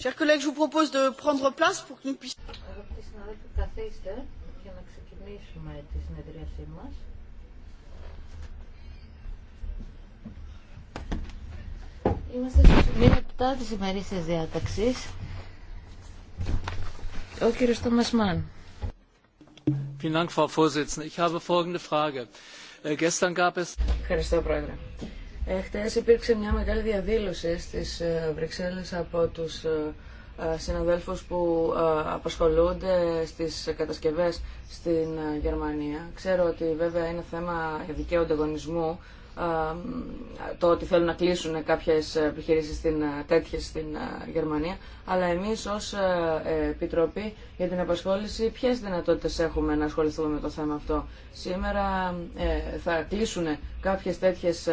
Chers collègues, je vous propose de prendre place pour que nous puissions. Είμαστε στο σημείο 7 της ημερήσιας διάταξης. Ο κύριος Τόμας Μάν. Äh, Ευχαριστώ, Πρόεδρε. Χθε υπήρξε μια μεγάλη διαδήλωση στις ε, Βρυξέλλες από τους ε, ε, συναδέλφους που απασχολούνται στις κατασκευές στην Γερμανία. Ξέρω ότι βέβαια είναι θέμα δικαίου ανταγωνισμού, ε, το ότι θέλουν να κλείσουν κάποιες επιχειρήσεις στην, ε, τέτοιες στην ε, Γερμανία, αλλά εμείς ως Επιτροπή για την Απασχόληση ποιες δυνατότητες έχουμε να ασχοληθούμε με το θέμα αυτό. Σήμερα θα κλείσουν κάποιες τέτοιες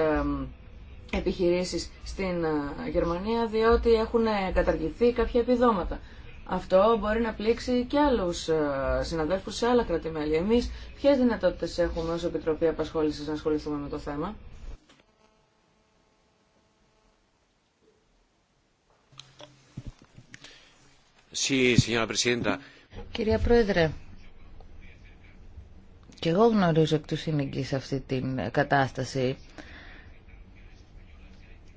επιχειρήσεις στην Γερμανία διότι έχουν καταργηθεί κάποια επιδόματα. Αυτό μπορεί να πλήξει και άλλου ε, συναδέλφου σε άλλα κρατημέλη. Εμεί ποιε δυνατότητε έχουμε ω Επιτροπή Απασχόληση να ασχοληθούμε με το θέμα. Κυρία Πρόεδρε, και εγώ γνωρίζω εκ του αυτή την κατάσταση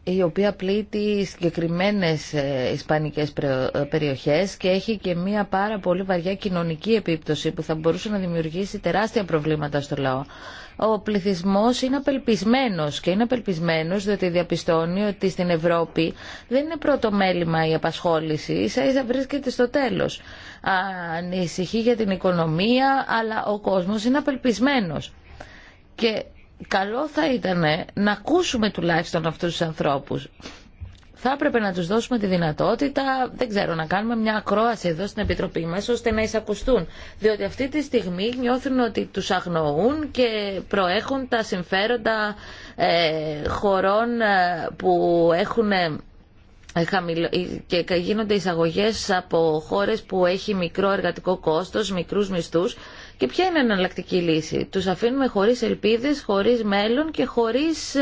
η οποία πλήττει συγκεκριμένες ε, ισπανικές ε, περιοχές και έχει και μία πάρα πολύ βαριά κοινωνική επίπτωση που θα μπορούσε να δημιουργήσει τεράστια προβλήματα στο λαό. Ο πληθυσμός είναι απελπισμένος και είναι απελπισμένος διότι διαπιστώνει ότι στην Ευρώπη δεν είναι πρώτο μέλημα η απασχόληση, ίσα ίσα βρίσκεται στο τέλος. Ανησυχεί για την οικονομία, αλλά ο κόσμος είναι απελπισμένος. Και καλό θα ήταν να ακούσουμε τουλάχιστον αυτούς τους ανθρώπους. Θα έπρεπε να τους δώσουμε τη δυνατότητα, δεν ξέρω, να κάνουμε μια ακρόαση εδώ στην Επιτροπή μας, ώστε να εισακουστούν. Διότι αυτή τη στιγμή νιώθουν ότι τους αγνοούν και προέχουν τα συμφέροντα ε, χωρών ε, που έχουν ε, και γίνονται εισαγωγές από χώρες που έχει μικρό εργατικό κόστος, μικρούς μισθούς και ποια είναι η εναλλακτική λύση. Τους αφήνουμε χωρίς ελπίδες, χωρίς μέλλον και χωρίς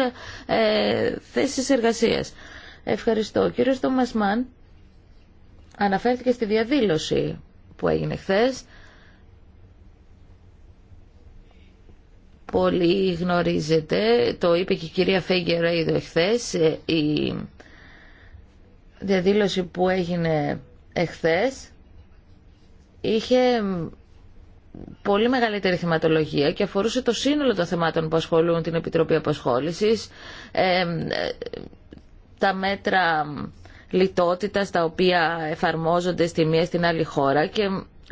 ε, θέσεις εργασίας. Ευχαριστώ. Ο κύριος Τόμας Μαν αναφέρθηκε στη διαδήλωση που έγινε χθες. Πολύ γνωρίζετε, το είπε και η κυρία Φέγγερα εχθές, ε, η διαδήλωση που έγινε εχθές είχε πολύ μεγαλύτερη θεματολογία και αφορούσε το σύνολο των θεμάτων που ασχολούν την Επιτροπή Απασχόλησης, ε, ε τα μέτρα λιτότητας τα οποία εφαρμόζονται στη μία στην άλλη χώρα και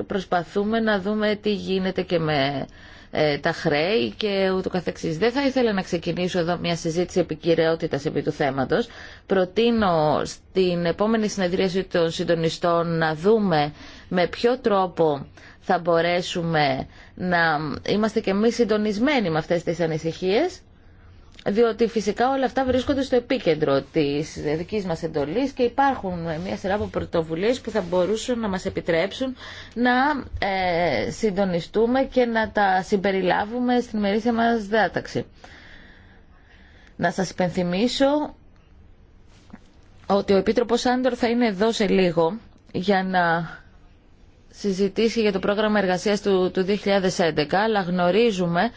προσπαθούμε να δούμε τι γίνεται και με ε, τα χρέη και ούτω καθεξής. Δεν θα ήθελα να ξεκινήσω εδώ μια συζήτηση επικυρεότητας επί του θέματος. Προτείνω στην επόμενη συνεδρίαση των συντονιστών να δούμε με ποιο τρόπο θα μπορέσουμε να είμαστε και εμείς συντονισμένοι με αυτές τις ανησυχίες διότι φυσικά όλα αυτά βρίσκονται στο επίκεντρο της δικής μας εντολής και υπάρχουν μια σειρά από πρωτοβουλίες που θα μπορούσαν να μας επιτρέψουν να ε, συντονιστούμε και να τα συμπεριλάβουμε στην μερίσια μας διάταξη. Να σας υπενθυμίσω ότι ο Επίτροπος Άντορ θα είναι εδώ σε λίγο για να συζητήσει για το πρόγραμμα εργασίας του, του 2011, αλλά γνωρίζουμε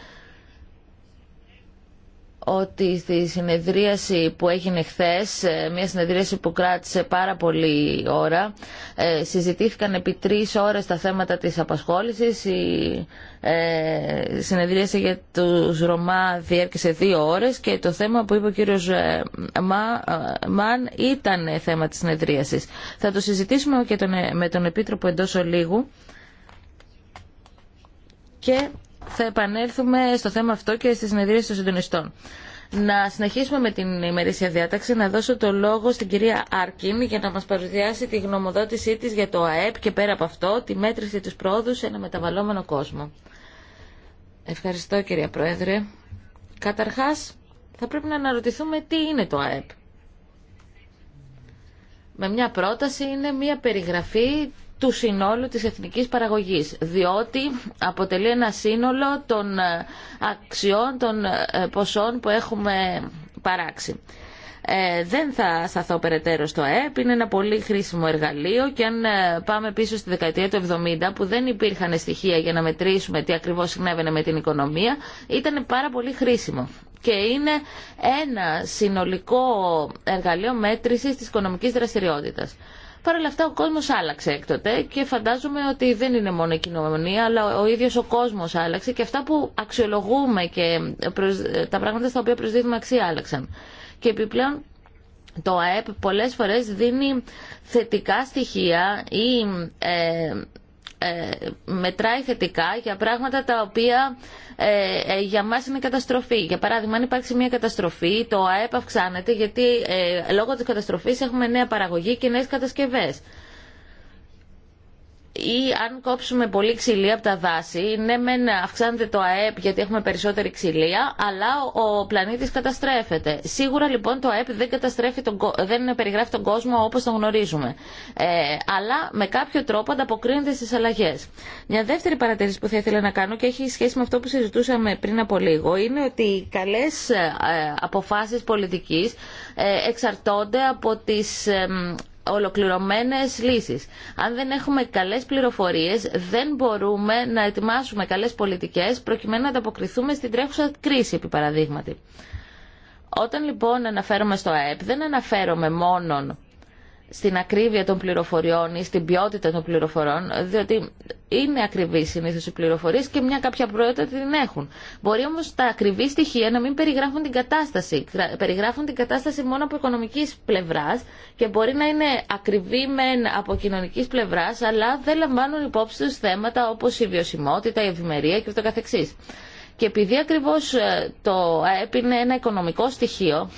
ότι στη συνεδρίαση που έγινε χθε, ε, μια συνεδρίαση που κράτησε πάρα πολύ ώρα, ε, συζητήθηκαν επί τρει ώρες τα θέματα της απασχόλησης. Η ε, συνεδρίαση για τους Ρωμά διέρχεσε δύο ώρες και το θέμα που είπε ο κύριο Μαν ήταν θέμα της συνεδρίασης. Θα το συζητήσουμε και με τον Επίτροπο εντό ολίγου και θα επανέλθουμε στο θέμα αυτό και στις συνεδρίες των συντονιστών. Να συνεχίσουμε με την ημερήσια διάταξη, να δώσω το λόγο στην κυρία Άρκιν για να μας παρουσιάσει τη γνωμοδότησή της για το ΑΕΠ και πέρα από αυτό τη μέτρηση της πρόοδου σε ένα μεταβαλλόμενο κόσμο. Ευχαριστώ κυρία Πρόεδρε. Καταρχάς, θα πρέπει να αναρωτηθούμε τι είναι το ΑΕΠ. Με μια πρόταση είναι μια περιγραφή του συνόλου της εθνικής παραγωγής, διότι αποτελεί ένα σύνολο των ε, αξιών, των ε, ποσών που έχουμε παράξει. Ε, δεν θα σταθώ περαιτέρω στο ΑΕΠ, είναι ένα πολύ χρήσιμο εργαλείο και αν ε, πάμε πίσω στη δεκαετία του 70 που δεν υπήρχαν στοιχεία για να μετρήσουμε τι ακριβώς συνέβαινε με την οικονομία, ήταν πάρα πολύ χρήσιμο και είναι ένα συνολικό εργαλείο μέτρησης της οικονομικής δραστηριότητας. Παρ' όλα αυτά ο κόσμος άλλαξε έκτοτε και φαντάζομαι ότι δεν είναι μόνο η κοινωνία αλλά ο ίδιος ο κόσμος άλλαξε και αυτά που αξιολογούμε και τα πράγματα στα οποία προσδίδουμε αξία άλλαξαν. Και επιπλέον το ΑΕΠ πολλές φορές δίνει θετικά στοιχεία ή ε, ε, μετράει θετικά για πράγματα τα οποία ε, ε, για μας είναι καταστροφή. Για παράδειγμα, αν υπάρξει μια καταστροφή, το ΑΕΠ αυξάνεται γιατί λόγω της καταστροφής έχουμε νέα παραγωγή και νέες κατασκευές ή αν κόψουμε πολύ ξυλία από τα δάση, ναι μεν αυξάνεται το ΑΕΠ γιατί έχουμε περισσότερη ξυλία, αλλά ο πλανήτης καταστρέφεται. Σίγουρα λοιπόν το ΑΕΠ δεν, καταστρέφει τον, δεν περιγράφει τον κόσμο όπως τον γνωρίζουμε. Ε, αλλά με κάποιο τρόπο ανταποκρίνεται στις αλλαγές. Μια δεύτερη παρατηρήση που θα ήθελα να κάνω και έχει σχέση με αυτό που συζητούσαμε πριν από λίγο, είναι ότι οι καλές ε, αποφάσεις πολιτικής ε, εξαρτώνται από τις ολοκληρωμένες λύσεις. Αν δεν έχουμε καλές πληροφορίες, δεν μπορούμε να ετοιμάσουμε καλές πολιτικές προκειμένου να ανταποκριθούμε στην τρέχουσα κρίση, επί παραδείγματι. Όταν λοιπόν αναφέρομαι στο ΑΕΠ, δεν αναφέρομαι μόνον στην ακρίβεια των πληροφοριών ή στην ποιότητα των πληροφοριών, διότι είναι ακριβή συνήθω οι πληροφορίε και μια κάποια προϊόντα την έχουν. Μπορεί όμω τα ακριβή στοιχεία να μην περιγράφουν την κατάσταση. Περιγράφουν την κατάσταση μόνο από οικονομική πλευρά και μπορεί να είναι ακριβή μεν από κοινωνική πλευρά, αλλά δεν λαμβάνουν υπόψη του θέματα όπω η βιωσιμότητα, η ευημερία κ.ο.κ. Και επειδή ακριβώ ε, το ΑΕΠ είναι ένα οικονομικό στοιχείο,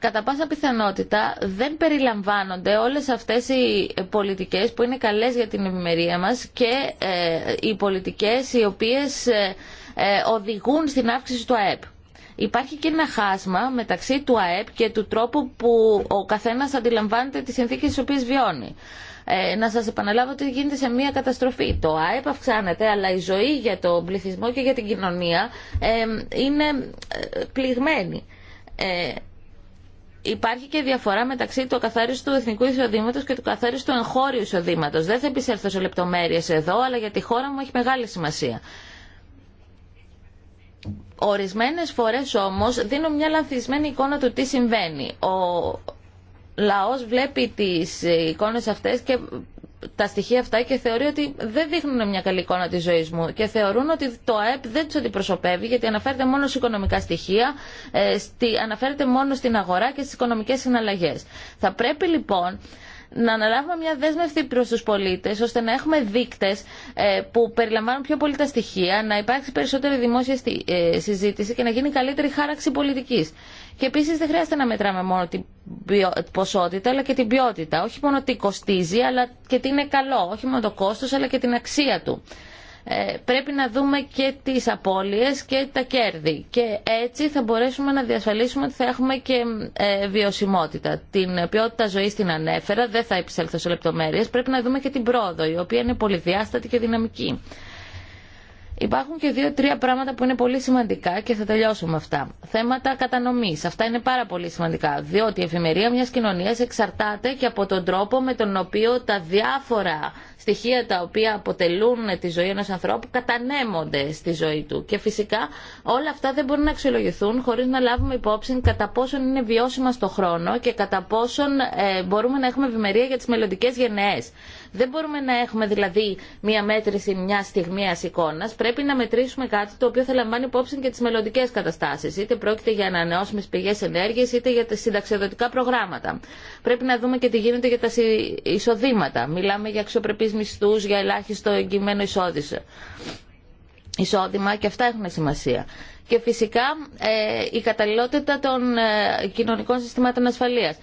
κατά πάσα πιθανότητα δεν περιλαμβάνονται όλες αυτές οι πολιτικές που είναι καλές για την ευημερία μας και ε, οι πολιτικές οι οποίες ε, ε, οδηγούν στην αύξηση του ΑΕΠ. Υπάρχει και ένα χάσμα μεταξύ του ΑΕΠ και του τρόπου που ο καθένας αντιλαμβάνεται τις συνθήκες τις οποίες βιώνει. να σας επαναλάβω ότι γίνεται σε μια καταστροφή. Το ΑΕΠ αυξάνεται, αλλά η ζωή για τον πληθυσμό και για την κοινωνία ε, είναι πληγμένη. Υπάρχει και διαφορά μεταξύ του του εθνικού εισοδήματο και του καθάριστου εγχώριου εισοδήματο. Δεν θα επισέλθω σε λεπτομέρειε εδώ, αλλά για τη χώρα μου έχει μεγάλη σημασία. Ορισμένε φορέ όμω δίνω μια λανθισμένη εικόνα του τι συμβαίνει. Ο λαός βλέπει τις εικόνες αυτές και τα στοιχεία αυτά και θεωρεί ότι δεν δείχνουν μια καλή εικόνα τη ζωή μου και θεωρούν ότι το ΑΕΠ δεν του αντιπροσωπεύει γιατί αναφέρεται μόνο σε οικονομικά στοιχεία, ε, στη, αναφέρεται μόνο στην αγορά και στις οικονομικέ συναλλαγέ. Θα πρέπει λοιπόν να αναλάβουμε μια δέσμευση προς τους πολίτες ώστε να έχουμε δείκτες ε, που περιλαμβάνουν πιο πολύ τα στοιχεία, να υπάρξει περισσότερη δημόσια ε, συζήτηση και να γίνει καλύτερη χάραξη πολιτικής. Και επίση δεν χρειάζεται να μετράμε μόνο την ποσότητα αλλά και την ποιότητα. Όχι μόνο τι κοστίζει αλλά και τι είναι καλό. Όχι μόνο το κόστος αλλά και την αξία του. Ε, πρέπει να δούμε και τις απώλειες και τα κέρδη. Και έτσι θα μπορέσουμε να διασφαλίσουμε ότι θα έχουμε και ε, βιωσιμότητα. Την ποιότητα ζωή την ανέφερα, δεν θα επισέλθω σε λεπτομέρειες. Πρέπει να δούμε και την πρόοδο, η οποία είναι πολυδιάστατη και δυναμική. Υπάρχουν και δύο-τρία πράγματα που είναι πολύ σημαντικά και θα τελειώσω με αυτά. Θέματα κατανομή. Αυτά είναι πάρα πολύ σημαντικά. Διότι η εφημερία μια κοινωνία εξαρτάται και από τον τρόπο με τον οποίο τα διάφορα στοιχεία τα οποία αποτελούν τη ζωή ενό ανθρώπου κατανέμονται στη ζωή του. Και φυσικά όλα αυτά δεν μπορούν να αξιολογηθούν χωρί να λάβουμε υπόψη κατά πόσον είναι βιώσιμα στο χρόνο και κατά πόσον ε, μπορούμε να έχουμε ευημερία για τι μελλοντικέ γενναίε. Δεν μπορούμε να έχουμε δηλαδή μία μέτρηση μια στιγμία εικόνα. Πρέπει να μετρήσουμε κάτι το οποίο θα λαμβάνει υπόψη και τι μελλοντικέ καταστάσει. Είτε πρόκειται για ανανεώσιμε πηγέ ενέργεια, είτε για τα συνταξιοδοτικά προγράμματα. Πρέπει να δούμε και τι γίνεται για τα εισοδήματα. Μιλάμε για αξιοπρεπεί μισθού, για ελάχιστο εγγυημένο εισόδημα και αυτά έχουν σημασία. Και φυσικά ε, η καταλληλότητα των ε, κοινωνικών συστημάτων ασφαλείας.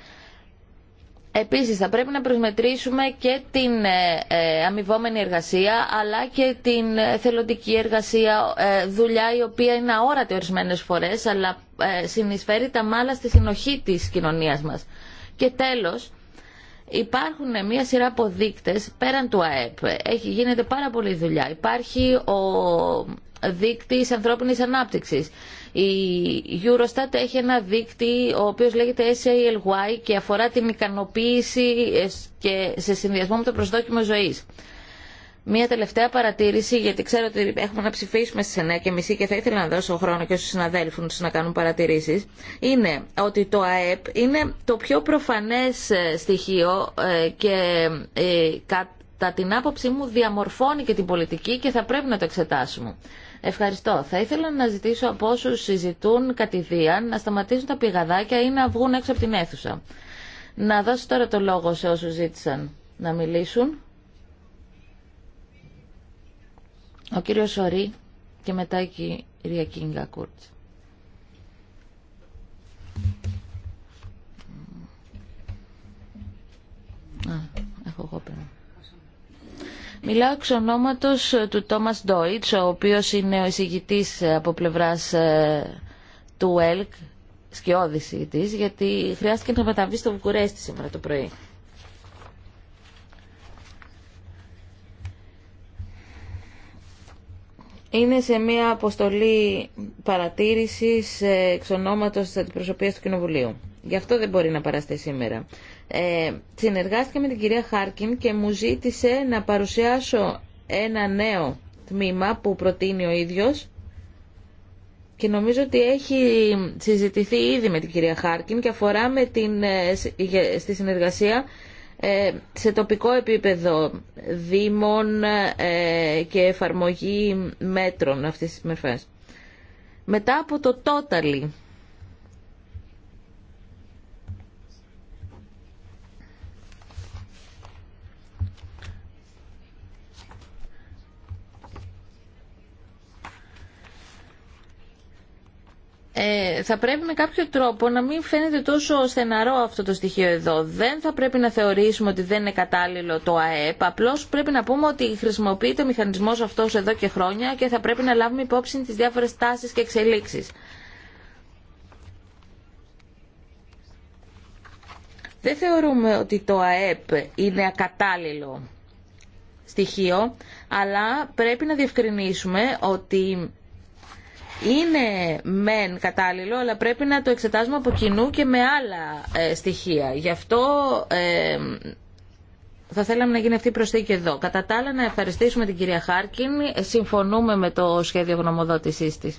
Επίσης θα πρέπει να προσμετρήσουμε και την ε, ε, αμοιβόμενη εργασία αλλά και την θελοντική εργασία, ε, δουλειά η οποία είναι αόρατη ορισμένες φορές αλλά συνεισφέρει τα μάλα στη συνοχή της κοινωνίας μας. Και τέλος, υπάρχουν μια σειρά από δείκτες πέραν του ΑΕΠ. Έχει, γίνεται πάρα πολλή δουλειά. Υπάρχει ο δείκτης ανθρώπινης ανάπτυξης. Η Eurostat έχει ένα δίκτυο ο οποίος λέγεται SALY και αφορά την ικανοποίηση και σε συνδυασμό με το προσδόκιμο ζωής. Μία τελευταία παρατήρηση, γιατί ξέρω ότι έχουμε να ψηφίσουμε στις 9.30 και θα ήθελα να δώσω χρόνο και στους συναδέλφους να κάνουν παρατηρήσεις, είναι ότι το ΑΕΠ είναι το πιο προφανές ε, στοιχείο ε, και ε, κατά την άποψή μου διαμορφώνει και την πολιτική και θα πρέπει να το εξετάσουμε. Ευχαριστώ. Θα ήθελα να ζητήσω από όσου συζητούν κατηδίαν να σταματήσουν τα πηγαδάκια ή να βγουν έξω από την αίθουσα. Να δώσω τώρα το λόγο σε όσους ζήτησαν να μιλήσουν. Ο κύριος Σωρή και μετά η κυρία Κίνγκα Κούρτς. Α, έχω εγώ Μιλάω εξ ονόματος ε, του Τόμας Ντόιτς, ο οποίος είναι ο εισηγητής ε, από πλευράς ε, του ΕΛΚ, σκιώδηση της, γιατί χρειάστηκε να μεταβεί στο Βουκουρέστι σήμερα το πρωί. Είναι σε μια αποστολή παρατήρησης εξ ονόματος της αντιπροσωπείας του Κοινοβουλίου. Γι' αυτό δεν μπορεί να παραστεί σήμερα. Ε, συνεργάστηκα με την κυρία Χάρκιν και μου ζήτησε να παρουσιάσω ένα νέο τμήμα που προτείνει ο ίδιος και νομίζω ότι έχει συζητηθεί ήδη με την κυρία Χάρκιν και αφορά με την, ε, στη συνεργασία ε, σε τοπικό επίπεδο δήμων ε, και εφαρμογή μέτρων αυτής της μερφές. Μετά από το Totally, ε, θα πρέπει με κάποιο τρόπο να μην φαίνεται τόσο στεναρό αυτό το στοιχείο εδώ. Δεν θα πρέπει να θεωρήσουμε ότι δεν είναι κατάλληλο το ΑΕΠ, Απλώ πρέπει να πούμε ότι χρησιμοποιείται ο μηχανισμός αυτός εδώ και χρόνια και θα πρέπει να λάβουμε υπόψη τις διάφορες τάσεις και εξελίξεις. Δεν θεωρούμε ότι το ΑΕΠ είναι ακατάλληλο στοιχείο, αλλά πρέπει να διευκρινίσουμε ότι είναι μεν κατάλληλο, αλλά πρέπει να το εξετάζουμε από κοινού και με άλλα ε, στοιχεία. Γι' αυτό ε, θα θέλαμε να γίνει αυτή η προσθήκη εδώ. Κατά τα άλλα, να ευχαριστήσουμε την κυρία Χάρκιν. Ε, συμφωνούμε με το σχέδιο γνωμοδότησής της.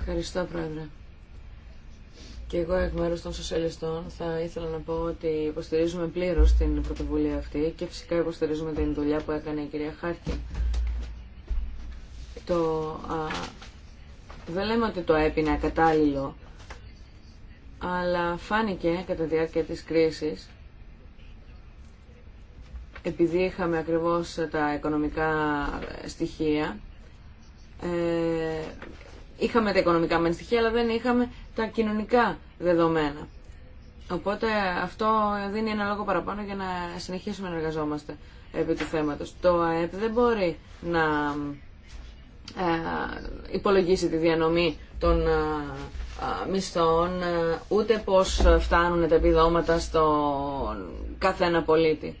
Ευχαριστώ, Πρόεδρε. Και εγώ εκ μέρους των σοσιαλιστών θα ήθελα να πω ότι υποστηρίζουμε πλήρως την πρωτοβουλία αυτή και φυσικά υποστηρίζουμε την δουλειά που έκανε η κυρία Χάρκιν. Το, α, δεν λέμε ότι το έπινε κατάλληλο, αλλά φάνηκε κατά τη διάρκεια της κρίσης επειδή είχαμε ακριβώς τα οικονομικά στοιχεία, ε, είχαμε τα οικονομικά μεν στοιχεία, αλλά δεν είχαμε τα κοινωνικά δεδομένα. Οπότε αυτό δίνει ένα λόγο παραπάνω για να συνεχίσουμε να εργαζόμαστε επί του θέματος. Το ΑΕΠ δεν μπορεί να ε, υπολογίσει τη διανομή των ε, ε, μισθών, ούτε πώς φτάνουν τα επιδόματα στον καθένα πολίτη.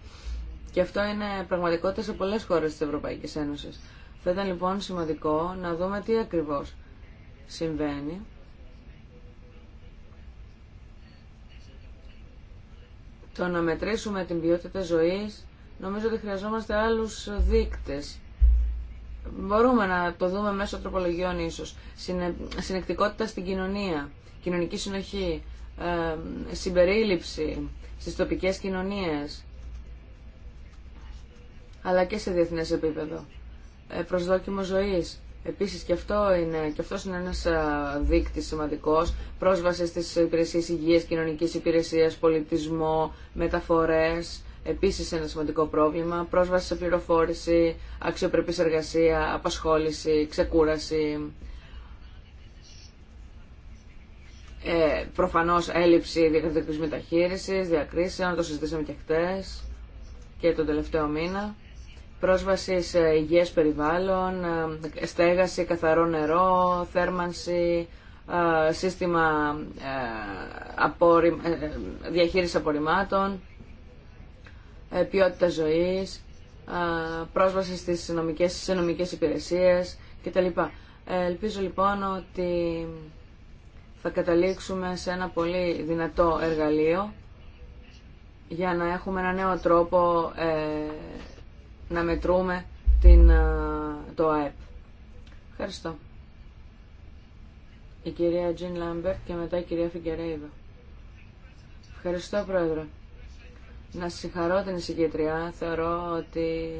Και αυτό είναι πραγματικότητα σε πολλές χώρες της Ευρωπαϊκής Ένωσης. Θα ήταν λοιπόν σημαντικό να δούμε τι ακριβώς συμβαίνει το να μετρήσουμε την ποιότητα ζωής, νομίζω ότι χρειαζόμαστε άλλους δείκτες. Μπορούμε να το δούμε μέσω τροπολογιών ίσως. Συνεκτικότητα στην κοινωνία, κοινωνική συνοχή, ε, συμπερίληψη στις τοπικές κοινωνίες, αλλά και σε διεθνές επίπεδο, ε, προσδόκιμο ζωής. Επίσης και, αυτό είναι, και αυτός είναι ένας δείκτης σημαντικός, πρόσβαση στις υπηρεσίες υγείας, κοινωνικής υπηρεσίας, πολιτισμό, μεταφορές, επίσης ένα σημαντικό πρόβλημα, πρόσβαση σε πληροφόρηση, αξιοπρεπής εργασία, απασχόληση, ξεκούραση, ε, προφανώς έλλειψη διακριτικής μεταχείρισης, διακρίσεων, το συζητήσαμε και χτες και τον τελευταίο μήνα πρόσβαση σε υγιές περιβάλλον, ε, στέγαση, καθαρό νερό, θέρμανση, ε, σύστημα ε, διαχείρισης απορριμμάτων, ποιότητα ζωής, πρόσβαση στις νομικές, στις νομικές υπηρεσίες κτλ. Ελπίζω λοιπόν ότι θα καταλήξουμε σε ένα πολύ δυνατό εργαλείο για να έχουμε ένα νέο τρόπο να μετρούμε την, το ΑΕΠ. Ευχαριστώ. Η κυρία Τζιν Λάμπερτ και μετά η κυρία Φιγκερέιδο. Ευχαριστώ, Πρόεδρε. Να συγχαρώ την εισηγήτρια. Θεωρώ ότι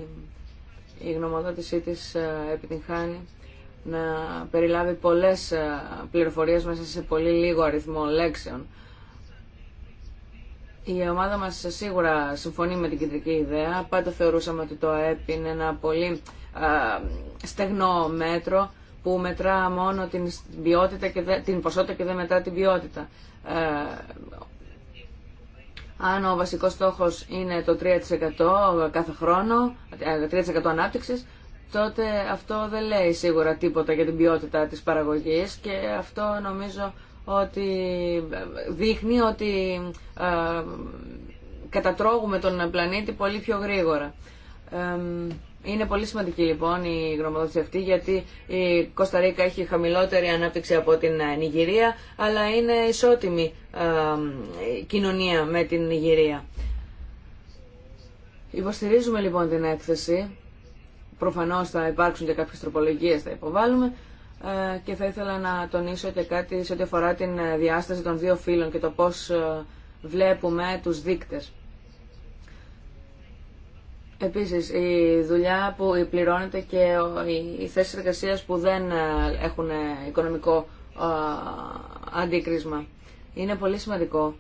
η γνωμοδότησή της επιτυγχάνει να περιλάβει πολλές πληροφορίες μέσα σε πολύ λίγο αριθμό λέξεων. Η ομάδα μας σίγουρα συμφωνεί με την κεντρική ιδέα. Πάντα θεωρούσαμε ότι το ΑΕΠ είναι ένα πολύ στεγνό μέτρο που μετρά μόνο την, ποιότητα και την ποσότητα και δεν μετρά την ποιότητα. Ε, αν ο βασικός στόχος είναι το 3% κάθε χρόνο, 3% ε, ανάπτυξης, τότε αυτό δεν λέει σίγουρα τίποτα για την ποιότητα της παραγωγής και αυτό νομίζω ότι δείχνει ότι ε, κατατρώγουμε τον πλανήτη πολύ πιο γρήγορα. Ε, είναι πολύ σημαντική λοιπόν η γνωμοδότηση αυτή γιατί η Κωνσταντίνα έχει χαμηλότερη ανάπτυξη από την Νιγηρία αλλά είναι ισότιμη ε, κοινωνία με την Νιγηρία. Υποστηρίζουμε λοιπόν την έκθεση. Προφανώς θα υπάρξουν και κάποιες τροπολογίες, θα υποβάλουμε. Ε, και θα ήθελα να τονίσω και κάτι σε ό,τι αφορά την ε, διάσταση των δύο φύλων και το πώς ε, βλέπουμε τους δείκτες. Επίσης, η δουλειά που πληρώνεται και οι θέσεις εργασίας που δεν έχουν οικονομικό αντίκρισμα. Είναι πολύ σημαντικό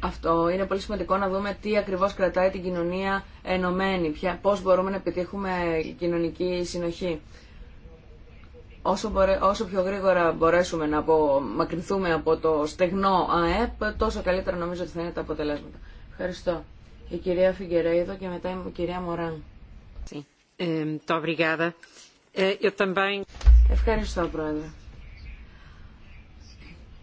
αυτό. Είναι πολύ σημαντικό να δούμε τι ακριβώς κρατάει την κοινωνία ενωμένη, πώς μπορούμε να επιτύχουμε κοινωνική συνοχή. Όσο, μπορέ, όσο πιο γρήγορα μπορέσουμε να απομακρυνθούμε από το στεγνό ΑΕΠ, τόσο καλύτερα νομίζω ότι θα είναι τα αποτελέσματα. Ευχαριστώ. Η κυρία Φιγκερέιδο και μετά η κυρία Μωράν. Ε, Ευχαριστώ, Πρόεδρε.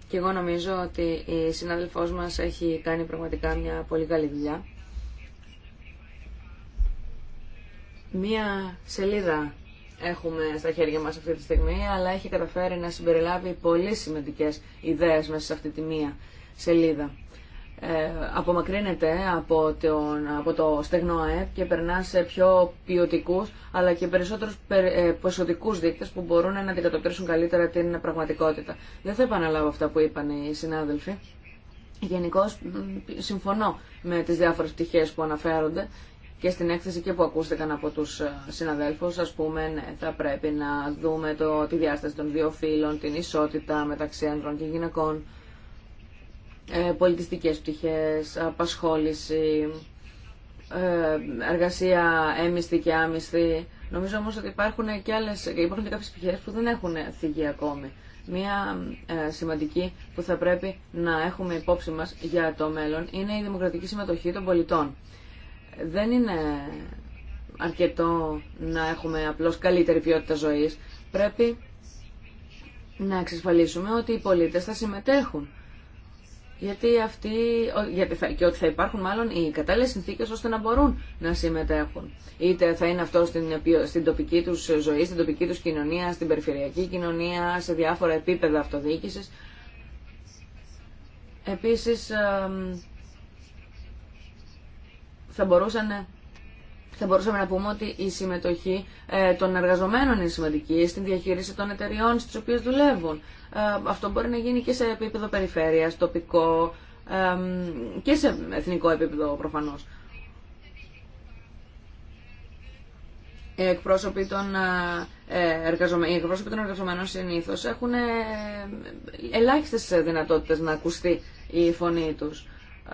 Και εγώ νομίζω ότι η συνάδελφός μας έχει κάνει πραγματικά μια πολύ καλή δουλειά. Μία σελίδα έχουμε στα χέρια μας αυτή τη στιγμή, αλλά έχει καταφέρει να συμπεριλάβει πολύ σημαντικές ιδέες μέσα σε αυτή τη μία σελίδα. Ε, απομακρύνεται από, τον, από το στεγνό ΑΕΠ και περνά σε πιο ποιοτικού αλλά και περισσότερου ε, ποσοτικού δείκτε που μπορούν να αντικατοπτρίσουν καλύτερα την πραγματικότητα. Δεν θα επαναλάβω αυτά που είπαν οι συνάδελφοι. Γενικώ συμφωνώ με τις διάφορες πτυχέ που αναφέρονται και στην έκθεση και που ακούστηκαν από τους ε, συναδέλφους, ας πούμε, ναι, θα πρέπει να δούμε το, τη διάσταση των δύο φύλων, την ισότητα μεταξύ άντρων και γυναικών, ε, πολιτιστικές πτυχέ, απασχόληση, ε, εργασία έμισθη και άμισθη. Νομίζω όμως ότι υπάρχουν και, άλλες, υπάρχουν και κάποιες πτυχές που δεν έχουν θυγεί ακόμη. Μία σημαντική που θα πρέπει να έχουμε υπόψη μας για το μέλλον είναι η δημοκρατική συμμετοχή των πολιτών δεν είναι αρκετό να έχουμε απλώς καλύτερη ποιότητα ζωής. Πρέπει να εξασφαλίσουμε ότι οι πολίτες θα συμμετέχουν. Γιατί αυτοί, γιατί θα, και ότι θα υπάρχουν μάλλον οι κατάλληλες συνθήκες ώστε να μπορούν να συμμετέχουν. Είτε θα είναι αυτό στην, στην τοπική τους ζωή, στην τοπική τους κοινωνία, στην περιφερειακή κοινωνία, σε διάφορα επίπεδα αυτοδιοίκησης. Επίσης, θα μπορούσαν θα μπορούσαμε να πούμε ότι η συμμετοχή ε, των εργαζομένων είναι σημαντική στην διαχείριση των εταιριών στις οποίες δουλεύουν. Ε, αυτό μπορεί να γίνει και σε επίπεδο περιφέρειας, τοπικό και σε εθνικό επίπεδο προφανώς. Οι εκπρόσωποι των, ε, εργαζομένων, οι εκπρόσωποι των εργαζομένων συνήθως έχουν ελάχιστες δυνατότητες να ακουστεί η φωνή τους.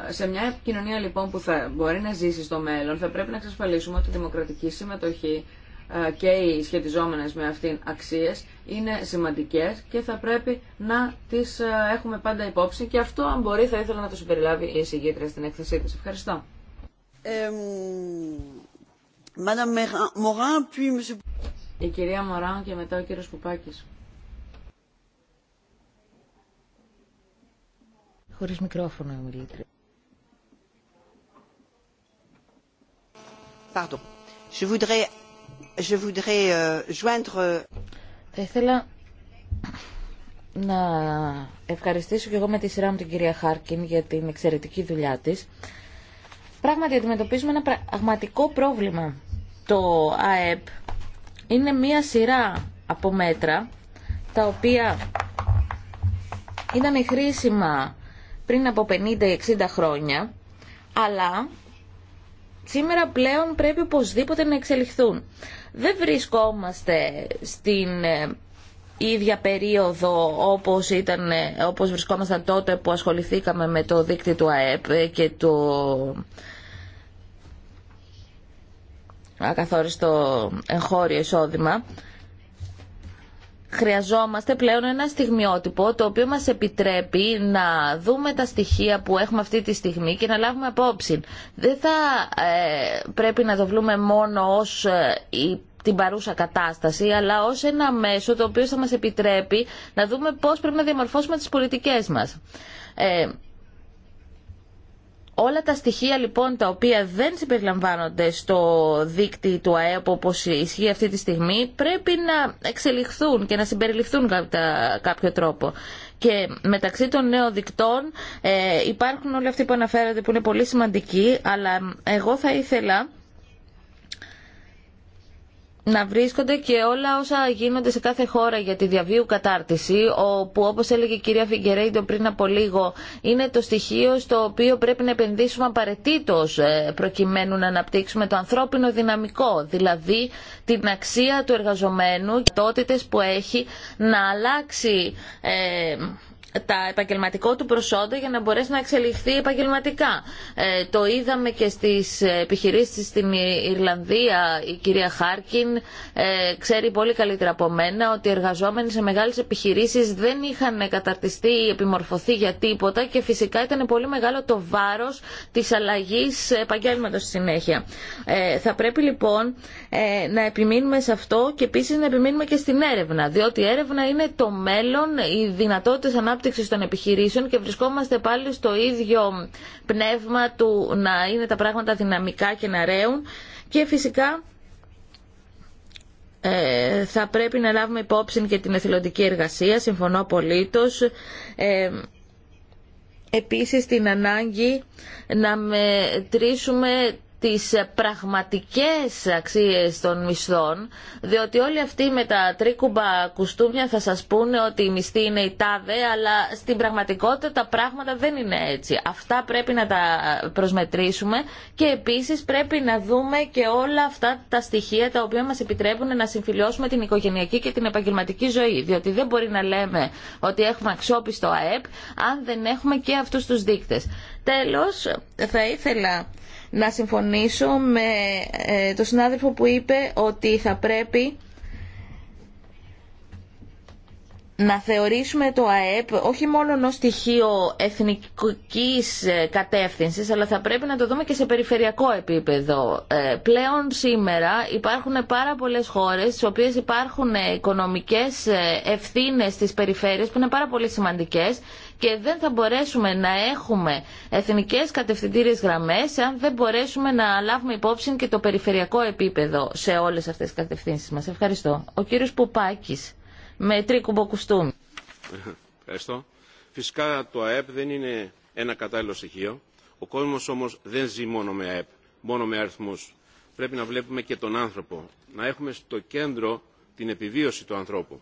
Σε μια κοινωνία λοιπόν που θα μπορεί να ζήσει στο μέλλον, θα πρέπει να εξασφαλίσουμε ότι η δημοκρατική συμμετοχή ε, και οι σχετιζόμενες με αυτήν αξίες είναι σημαντικές και θα πρέπει να τις ε, έχουμε πάντα υπόψη και αυτό αν μπορεί θα ήθελα να το συμπεριλάβει η εισηγήτρια στην έκθεσή της. Ευχαριστώ. Η κυρία Μωράν και μετά ο κύριος Πουπάκης. Χωρίς μικρόφωνο, ομιλήτρια. Euh, euh, Θα ήθελα να ευχαριστήσω και εγώ με τη σειρά μου την κυρία Χάρκιν για την εξαιρετική δουλειά της. Πράγματι αντιμετωπίζουμε ένα πραγματικό πρόβλημα. Το ΑΕΠ είναι μία σειρά από μέτρα τα οποία ήταν χρήσιμα πριν από 50-60 χρόνια αλλά σήμερα πλέον πρέπει οπωσδήποτε να εξελιχθούν. Δεν βρισκόμαστε στην ε, ίδια περίοδο όπως, ήταν, ε, όπως βρισκόμασταν τότε που ασχοληθήκαμε με το δίκτυο του ΑΕΠ και το ακαθόριστο εγχώριο εισόδημα. Χρειαζόμαστε πλέον ένα στιγμιότυπο το οποίο μας επιτρέπει να δούμε τα στοιχεία που έχουμε αυτή τη στιγμή και να λάβουμε απόψη. Δεν θα ε, πρέπει να το βλούμε μόνο ως ε, την παρούσα κατάσταση, αλλά ως ένα μέσο το οποίο θα μας επιτρέπει να δούμε πώς πρέπει να διαμορφώσουμε τις πολιτικές μας. Ε, Όλα τα στοιχεία λοιπόν τα οποία δεν συμπεριλαμβάνονται στο δίκτυο του ΑΕΠ όπως ισχύει αυτή τη στιγμή πρέπει να εξελιχθούν και να συμπεριληφθούν κάποιο τρόπο. Και μεταξύ των νέων δικτών ε, υπάρχουν όλοι αυτοί που αναφέρατε που είναι πολύ σημαντικοί αλλά εγώ θα ήθελα να βρίσκονται και όλα όσα γίνονται σε κάθε χώρα για τη διαβίου κατάρτιση, όπου όπως έλεγε η κυρία Φιγκερέιντο πριν από λίγο, είναι το στοιχείο στο οποίο πρέπει να επενδύσουμε απαραίτητο ε, προκειμένου να αναπτύξουμε το ανθρώπινο δυναμικό, δηλαδή την αξία του εργαζομένου και που έχει να αλλάξει ε, τα επαγγελματικό του προσόντα για να μπορέσει να εξελιχθεί επαγγελματικά. Ε, το είδαμε και στις επιχειρήσεις στην Ιρλανδία η κυρία Χάρκιν ε, ξέρει πολύ καλύτερα από μένα ότι οι εργαζόμενοι σε μεγάλες επιχειρήσεις δεν είχαν καταρτιστεί ή επιμορφωθεί για τίποτα και φυσικά ήταν πολύ μεγάλο το βάρος της αλλαγής επαγγέλματος στη συνέχεια. Ε, θα πρέπει λοιπόν ε, να επιμείνουμε σε αυτό και επίσης να επιμείνουμε και στην έρευνα, διότι η έρευνα είναι το μέλλον, οι δυνατότητες ανάπτυξης των επιχειρήσεων και βρισκόμαστε πάλι στο ίδιο πνεύμα του να είναι τα πράγματα δυναμικά και να ρέουν και φυσικά ε, θα πρέπει να λάβουμε υπόψη και την εθελοντική εργασία, συμφωνώ απολύτως. Ε, επίσης την ανάγκη να μετρήσουμε τις πραγματικές αξίες των μισθών, διότι όλοι αυτοί με τα τρίκουμπα κουστούμια θα σας πούνε ότι οι μισθοί είναι η τάδε, αλλά στην πραγματικότητα τα πράγματα δεν είναι έτσι. Αυτά πρέπει να τα προσμετρήσουμε και επίσης πρέπει να δούμε και όλα αυτά τα στοιχεία τα οποία μας επιτρέπουν να συμφιλιώσουμε την οικογενειακή και την επαγγελματική ζωή, διότι δεν μπορεί να λέμε ότι έχουμε αξιόπιστο ΑΕΠ αν δεν έχουμε και αυτούς τους δείκτες. Τέλος, θα ήθελα να συμφωνήσω με ε, το συνάδελφο που είπε ότι θα πρέπει να θεωρήσουμε το ΑΕΠ όχι μόνο ως στοιχείο εθνικής ε, κατεύθυνσης, αλλά θα πρέπει να το δούμε και σε περιφερειακό επίπεδο. Ε, πλέον σήμερα υπάρχουν πάρα πολλές χώρες, στις οποίες υπάρχουν ε, οικονομικές ευθύνες στις περιφέρειες που είναι πάρα πολύ σημαντικές και δεν θα μπορέσουμε να έχουμε εθνικές κατευθυντήριες γραμμές αν δεν μπορέσουμε να λάβουμε υπόψη και το περιφερειακό επίπεδο σε όλες αυτές τις κατευθύνσεις μας. Ευχαριστώ. Ο κύριος Πουπάκης με τρίκουμπο κουστούμι. Ευχαριστώ. Φυσικά το ΑΕΠ δεν είναι ένα κατάλληλο στοιχείο. Ο κόσμο όμω δεν ζει μόνο με ΑΕΠ, μόνο με αριθμού. Πρέπει να βλέπουμε και τον άνθρωπο. Να έχουμε στο κέντρο την επιβίωση του ανθρώπου.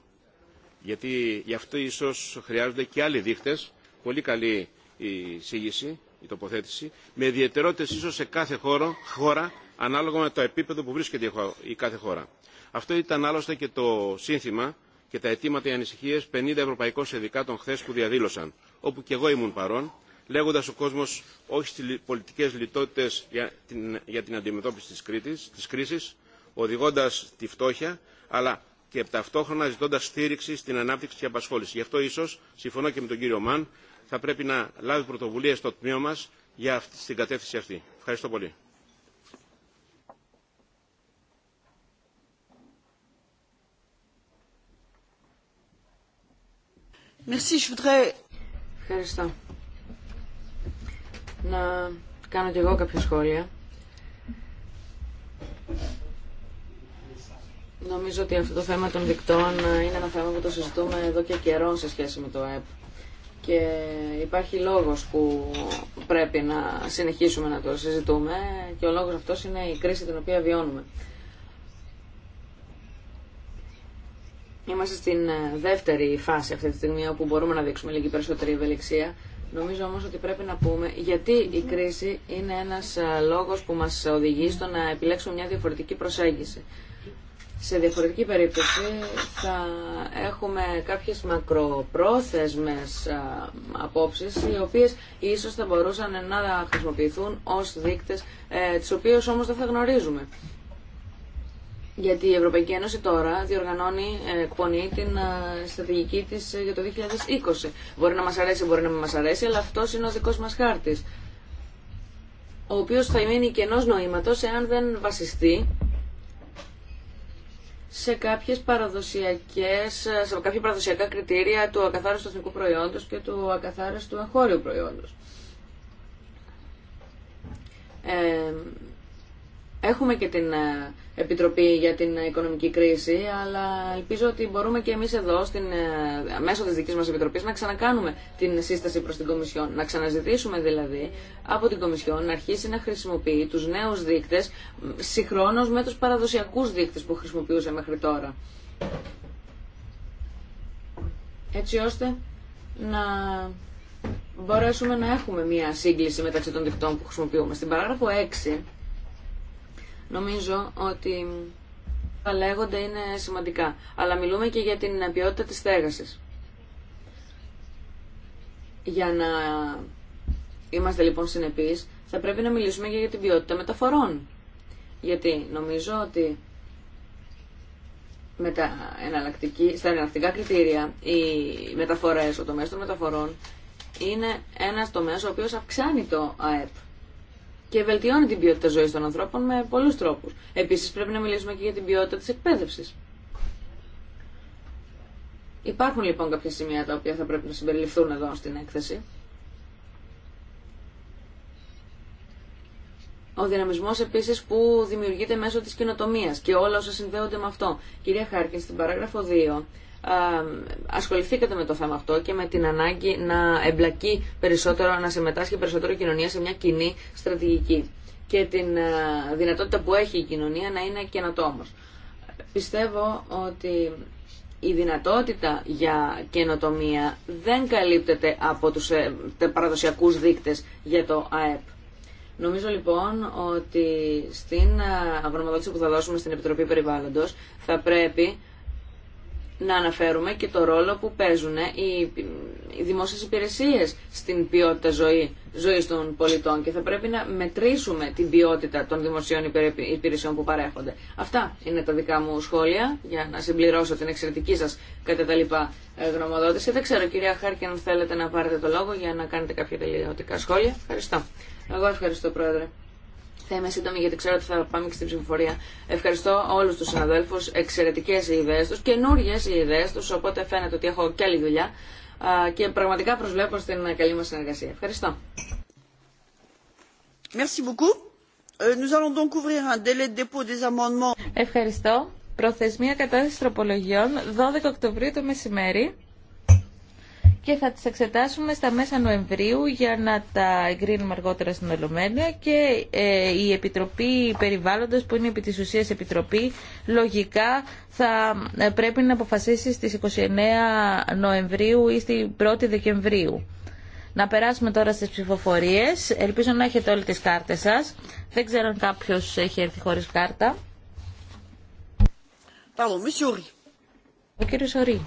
Γιατί γι' αυτό ίσω χρειάζονται και άλλοι δείχτε. πολύ καλή η σύγηση, η τοποθέτηση, με ιδιαιτερότητε ίσω σε κάθε χώρο, χώρα, ανάλογα με το επίπεδο που βρίσκεται η κάθε χώρα. Αυτό ήταν άλλωστε και το σύνθημα και τα αιτήματα οι ανησυχίε 50 ευρωπαϊκών συνδικάτων χθε που διαδήλωσαν, όπου και εγώ ήμουν παρόν, λέγοντα ο κόσμο όχι στι πολιτικέ λιτότητε για, την αντιμετώπιση τη κρίση, οδηγώντα τη φτώχεια, αλλά και ταυτόχρονα ζητώντα στήριξη στην ανάπτυξη και απασχόληση. Γι' αυτό ίσω, συμφωνώ και με τον κύριο Μαν, θα πρέπει να λάβει πρωτοβουλία στο τμήμα μα για αυτή, στην κατεύθυνση αυτή. Ευχαριστώ πολύ. Ευχαριστώ. Να κάνω και εγώ κάποια σχόλια. Νομίζω ότι αυτό το θέμα των δικτών ε, είναι ένα θέμα που το συζητούμε εδώ και καιρό σε σχέση με το ΕΠ. Και υπάρχει λόγος που πρέπει να συνεχίσουμε να το συζητούμε και ο λόγος αυτός είναι η κρίση την οποία βιώνουμε. Είμαστε στην ε, δεύτερη φάση αυτή τη στιγμή όπου μπορούμε να δείξουμε λίγη περισσότερη ευελιξία. Νομίζω όμως ότι πρέπει να πούμε γιατί η κρίση είναι ένας ε, λόγος που μας οδηγεί στο να επιλέξουμε μια διαφορετική προσέγγιση. Σε διαφορετική περίπτωση θα έχουμε κάποιες μακροπρόθεσμες ε, απόψεις οι οποίες ίσως θα μπορούσαν να χρησιμοποιηθούν ως δείκτες τις οποίες όμως δεν θα γνωρίζουμε. Γιατί η Ευρωπαϊκή Ένωση τώρα διοργανώνει, ε, εκπονεί την ε, στρατηγική της ε, για το 2020. Μπορεί να μα αρέσει, μπορεί να μην μας αρέσει, αλλά αυτό είναι ο δικό μα χάρτης. Ο οποίος θα μείνει κενός νοήματος εάν δεν βασιστεί σε, κάποιες παραδοσιακές, σε κάποια παραδοσιακά κριτήρια του ακαθάριστου εθνικού προϊόντος και του ακαθάριστου εγχώριου προϊόντος. Ε, Έχουμε και την ε, Επιτροπή για την Οικονομική Κρίση, αλλά ελπίζω ότι μπορούμε και εμείς εδώ, στην, ε, μέσω της δικής μας Επιτροπής, να ξανακάνουμε την σύσταση προς την Κομισιόν. Να ξαναζητήσουμε δηλαδή από την Κομισιόν να αρχίσει να χρησιμοποιεί τους νέους δείκτες συγχρόνως με τους παραδοσιακούς δείκτες που χρησιμοποιούσε μέχρι τώρα. Έτσι ώστε να μπορέσουμε να έχουμε μια σύγκληση μεταξύ των δικτών που χρησιμοποιούμε. Στην παράγραφο 6 νομίζω ότι τα λέγονται είναι σημαντικά. Αλλά μιλούμε και για την ποιότητα της στέγασης. Για να είμαστε λοιπόν συνεπείς, θα πρέπει να μιλήσουμε και για την ποιότητα μεταφορών. Γιατί νομίζω ότι με τα στα εναλλακτικά κριτήρια οι μεταφορές, ο τομέας των μεταφορών είναι ένας τομέας ο οποίος αυξάνει το ΑΕΠ και βελτιώνει την ποιότητα ζωή των ανθρώπων με πολλού τρόπου. Επίση, πρέπει να μιλήσουμε και για την ποιότητα τη εκπαίδευση. Υπάρχουν λοιπόν κάποια σημεία τα οποία θα πρέπει να συμπεριληφθούν εδώ στην έκθεση. Ο δυναμισμό επίση που δημιουργείται μέσω τη κοινοτομία και όλα όσα συνδέονται με αυτό. Κυρία Χάρκιν, στην παράγραφο 2 ασχοληθήκατε με το θέμα αυτό και με την ανάγκη να εμπλακεί περισσότερο, να συμμετάσχει περισσότερο η κοινωνία σε μια κοινή στρατηγική και την δυνατότητα που έχει η κοινωνία να είναι καινοτόμο. Πιστεύω ότι η δυνατότητα για καινοτομία δεν καλύπτεται από τους ε, παραδοσιακούς δείκτες για το ΑΕΠ. Νομίζω λοιπόν ότι στην αγρονομοδότηση που θα δώσουμε στην Επιτροπή Περιβάλλοντος θα πρέπει να αναφέρουμε και το ρόλο που παίζουν οι, οι δημόσιες υπηρεσίες στην ποιότητα ζωή, ζωής των πολιτών και θα πρέπει να μετρήσουμε την ποιότητα των δημοσίων υπηρεσιών που παρέχονται. Αυτά είναι τα δικά μου σχόλια για να συμπληρώσω την εξαιρετική σας κατά τα λοιπά ε, γνωμοδότηση. Δεν ξέρω κυρία Χάρκιν αν θέλετε να πάρετε το λόγο για να κάνετε κάποια τελειωτικά σχόλια. Ευχαριστώ. Εγώ ευχαριστώ πρόεδρε. Θα είμαι σύντομη γιατί ξέρω ότι θα πάμε και στην ψηφοφορία. Ευχαριστώ όλους τους συναδέλφους, εξαιρετικές οι ιδέες τους, καινούριε οι ιδέες τους, οπότε φαίνεται ότι έχω και άλλη δουλειά και πραγματικά προσβλέπω στην καλή μας συνεργασία. Ευχαριστώ. Merci beaucoup. Euh, nous allons donc ouvrir un délai dépôt des amendements. Ευχαριστώ. Προθεσμία κατάσταση τροπολογιών 12 Οκτωβρίου το μεσημέρι και θα τις εξετάσουμε στα μέσα Νοεμβρίου για να τα εγκρίνουμε αργότερα στην Ολομέλεια και ε, η Επιτροπή Περιβάλλοντος που είναι επί της ουσίας Επιτροπή λογικά θα ε, πρέπει να αποφασίσει στις 29 Νοεμβρίου ή στην 1η Δεκεμβρίου. Να περάσουμε τώρα στις ψηφοφορίες. Ελπίζω να έχετε όλες τις κάρτες σας. Δεν ξέρω αν κάποιος έχει έρθει χωρίς κάρτα. Ο κύριος Ορή.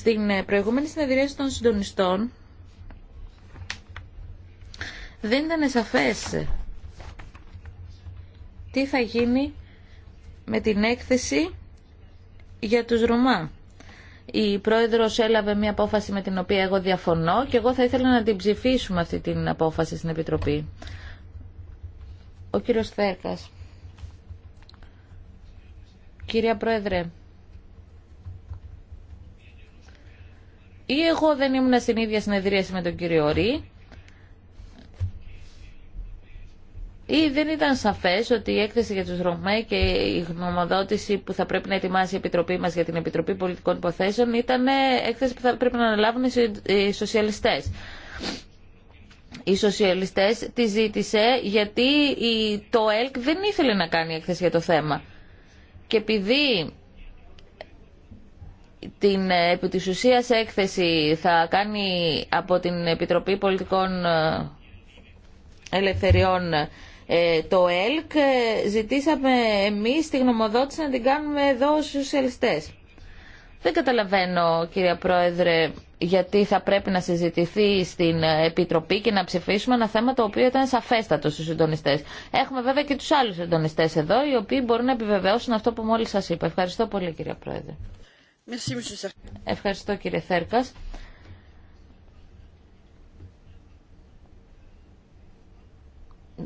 Στην προηγούμενη συνεδρίαση των συντονιστών δεν ήταν σαφές τι θα γίνει με την έκθεση για τους Ρωμά. Η πρόεδρος έλαβε μια απόφαση με την οποία εγώ διαφωνώ και εγώ θα ήθελα να την ψηφίσουμε αυτή την απόφαση στην Επιτροπή. Ο κύριος Θέρκας. Κυρία Πρόεδρε, Ή εγώ δεν ήμουν στην ίδια συνεδρίαση με τον κύριο Ρή, ή δεν ήταν σαφές ότι η έκθεση για τους Ρωμαί και η γνωμοδότηση που θα πρέπει να ετοιμάσει η Επιτροπή μας για την Επιτροπή Πολιτικών Υποθέσεων ήταν έκθεση που θα πρέπει να αναλάβουν οι σοσιαλιστές. Οι σοσιαλιστές τη ζήτησε γιατί το ΕΛΚ δεν ήθελε να κάνει έκθεση για το θέμα. Και επειδή την ε, επί της ουσίας έκθεση θα κάνει από την Επιτροπή Πολιτικών ε, Ελευθεριών ε, το ΕΛΚ ζητήσαμε εμείς τη γνωμοδότηση να την κάνουμε εδώ στους σοσιαλιστές. Δεν καταλαβαίνω κυρία Πρόεδρε γιατί θα πρέπει να συζητηθεί στην Επιτροπή και να ψηφίσουμε ένα θέμα το οποίο ήταν σαφέστατο στους συντονιστές. Έχουμε βέβαια και τους άλλους συντονιστές εδώ οι οποίοι μπορούν να επιβεβαιώσουν αυτό που μόλις σας είπα. Ευχαριστώ πολύ κυρία Πρόεδρε. Ευχαριστώ κύριε Θέρκας.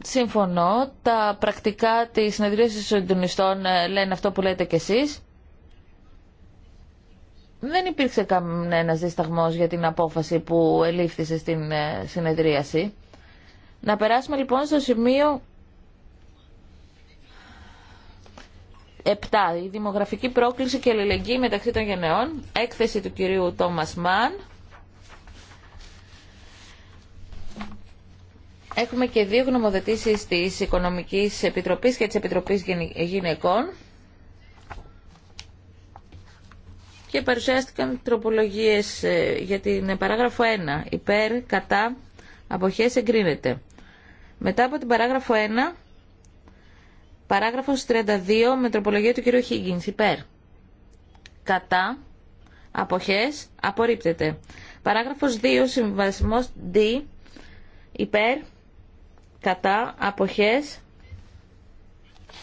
Συμφωνώ. Τα πρακτικά της συνεδρίασης των συντονιστών ε, λένε αυτό που λέτε κι εσείς. Δεν υπήρξε κανένας δισταγμός για την απόφαση που ελήφθησε στην ε, συνεδρίαση. Να περάσουμε λοιπόν στο σημείο 7. Η δημογραφική πρόκληση και αλληλεγγύη μεταξύ των γενεών. Έκθεση του κυρίου Τόμας Μαν. Έχουμε και δύο γνωμοδοτήσεις της Οικονομικής Επιτροπής και της Επιτροπής Γυναικών. Και παρουσιάστηκαν τροπολογίες ε, για την ε, παράγραφο 1. Υπέρ, κατά, αποχές εγκρίνεται. Μετά από την παράγραφο 1 Παράγραφος 32 με τροπολογία του κ. Χίγγινς Υπέρ. Κατά. Αποχές. Απορρίπτεται. Παράγραφος 2. Συμβασμός D. Υπέρ. Κατά. Αποχές.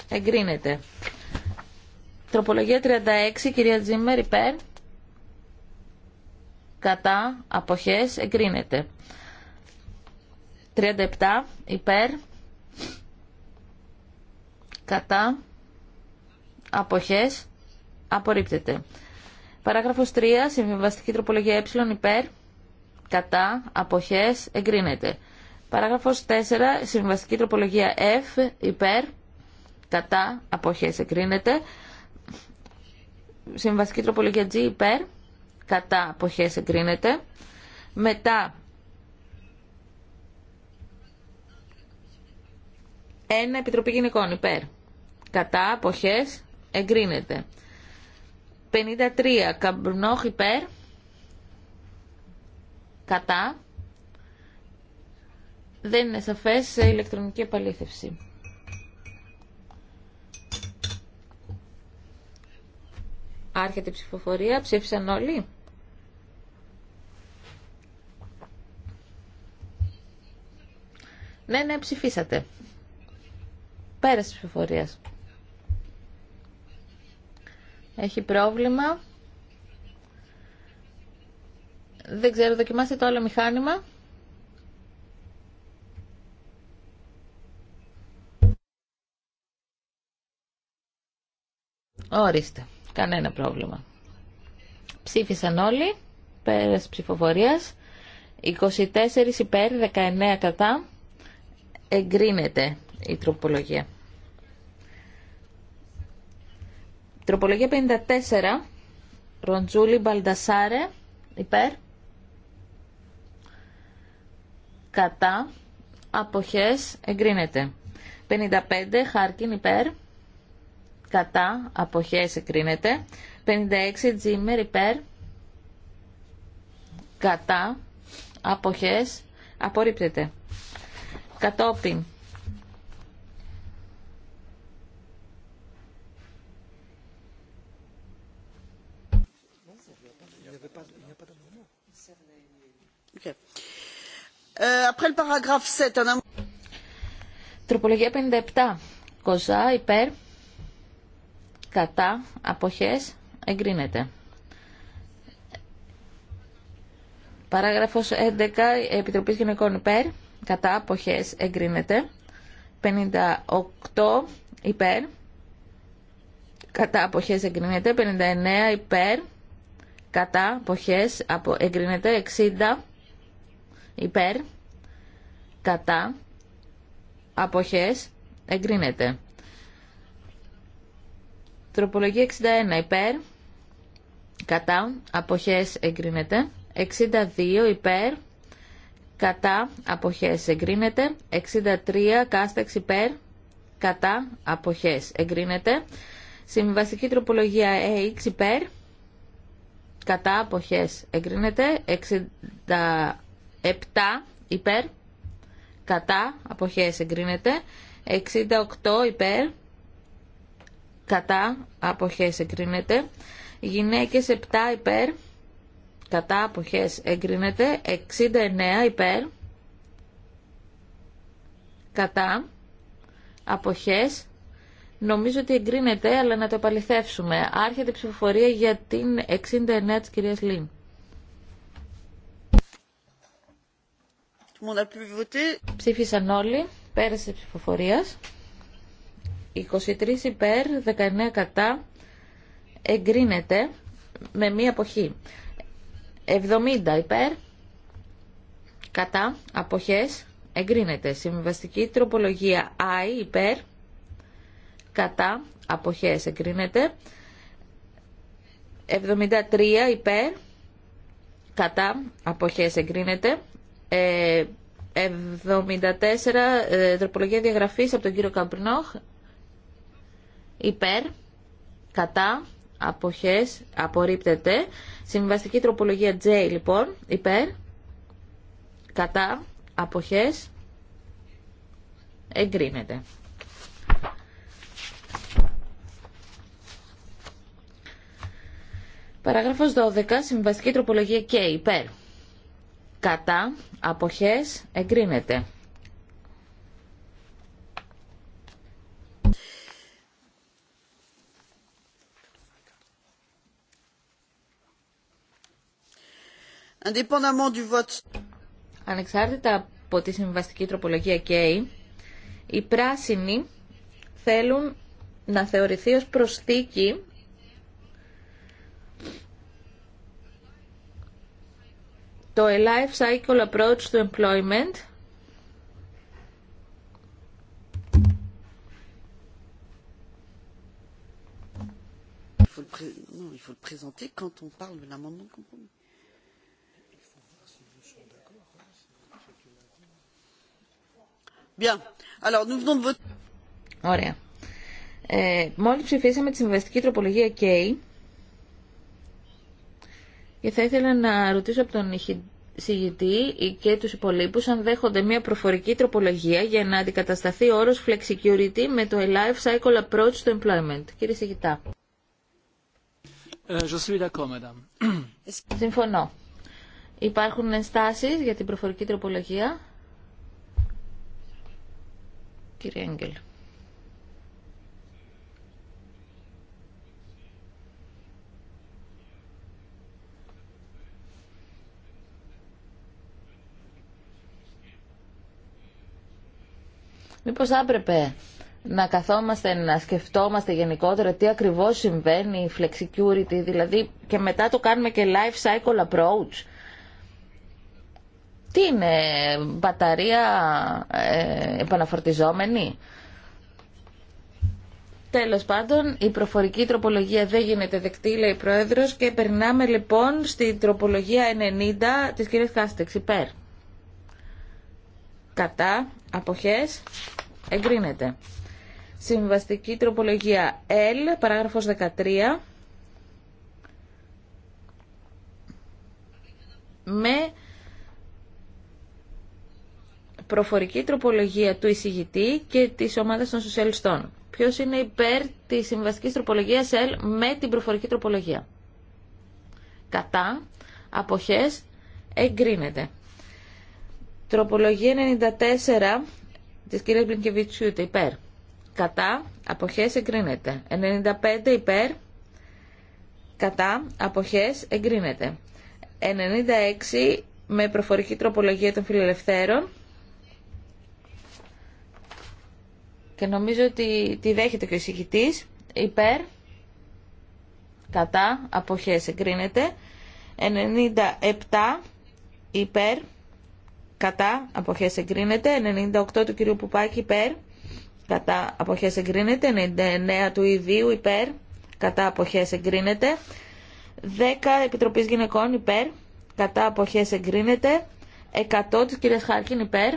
Εγκρίνεται. Τροπολογία 36. Κυρία Τζίμερ. Υπέρ. Κατά. Αποχές. Εγκρίνεται. 37. Υπέρ κατά, αποχές, απορρίπτεται. Παράγραφος 3, συμβιβαστική τροπολογία ε, υπέρ, κατά, αποχές, εγκρίνεται. Παράγραφος 4, συμβιβαστική τροπολογία F, υπέρ, κατά, αποχές, εγκρίνεται. Συμβαστική τροπολογία G, υπέρ, κατά, αποχές, εγκρίνεται. Μετά, ένα Επιτροπή Γυναικών, υπέρ κατά, αποχές, εγκρίνεται. 53. Καμπνόχ υπέρ. Κατά. Δεν είναι σαφές σε ηλεκτρονική επαλήθευση. Άρχεται η ψηφοφορία. Ψήφισαν όλοι. Ναι, ναι, ψηφίσατε. Πέρασε ψηφοφορίας. ψηφοφορία έχει πρόβλημα. Δεν ξέρω, δοκιμάστε το άλλο μηχάνημα. Ορίστε, κανένα πρόβλημα. Ψήφισαν όλοι, πέρας ψηφοφορίας, 24 υπέρ, 19 κατά, εγκρίνεται η τροπολογία. Τροπολογία 54. Ροντζούλη Μπαλντασάρε. Υπέρ. Κατά. Αποχές. Εγκρίνεται. 55. Χάρκιν. Υπέρ. Κατά. Αποχές. Εγκρίνεται. 56. Τζίμερ. Υπέρ. Κατά. Αποχές. Απορρίπτεται. Κατόπιν. Euh, Τροπολογία 57. Κοζά υπέρ. Κατά. Αποχές. Εγκρίνεται. Παράγραφος 11. Επιτροπής Γυναικών υπέρ. Κατά. Αποχές. Εγκρίνεται. 58 υπέρ. Κατά. Αποχές. Εγκρίνεται. 59 υπέρ. Κατά. Αποχές. Εγκρίνεται. 60 υπέρ, κατά, αποχές, εγκρίνεται. Τροπολογία 61 υπέρ, κατά, αποχές, εγκρίνεται. 62 υπέρ, κατά, αποχές, εγκρίνεται. 63 κάστεξ υπέρ, κατά, αποχές, εγκρίνεται. Συμβιβαστική AX, υπέρ, κατά αποχές εγκρίνεται, 7 υπέρ, κατά, αποχές εγκρίνεται. 68 υπέρ, κατά, αποχές εγκρίνεται. Γυναίκες 7 υπέρ, κατά, αποχές εγκρίνεται. 69 υπέρ, κατά, αποχές Νομίζω ότι εγκρίνεται, αλλά να το επαληθεύσουμε. Άρχεται η ψηφοφορία για την 69 της κυρίας Λίν. Ψήφισαν όλοι. Πέρασε ψηφοφορία. 23 υπέρ, 19 κατά. Εγκρίνεται με μία αποχή. 70 υπέρ, κατά, αποχές, εγκρίνεται. Συμβαστική τροπολογία I υπέρ, κατά, αποχές, εγκρίνεται. 73 υπέρ, κατά, αποχές, εγκρίνεται. Ε, 74, ε, τροπολογία διαγραφής από τον κύριο Καμπρινόχ. Υπέρ, κατά, αποχές, απορρίπτεται. Συμβαστική τροπολογία J, λοιπόν, υπέρ, κατά, αποχές, εγκρίνεται. Παράγραφος 12. Συμβαστική τροπολογία K. Υπέρ κατά, αποχές, εγκρίνεται. Ανεξάρτητα από τη συμβαστική τροπολογία ΚΕΙ, οι πράσινοι θέλουν να θεωρηθεί ως προστίκη το Life Cycle Approach to Employment Ωραία. Ε, μόλις ψηφίσαμε τη συμβαστική τροπολογία K, και θα ήθελα να ρωτήσω από τον συγητή και τους υπολείπους αν δέχονται μια προφορική τροπολογία για να αντικατασταθεί ο όρος flexicurity με το life cycle approach to employment. Κύριε συγητά. Ε, Συμφωνώ. Υπάρχουν ενστάσεις για την προφορική τροπολογία. Κύριε Έγγελ. Μήπως άπρεπε έπρεπε να καθόμαστε, να σκεφτόμαστε γενικότερα τι ακριβώς συμβαίνει, η flexicurity, δηλαδή και μετά το κάνουμε και life cycle approach. Τι είναι, μπαταρία ε, επαναφορτιζόμενη. Τέλος πάντων, η προφορική τροπολογία δεν γίνεται δεκτή, λέει η Πρόεδρος, και περνάμε λοιπόν στη τροπολογία 90 της κυρίας Κάστεξ, υπέρ κατά, αποχές, εγκρίνεται. Συμβαστική τροπολογία L, παράγραφος 13, με προφορική τροπολογία του εισηγητή και της ομάδας των σοσιαλιστών. Ποιος είναι υπέρ της συμβαστικής τροπολογίας L με την προφορική τροπολογία. Κατά, αποχές, εγκρίνεται. Τροπολογία 94 της κυρίας Μπλινκεβιτσιούτη υπέρ. Κατά, αποχές εγκρίνεται. 95 υπέρ, κατά, αποχές εγκρίνεται. 96 με προφορική τροπολογία των φιλελευθέρων. Και νομίζω ότι τη δέχεται και ο εισηγητής. Υπέρ, κατά, αποχές εγκρίνεται. 97 υπέρ, κατά αποχές εγκρίνεται, 98 του κυρίου Πουπάκη υπέρ, κατά αποχές εγκρίνεται, 99 του ιδίου υπέρ, κατά αποχές εγκρίνεται, 10 Επιτροπής Γυναικών υπέρ, κατά αποχές εγκρίνεται, 100 της κυρίας Χάρκιν υπέρ,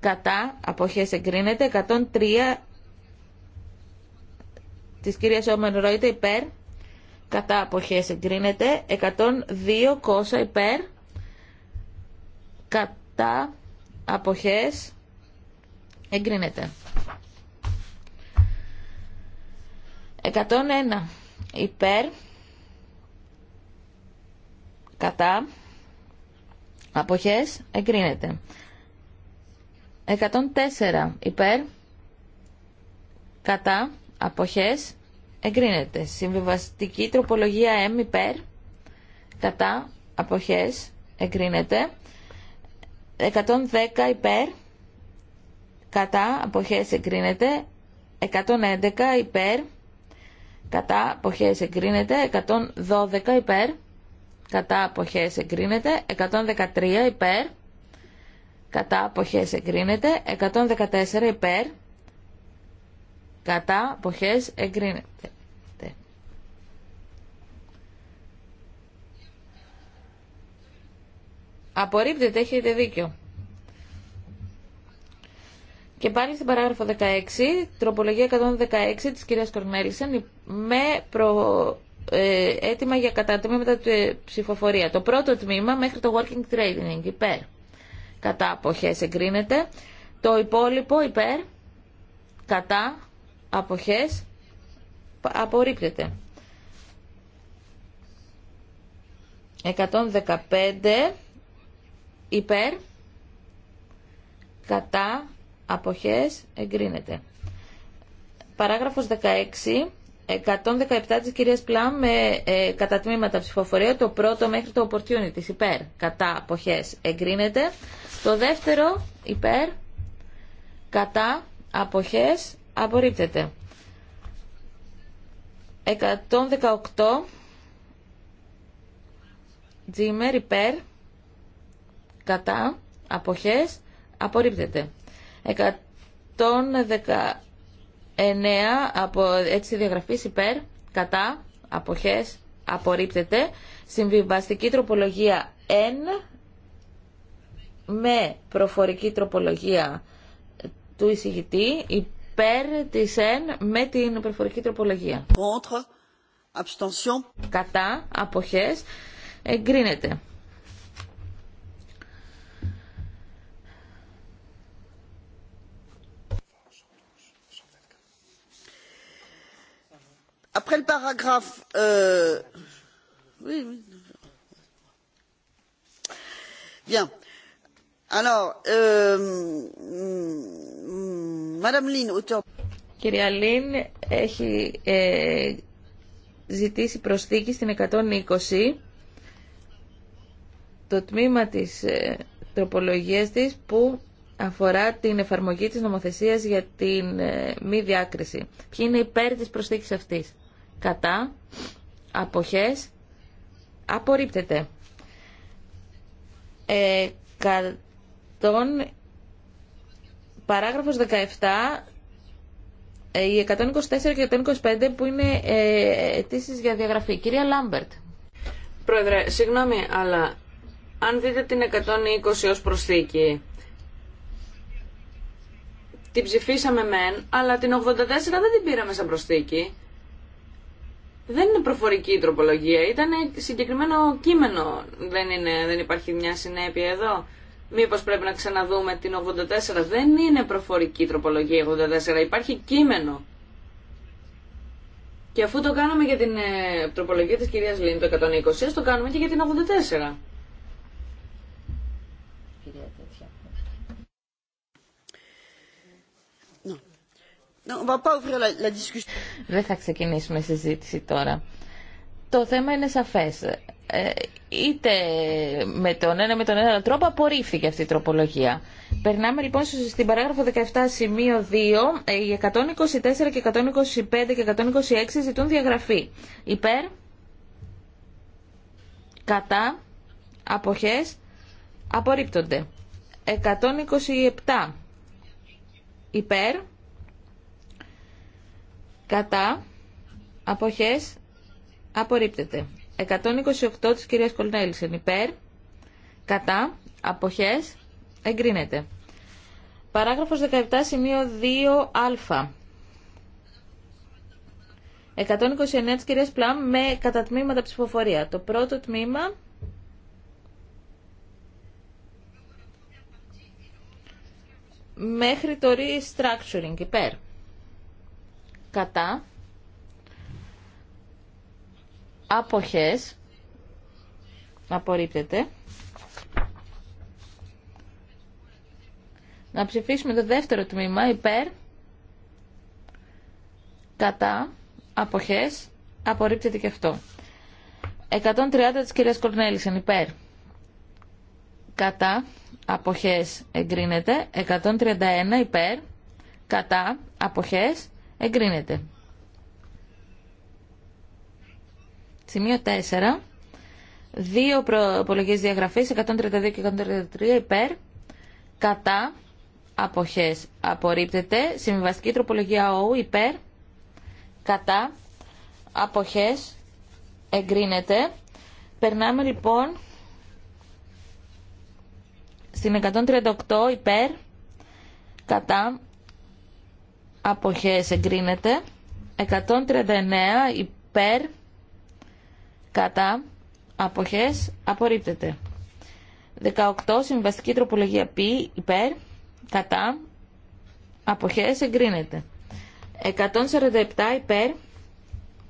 κατά αποχές εγκρίνεται, 103 της κυρίας Όμεν Ρόιτε υπέρ, κατά αποχές εγκρίνεται, 102 κόσα υπέρ, κατά κατά αποχές εγκρίνεται 101 υπέρ κατά αποχές εγκρίνεται 104 υπέρ κατά αποχές εγκρίνεται συμβιβαστική τροπολογία M υπέρ κατά αποχές εγκρίνεται 110 υπέρ, κατά, αποχές εγκρίνεται. 111 υπέρ, κατά, αποχές εγκρίνεται. 112 υπέρ, κατά, αποχές εγκρίνεται. 113 υπέρ, κατά, αποχές εγκρίνεται. 114 υπέρ, κατά, αποχές εγκρίνεται. Απορρίπτεται, έχετε δίκιο. Και πάλι στην παράγραφο 16, τροπολογία 116 της κυρίας Κορνέλισεν με προ... ε, έτοιμα για κατάτμήματα ε, ψηφοφορία. Το πρώτο τμήμα μέχρι το working trading, υπέρ. Κατά αποχές εγκρίνεται. Το υπόλοιπο υπέρ, κατά αποχές απορρίπτεται. 115 υπέρ, κατά, αποχές, εγκρίνεται. Παράγραφος 16. 117 της κυρίας Πλάμ με ε, κατά ψηφοφορία το πρώτο μέχρι το opportunity υπέρ κατά αποχές εγκρίνεται το δεύτερο υπέρ κατά αποχές απορρίπτεται 118 Τζίμερ υπέρ κατά, αποχές, απορρίπτεται. 119 από έτσι διαγραφής υπέρ, κατά, αποχές, απορρίπτεται. Συμβιβαστική τροπολογία N με προφορική τροπολογία του εισηγητή υπέρ της N με την προφορική τροπολογία. Contre, Κατά, αποχές, εγκρίνεται. après le Κυρία Λίν, έχει ε, ζητήσει προσθήκη στην 120 το τμήμα της ε, τροπολογίας της που αφορά την εφαρμογή της νομοθεσίας για την ε, μη διάκριση. Ποιοι είναι υπέρ της προσθήκης αυτής κατά, αποχές, απορρίπτεται. τον παράγραφος 17, ε, οι 124 και 125 που είναι ε, αιτήσει για διαγραφή. Κυρία Λάμπερτ. Πρόεδρε, συγγνώμη, αλλά αν δείτε την 120 ως προσθήκη, την ψηφίσαμε μεν, αλλά την 84 δεν την πήραμε σαν προσθήκη δεν είναι προφορική η τροπολογία, ήταν συγκεκριμένο κείμενο. Δεν, είναι, δεν υπάρχει μια συνέπεια εδώ. Μήπως πρέπει να ξαναδούμε την 84. Δεν είναι προφορική η τροπολογία 84, υπάρχει κείμενο. Και αφού το κάναμε για την ε, τροπολογία της κυρίας Λίνη το 120, το κάνουμε και για την 84. Δεν θα ξεκινήσουμε συζήτηση τώρα. Το θέμα είναι σαφές. Ε, είτε με τον ένα με τον άλλο τρόπο απορρίφθηκε αυτή η τροπολογία. Περνάμε λοιπόν στην παράγραφο 17 σημείο 2. Ε, οι 124 και 125 και 126 ζητούν διαγραφή. Υπέρ, κατά, αποχές, απορρίπτονται. 127 υπέρ, κατά, αποχές, απορρίπτεται. 128 της κυρίας εν υπέρ, κατά, αποχές, εγκρίνεται. Παράγραφος 17 σημείο 2α. 129 της κυρίας Πλάμ με κατατμήματα ψηφοφορία. Το πρώτο τμήμα μέχρι το restructuring υπέρ κατά αποχές απορρίπτεται να ψηφίσουμε το δεύτερο τμήμα υπέρ κατά αποχές απορρίπτεται και αυτό 130 της κυρίας Κορνέλησεν υπέρ κατά αποχές εγκρίνεται 131 υπέρ κατά αποχές Εγκρίνεται. Σημείο 4. Δύο προπολογίε διαγραφή 132 και 133 υπέρ. Κατά. Αποχέ. Απορρίπτεται. Συμβιβαστική τροπολογία ΟΟΥ υπέρ. Κατά. Αποχέ. Εγκρίνεται. Περνάμε λοιπόν στην 138 υπέρ. Κατά αποχές εγκρίνεται 139 υπέρ κατά αποχές απορρίπτεται 18 συμβαστική τροπολογία π υπέρ κατά αποχές εγκρίνεται 147 υπέρ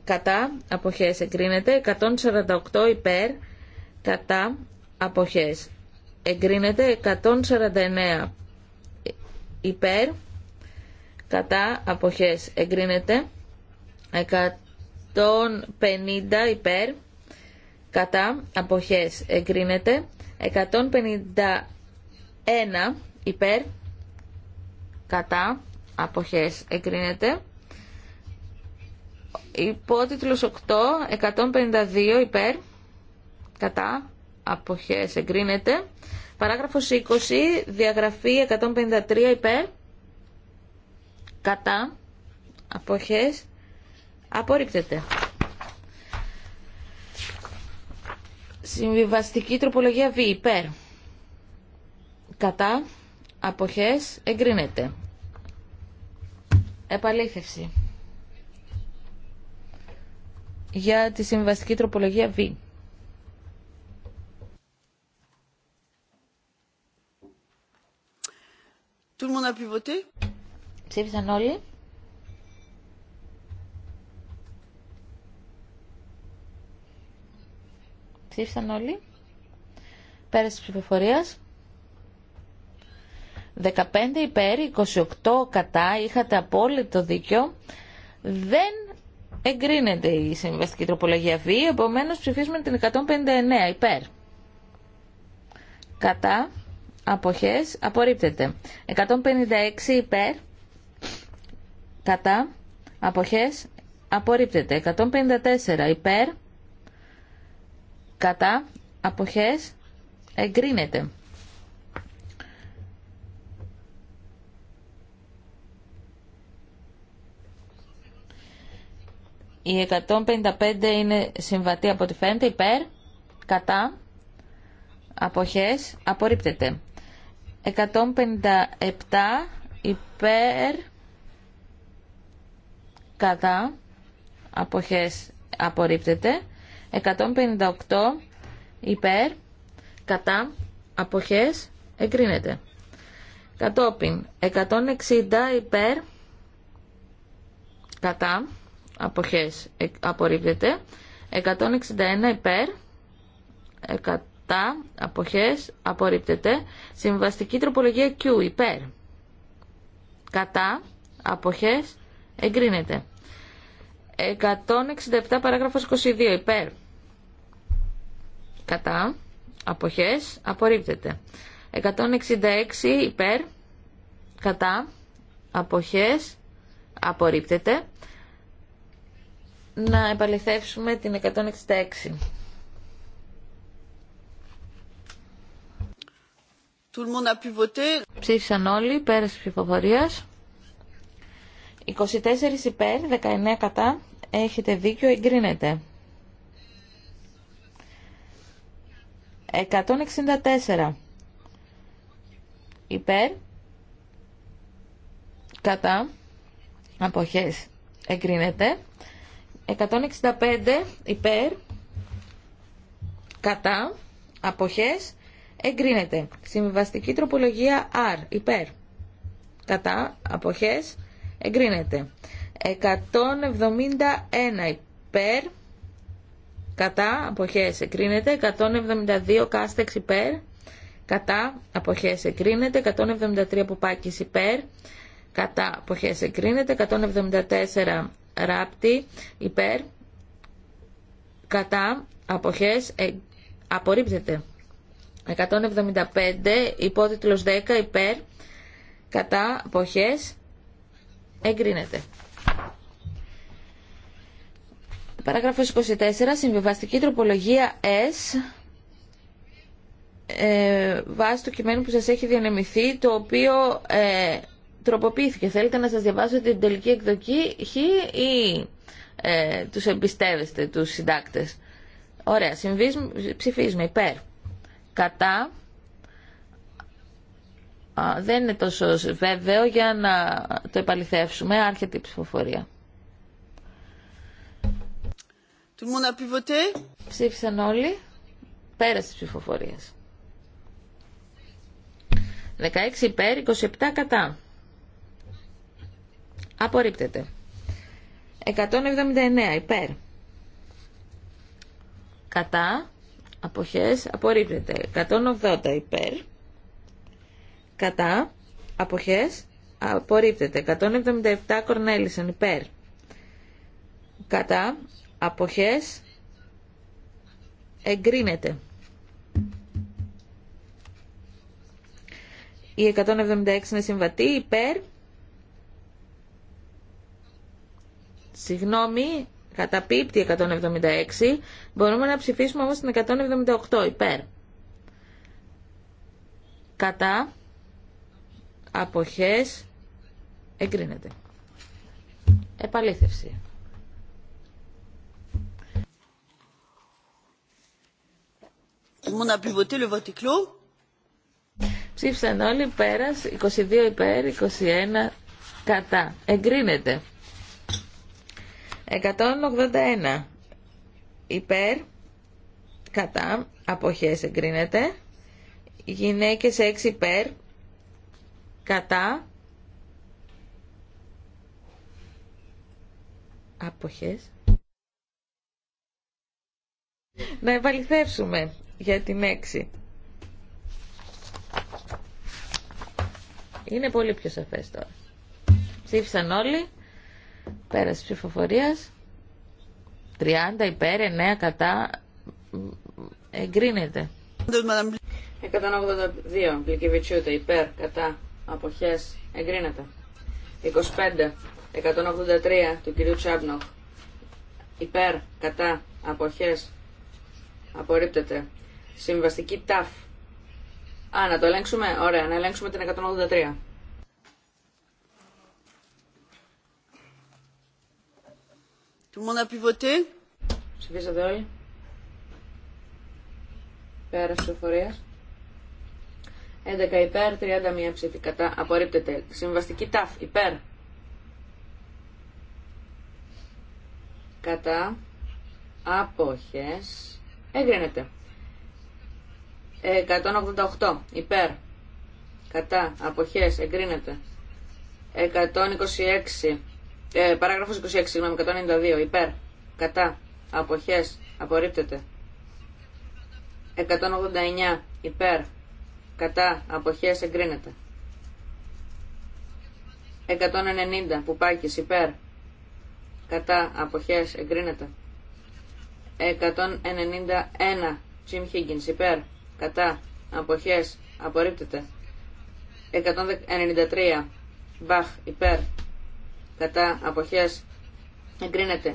κατά αποχές εγκρίνεται 148 υπέρ κατά αποχές εγκρίνεται 149 υπέρ κατά αποχές εγκρίνεται 150 υπέρ κατά αποχές εγκρίνεται 151 υπέρ κατά αποχές εγκρίνεται υπότιτλος 8 152 υπέρ κατά αποχές εγκρίνεται παράγραφος 20 διαγραφή 153 υπέρ κατά αποχές απορρίπτεται. Συμβιβαστική τροπολογία Β υπέρ κατά αποχές εγκρίνεται. Επαλήθευση για τη συμβιβαστική τροπολογία Β. Tout le monde a pu voter? Ψήφισαν όλοι. Ψήφισαν όλοι. Πέρασε τη ψηφοφορία. 15 υπέρ, 28 κατά, είχατε απόλυτο δίκιο. Δεν εγκρίνεται η συμβαστική τροπολογία Β, επομένω ψηφίζουμε την 159 υπέρ. Κατά, αποχές, απορρίπτεται. 156 υπέρ, κατά, αποχές, απορρίπτεται. 154 υπέρ, κατά, αποχές, εγκρίνεται. Η 155 είναι συμβατή από τη φαίνεται υπέρ, κατά, αποχές, απορρίπτεται. 157 υπέρ, κατά αποχές απορρίπτεται 158 υπέρ κατά αποχές εγκρίνεται κατόπιν 160 υπέρ κατά αποχές ε, απορρίπτεται 161 υπέρ ε, κατά αποχές απορρίπτεται συμβαστική τροπολογία Q υπέρ κατά αποχές Εγκρίνεται. 167 παράγραφος 22 υπέρ. Κατά. Αποχές. Απορρίπτεται. 166 υπέρ. Κατά. Αποχές. Απορρίπτεται. Να επαληθεύσουμε την 166. Tout le monde a pu voter. Ψήφισαν όλοι πέρασε της ψηφοφορίας. 24 υπέρ, 19 κατά. Έχετε δίκιο, εγκρίνεται. 164 υπέρ, κατά, αποχές, εγκρίνεται. 165 υπέρ, κατά, αποχές, εγκρίνεται. Συμβιβαστική τροπολογία R, υπέρ, κατά, αποχές, εγκρίνεται. 171 υπέρ, κατά, αποχές εγκρίνεται. 172 κάστεξ υπέρ, κατά, αποχές εγκρίνεται. 173 αποπάκης υπέρ, κατά, αποχές εγκρίνεται. 174 ράπτη υπέρ, κατά, αποχές ε, απορρίπτεται. 175 υπότιτλος 10 υπέρ, κατά, αποχές Εγκρίνεται. Παράγραφος 24. Συμβιβαστική τροπολογία S ε, βάσει του κειμένου που σας έχει διανεμηθεί, το οποίο ε, τροποποιήθηκε. Θέλετε να σας διαβάσω την τελική εκδοχή ή ε, τους εμπιστεύεστε, τους συντάκτες. Ωραία, ψηφίζουμε υπέρ. Κατά, δεν είναι τόσο βέβαιο για να το επαληθεύσουμε. Άρχεται η ψηφοφορία. Ψήφισαν όλοι. Πέρασε τη ψηφοφορία. 16 υπέρ, 27 κατά. Απορρίπτεται. 179 υπέρ. Κατά. Αποχές. Απορρίπτεται. 180 υπέρ κατά, αποχές, απορρίπτεται. 177 κορνελίσαν υπέρ, κατά, αποχές, εγκρίνεται. Η 176 είναι συμβατή, υπέρ, συγγνώμη, καταπίπτει 176, μπορούμε να ψηφίσουμε όμως την 178 υπέρ. Κατά, αποχές εγκρίνεται. Επαλήθευση. Ψήφισαν όλοι πέρας, 22 υπέρ, 21 κατά. Εγκρίνεται. 181 υπέρ, κατά, αποχές εγκρίνεται. Γυναίκες 6 υπέρ, κατά αποχές να ευαληθεύσουμε για την έξι είναι πολύ πιο σαφές τώρα ψήφισαν όλοι πέρασε ψηφοφορίας 30 υπέρ 9 κατά εγκρίνεται 182 Βλικιβιτσιούτα υπέρ κατά αποχές εγκρίνεται. 25. 183 του κυρίου Τσάμπνοχ υπέρ, κατά, αποχές απορρίπτεται. Συμβαστική ταφ. Α, να το ελέγξουμε. Ωραία, να ελέγξουμε την 183. Tout le monde a pu voter. Ψηφίσατε όλοι. Πέρασε φορέας. 11 υπέρ, 31 ψήφι κατά. Απορρίπτεται. Συμβαστική ταφ υπέρ. Κατά. Απόχες. Έγκρινεται. 188 υπέρ. Κατά. Αποχές. Εγκρίνεται. 126. Ε, παράγραφος 26, συγγνώμη, 192. Υπέρ. Κατά. Αποχές. Απορρίπτεται. 189. Υπέρ κατά αποχε εγκρίνεται 190 πουπάκης υπέρ κατά αποχές εγκρίνεται 191 Jim Higgins υπέρ κατά αποχές απορρίπτεται 193 Μπαχ υπέρ κατά απόχέ. εγκρίνεται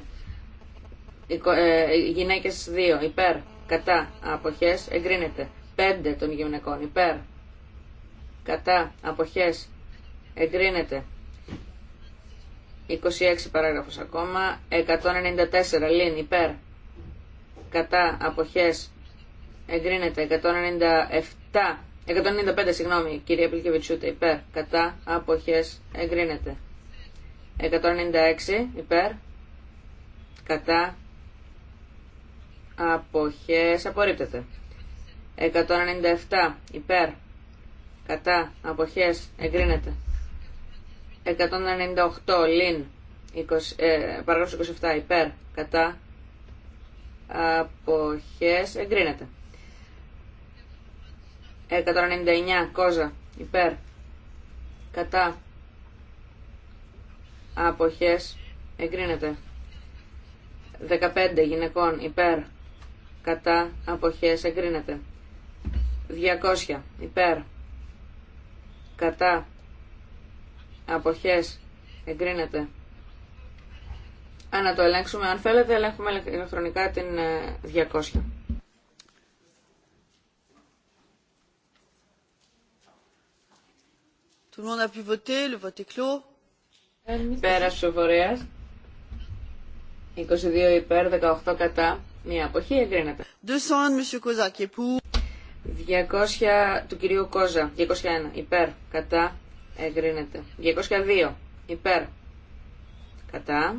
γυναίκες 2 υπέρ κατά αποχές εγκρίνεται ε, ε, πέντε των γυναικών υπέρ κατά αποχές εγκρίνεται 26 παράγραφος ακόμα 194 λίν υπέρ κατά αποχές εγκρίνεται 197 195 συγγνώμη κυρία Πλικεβιτσούτε υπέρ κατά αποχές εγκρίνεται 196 υπέρ κατά αποχές απορρίπτεται 197 υπέρ κατά αποχές εγκρίνεται 198 λιν 20, ε, παράγραφος 27 υπέρ κατά αποχές εγκρίνεται 199 κόζα υπέρ κατά αποχές εγκρίνεται 15 γυναικών υπέρ κατά αποχές εγκρίνεται 200 υπέρ κατά αποχές εγκρίνεται Αν να το ελέγξουμε. Αν θέλετε, ελέγχουμε ηλεκτρονικά την 200. Ε, Tout le monde a pu voter, le vote est clos. 22 υπέρ, 18 κατά. Μία αποχή εγκρίνεται. 201, M. Kozak, που. 200 του κυρίου Κόζα. 201. Υπέρ. Κατά. Εγκρίνεται. 202. Υπέρ. Κατά.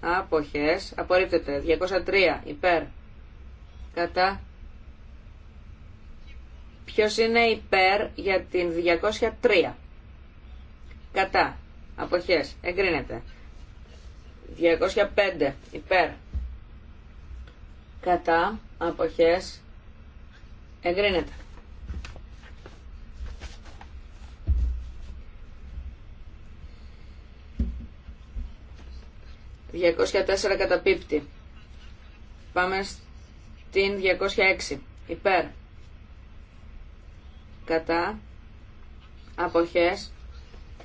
Αποχές. Απορρίπτεται. 203. Υπέρ. Κατά. Ποιος είναι υπέρ για την 203. Κατά. Αποχές. Εγκρίνεται. 205. Υπέρ. Κατά. Αποχές. Εγκρίνεται. «204 καταπίπτει». Πάμε στην 206. Υπέρ. Κατά. Αποχές.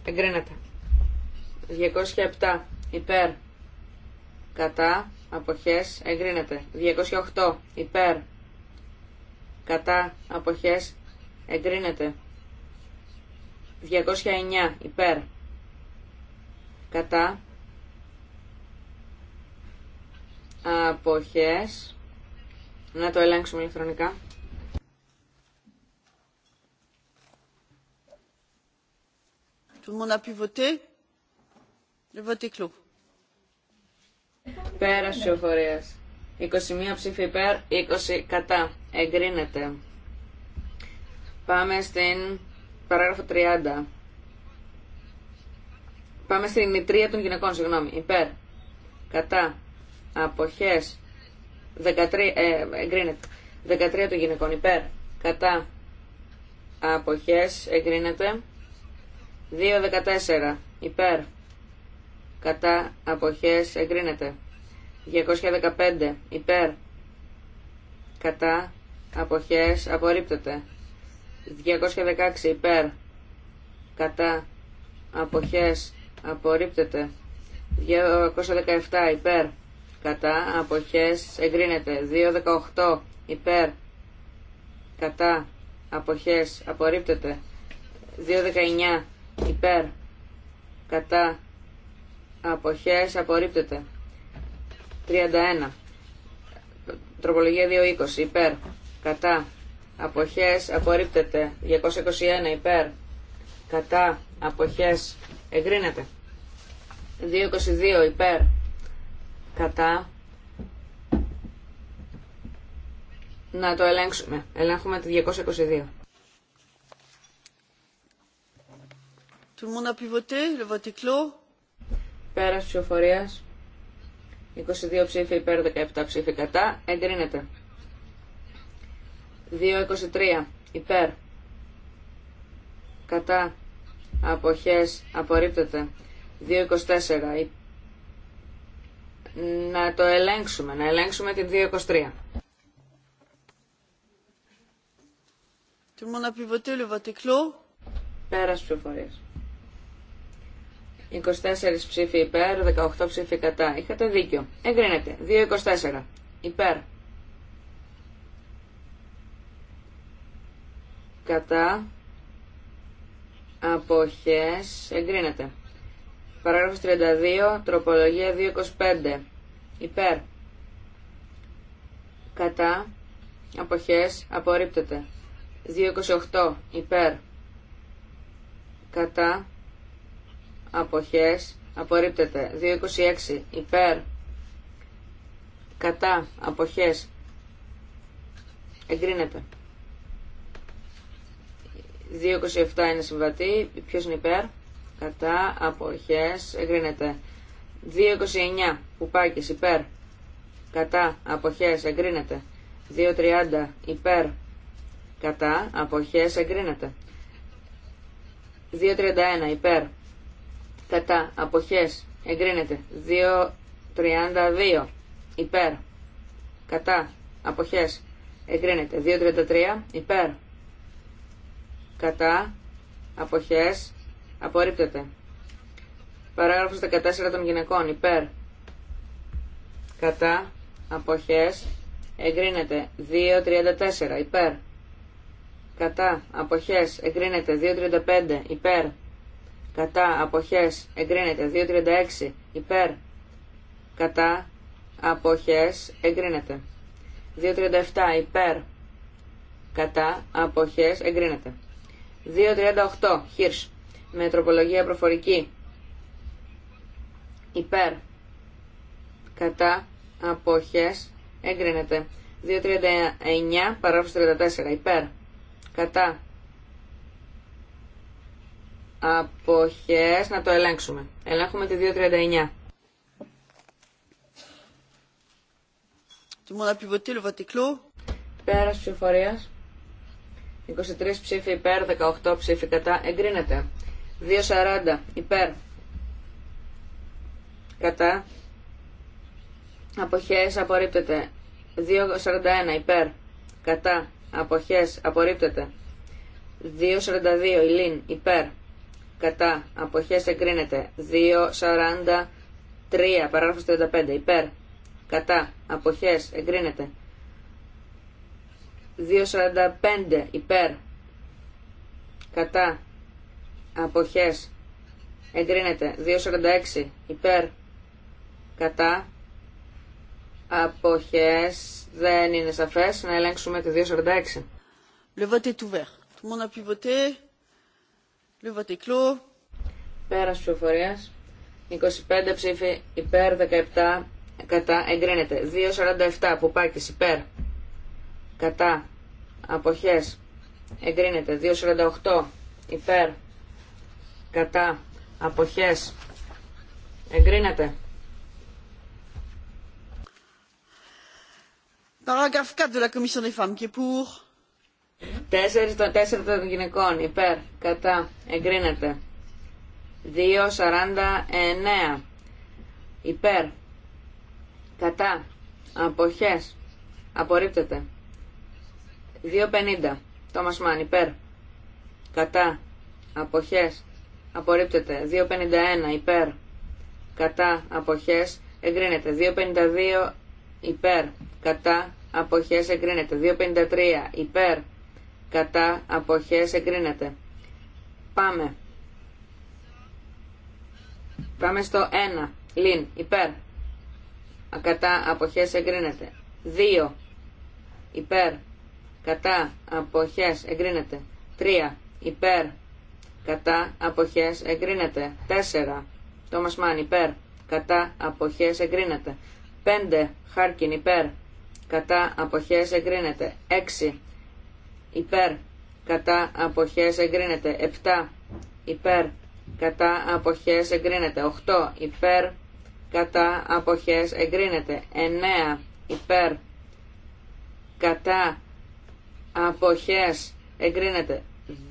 Εγκρίνεται. 207. Υπέρ. Κατά. Αποχές. Εγκρίνεται. 208. Υπέρ κατά αποχές εγκρίνεται 209 υπέρ κατά αποχές να το ελέγξουμε ηλεκτρονικά Tout le monde a pu voter Le vote est clos. 21 ψήφοι υπέρ, 20 κατά εγκρίνεται. Πάμε στην παράγραφο 30. Πάμε στην μητρία των γυναικών, συγγνώμη. Υπέρ, κατά, αποχές, 13, ε, εγκρίνεται. 13 των γυναικών, υπέρ, κατά, αποχές, εγκρίνεται. 2.14, υπέρ, κατά, αποχές, εγκρίνεται. 215, υπέρ, κατά, αποχές απορρίπτεται 216 υπέρ κατά αποχές απορρίπτεται 217 υπέρ κατά αποχές εγκρίνεται 218 υπέρ κατά αποχές απορρίπτεται 219 υπέρ κατά αποχές απορρίπτεται 31 τροπολογία 220 υπέρ κατά αποχές απορρίπτεται 221 υπέρ κατά αποχές εγκρίνεται 222 υπέρ κατά να το ελέγξουμε ελέγχουμε τη 222 Tout le monde a pu voter, le vote est clos. Πέρας ψηφοφορίας, 22 ψήφοι υπέρ, 17 ψήφοι κατά, εγκρίνεται. 2.23 υπέρ κατά αποχές απορρίπτεται 2.24 να το ελέγξουμε να ελέγξουμε την 2.23 Tout le monde a pu le vote Πέρας 24 ψήφοι υπέρ, 18 ψήφοι κατά. Είχατε δίκιο. Εγκρίνεται. 2.24. Υπέρ. κατά αποχές εγκρίνεται. Παράγραφος 32, τροπολογία 225. Υπέρ. Κατά. Αποχές. Απορρίπτεται. 228. Υπέρ. Κατά. Αποχές. Απορρίπτεται. 226. Υπέρ. Κατά. Αποχές. Εγκρίνεται. 2.27 είναι συμβατή. Ποιος είναι υπέρ. Κατά. απόχέ, Εγκρίνεται. 2.29 Πουπάκης. Υπέρ. Κατά. Κατά, Εγκρίνεται. 2.30 υπέρ. Κατά. αποχε Εγκρίνεται. 2.31 υπέρ. Κατά. απόχέ. Εγκρίνεται. 2.32 υπέρ. Κατά. Αποχές. Εγκρίνεται. 2.33 υπέρ κατά, αποχές, απορρίπτεται. Παράγραφος 14 των γυναικών, υπέρ, κατά, αποχές, εγκρίνεται. 2.34, υπέρ, κατά, αποχές, εγκρίνεται. 2.35, υπέρ, κατά, αποχές, εγκρίνεται. 2.36, υπέρ, κατά, αποχές, εγκρίνεται. 2.37, υπέρ, κατά, αποχές, εγκρίνεται. 2.38 Χίρς με τροπολογία προφορική υπέρ κατά αποχές εγκρίνεται 2.39 παράγραφος 34 υπέρ κατά αποχές να το ελέγξουμε ελέγχουμε τη 2.39 Tout le monde le 23 ψήφοι υπέρ, 18 ψήφοι κατά. Εγκρίνεται. 2.40 υπέρ. Κατά. Αποχές απορρίπτεται. 2.41 υπέρ. Κατά. Αποχές απορρίπτεται. 2.42 ηλίν υπέρ. Κατά. Αποχές εγκρίνεται. 2.43 παράγραφος 35 υπέρ. Κατά. Αποχές εγκρίνεται. 2.45 υπέρ κατά αποχές εγκρίνεται 2.46 υπέρ κατά αποχές δεν είναι σαφές να ελέγξουμε τη 2.46 Le vote est ouvert. Tout le monde a pu voter. Le vote est clos. Πέρας ψηφοφορίας. 25 ψήφοι υπέρ, 17 κατά εγκρίνεται. 2.47 που πάκης υπέρ κατά αποχές εγκρίνεται 2.48 υπέρ κατά αποχές εγκρίνεται Παράγραφ 4 de la Commission des Femmes qui pour. 4 των 4 γυναικών υπέρ κατά εγκρίνεται. 2.49 υπέρ κατά αποχές απορρίπτεται. 2.50. Τόμας Μάν, υπέρ. Κατά. Αποχές. Απορρίπτεται. 2.51. Υπέρ. Κατά. Αποχές. Εγκρίνεται. 2.52. Υπέρ. Κατά. Αποχές. Εγκρίνεται. 2.53. Υπέρ. Κατά. Αποχές. Εγκρίνεται. Πάμε. Πάμε στο 1. Λιν. Υπέρ. Κατά. Αποχές. Εγκρίνεται. 2. Υπέρ κατά αποχές εγκρίνεται 3 υπέρ κατά αποχές εγκρίνεται 4 Τόμας Μάν υπέρ κατά αποχές εγκρίνεται 5 Χάρκιν υπέρ κατά αποχές εγκρίνεται 6 υπέρ κατά αποχές εγκρίνεται 7 υπέρ κατά αποχές εγκρίνεται 8 υπέρ κατά αποχές εγκρίνεται 9 υπέρ κατά αποχές εγκρίνεται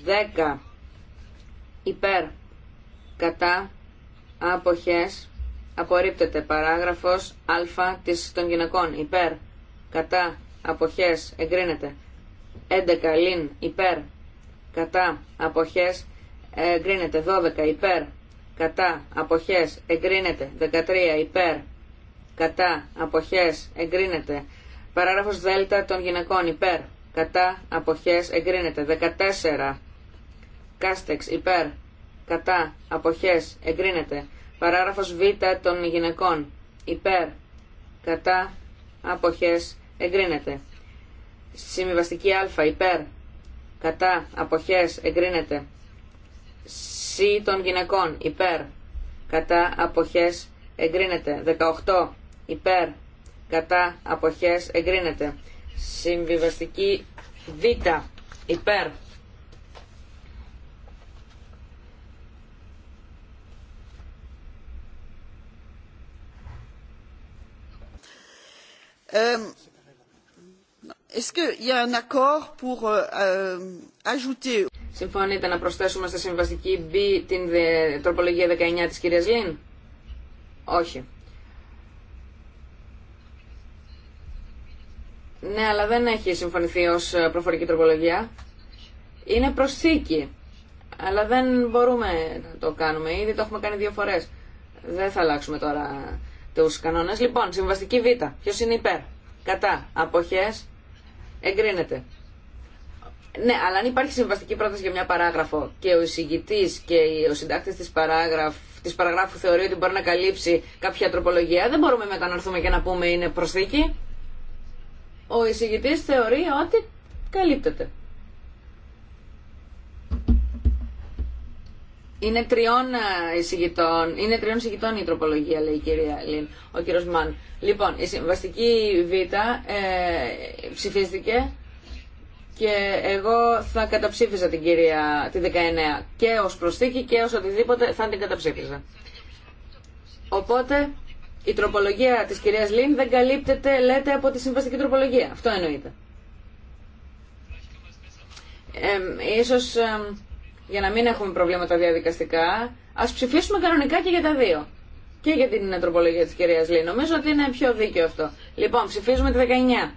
10 υπέρ κατά αποχές απορρίπτεται παράγραφος α της των γυναικών υπέρ κατά αποχές εγκρίνεται 11 λιν υπέρ κατά αποχές εγκρίνεται 12 υπέρ κατά αποχές εγκρίνεται 13 υπέρ κατά αποχές εγκρίνεται παράγραφος δ των γυναικών υπέρ κατά αποχές εγκρίνεται 14 κάστεξ υπέρ κατά αποχές εγκρίνεται παράγραφος β των γυναικών υπέρ κατά αποχές εγκρίνεται συμβιβαστική α υπέρ κατά αποχές εγκρίνεται σ των γυναικών υπέρ κατά αποχές εγκρίνεται 18 υπέρ κατά αποχές εγκρίνεται Συμβιβαστική Β. Υπέρ. Συμφωνείτε να προσθέσουμε στη συμβαστική B την τροπολογία 19 της κυρίας Λίν. Όχι. Ναι, αλλά δεν έχει συμφωνηθεί ω ε, προφορική τροπολογία. Είναι προσθήκη. Αλλά δεν μπορούμε να το κάνουμε. Ήδη το έχουμε κάνει δύο φορέ. Δεν θα αλλάξουμε τώρα του κανόνε. Λοιπόν, συμβαστική Β. Ποιο είναι υπέρ. Κατά. αποχέ. Εγκρίνεται. Ναι, αλλά αν υπάρχει συμβαστική πρόταση για μια παράγραφο και ο εισηγητή και ο συντάκτη τη της παραγράφου θεωρεί ότι μπορεί να καλύψει κάποια τροπολογία, δεν μπορούμε να μετανορθούμε και να πούμε είναι προσθήκη ο εισηγητής θεωρεί ότι καλύπτεται. Είναι τριών ε, εισηγητών, είναι τριών εισηγητών η τροπολογία, λέει η κυρία Λίν, ο κύριος Μαν. Λοιπόν, η συμβαστική Β ε, ψηφίστηκε και εγώ θα καταψήφιζα την κυρία τη 19 και ως προσθήκη και ως οτιδήποτε θα την καταψήφιζα. Οπότε η τροπολογία της κυρίας Λίν δεν καλύπτεται, λέτε, από τη συμβαστική τροπολογία. Αυτό εννοείται. Ε, ίσως, για να μην έχουμε προβλήματα διαδικαστικά, ας ψηφίσουμε κανονικά και για τα δύο. Και για την τροπολογία της κυρίας Λίν. Νομίζω ότι είναι πιο δίκαιο αυτό. Λοιπόν, ψηφίζουμε τη 19.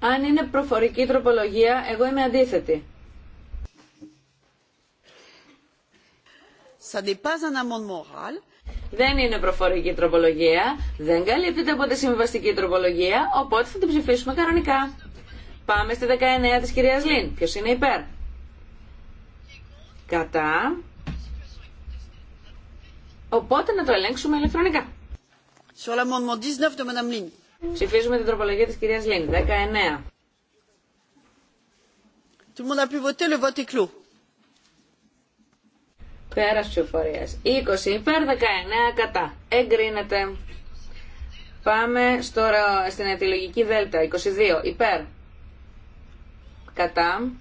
Αν είναι προφορική τροπολογία, εγώ είμαι αντίθετη. Δεν είναι προφορική τροπολογία, δεν καλύπτεται από τη συμβαστική τροπολογία, οπότε θα την ψηφίσουμε κανονικά. Πάμε στη 19 της κυρίας Λίν. Ποιος είναι υπέρ. Κατά. Οπότε να το ελέγξουμε ηλεκτρονικά. Sur Ψηφίζουμε την τροπολογία της κυρίας Λίν. 19. Tout le monde a pu voter, le vote Πέρας ψηφορίας. 20 υπέρ, 19 κατά. Εγκρίνεται. Πάμε στην αιτιολογική δέλτα. 22 υπέρ. Κατά.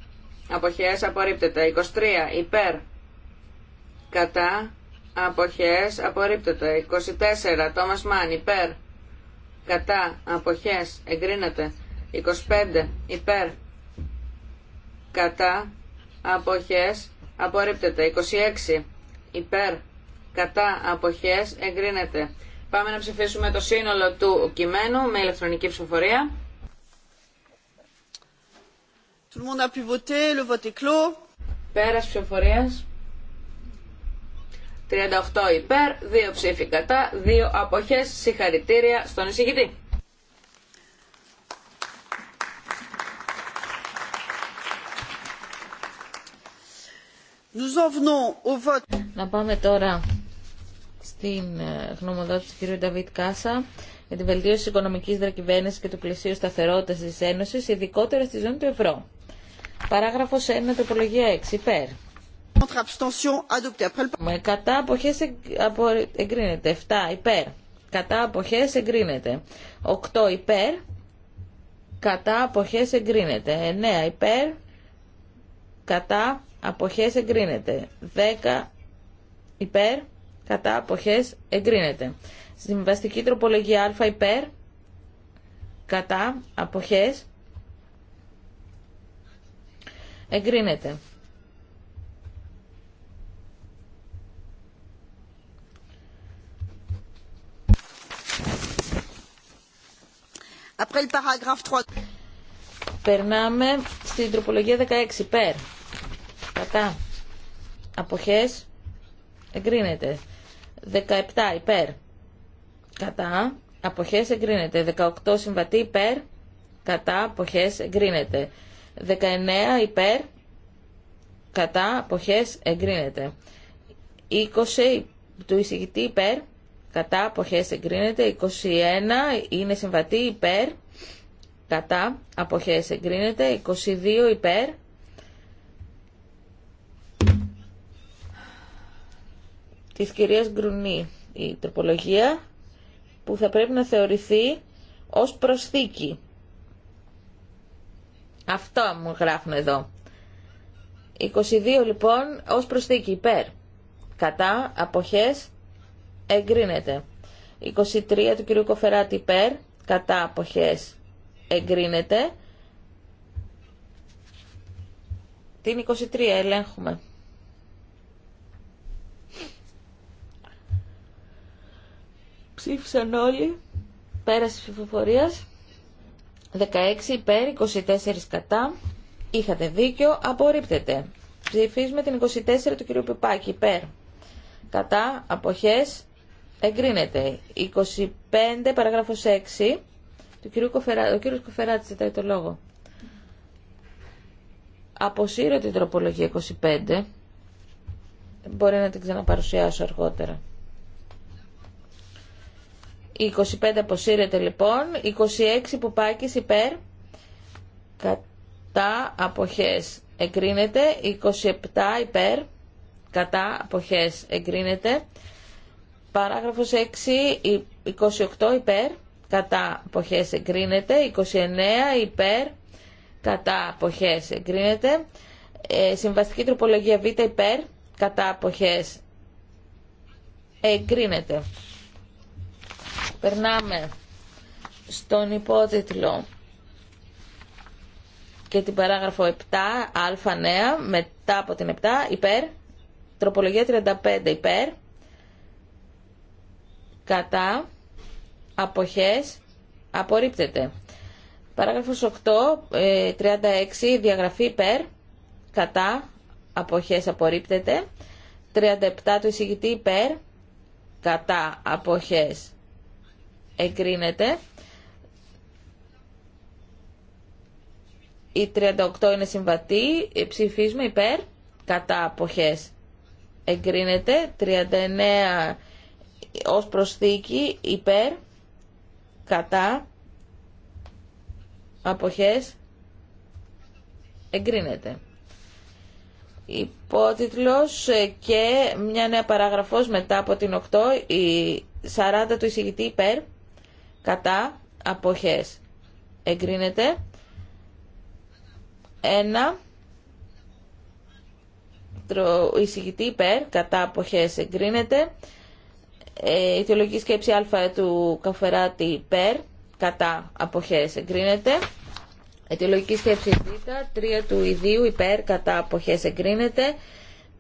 Αποχές απορρίπτεται. 23 υπέρ. Κατά αποχές απορρίπτεται 24 Τόμας Μάν υπέρ κατά αποχές εγκρίνεται 25 υπέρ κατά αποχές απορρίπτεται 26 υπέρ κατά αποχές εγκρίνεται Πάμε να ψηφίσουμε το σύνολο του κειμένου με ηλεκτρονική ψηφοφορία. Tout le monde a le vote est clos. Πέρας ψηφοφορίας. 38 υπέρ, 2 ψήφοι κατά, 2 αποχές. Συγχαρητήρια στον εισηγητή. Να πάμε τώρα στην ε, γνωμοδότηση του κ. Νταβίτ Κάσα για την βελτίωση τη οικονομική διακυβέρνηση και του πλαισίου σταθερότητα τη Ένωση, ειδικότερα στη ζώνη του ευρώ. Παράγραφο 1, τροπολογία 6. Υπέρ. Με κατά αποχές εγκρίνεται. 7 υπέρ. Κατά αποχές εγκρίνεται. 8 υπέρ. Κατά αποχές εγκρίνεται. 9 υπέρ. Κατά αποχές εγκρίνεται. 10 υπέρ. Κατά αποχές εγκρίνεται. Συμβαστική τροπολογία α υπέρ. Κατά αποχές εγκρίνεται. Après Περνάμε στην τροπολογία 16. Υπέρ. Κατά. Αποχές. Εγκρίνεται. 17. Υπέρ. Κατά. Αποχές εγκρίνεται. 18. Συμβατή. Υπέρ. Κατά. Αποχές εγκρίνεται. 19. Υπέρ. Κατά. Αποχές εγκρίνεται. 20. Του εισηγητή υπέρ κατά αποχές εγκρίνεται 21 είναι συμβατή υπέρ κατά αποχές εγκρίνεται 22 υπέρ της κυρίας Γκρουνή η τροπολογία που θα πρέπει να θεωρηθεί ως προσθήκη αυτό μου γράφουν εδώ 22 λοιπόν ως προσθήκη υπέρ κατά αποχές εγκρίνεται. 23 του κυρίου Κοφεράτη υπέρ, κατά αποχές εγκρίνεται. Την 23 ελέγχουμε. Ψήφισαν όλοι. Πέραση ψηφοφορία. 16 υπέρ, 24 κατά. Είχατε δίκιο, απορρίπτεται. Ψηφίζουμε την 24 του κυρίου Πιπάκη. υπέρ. Κατά, αποχές, Εγκρίνεται. 25 παράγραφος 6. Του κυρίου Κοφερά... Ο κύριος Κοφεράτη ζητάει το λόγο. Αποσύρω την τροπολογία 25. Μπορεί να την ξαναπαρουσιάσω αργότερα. 25 αποσύρεται λοιπόν. 26 που και υπέρ. Κατά αποχές εγκρίνεται. 27 υπέρ. Κατά αποχές εγκρίνεται. Παράγραφος 6, 28 υπέρ, κατά αποχές εγκρίνεται, 29 υπέρ, κατά αποχές εγκρίνεται, ε, συμβαστική τροπολογία β υπέρ, κατά αποχές εγκρίνεται. Περνάμε στον υπότιτλο και την παράγραφο 7, α νέα, μετά από την 7, υπέρ, τροπολογία 35 υπέρ, κατά, αποχές, απορρίπτεται. Παράγραφος 8, 36, ε, διαγραφή υπέρ, κατά, αποχές, απορρίπτεται. 37 του εισηγητή υπέρ, κατά, αποχές, εγκρίνεται. Η 38 είναι συμβατή, ε, ψηφίζουμε υπέρ, κατά, αποχές, εγκρίνεται. 39 ως προσθήκη υπέρ, κατά, αποχές, εγκρίνεται. Υπότιτλος ε, και μια νέα παραγραφός μετά από την 8, η 40 του εισηγητή υπέρ, κατά, αποχές, εγκρίνεται. 1 εισηγητή υπέρ, κατά αποχές εγκρίνεται ε, σκέψη α του Καφεράτη υπέρ, κατά αποχές εγκρίνεται. Αιτιολογική σκέψη β, 3 του ιδίου υπέρ, κατά αποχές εγκρίνεται.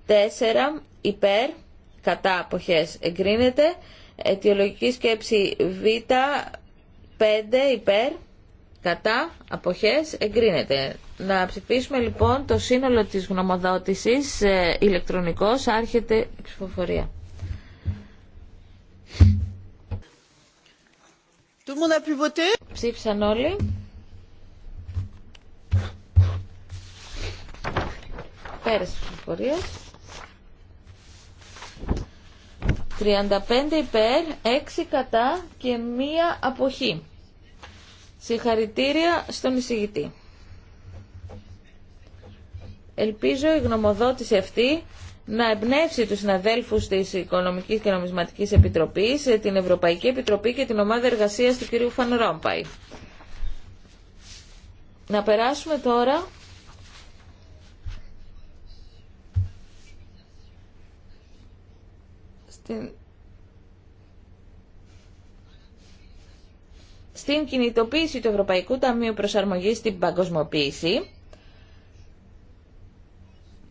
4 υπέρ, κατά αποχές εγκρίνεται. Αιτιολογική σκέψη β, 5 υπέρ, κατά αποχές εγκρίνεται. Να ψηφίσουμε λοιπόν το σύνολο της γνωμοδότησης ε, ηλεκτρονικός άρχεται η ψηφοφορία. Ψήφισαν όλοι. Πέρασε τη ψηφοφορία. 35 υπέρ, 6 κατά και μία αποχή. Συγχαρητήρια στον εισηγητή. Ελπίζω η γνωμοδότηση αυτή να εμπνεύσει τους συναδέλφους της Οικονομικής και Νομισματικής Επιτροπής, ε, την Ευρωπαϊκή Επιτροπή και την Ομάδα Εργασίας του κ. Φαν Να περάσουμε τώρα στην... στην κινητοποίηση του Ευρωπαϊκού Ταμείου Προσαρμογής στην Παγκοσμοποίηση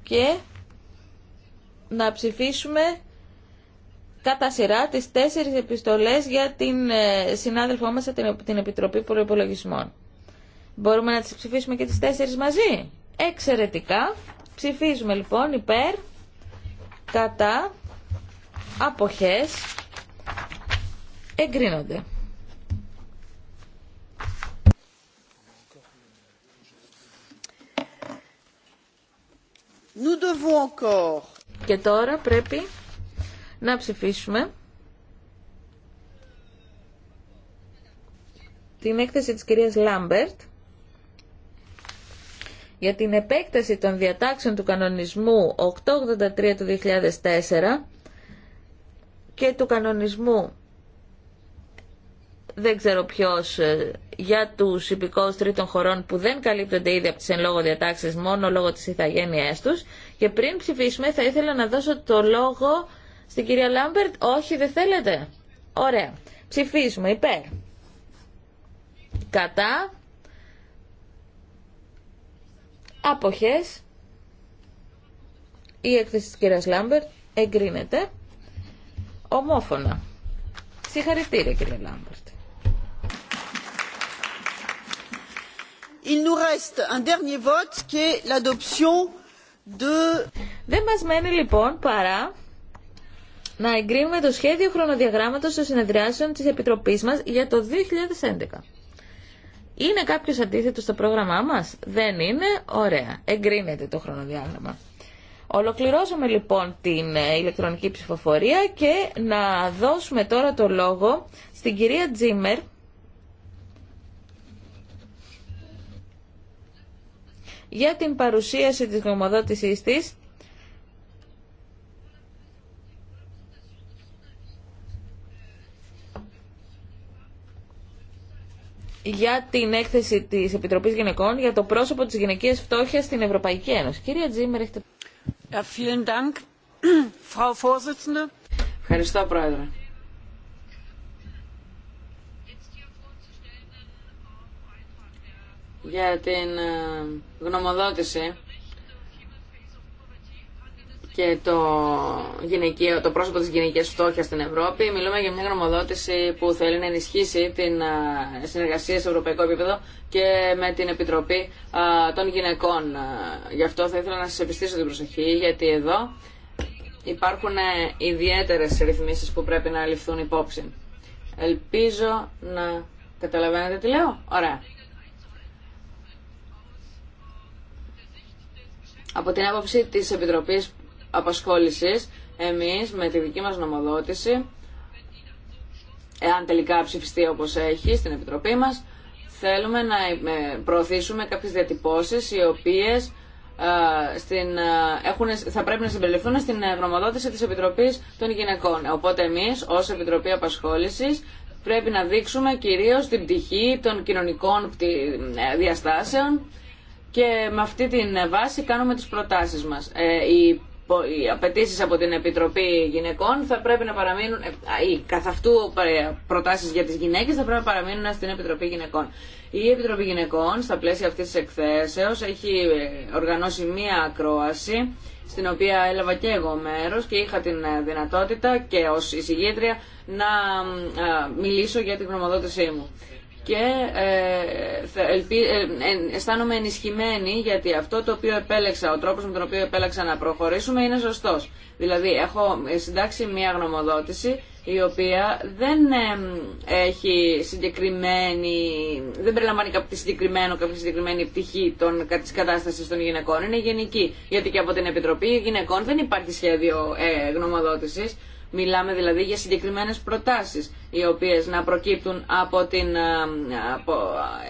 και να ψηφίσουμε κατά σειρά τις τέσσερις επιστολές για την ε, συνάδελφό μας την Επιτροπή Προϋπολογισμών. Μπορούμε να τις ψηφίσουμε και τις τέσσερις μαζί. Εξαιρετικά. Ψηφίζουμε λοιπόν υπέρ, κατά, αποχές, εγκρίνονται. Nous devons encore και τώρα πρέπει να ψηφίσουμε την έκθεση της κυρίας Λάμπερτ για την επέκταση των διατάξεων του κανονισμού 883 του 2004 και του κανονισμού δεν ξέρω ποιο ε, για του υπηκόους τρίτων χωρών που δεν καλύπτονται ήδη από τι εν λόγω διατάξεις μόνο λόγω της ηθαγένειά τους. Και πριν ψηφίσουμε θα ήθελα να δώσω το λόγο στην κυρία Λάμπερτ. Όχι, δεν θέλετε. Ωραία. Ψηφίσουμε υπέρ. Κατά. Αποχές. Η έκθεση της κυρίας Λάμπερτ εγκρίνεται ομόφωνα. Συγχαρητήρια κύριε Λάμπερτ. Δεν μας μένει λοιπόν παρά να εγκρίνουμε το σχέδιο χρονοδιαγράμματος των συνεδριάσεων της Επιτροπής μας για το 2011. Είναι κάποιος αντίθετος στο πρόγραμμά μας? Δεν είναι. Ωραία. Εγκρίνεται το χρονοδιάγραμμα. Ολοκληρώσαμε λοιπόν την ε, ηλεκτρονική ψηφοφορία και να δώσουμε τώρα το λόγο στην κυρία Τζίμερ για την παρουσίαση της γνωμοδότησής της για την έκθεση της Επιτροπής Γυναικών για το πρόσωπο της γυναικείας φτώχειας στην Ευρωπαϊκή Ένωση. Κυρία Τζίμερ, έχετε... Ευχαριστώ, Πρόεδρε. για την ε, γνωμοδότηση και το, γυναικείο, το πρόσωπο της γυναικείας φτώχειας στην Ευρώπη. Μιλούμε για μια γνωμοδότηση που θέλει να ενισχύσει την ε, συνεργασία σε ευρωπαϊκό επίπεδο και με την Επιτροπή ε, των Γυναικών. Γι' αυτό θα ήθελα να σας επιστήσω την προσοχή, γιατί εδώ υπάρχουν ιδιαίτερες ρυθμίσεις που πρέπει να ληφθούν υπόψη. Ελπίζω να καταλαβαίνετε τι λέω. Ωραία. Από την άποψη της Επιτροπής Απασχόλησης, εμείς με τη δική μας νομοδότηση, εάν τελικά ψηφιστεί όπως έχει στην Επιτροπή μας, θέλουμε να ε, προωθήσουμε κάποιες διατυπώσεις οι οποίες ε, στην, ε, θα πρέπει να συμπεριληφθούν στην γνωμοδότηση της Επιτροπής των Γυναικών. Οπότε εμείς ως Επιτροπή Απασχόλησης πρέπει να δείξουμε κυρίως την πτυχή των κοινωνικών διαστάσεων και με αυτή την βάση κάνουμε τις προτάσεις μας. Ε, οι οι απαιτήσει από την Επιτροπή Γυναικών θα πρέπει να παραμείνουν, ε, ή καθ' αυτού ε, προτάσει για τι γυναίκε θα πρέπει να παραμείνουν στην Επιτροπή Γυναικών. Η Επιτροπή Γυναικών, στα πλαίσια αυτή τη εκθέσεω, έχει οργανώσει μία ακρόαση, στην οποία έλαβα και εγώ μέρο και είχα την δυνατότητα και ω εισηγήτρια να μιλήσω για την γνωμοδότησή μου και ε, ε, αισθάνομαι ενισχυμένη γιατί αυτό το οποίο επέλεξα, ο τρόπος με τον οποίο επέλεξα να προχωρήσουμε είναι σωστός. Δηλαδή έχω συντάξει μια γνωμοδότηση η οποία δεν ε, έχει συγκεκριμένη, δεν περιλαμβάνει κάποιο συγκεκριμένο, κάποια συγκεκριμένη πτυχή των, της κατάστασης των γυναικών, είναι γενική. Γιατί και από την Επιτροπή Γυναικών δεν υπάρχει σχέδιο ε, γνωμοδότησης. Μιλάμε δηλαδή για συγκεκριμένες προτάσεις οι οποίες να προκύπτουν από την ε,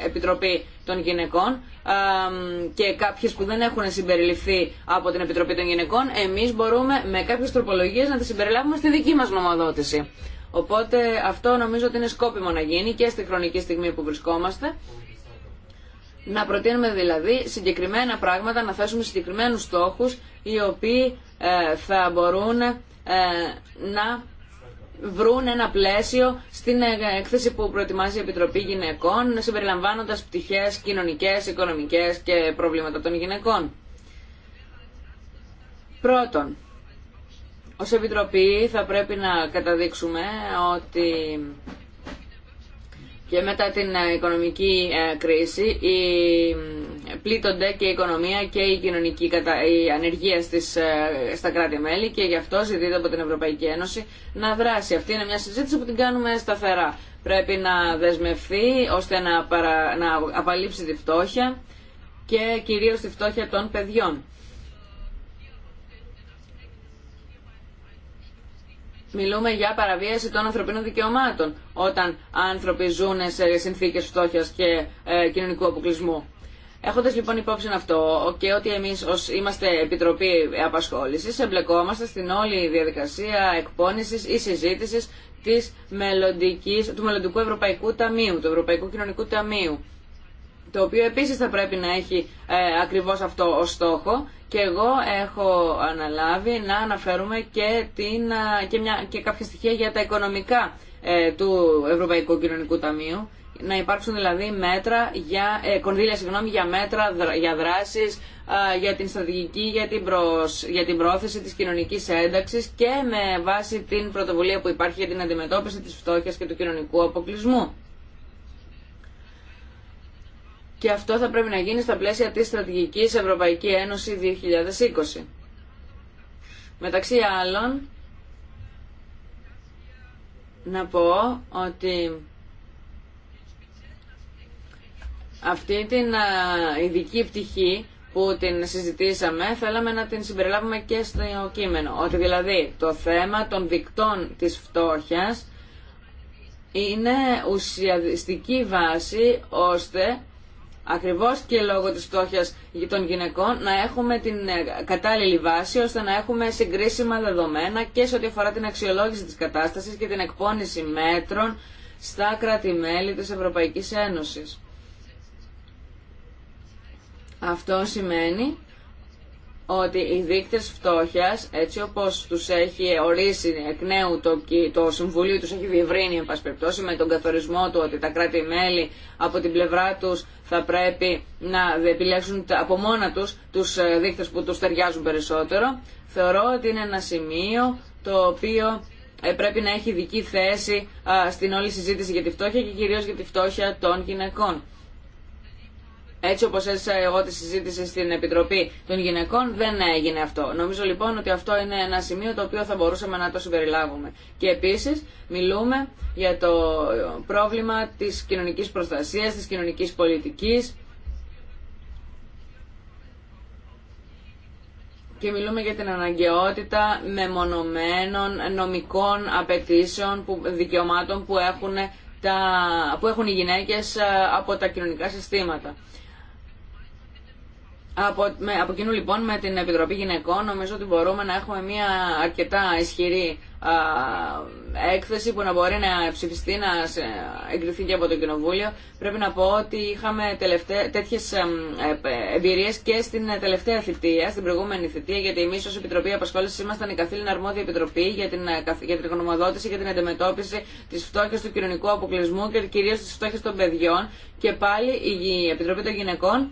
ε, Επιτροπή των Γυναικών ε, και κάποιες που δεν έχουν συμπεριληφθεί από την Επιτροπή των Γυναικών εμείς μπορούμε με κάποιες τροπολογίες να τις συμπεριλάβουμε στη δική μας νομοδότηση. Οπότε αυτό νομίζω ότι είναι σκόπιμο να γίνει και στη χρονική στιγμή που βρισκόμαστε. Να προτείνουμε δηλαδή συγκεκριμένα πράγματα, να θέσουμε συγκεκριμένους στόχους οι οποίοι θα μπορούν ε, να βρουν ένα πλαίσιο στην ε, έκθεση που προετοιμάζει η Επιτροπή Γυναικών, συμπεριλαμβάνοντας πτυχές κοινωνικές, οικονομικές και προβλήματα των γυναικών. Πρώτον, ως Επιτροπή θα πρέπει να καταδείξουμε ότι και μετά την ε, οικονομική κρίση πλήττονται και η οικονομία και η κοινωνική η ανεργία στις, ε, στα κράτη-μέλη και γι' αυτό ζητείται από την Ευρωπαϊκή Ένωση να δράσει. Αυτή είναι μια συζήτηση που την κάνουμε σταθερά. Πρέπει να δεσμευθεί ώστε να, παρα... να απαλείψει τη φτώχεια και κυρίως τη φτώχεια των παιδιών. Μιλούμε για παραβίαση των ανθρωπίνων δικαιωμάτων όταν άνθρωποι ζουν σε συνθήκες φτώχειας και ε, κοινωνικού αποκλεισμού. Έχοντα λοιπόν υπόψη αυτό και ότι εμείς ως είμαστε Επιτροπή απασχόληση εμπλεκόμαστε στην όλη διαδικασία εκπόνησης ή συζήτηση του Μελλοντικού Ευρωπαϊκού Ταμείου, του Ευρωπαϊκού Κοινωνικού Ταμείου το οποίο επίσης θα πρέπει να έχει ε, ακριβώς αυτό ως στόχο και εγώ έχω αναλάβει να αναφέρουμε και, την, ε, και, μια, και κάποια στοιχεία για τα οικονομικά ε, του Ευρωπαϊκού Κοινωνικού Ταμείου να υπάρξουν δηλαδή μέτρα για, ε, κονδύλια συγγνώμη, για μέτρα, για δράσεις, για την στρατηγική, για την, προς, για την πρόθεση της κοινωνικής ένταξης και με βάση την πρωτοβουλία που υπάρχει για την αντιμετώπιση της φτώχειας και του κοινωνικού αποκλεισμού. Και αυτό θα πρέπει να γίνει στα πλαίσια της Στρατηγικής Ευρωπαϊκή Ένωση 2020. Μεταξύ άλλων, να πω ότι Αυτή την ειδική πτυχή που την συζητήσαμε θέλαμε να την συμπεριλάβουμε και στο κείμενο. Ότι δηλαδή το θέμα των δικτών της φτώχειας είναι ουσιαστική βάση ώστε ακριβώς και λόγω της φτώχειας των γυναικών να έχουμε την ε, κατάλληλη βάση ώστε να έχουμε συγκρίσιμα δεδομένα και σε ό,τι αφορά την αξιολόγηση της κατάστασης και την εκπόνηση μέτρων στα κράτη-μέλη της Ευρωπαϊκής Ένωσης. Αυτό σημαίνει ότι οι δείκτες φτώχειας, έτσι όπως τους έχει ορίσει εκ νέου το, το Συμβουλίο, τους έχει διευρύνει εν πάση με τον καθορισμό του ότι τα κράτη-μέλη από την πλευρά τους θα πρέπει να επιλέξουν από μόνα τους τους ε, δείκτες που τους ταιριάζουν περισσότερο, θεωρώ ότι είναι ένα σημείο το οποίο ε, πρέπει να έχει δική θέση στην όλη συζήτηση για τη φτώχεια και κυρίως για τη φτώχεια των γυναικών. Έτσι όπως έζησα εγώ τη συζήτηση στην Επιτροπή των Γυναικών δεν έγινε αυτό. Νομίζω λοιπόν ότι αυτό είναι ένα σημείο το οποίο θα μπορούσαμε να το συμπεριλάβουμε. Και επίσης μιλούμε για το πρόβλημα της κοινωνικής προστασίας, της κοινωνικής πολιτικής, και μιλούμε για την αναγκαιότητα μεμονωμένων νομικών απαιτήσεων, που, δικαιωμάτων που έχουν, τα, που έχουν οι γυναίκες ε, από τα κοινωνικά συστήματα. Από, με, από κοινού λοιπόν με την Επιτροπή Γυναικών νομίζω ότι μπορούμε να έχουμε μια αρκετά ισχυρή έκθεση που να μπορεί να ψηφιστεί, να εγκριθεί και από το Κοινοβούλιο. Πρέπει να πω ότι είχαμε τέτοιε τέτοιες και στην τελευταία θητεία, στην προηγούμενη θητεία, γιατί εμείς ως Επιτροπή Απασχόλησης ήμασταν η καθήλυνα αρμόδια Επιτροπή για την, ε, για την γνωμοδότηση και την αντιμετώπιση της φτώχειας του κοινωνικού αποκλεισμού και κυρίως της φτώχειας των παιδιών. Και πάλι η Επιτροπή των Γυναικών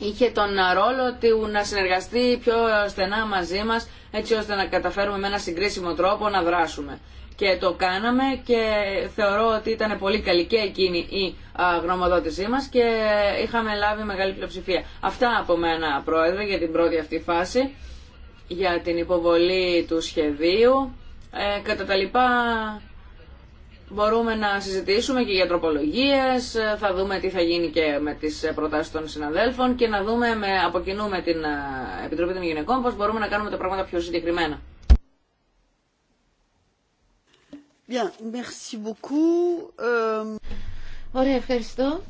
είχε τον ρόλο του να συνεργαστεί πιο στενά μαζί μας έτσι ώστε να καταφέρουμε με ένα συγκρίσιμο τρόπο να δράσουμε. Και το κάναμε και θεωρώ ότι ήταν πολύ καλή και εκείνη η γνωμοδότησή μας και είχαμε λάβει μεγάλη πλειοψηφία. Αυτά από μένα, Πρόεδρε, για την πρώτη αυτή φάση, για την υποβολή του σχεδίου. Ε, κατά τα Μπορούμε να συζητήσουμε και για τροπολογίε. θα δούμε τι θα γίνει και με τις προτάσει των συναδέλφων και να δούμε με, από κοινού με την ε, Επιτροπή των Γυναικών πώς μπορούμε να κάνουμε τα πράγματα πιο συγκεκριμένα. Bien, merci beaucoup. Ε, ωραία, ευχαριστώ.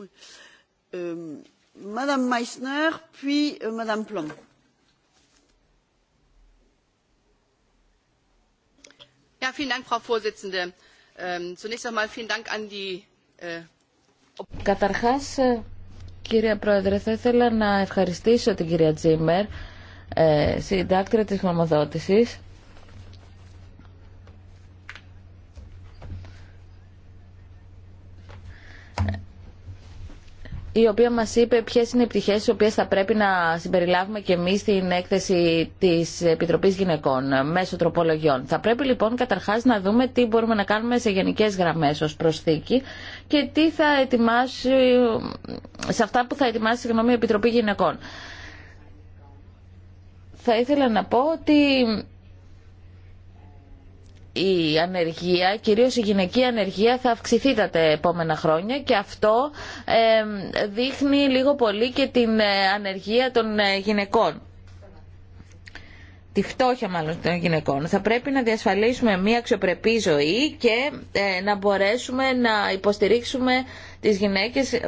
Oui. Euh... Madame Καταρχάς, κύριε Πρόεδρε, θα ήθελα να ευχαριστήσω την κυρία Τζίμερ, ε, συντάκτρια της νομοδότηση. η οποία μας είπε ποιες είναι οι πτυχές τις οποίες θα πρέπει να συμπεριλάβουμε και εμείς στην έκθεση της Επιτροπής Γυναικών ε, μέσω τροπολογιών. Θα πρέπει λοιπόν καταρχάς να δούμε τι μπορούμε να κάνουμε σε γενικές γραμμές ως προσθήκη και τι θα ετοιμάσει, σε αυτά που θα ετοιμάσει η Επιτροπή Γυναικών. Θα ήθελα να πω ότι η ανεργία, κυρίως η γυναική ανεργία θα αυξηθεί τα επόμενα χρόνια και αυτό δείχνει λίγο πολύ και την ε, ανεργία των ε, γυναικών τη φτώχεια μάλλον των γυναικών. Θα πρέπει να διασφαλίσουμε μια αξιοπρεπή ζωή και ε, να μπορέσουμε να υποστηρίξουμε τις γυναίκες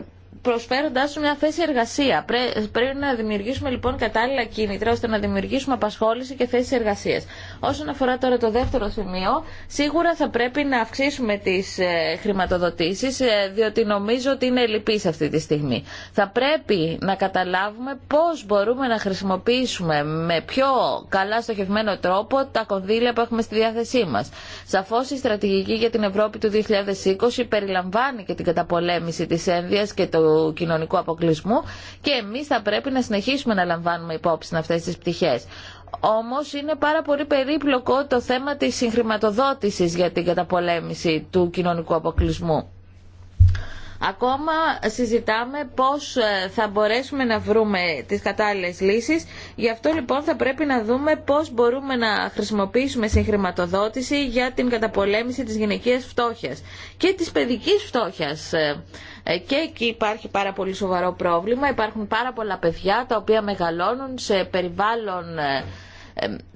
προσφέροντά του μια θέση εργασία. Πρέ, πρέπει να δημιουργήσουμε λοιπόν κατάλληλα κίνητρα ώστε να δημιουργήσουμε απασχόληση και θέσει εργασία. Όσον αφορά τώρα το δεύτερο σημείο, σίγουρα θα πρέπει να αυξήσουμε τις ε, χρηματοδοτήσεις, ε, διότι νομίζω ότι είναι ελλειπής αυτή τη στιγμή. Θα πρέπει να καταλάβουμε πώς μπορούμε να χρησιμοποιήσουμε με πιο καλά στοχευμένο τρόπο τα κονδύλια που έχουμε στη διάθεσή μας. Σαφώς η στρατηγική για την Ευρώπη του 2020 περιλαμβάνει και την καταπολέμηση της ένδυας και του κοινωνικού αποκλεισμού και εμείς θα πρέπει να συνεχίσουμε να λαμβάνουμε υπόψη αυτές τις πτυχές. Όμως είναι πάρα πολύ περίπλοκο το θέμα της συγχρηματοδότησης για την καταπολέμηση του κοινωνικού αποκλεισμού. Ακόμα συζητάμε πώς ε, θα μπορέσουμε να βρούμε τις κατάλληλες λύσεις. Γι' αυτό λοιπόν θα πρέπει να δούμε πώς μπορούμε να χρησιμοποιήσουμε συγχρηματοδότηση για την καταπολέμηση της γυναικείας φτώχειας και της παιδικής φτώχειας. Ε, ε, και εκεί υπάρχει πάρα πολύ σοβαρό πρόβλημα. Υπάρχουν πάρα πολλά παιδιά τα οποία μεγαλώνουν σε περιβάλλον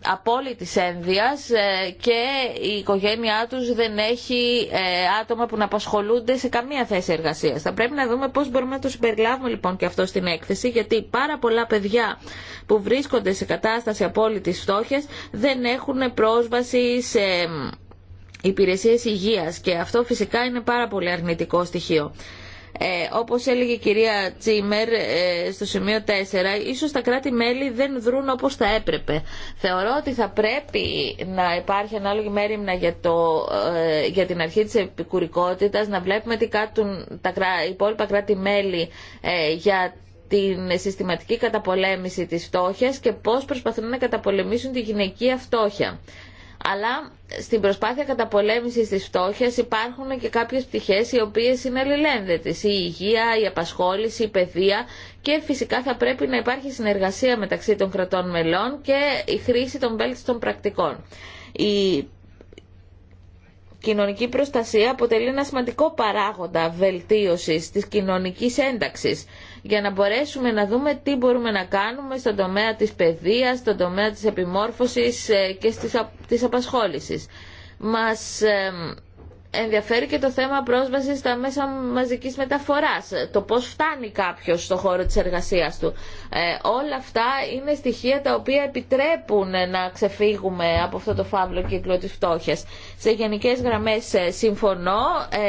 απόλυτης ένδυας ε, και η οικογένειά τους δεν έχει ε, άτομα που να απασχολούνται σε καμία θέση εργασίας. Θα πρέπει να δούμε πώς μπορούμε να το συμπεριλάβουμε λοιπόν και αυτό στην έκθεση γιατί πάρα πολλά παιδιά που βρίσκονται σε κατάσταση απόλυτης φτώχειας δεν έχουν πρόσβαση σε υπηρεσίες υγείας και αυτό φυσικά είναι πάρα πολύ αρνητικό στοιχείο. Ε, όπως έλεγε η κυρία Τσίμερ ε, στο σημείο 4, ίσως τα κράτη-μέλη δεν δρούν όπως θα έπρεπε. Θεωρώ ότι θα πρέπει να υπάρχει ανάλογη μέρημνα για, το, ε, για την αρχή της επικουρικότητας, να βλέπουμε τι κάτουν τα υπόλοιπα κράτη-μέλη ε, για την συστηματική καταπολέμηση της φτώχειας και πώς προσπαθούν να καταπολεμήσουν τη γυναικεία φτώχεια αλλά στην προσπάθεια καταπολέμησης της φτώχειας υπάρχουν και κάποιες πτυχές οι οποίες είναι αλληλένδετες. Η υγεία, η απασχόληση, η παιδεία και φυσικά θα πρέπει να υπάρχει συνεργασία μεταξύ των κρατών μελών και η χρήση των βέλτιστων πρακτικών. Η κοινωνική προστασία αποτελεί ένα σημαντικό παράγοντα βελτίωσης της κοινωνικής ένταξης για να μπορέσουμε να δούμε τι μπορούμε να κάνουμε στον τομέα της παιδείας, στον τομέα της επιμόρφωσης ε, και της απασχόλησης. Μας ε, ενδιαφέρει και το θέμα πρόσβαση στα μέσα μαζικής μεταφοράς, το πώς φτάνει κάποιο στο χώρο της εργασίας του. Ε, όλα αυτά είναι στοιχεία τα οποία επιτρέπουν να ξεφύγουμε από αυτό το φαύλο κύκλο τη φτώχεια. Σε γενικές γραμμές ε, συμφωνώ,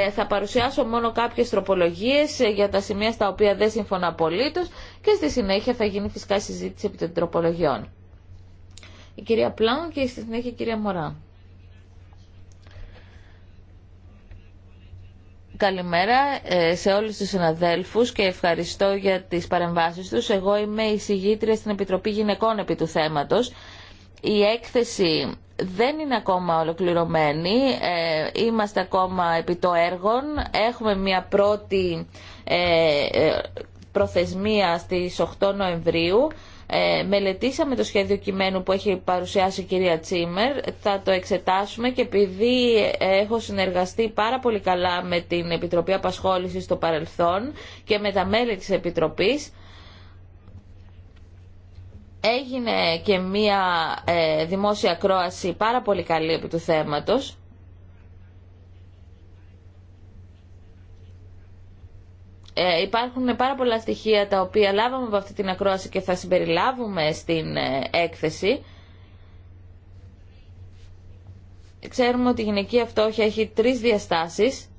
ε, θα παρουσιάσω μόνο κάποιες τροπολογίες ε, για τα σημεία στα οποία δεν συμφωνώ απολύτω και στη συνέχεια θα γίνει φυσικά συζήτηση επί των τροπολογιών. Η κυρία Πλάν και στη συνέχεια η κυρία Μωρά. Καλημέρα ε, σε όλους τους συναδέλφους και ευχαριστώ για τις παρεμβάσεις τους. Εγώ είμαι η συγγήτρια στην Επιτροπή Γυναικών επί του θέματος. Η έκθεση δεν είναι ακόμα ολοκληρωμένη, ε, είμαστε ακόμα επί το έργων, έχουμε μια πρώτη ε, προθεσμία στις 8 Νοεμβρίου. Ε, μελετήσαμε το σχέδιο κειμένου που έχει παρουσιάσει η κυρία Τσίμερ, θα το εξετάσουμε και επειδή έχω συνεργαστεί πάρα πολύ καλά με την Επιτροπή Απασχόλησης στο παρελθόν και με τα μέλη της Επιτροπής, έγινε και μία ε, δημόσια κρόαση πάρα πολύ καλή επί του θέματος Ε, υπάρχουν πάρα πολλά στοιχεία τα οποία λάβαμε από αυτή την ακρόαση και θα συμπεριλάβουμε στην ε, έκθεση. Ξέρουμε ότι η γυναική αυτόχεια έχει τρεις διαστάσεις.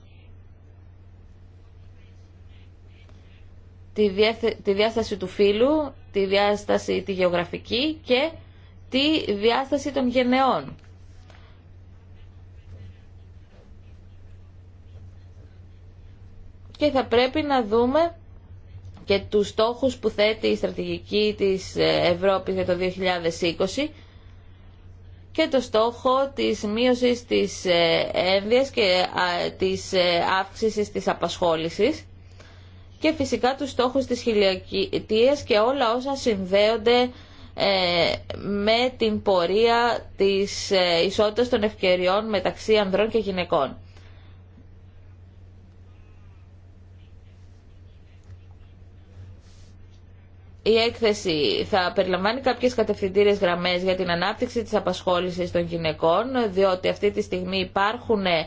Τη, διάσταση του φύλου, τη διάσταση τη γεωγραφική και τη διάσταση των γενεών. και θα πρέπει να δούμε και τους στόχους που θέτει η στρατηγική της ε, Ευρώπης για το 2020 και το στόχο της μείωσης της ε, ένδυας και της ε, αύξησης της απασχόλησης και φυσικά τους στόχους της χιλιοκητίας και όλα όσα συνδέονται με την πορεία της ισότητας των ευκαιριών μεταξύ ανδρών και γυναικών. η έκθεση θα περιλαμβάνει κάποιες κατευθυντήριες γραμμές για την ανάπτυξη της απασχόλησης των γυναικών, διότι αυτή τη στιγμή υπάρχουν ε,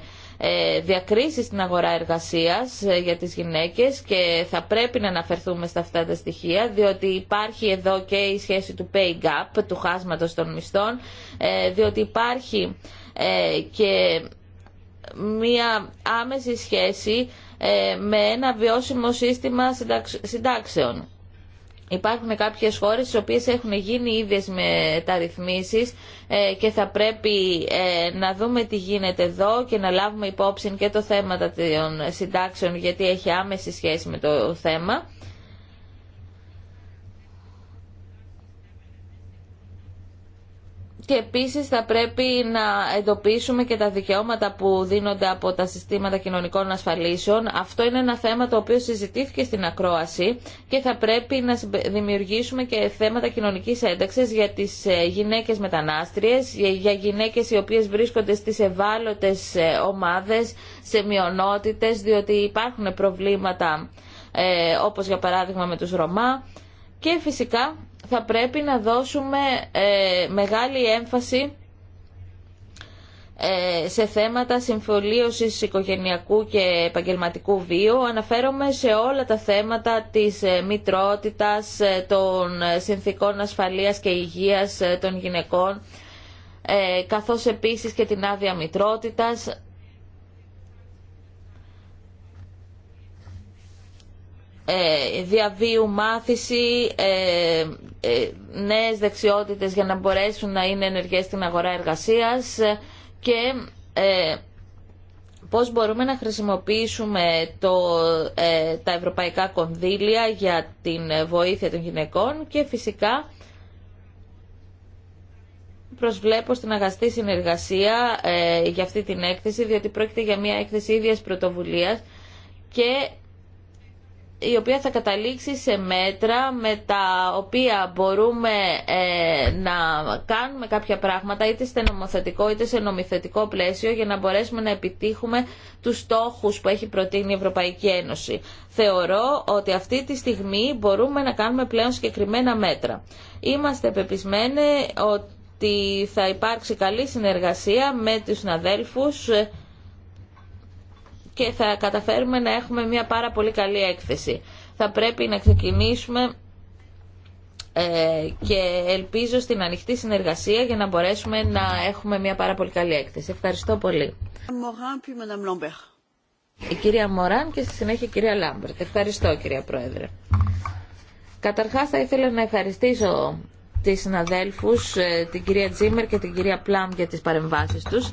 διακρίσεις στην αγορά εργασίας ε, για τις γυναίκες και θα πρέπει να αναφερθούμε στα αυτά τα στοιχεία διότι υπάρχει εδώ και η σχέση του pay gap, του χάσματος των μισθών ε, διότι υπάρχει και μία άμεση σχέση με ένα βιώσιμο σύστημα συντάξεων. Υπάρχουν κάποιες χώρες στις οποίες έχουν γίνει ίδιες μεταρρυθμίσεις ε, και θα πρέπει ε, να δούμε τι γίνεται εδώ και να λάβουμε υπόψη και το θέμα των συντάξεων γιατί έχει άμεση σχέση με το θέμα. και επίσης θα πρέπει να εντοπίσουμε και τα δικαιώματα που δίνονται από τα συστήματα κοινωνικών ασφαλίσεων. Αυτό είναι ένα θέμα το οποίο συζητήθηκε στην ακρόαση και θα πρέπει να δημιουργήσουμε και θέματα κοινωνικής ένταξης για τις ε, γυναίκες μετανάστριες, για γυναίκες οι οποίες βρίσκονται στις ευάλωτες ε, ομάδες, σε μειονότητες, διότι υπάρχουν προβλήματα ε, όπως για παράδειγμα με τους Ρωμά και φυσικά θα πρέπει να δώσουμε ε, μεγάλη έμφαση ε, σε θέματα συμφωλίωσης οικογενειακού και επαγγελματικού βίου. Αναφέρομαι σε όλα τα θέματα της ε, μητρότητας, των συνθήκων ασφαλείας και υγείας των γυναικών, καθώς επίσης και την άδεια μητρότητας. Ε, διαβίου μάθηση, ε, ε, νέες δεξιότητες για να μπορέσουν να είναι ενεργές στην αγορά εργασίας και πώς μπορούμε να χρησιμοποιήσουμε το, τα ευρωπαϊκά κονδύλια για την βοήθεια των γυναικών και φυσικά προσβλέπω στην αγαστή συνεργασία για αυτή την έκθεση διότι πρόκειται για μια έκθεση ίδιας πρωτοβουλίας και η οποία θα καταλήξει σε μέτρα με τα οποία μπορούμε ε, να κάνουμε κάποια πράγματα είτε σε νομοθετικό είτε σε νομιθετικό πλαίσιο για να μπορέσουμε να επιτύχουμε τους στόχους που έχει προτείνει η Ευρωπαϊκή Ένωση. Θεωρώ ότι αυτή τη στιγμή μπορούμε να κάνουμε πλέον συγκεκριμένα μέτρα. Είμαστε πεπισμένοι ότι θα υπάρξει καλή συνεργασία με τους συναδέλφους και θα καταφέρουμε να έχουμε μια πάρα πολύ καλή έκθεση. Θα πρέπει να ξεκινήσουμε ε, και ελπίζω στην ανοιχτή συνεργασία για να μπορέσουμε να έχουμε μια πάρα πολύ καλή έκθεση. Ευχαριστώ πολύ. Η κυρία Μωράν και στη συνέχεια η κυρία Λάμπερτ. Ευχαριστώ κυρία Πρόεδρε. Καταρχάς θα ήθελα να ευχαριστήσω τις συναδέλφους, ε, την κυρία Τζίμερ και την κυρία Πλάμ για τις παρεμβάσεις τους.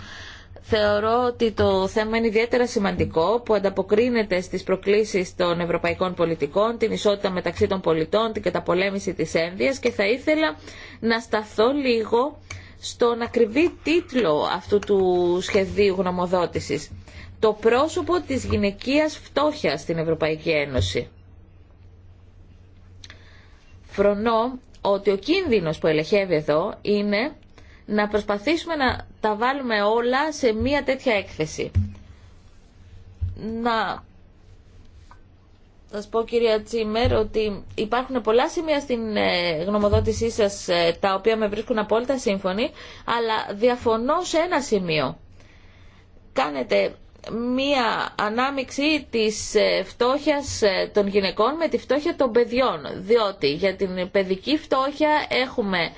Θεωρώ ότι το θέμα είναι ιδιαίτερα σημαντικό που ανταποκρίνεται στις προκλήσεις των ευρωπαϊκών πολιτικών, την ισότητα μεταξύ των πολιτών, την καταπολέμηση της ένδυας και θα ήθελα να σταθώ λίγο στον ακριβή τίτλο αυτού του σχεδίου γνωμοδότησης. Το πρόσωπο της γυναικείας φτώχειας στην Ευρωπαϊκή Ένωση. Φρονώ ότι ο κίνδυνος που ελεγχεύει εδώ είναι να προσπαθήσουμε να τα βάλουμε όλα σε μία τέτοια έκθεση. Να θα σας πω κυρία Τσίμερ ότι υπάρχουν πολλά σημεία στην ε, γνωμοδότησή σας ε, τα οποία με βρίσκουν απόλυτα συμφωνή, αλλά διαφωνώ σε ένα σημείο. Κάνετε μία ανάμιξη της ε, φτώχειας των γυναικών με τη φτώχεια των παιδιών, διότι για την παιδική φτώχεια έχουμε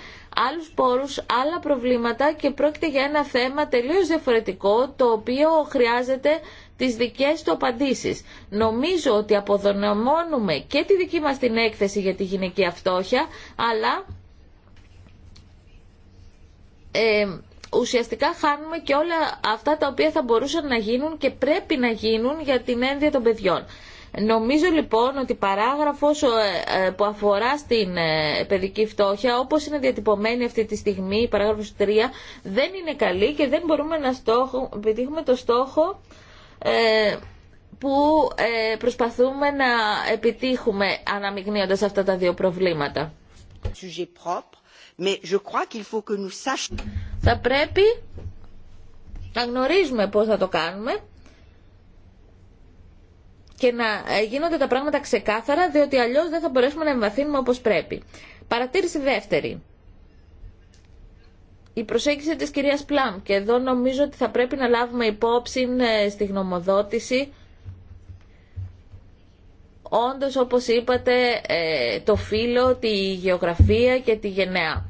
άλλους πόρους, άλλα προβλήματα και πρόκειται για ένα θέμα τελείως διαφορετικό το οποίο χρειάζεται τις δικές του απαντήσεις. Νομίζω ότι αποδονομώνουμε και τη δική μας την έκθεση για τη γυναική αυτόχεια, αλλά ε, ουσιαστικά χάνουμε και όλα αυτά τα οποία θα μπορούσαν να γίνουν και πρέπει να γίνουν για την ένδυα των παιδιών. Νομίζω λοιπόν ότι η παράγραφος ε, ε, που αφορά στην ε, παιδική φτώχεια, όπως είναι διατυπωμένη αυτή τη στιγμή, η παράγραφος 3, δεν είναι καλή και δεν μπορούμε να στόχο, επιτύχουμε το στόχο που προσπαθούμε να επιτύχουμε αναμειγνύοντας αυτά τα δύο προβλήματα. Θα πρέπει να γνωρίζουμε πώς θα το κάνουμε και να ε, γίνονται τα πράγματα ξεκάθαρα, διότι αλλιώς δεν θα μπορέσουμε να εμβαθύνουμε όπως πρέπει. Παρατήρηση δεύτερη. Η προσέγγιση της κυρίας Πλάμ και εδώ νομίζω ότι θα πρέπει να λάβουμε υπόψη ε, στη γνωμοδότηση όντως όπως είπατε ε, το φύλλο, τη γεωγραφία και τη γενναία.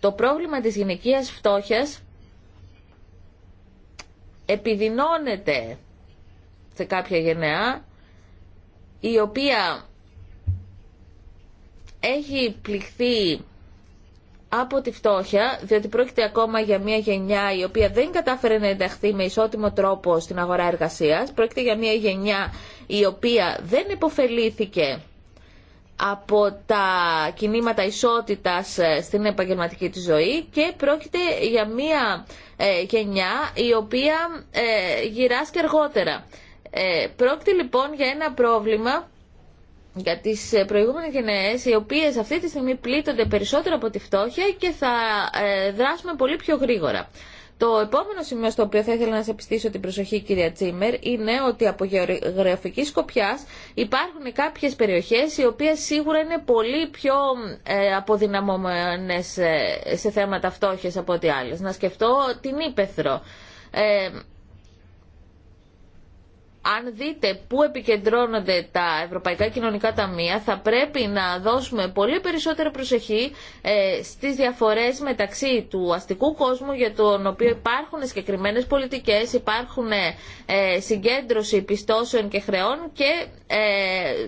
Το πρόβλημα της γυναικείας φτώχειας επιδεινώνεται σε κάποια γενναία η οποία έχει πληχθεί από τη φτώχεια, διότι πρόκειται ακόμα για μια γενιά η οποία δεν κατάφερε να ενταχθεί με ισότιμο τρόπο στην αγορά εργασίας, πρόκειται για μια γενιά η οποία δεν υποφελήθηκε από τα κινήματα ισότητας ε, στην επαγγελματική της ζωή και πρόκειται για μία ε, γενιά η οποία ε, γυράσκει αργότερα. Ε, πρόκειται λοιπόν για ένα πρόβλημα για τις ε, προηγούμενες γενναίες οι οποίες αυτή τη στιγμή πλήττονται περισσότερο από τη φτώχεια και θα δράσουμε πολύ πιο γρήγορα. Το επόμενο σημείο στο οποίο θα ήθελα να σε επιστήσω την προσοχή κυρία Τσίμερ είναι ότι από γεωγραφική σκοπιά υπάρχουν κάποιες περιοχές οι οποίες σίγουρα είναι πολύ πιο ε, αποδυναμωμένες ε, σε θέματα φτώχειας από ό,τι άλλες. Να σκεφτώ την Ήπεθρο. Ε, αν δείτε πού επικεντρώνονται τα ευρωπαϊκά κοινωνικά ταμεία, θα πρέπει να δώσουμε πολύ περισσότερη προσοχή ε, στις διαφορές μεταξύ του αστικού κόσμου, για τον οποίο υπάρχουν συγκεκριμένε πολιτικές, υπάρχουν ε, συγκέντρωση πιστώσεων και χρεών και ε,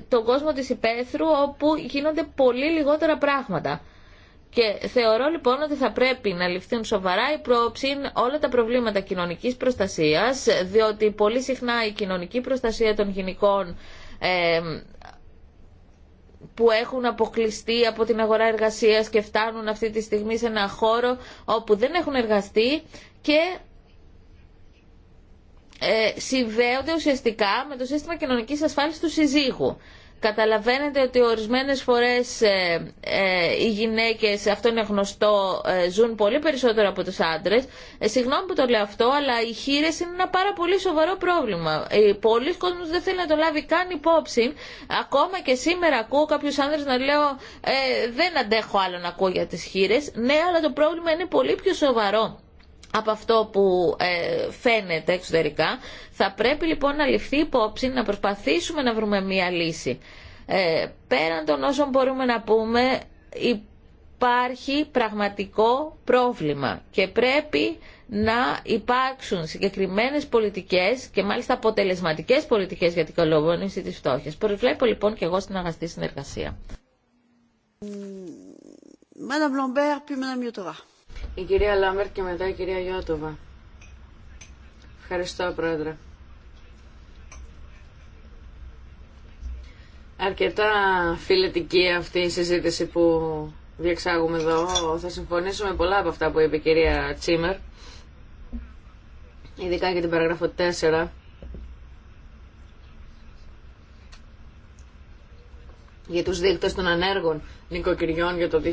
τον κόσμο της υπαίθρου, όπου γίνονται πολύ λιγότερα πράγματα. Και θεωρώ λοιπόν ότι θα πρέπει να ληφθούν σοβαρά υπόψη όλα τα προβλήματα κοινωνικής προστασίας, διότι πολύ συχνά η κοινωνική προστασία των γυναικών που έχουν αποκλειστεί από την αγορά εργασίας και φτάνουν αυτή τη στιγμή σε ένα χώρο όπου δεν έχουν εργαστεί και ε, συνδέονται ουσιαστικά με το σύστημα κοινωνικής ασφάλισης του συζύγου. Καταλαβαίνετε ότι ορισμένες φορές ε, ε, οι γυναίκες, αυτό είναι γνωστό, ε, ζουν πολύ περισσότερο από τους άντρες. Ε, συγγνώμη που το λέω αυτό, αλλά οι χείρε είναι ένα πάρα πολύ σοβαρό πρόβλημα. Πολλοί κόσμοι δεν θέλουν να το λάβει καν υπόψη. Ακόμα και σήμερα ακούω κάποιους άντρες να λέω «δεν αντέχω άλλο να ακούω για τις χείρε. Ναι, αλλά το πρόβλημα είναι πολύ πιο σοβαρό από αυτό που ε, φαίνεται εξωτερικά. Θα πρέπει λοιπόν να ληφθεί υπόψη να προσπαθήσουμε να βρούμε μία λύση. Ε, πέραν των όσων μπορούμε να πούμε υπάρχει πραγματικό πρόβλημα και πρέπει να υπάρξουν συγκεκριμένες πολιτικές και μάλιστα αποτελεσματικές πολιτικές για την καλοβόνηση της φτώχειας. Προσβλέπω λοιπόν και εγώ στην αγαστή συνεργασία. Madame Lambert, puis Madame η κυρία Λάμπερτ και μετά η κυρία Γιώτοβα. Ευχαριστώ, Πρόεδρε. Αρκετά φιλετική αυτή η συζήτηση που διεξάγουμε εδώ. Θα συμφωνήσω με πολλά από αυτά που είπε η κυρία Τσίμερ. Ειδικά για την παραγράφο 4. για τους δείκτες των ανέργων νοικοκυριών για το 2000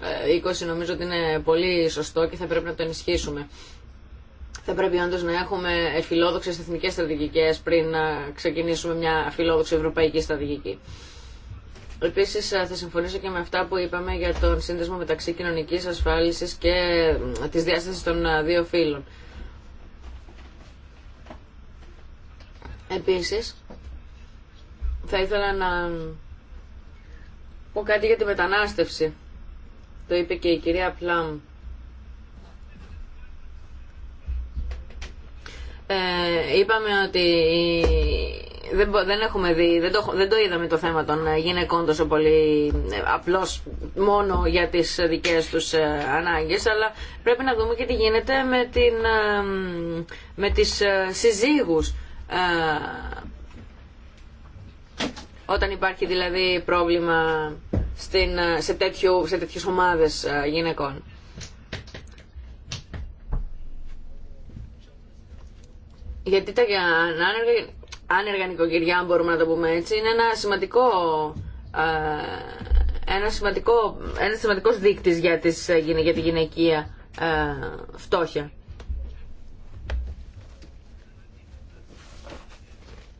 20 ε, νομίζω ότι είναι πολύ σωστό και θα πρέπει να το ενισχύσουμε. Θα πρέπει όντω να έχουμε φιλόδοξε εθνικέ στρατηγικέ πριν να ξεκινήσουμε μια φιλόδοξη ευρωπαϊκή στρατηγική. Επίση, ε, θα συμφωνήσω και με αυτά που είπαμε για τον σύνδεσμο μεταξύ κοινωνική ασφάλιση και τη διάσταση των ε, δύο φύλων. Επίση, θα ήθελα να πω κάτι για τη μετανάστευση. Το είπε και η κυρία Πλάμ. Ε, είπαμε ότι δεν, δεν έχουμε δεν το, δεν το είδαμε το θέμα των ε, γυναικών τόσο πολύ ε, απλώς μόνο για τις δικές τους ανάγκες αλλά πρέπει να δούμε και τι γίνεται με, την, με τις συζύγους όταν υπάρχει δηλαδή πρόβλημα στην, ε, σε, τέτοιου, σε τέτοιες ομάδες ε, γυναικών. Γιατί τα άνεργα, νοικοκυριά, αν μπορούμε να το πούμε έτσι, είναι ένα σημαντικό, ε, ένα σημαντικό, ένα σημαντικός δείκτης για, τις, για τη γυναικεία φτώχεια.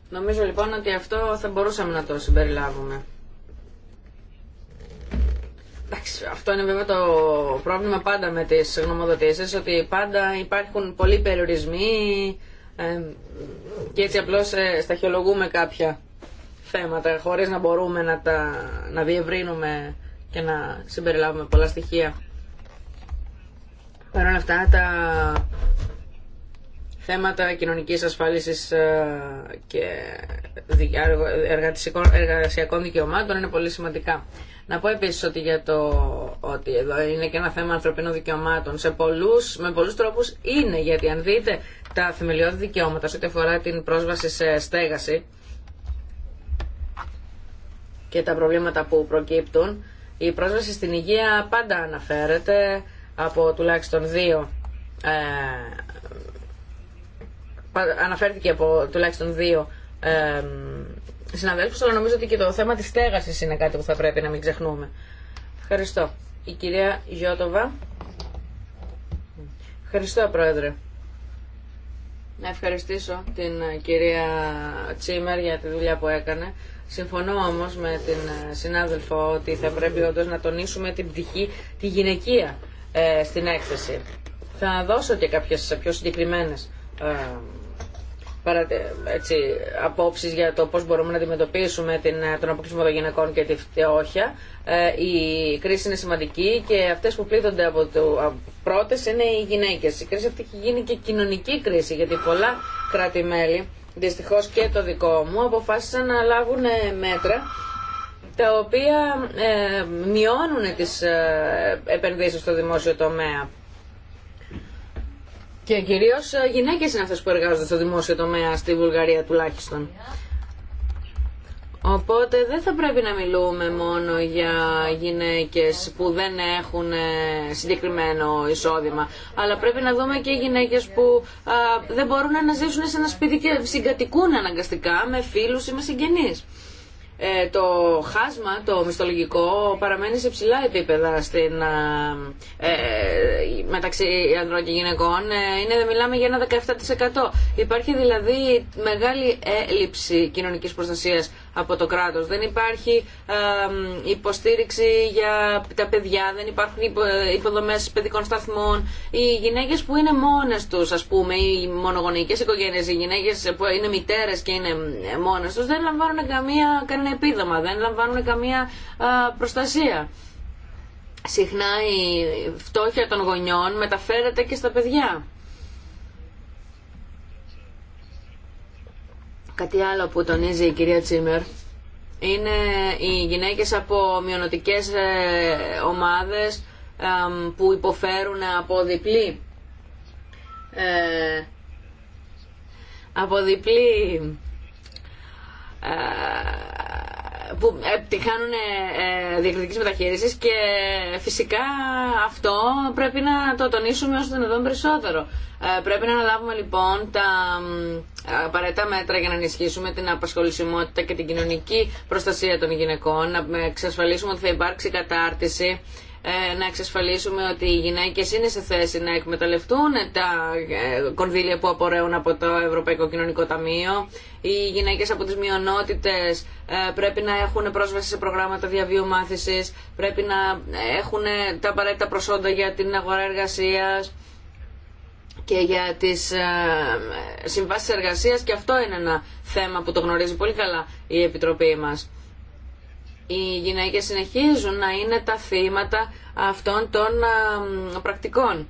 Νομίζω λοιπόν ότι αυτό θα μπορούσαμε να το συμπεριλάβουμε αυτό είναι βέβαια το πρόβλημα πάντα με τι γνωμοδοτήσει ότι πάντα υπάρχουν πολλοί περιορισμοί ε, και έτσι απλώ ε, σταχυολογούμε κάποια θέματα χωρί να μπορούμε να τα να διευρύνουμε και να συμπεριλάβουμε πολλά στοιχεία. Παρ' όλα αυτά τα θέματα κοινωνικής ασφάλισης ε, και εργασιακών δικαιωμάτων είναι πολύ σημαντικά. Να πω επίση ότι, για το, ότι εδώ είναι και ένα θέμα ανθρωπίνων δικαιωμάτων. Σε πολλούς, με πολλούς τρόπους είναι, γιατί αν δείτε τα θεμελιώδη δικαιώματα σε ό,τι αφορά την πρόσβαση σε στέγαση και τα προβλήματα που προκύπτουν, η πρόσβαση στην υγεία πάντα αναφέρεται από τουλάχιστον δύο ε, αναφέρθηκε από τουλάχιστον δύο ε, συναδέλφου, αλλά νομίζω ότι και το θέμα τη στέγαση είναι κάτι που θα πρέπει να μην ξεχνούμε. Ευχαριστώ. Η κυρία Γιώτοβα. Ευχαριστώ, Πρόεδρε. Να ευχαριστήσω την ε, κυρία Τσίμερ για τη δουλειά που έκανε. Συμφωνώ όμω με την ε, συνάδελφο ότι θα πρέπει όντω να τονίσουμε την πτυχή, τη γυναικεία ε, στην έκθεση. Θα δώσω και κάποιε πιο συγκεκριμένε έτσι, απόψεις για το πώς μπορούμε να αντιμετωπίσουμε την, ε, τον αποκλεισμό των γυναικών και τη φτώχεια. Ε, η κρίση είναι σημαντική και αυτές που πλήττονται από το πρώτες είναι οι γυναίκες. Η κρίση αυτή έχει γίνει και κοινωνική κρίση γιατί πολλά κράτη-μέλη, δυστυχώς και το δικό μου, αποφάσισαν να λάβουν ε, μέτρα τα οποία μειώνουν τις επενδύσεις στο δημόσιο τομέα. Και κυρίω ε, γυναίκε είναι αυτέ που εργάζονται στο δημόσιο τομέα στη Βουλγαρία τουλάχιστον. Οπότε δεν θα πρέπει να μιλούμε μόνο για γυναίκες που δεν έχουν ε, συγκεκριμένο εισόδημα, αλλά πρέπει να δούμε και γυναίκες που δεν μπορούν να ζήσουν σε ένα σπίτι και συγκατοικούν αναγκαστικά με φίλους ή με συγγενείς. Ε, το χάσμα, το μισθολογικό, παραμένει σε ψηλά επίπεδα στην, ε, μεταξύ ανδρών και γυναικών. Ε, είναι, μιλάμε για ένα 17%. Υπάρχει δηλαδή μεγάλη έλλειψη κοινωνικής προστασίας από το κράτος. Δεν υπάρχει υποστήριξη για τα παιδιά, δεν υπάρχουν υποδομές παιδικών σταθμών. Οι γυναίκες που είναι μόνες τους, ας πούμε, οι μονογονικές οικογένειες, οι γυναίκες που είναι μητέρες και είναι ε, μόνες τους, δεν λαμβάνουν καμία, κανένα επίδομα, δεν λαμβάνουν καμία προστασία. Συχνά η φτώχεια των γονιών μεταφέρεται και στα παιδιά. Κάτι άλλο που τονίζει η κυρία Τσίμερ είναι οι γυναίκες από μειονοτικές ε, ομάδες που υποφέρουν από διπλή ε, από διπλή ε, που επιτυχάνουν ε, διακριτική μεταχείρισης και φυσικά αυτό πρέπει να το τονίσουμε όσο δυνατόν περισσότερο. Ε, πρέπει να αναλάβουμε λοιπόν τα απαραίτητα μέτρα για να ενισχύσουμε την απασχολησιμότητα και την κοινωνική προστασία των γυναικών, να εξασφαλίσουμε ότι θα υπάρξει κατάρτιση ε, να εξασφαλίσουμε ότι οι γυναίκες είναι σε θέση να εκμεταλλευτούν τα ε, κονδύλια που απορρέουν από το Ευρωπαϊκό Κοινωνικό Ταμείο. Οι γυναίκες από τις μειονότητες ε, πρέπει να έχουν πρόσβαση σε προγράμματα διαβίου πρέπει να έχουν τα απαραίτητα προσόντα για την αγορά εργασίας και για τις συμβάσεις εργασίας και αυτό είναι ένα θέμα που το γνωρίζει πολύ καλά η Επιτροπή μας οι γυναίκες συνεχίζουν να είναι τα θύματα αυτών των πρακτικών.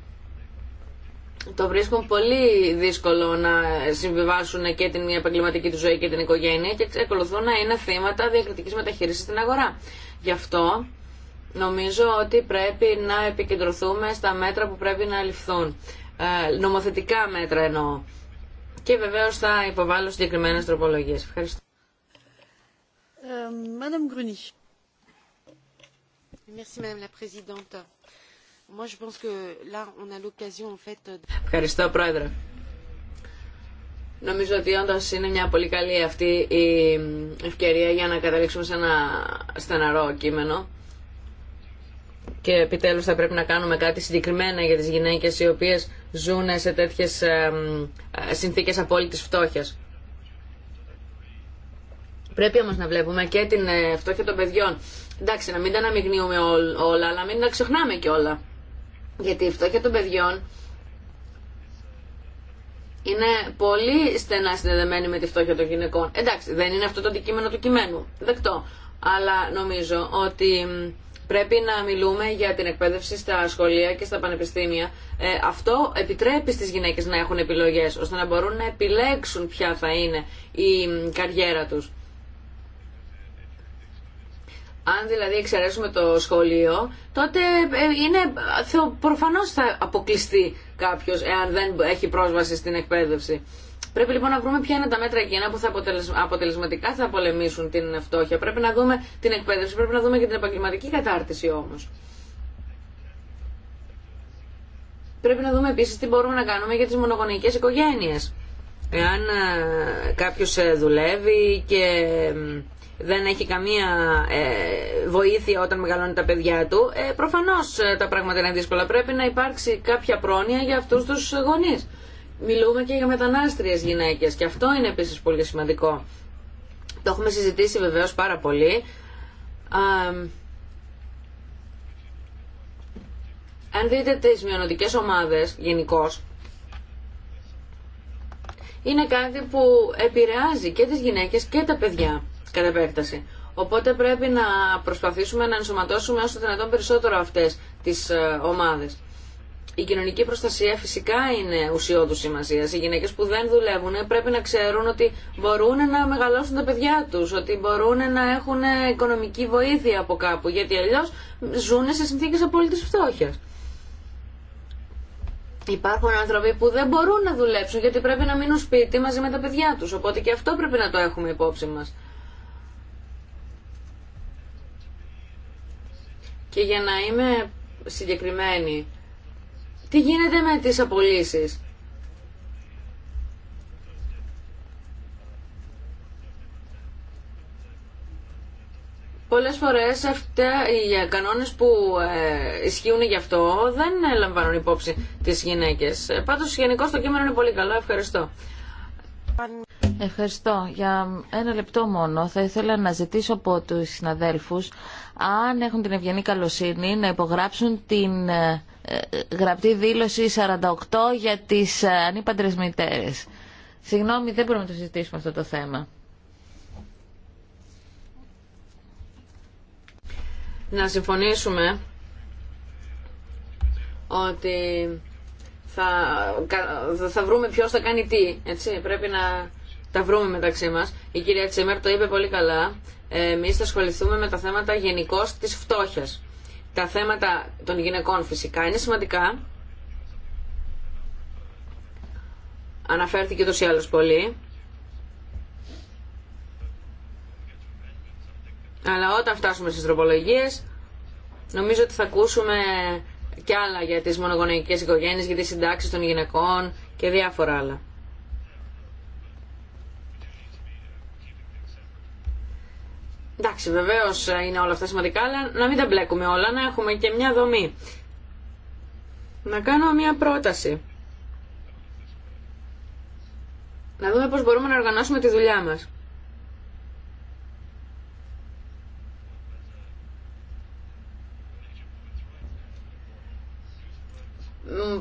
Το βρίσκουν πολύ δύσκολο να συμβιβάσουν και την επαγγελματική του ζωή και την οικογένεια και εξακολουθούν να είναι θύματα διακριτικής μεταχείρισης στην αγορά. Γι' αυτό νομίζω ότι πρέπει να επικεντρωθούμε στα μέτρα που πρέπει να ληφθούν. Ε, νομοθετικά μέτρα εννοώ. Και βεβαίως θα υποβάλω συγκεκριμένες τροπολογίες. Ευχαριστώ. Euh, madame Ευχαριστώ, Πρόεδρε. Νομίζω ότι όντω είναι μια πολύ καλή αυτή η ευκαιρία για να καταλήξουμε σε ένα στεναρό κείμενο και επιτέλους θα πρέπει να κάνουμε κάτι συγκεκριμένα για τις γυναίκες οι οποίες ζουν σε τέτοιες συνθήκες απόλυτης φτώχειας. Πρέπει όμω να βλέπουμε και την ε, φτώχεια των παιδιών. Εντάξει, να μην τα αναμειγνύουμε όλα, αλλά μην τα ξεχνάμε και όλα. Γιατί η φτώχεια των παιδιών είναι πολύ στενά συνδεδεμένη με τη φτώχεια των γυναικών. Εντάξει, δεν είναι αυτό το αντικείμενο του κειμένου. Δεκτό. Αλλά νομίζω ότι πρέπει να μιλούμε για την εκπαίδευση στα σχολεία και στα πανεπιστήμια. Ε, αυτό επιτρέπει στις γυναίκες να έχουν επιλογές, ώστε να μπορούν να επιλέξουν ποια θα είναι η καριέρα τους αν δηλαδή εξαιρέσουμε το σχολείο, τότε ε, είναι, προφανώς θα αποκλειστεί κάποιος εάν δεν έχει πρόσβαση στην εκπαίδευση. Πρέπει λοιπόν να βρούμε ποια είναι τα μέτρα εκείνα που θα αποτελεσματικά θα πολεμήσουν την φτώχεια. Πρέπει να δούμε την εκπαίδευση, πρέπει να δούμε και την επαγγελματική κατάρτιση όμως. Πρέπει να δούμε επίσης τι μπορούμε να κάνουμε για τις μονογονεϊκές οικογένειες. Εάν ε, κάποιος ε, δουλεύει και δεν έχει καμία ε, βοήθεια όταν μεγαλώνει τα παιδιά του, ε, προφανώς ε, τα πράγματα είναι δύσκολα. Πρέπει να υπάρξει κάποια πρόνοια για αυτούς τους γονεί. Μιλούμε και για μετανάστριες γυναίκες και αυτό είναι επίσης πολύ σημαντικό. Το έχουμε συζητήσει βεβαίως πάρα πολύ. Αν δείτε τις μειονοτικές ομάδες γενικώ, είναι κάτι που επηρεάζει και τις γυναίκες και τα παιδιά κατά επέκταση. Οπότε πρέπει να προσπαθήσουμε να ενσωματώσουμε όσο δυνατόν περισσότερο αυτές τις ε, ομάδε. Η κοινωνική προστασία φυσικά είναι ουσιώδου σημασία. Οι γυναίκε που δεν δουλεύουν πρέπει να ξέρουν ότι μπορούν να μεγαλώσουν τα παιδιά του, ότι μπορούν να έχουν οικονομική βοήθεια από κάπου, γιατί αλλιώ ζουν σε συνθήκε απόλυτη φτώχεια. Υπάρχουν άνθρωποι που δεν μπορούν να δουλέψουν γιατί πρέπει να μείνουν σπίτι μαζί με τα παιδιά του, οπότε και αυτό πρέπει να το έχουμε υπόψη μα. Και για να είμαι συγκεκριμένη, τι γίνεται με τις απολύσεις. Πολλές φορές αυτά οι κανόνες που ε, ισχύουν γι' αυτό δεν λαμβάνουν υπόψη τις γυναίκες. Ε, πάντως γενικώ το κείμενο είναι πολύ καλό. Ευχαριστώ. Ευχαριστώ. Για ένα λεπτό μόνο θα ήθελα να ζητήσω από τους συναδέλφους αν έχουν την ευγενή καλοσύνη να υπογράψουν την ε, ε, γραπτή δήλωση 48 για τις ε, ανήπαντρες μητέρες. Συγγνώμη, δεν μπορούμε να το συζητήσουμε αυτό το θέμα. Να συμφωνήσουμε ότι θα, θα βρούμε ποιο θα κάνει τι. Έτσι, πρέπει να τα βρούμε μεταξύ μα. Η κυρία Τσίμερ το είπε πολύ καλά. Εμεί θα ασχοληθούμε με τα θέματα γενικώ τη φτώχεια. Τα θέματα των γυναικών φυσικά είναι σημαντικά. Αναφέρθηκε το ή άλλως πολύ. Αλλά όταν φτάσουμε στις τροπολογίες, νομίζω ότι θα ακούσουμε και άλλα για τις μονογονεϊκές οικογένειες, για τις συντάξεις των γυναικών και διάφορα άλλα. Εντάξει, βεβαίω είναι όλα αυτά σημαντικά, αλλά να μην τα μπλέκουμε όλα, να έχουμε και μια δομή. Να κάνω μια πρόταση. Να δούμε πώς μπορούμε να οργανώσουμε τη δουλειά μας.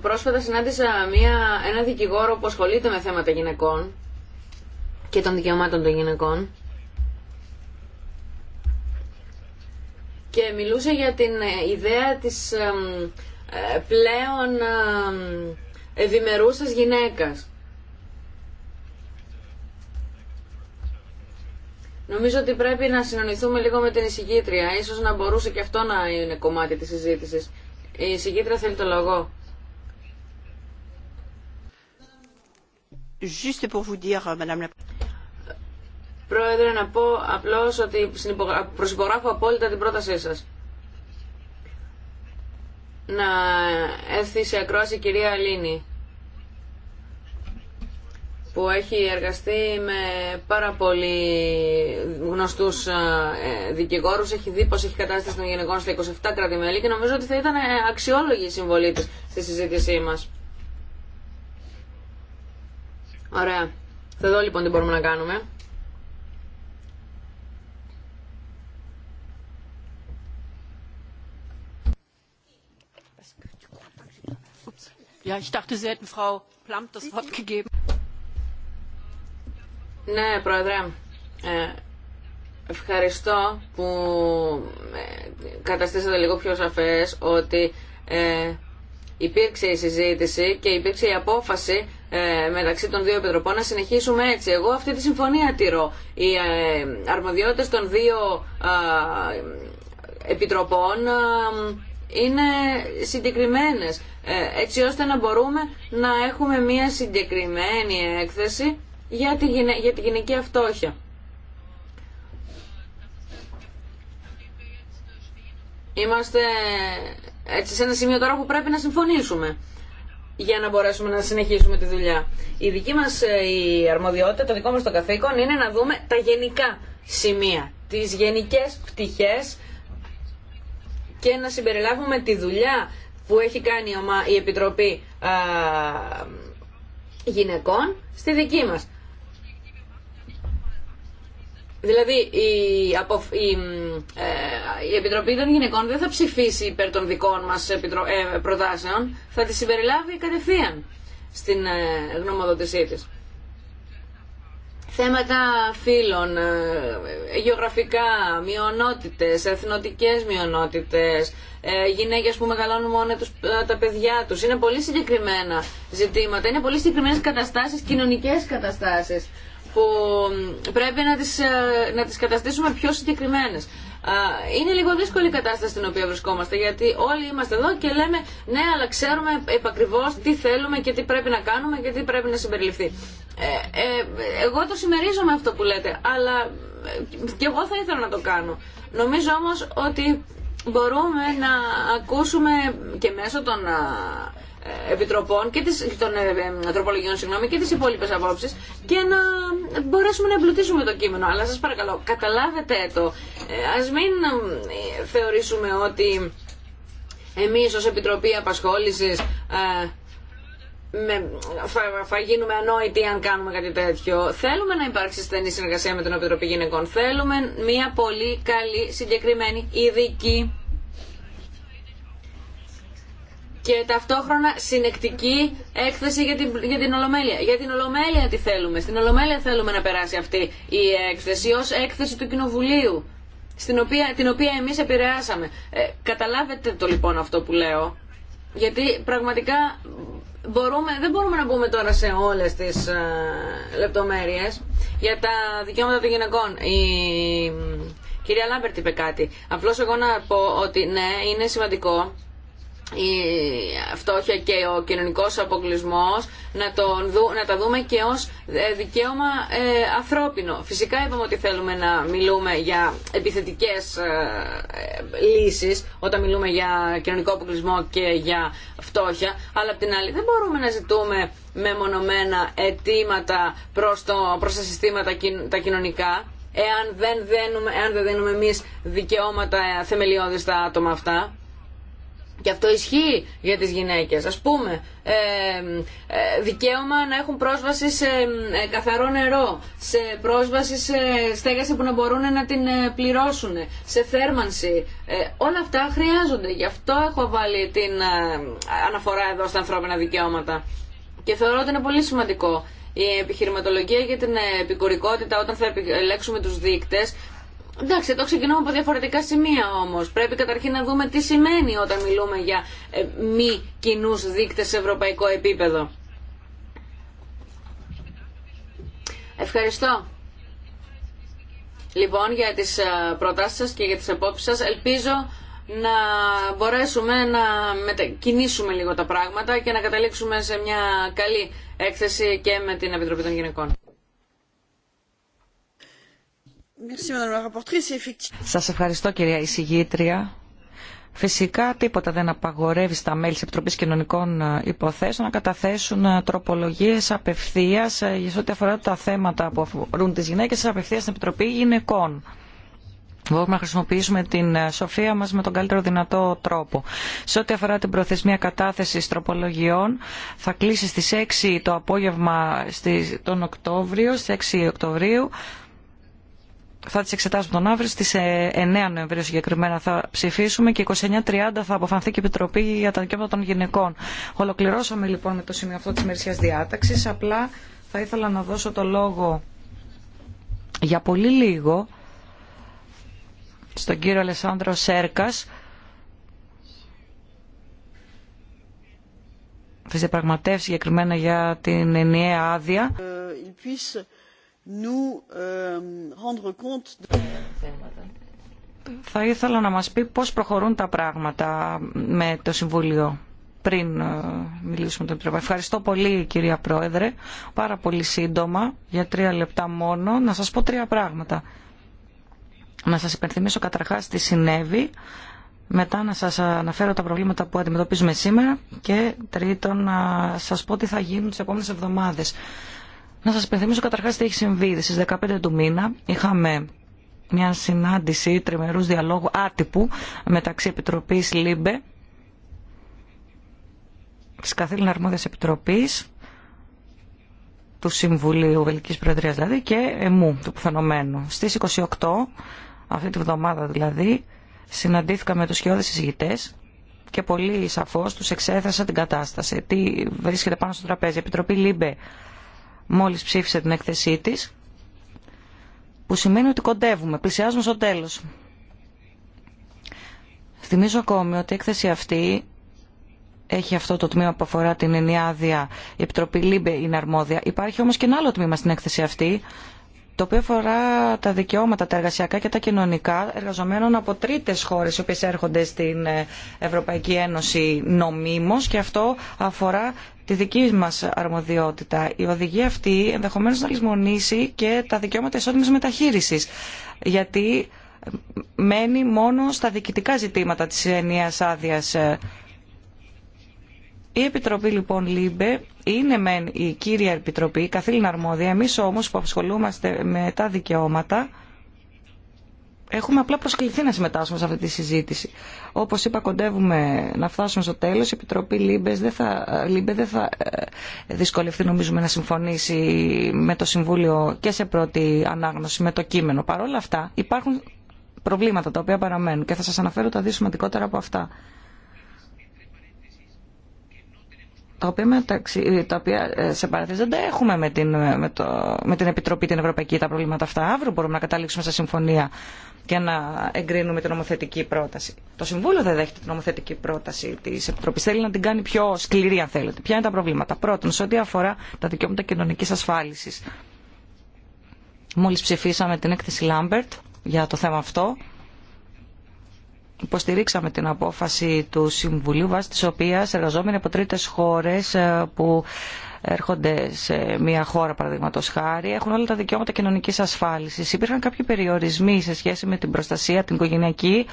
πρόσφατα συνάντησα μια, ένα δικηγόρο που ασχολείται με θέματα γυναικών και των δικαιωμάτων των γυναικών και μιλούσε για την ε, ιδέα της ε, πλέον ευημερούσας γυναίκας. Νομίζω ότι πρέπει να συνονιθούμε λίγο με την εισηγήτρια. Ίσως να μπορούσε και αυτό να είναι κομμάτι της συζήτησης. Η εισηγήτρια θέλει το λόγο. Euh, Πρόεδρε, να πω απλώς ότι προσυπογράφω απόλυτα την πρότασή σας. Να έρθει σε ακρόαση η κυρία Αλίνη που έχει εργαστεί με πάρα πολύ γνωστούς ε, δικηγόρους, έχει δει πως έχει κατάσταση των γυναικών στα 27 κράτη-μέλη και νομίζω ότι θα ήταν αξιόλογη η συμβολή της στη συζήτησή μας. Ωραία. Θα δω λοιπόν τι μπορούμε να κάνουμε. Ναι, Πρόεδρε. Ε, ευχαριστώ που ε, καταστήσατε λίγο πιο σαφές ότι ε, υπήρξε η συζήτηση και υπήρξε η απόφαση ε, μεταξύ των δύο επιτροπών να συνεχίσουμε έτσι. Εγώ αυτή τη συμφωνία τηρώ. Οι ε, αρμοδιότητες των δύο ε, επιτροπών είναι συγκεκριμένες έτσι ώστε να μπορούμε να έχουμε μία συγκεκριμένη έκθεση για τη, γυνα... για τη γυναική αυτόχεια. Είμαστε έτσι σε ένα σημείο τώρα που πρέπει να συμφωνήσουμε για να μπορέσουμε να συνεχίσουμε τη δουλειά. Η δική μας ε, η αρμοδιότητα, το δικό μας το καθήκον είναι να δούμε τα γενικά σημεία, τις γενικές πτυχές και να συμπεριλάβουμε τη δουλειά που έχει κάνει η Επιτροπή Γυναικών στη δική μας. Δηλαδή ε, η, Επιτροπή των Γυναικών δεν θα ψηφίσει υπέρ των δικών μας επιτρο, ε, προτάσεων, θα τις συμπεριλάβει κατευθείαν στην ε, γνωμοδότησή της. Θέματα φύλων, ε, γεωγραφικά, μειονότητες, εθνοτικές μειονότητες, γυναίκες που μεγαλώνουν μόνο τα παιδιά τους. Είναι πολύ συγκεκριμένα ζητήματα, είναι πολύ συγκεκριμένες καταστάσεις, κοινωνικές καταστάσεις που πρέπει να τις, ε, να τις καταστήσουμε πιο συγκεκριμένες. Είναι λίγο δύσκολη η κατάσταση στην οποία βρισκόμαστε, γιατί όλοι είμαστε εδώ και λέμε ναι, αλλά ξέρουμε επακριβώς τι θέλουμε και τι πρέπει να κάνουμε και τι πρέπει να συμπεριληφθεί. Ε, ε, εγώ το συμμερίζομαι αυτό που λέτε, αλλά ε, και εγώ θα ήθελα να το κάνω. Νομίζω όμως ότι μπορούμε να ακούσουμε και μέσω των επιτροπών και της, των ε, ε, ανθρωπολογιών συγγνώμη, και τις υπόλοιπες απόψεις και να μπορέσουμε να εμπλουτίσουμε το κείμενο. Αλλά σας παρακαλώ, καταλάβετε το. Ε, ας μην θεωρήσουμε ότι εμείς ως Επιτροπή Απασχόλησης με, θα, θα, γίνουμε ανόητοι αν κάνουμε κάτι τέτοιο. Θέλουμε να υπάρξει στενή συνεργασία με την Επιτροπή Γυναικών. Θέλουμε μια πολύ καλή, συγκεκριμένη, ειδική και ταυτόχρονα συνεκτική έκθεση για την, για την Ολομέλεια. Για την Ολομέλεια τι θέλουμε. Στην Ολομέλεια θέλουμε να περάσει αυτή η έκθεση ως έκθεση του Κοινοβουλίου, στην οποία, την οποία εμείς επηρεάσαμε. Ε, καταλάβετε το λοιπόν αυτό που λέω, γιατί πραγματικά μπορούμε, δεν μπορούμε να μπούμε τώρα σε όλες τις ε, λεπτομέρειες για τα δικαιώματα των γυναικών. Η, κυρία Λάμπερτ είπε κάτι. Απλώς εγώ να πω ότι ναι, είναι σημαντικό η φτώχεια και ο κοινωνικός αποκλεισμός να, να τα δούμε και ως ε, δικαίωμα ε, ανθρώπινο. Φυσικά είπαμε ότι θέλουμε να μιλούμε για επιθετικές ε, ε, λύσεις όταν μιλούμε για κοινωνικό αποκλεισμό και για φτώχεια αλλά απ' την άλλη δεν μπορούμε να ζητούμε μεμονωμένα αιτήματα προς, το, προς τα συστήματα τα κοινωνικά εάν δεν δίνουμε, εάν εμείς δικαιώματα ε, θεμελιώδη στα άτομα αυτά. Και αυτό ισχύει για τις γυναίκες. Ας πούμε, ε, ε δικαίωμα να έχουν πρόσβαση σε ε, καθαρό νερό, σε πρόσβαση σε στέγαση που να μπορούν να την ε, πληρώσουν, σε θέρμανση. όλα αυτά χρειάζονται. Γι' αυτό έχω βάλει την αναφορά εδώ στα ανθρώπινα δικαιώματα. Και θεωρώ ότι είναι πολύ σημαντικό η επιχειρηματολογία για την επικουρικότητα όταν θα επιλέξουμε τους δείκτες Εντάξει, το ξεκινούμε από διαφορετικά σημεία όμω. Πρέπει καταρχήν να δούμε τι σημαίνει όταν μιλούμε για ε, μη κοινού δείκτε σε ευρωπαϊκό επίπεδο. Ευχαριστώ. Λοιπόν, για τις ε, προτάσεις σας και για τις απόψεις σας, ελπίζω να μπορέσουμε να μετακινήσουμε λίγο τα πράγματα και να καταλήξουμε σε μια καλή έκθεση και με την Επιτροπή των Γυναικών. Σας ευχαριστώ κυρία εισηγήτρια. Φυσικά τίποτα δεν απαγορεύει στα μέλη της Επιτροπής Κοινωνικών ε, Υποθέσεων να καταθέσουν ε, τροπολογίες απευθείας ε, σε ό,τι αφορά τα θέματα που αφορούν τις γυναίκες απευθείας στην Επιτροπή Γυναικών. Μπορούμε να χρησιμοποιήσουμε την σοφία μας με τον καλύτερο δυνατό τρόπο. Σε ό,τι αφορά την προθεσμία κατάθεσης τροπολογιών, θα κλείσει στις 6 το απόγευμα τον Οκτώβριο, στις 6 Οκτωβρίου θα τις εξετάσουμε τον Αύριο στις 9 ε, Νοεμβρίου συγκεκριμένα θα ψηφίσουμε και 29.30 θα αποφανθεί και η Επιτροπή για τα δικαιώματα των γυναικών. Ολοκληρώσαμε λοιπόν με το σημείο αυτό της μερισιάς διάταξης. Απλά θα ήθελα να δώσω το λόγο για πολύ λίγο στον κύριο Αλεσάνδρο Σέρκας τις διαπραγματεύσεις συγκεκριμένα για την ενιαία άδεια. Ε, Euh, θα ήθελα να μας πει πώς προχωρούν τα πράγματα με το Συμβούλιο πριν ε, μιλήσουμε τον τρόπο. Ευχαριστώ πολύ κυρία Πρόεδρε, πάρα πολύ σύντομα, για τρία λεπτά μόνο, να σας πω τρία πράγματα. Να σας υπενθυμίσω καταρχάς τι συνέβη, μετά να σας αναφέρω τα προβλήματα που αντιμετωπίζουμε σήμερα και τρίτον να σας πω τι θα γίνουν τις επόμενες εβδομάδες. Να σας υπενθυμίσω καταρχάς τι έχει συμβεί. Στις 15 του μήνα είχαμε μια συνάντηση τριμερούς διαλόγου άτυπου μεταξύ Επιτροπής ΛΥΜΠΕ της Καθήλων Αρμόδιας Επιτροπής του Συμβουλίου Βελικής Προεδρίας δηλαδή και εμού του φαινομένου. Στις 28, αυτή τη βδομάδα δηλαδή, συναντήθηκα με τους σχεώδες συζητητές και πολύ σαφώς τους εξέθεσα την κατάσταση. Τι βρίσκεται πάνω στο τραπέζι. Επιτροπή ΛΥΜΠΕ μόλις ψήφισε την έκθεσή της, που σημαίνει ότι κοντεύουμε, πλησιάζουμε στο τέλος. Θυμίζω ακόμη ότι η έκθεση αυτή έχει αυτό το τμήμα που αφορά την ενιάδεια, η Επιτροπή Λίμπε είναι αρμόδια. Υπάρχει όμως και ένα άλλο τμήμα στην έκθεση αυτή, το οποίο αφορά τα δικαιώματα, τα εργασιακά και τα κοινωνικά εργαζομένων από τρίτες χώρες οι οποίες έρχονται στην ε, Ευρωπαϊκή Ένωση νομίμως και αυτό αφορά τη δική μας αρμοδιότητα. Η οδηγία αυτή ενδεχομένως να λησμονήσει και τα δικαιώματα ισότιμης μεταχείρισης γιατί μένει μόνο στα διοικητικά ζητήματα της ενιαίας άδεια. Η Επιτροπή λοιπόν ΛΥΜΠΕ είναι μεν η κύρια επιτροπή, η καθήλυνα αρμόδια, εμείς όμως που ασχολούμαστε με τα δικαιώματα, έχουμε απλά προσκληθεί να συμμετάσχουμε σε αυτή τη συζήτηση. Όπως είπα, κοντεύουμε να φτάσουμε στο τέλος. Η Επιτροπή Λίμπες δεν θα, Λίμπε δεν θα ε, δυσκολευτεί, νομίζουμε, να συμφωνήσει με το Συμβούλιο και σε πρώτη ανάγνωση με το κείμενο. Παρ' όλα αυτά υπάρχουν προβλήματα τα οποία παραμένουν και θα σας αναφέρω τα δύο σημαντικότερα από αυτά. τα οποία, μεταξύ, τα οποία ε, σε παραθέσεις δεν τα έχουμε με την, με, το, με την Επιτροπή την Ευρωπαϊκή τα προβλήματα αυτά. Αύριο μπορούμε να καταλήξουμε σε συμφωνία και να εγκρίνουμε την νομοθετική πρόταση. Το Συμβούλιο δεν δέχεται την νομοθετική πρόταση τη Επιτροπή. Θέλει να την κάνει πιο σκληρή, αν θέλετε. Ποια είναι τα προβλήματα. Πρώτον, σε ό,τι αφορά τα δικαιώματα κοινωνική ασφάλιση. Μόλι ψηφίσαμε την έκθεση Λάμπερτ για το θέμα αυτό υποστηρίξαμε την απόφαση του Συμβουλίου βάσει της οποίας εργαζόμενοι από τρίτες χώρες ε, που έρχονται σε μια χώρα παραδείγματος χάρη έχουν όλα τα δικαιώματα κοινωνικής ασφάλισης. Υπήρχαν κάποιοι περιορισμοί σε σχέση με την προστασία την οικογενειακή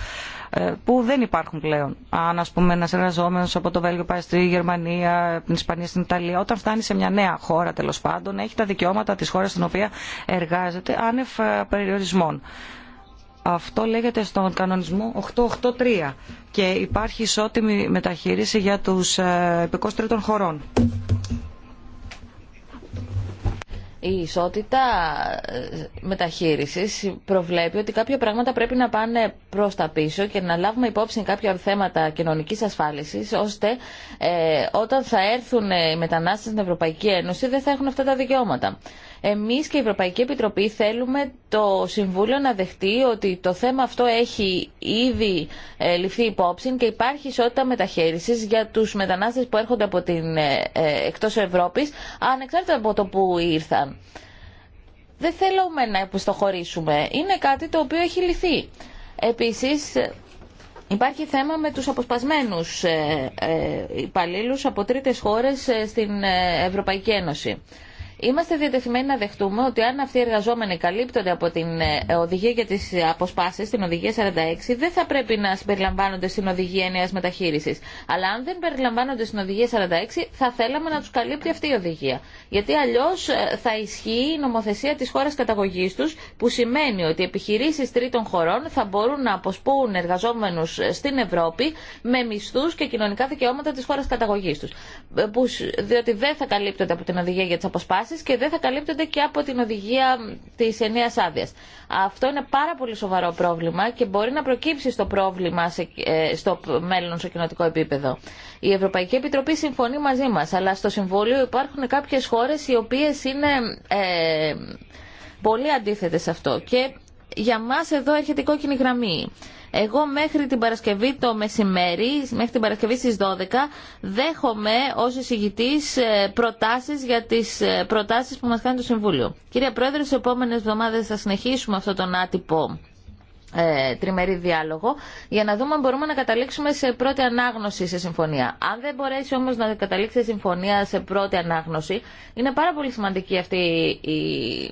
ε, που δεν υπάρχουν πλέον. Αν ας πούμε ένας εργαζόμενος από το Βέλγιο πάει στη Γερμανία, την Ισπανία, στην Ιταλία, όταν φτάνει σε μια νέα χώρα τέλος πάντων έχει τα δικαιώματα τη χώρα στην οποία εργάζεται άνευ ε, περιορισμών. Αυτό λέγεται στον κανονισμό 883 και υπάρχει ισότιμη μεταχείριση για τους επικός χωρών. Η ισότητα ε, μεταχείρισης προβλέπει ότι κάποια πράγματα πρέπει να πάνε προς τα πίσω και να λάβουμε υπόψη κάποια θέματα κοινωνικής ασφάλισης ώστε ε, όταν θα έρθουν οι μετανάστες στην Ευρωπαϊκή Ένωση δεν θα έχουν αυτά τα δικαιώματα. Εμείς και η Ευρωπαϊκή Επιτροπή θέλουμε το Συμβούλιο να δεχτεί ότι το θέμα αυτό έχει ήδη ε, ληφθεί υπόψη και υπάρχει ισότητα μεταχείρισης για τους μετανάστες που έρχονται από την, ε, ε, εκτός Ευρώπης, ανεξάρτητα από το που ήρθαν. Δεν θέλουμε να επιστοχωρήσουμε. Είναι κάτι το οποίο έχει λυθεί. Επίσης, Υπάρχει θέμα με τους ε, υπαλλήλου από τρίτες χώρες στην Ευρωπαϊκή Ένωση. Είμαστε διατεθειμένοι να δεχτούμε ότι αν αυτοί οι εργαζόμενοι καλύπτονται από την ε, οδηγία για τι αποσπάσει, την οδηγία 46, δεν θα πρέπει να συμπεριλαμβάνονται στην οδηγία νέα μεταχείριση. Αλλά αν δεν περιλαμβάνονται στην οδηγία 46, θα θέλαμε να του καλύπτει αυτή η οδηγία. Γιατί αλλιώ ε, θα ισχύει η νομοθεσία τη χώρα καταγωγή του, που σημαίνει ότι επιχειρήσει τρίτων χωρών θα μπορούν να αποσπούν εργαζόμενου ε, στην Ευρώπη με μισθού και κοινωνικά δικαιώματα τη χώρα καταγωγή του. Διότι δεν θα καλύπτονται από την οδηγία για τι αποσπάσει και δεν θα καλύπτονται και από την οδηγία της ενίας άδεια. Αυτό είναι πάρα πολύ σοβαρό πρόβλημα και μπορεί να προκύψει στο πρόβλημα σε, ε, στο μέλλον στο κοινοτικό επίπεδο. Η Ευρωπαϊκή Επιτροπή συμφωνεί μαζί μας, αλλά στο Συμβούλιο υπάρχουν κάποιες χώρες οι οποίες είναι ε, πολύ αντίθετες σε αυτό. Και για μα εδώ έρχεται η κόκκινη γραμμή. Εγώ μέχρι την Παρασκευή το μεσημέρι, μέχρι την Παρασκευή στις 12, δέχομαι ως εισηγητής ε, προτάσεις για τις ε, προτάσεις που μας κάνει το Συμβούλιο. Κύριε Πρόεδρε, στις επόμενες εβδομάδες θα συνεχίσουμε αυτό τον άτυπο ε, τριμερή διάλογο για να δούμε αν μπορούμε να καταλήξουμε σε πρώτη ανάγνωση σε συμφωνία. Αν δεν μπορέσει όμως να καταλήξει σε συμφωνία σε πρώτη ανάγνωση, είναι πάρα πολύ σημαντική αυτή η,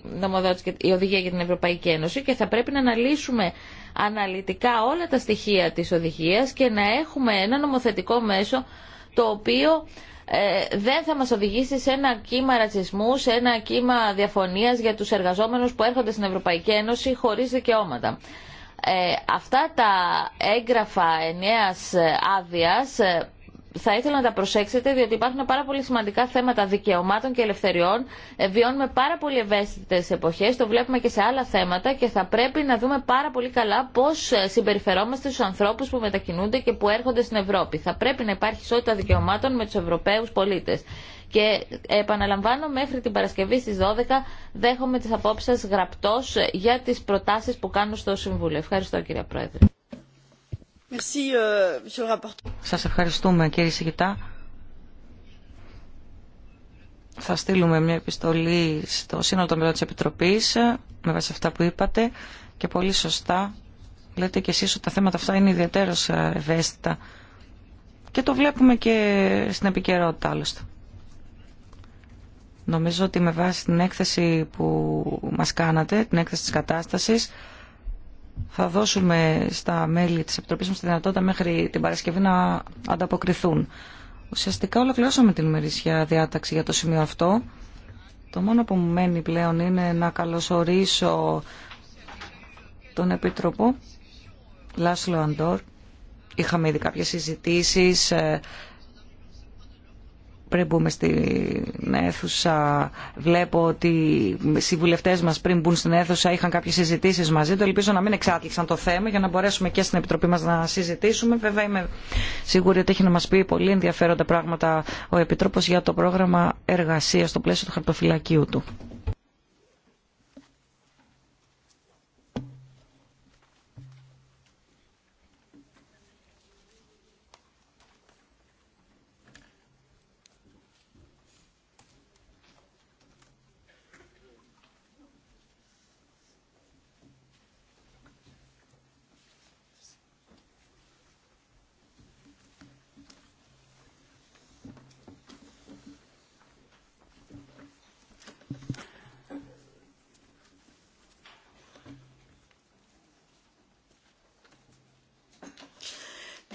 νομοδότηση, η οδηγία για την Ευρωπαϊκή Ένωση και θα πρέπει να αναλύσουμε αναλυτικά όλα τα στοιχεία της οδηγίας και να έχουμε ένα νομοθετικό μέσο το οποίο ε, δεν θα μας οδηγήσει σε ένα κύμα ρατσισμού, σε ένα κύμα διαφωνίας για τους εργαζόμενους που έρχονται στην Ευρωπαϊκή Ένωση χωρίς δικαιώματα. Ε, αυτά τα έγγραφα ενιαίας άδειας ε, θα ήθελα να τα προσέξετε διότι υπάρχουν πάρα πολύ σημαντικά θέματα δικαιωμάτων και ελευθεριών. Ε, βιώνουμε πάρα πολύ ευαίσθητε εποχέ, το βλέπουμε και σε άλλα θέματα και θα πρέπει να δούμε πάρα πολύ καλά πώ ε, συμπεριφερόμαστε στου ανθρώπου που μετακινούνται και που έρχονται στην Ευρώπη. Θα πρέπει να υπάρχει ισότητα δικαιωμάτων με του Ευρωπαίου πολίτε. Και ε, επαναλαμβάνω, μέχρι την Παρασκευή στις 12 δέχομαι τις απόψεις σας γραπτός για τις προτάσεις που κάνω στο Συμβούλιο. Ευχαριστώ κύριε Πρόεδρε. Euh, Σας ευχαριστούμε κύριε Σιγητά. Θα στείλουμε μια επιστολή στο σύνολο των μελών της Επιτροπής ε, με βάση αυτά που είπατε και πολύ σωστά λέτε και εσείς ότι τα θέματα αυτά είναι ιδιαίτερως ευαίσθητα και το βλέπουμε και στην επικαιρότητα άλλωστε. Νομίζω ότι με βάση την έκθεση που μας κάνατε, την έκθεση της κατάστασης, θα δώσουμε στα μέλη της Επιτροπής μας τη δυνατότητα μέχρι την Παρασκευή να ανταποκριθούν. Ουσιαστικά ολοκληρώσαμε την ημερησιά διάταξη για το σημείο αυτό. Το μόνο που μου μένει πλέον είναι να καλωσορίσω τον Επίτροπο Λάσλο Αντόρ. Είχαμε ήδη κάποιες συζητήσεις ε, πριν μπούμε στην αίθουσα, βλέπω ότι οι συμβουλευτέ μα πριν μπουν στην αίθουσα είχαν κάποιε συζητήσει μαζί του. Ελπίζω να μην εξάτληξαν το θέμα για να μπορέσουμε και στην Επιτροπή μα να συζητήσουμε. Βέβαια, είμαι σίγουρη ότι έχει να μα πει πολύ ενδιαφέροντα πράγματα ο Επιτρόπο για το πρόγραμμα εργασία στο πλαίσιο του χαρτοφυλακίου του.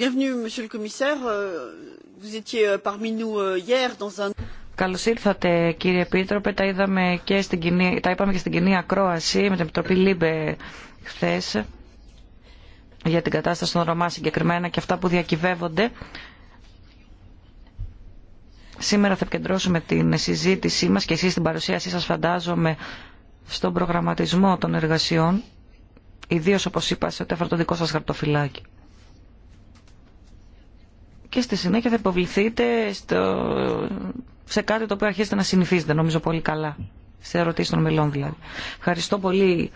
Euh, euh, euh, Καλώ ήρθατε κύριε Επίτροπε, τα, και στην κοινή, τα είπαμε και στην κοινή ακρόαση με την Επιτροπή Λίμπε χθες για την κατάσταση των Ρωμά συγκεκριμένα και αυτά που διακυβεύονται. Σήμερα θα επικεντρώσουμε την συζήτησή μας και εσείς την παρουσίασή σας φαντάζομαι στον προγραμματισμό των εργασιών, ιδίως όπως είπα σε ό,τι αφορά το δικό σας χαρτοφυλάκι και στη συνέχεια θα υποβληθείτε στο... σε κάτι το οποίο αρχίζετε να συνηθίζετε, νομίζω πολύ καλά, σε ερωτήσει των μελών δηλαδή. Ευχαριστώ πολύ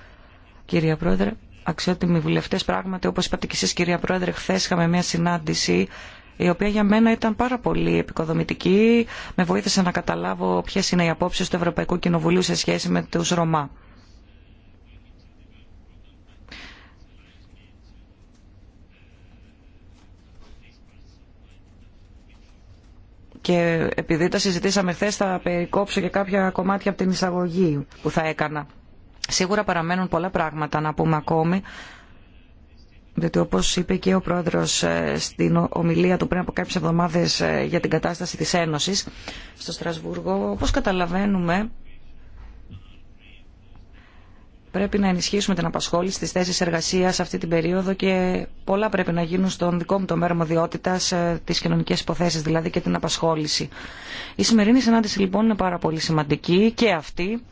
κυρία Πρόεδρε. Αξιότιμοι βουλευτές, πράγματι όπως είπατε και εσεί, κυρία Πρόεδρε, χθε είχαμε μια συνάντηση η οποία για μένα ήταν πάρα πολύ επικοδομητική. Με βοήθησε να καταλάβω ποιε είναι οι απόψει του Ευρωπαϊκού Κοινοβουλίου σε σχέση με του Ρωμά. και επειδή τα συζητήσαμε χθε θα περικόψω και κάποια κομμάτια από την εισαγωγή που θα έκανα. Σίγουρα παραμένουν πολλά πράγματα να πούμε ακόμη, διότι όπω είπε και ο πρόεδρο ε, στην ομιλία του πριν από κάποιε εβδομάδε ε, για την κατάσταση τη Ένωση στο Στρασβούργο, όπω καταλαβαίνουμε Πρέπει να ενισχύσουμε την απασχόληση στις θέσεις εργασίας αυτή την περίοδο και πολλά πρέπει να γίνουν στον δικό μου τομέα αρμοδιότητας, ε, τις κοινωνικές υποθέσεις δηλαδή και την απασχόληση. Η σημερινή συνάντηση λοιπόν είναι πάρα πολύ σημαντική και αυτή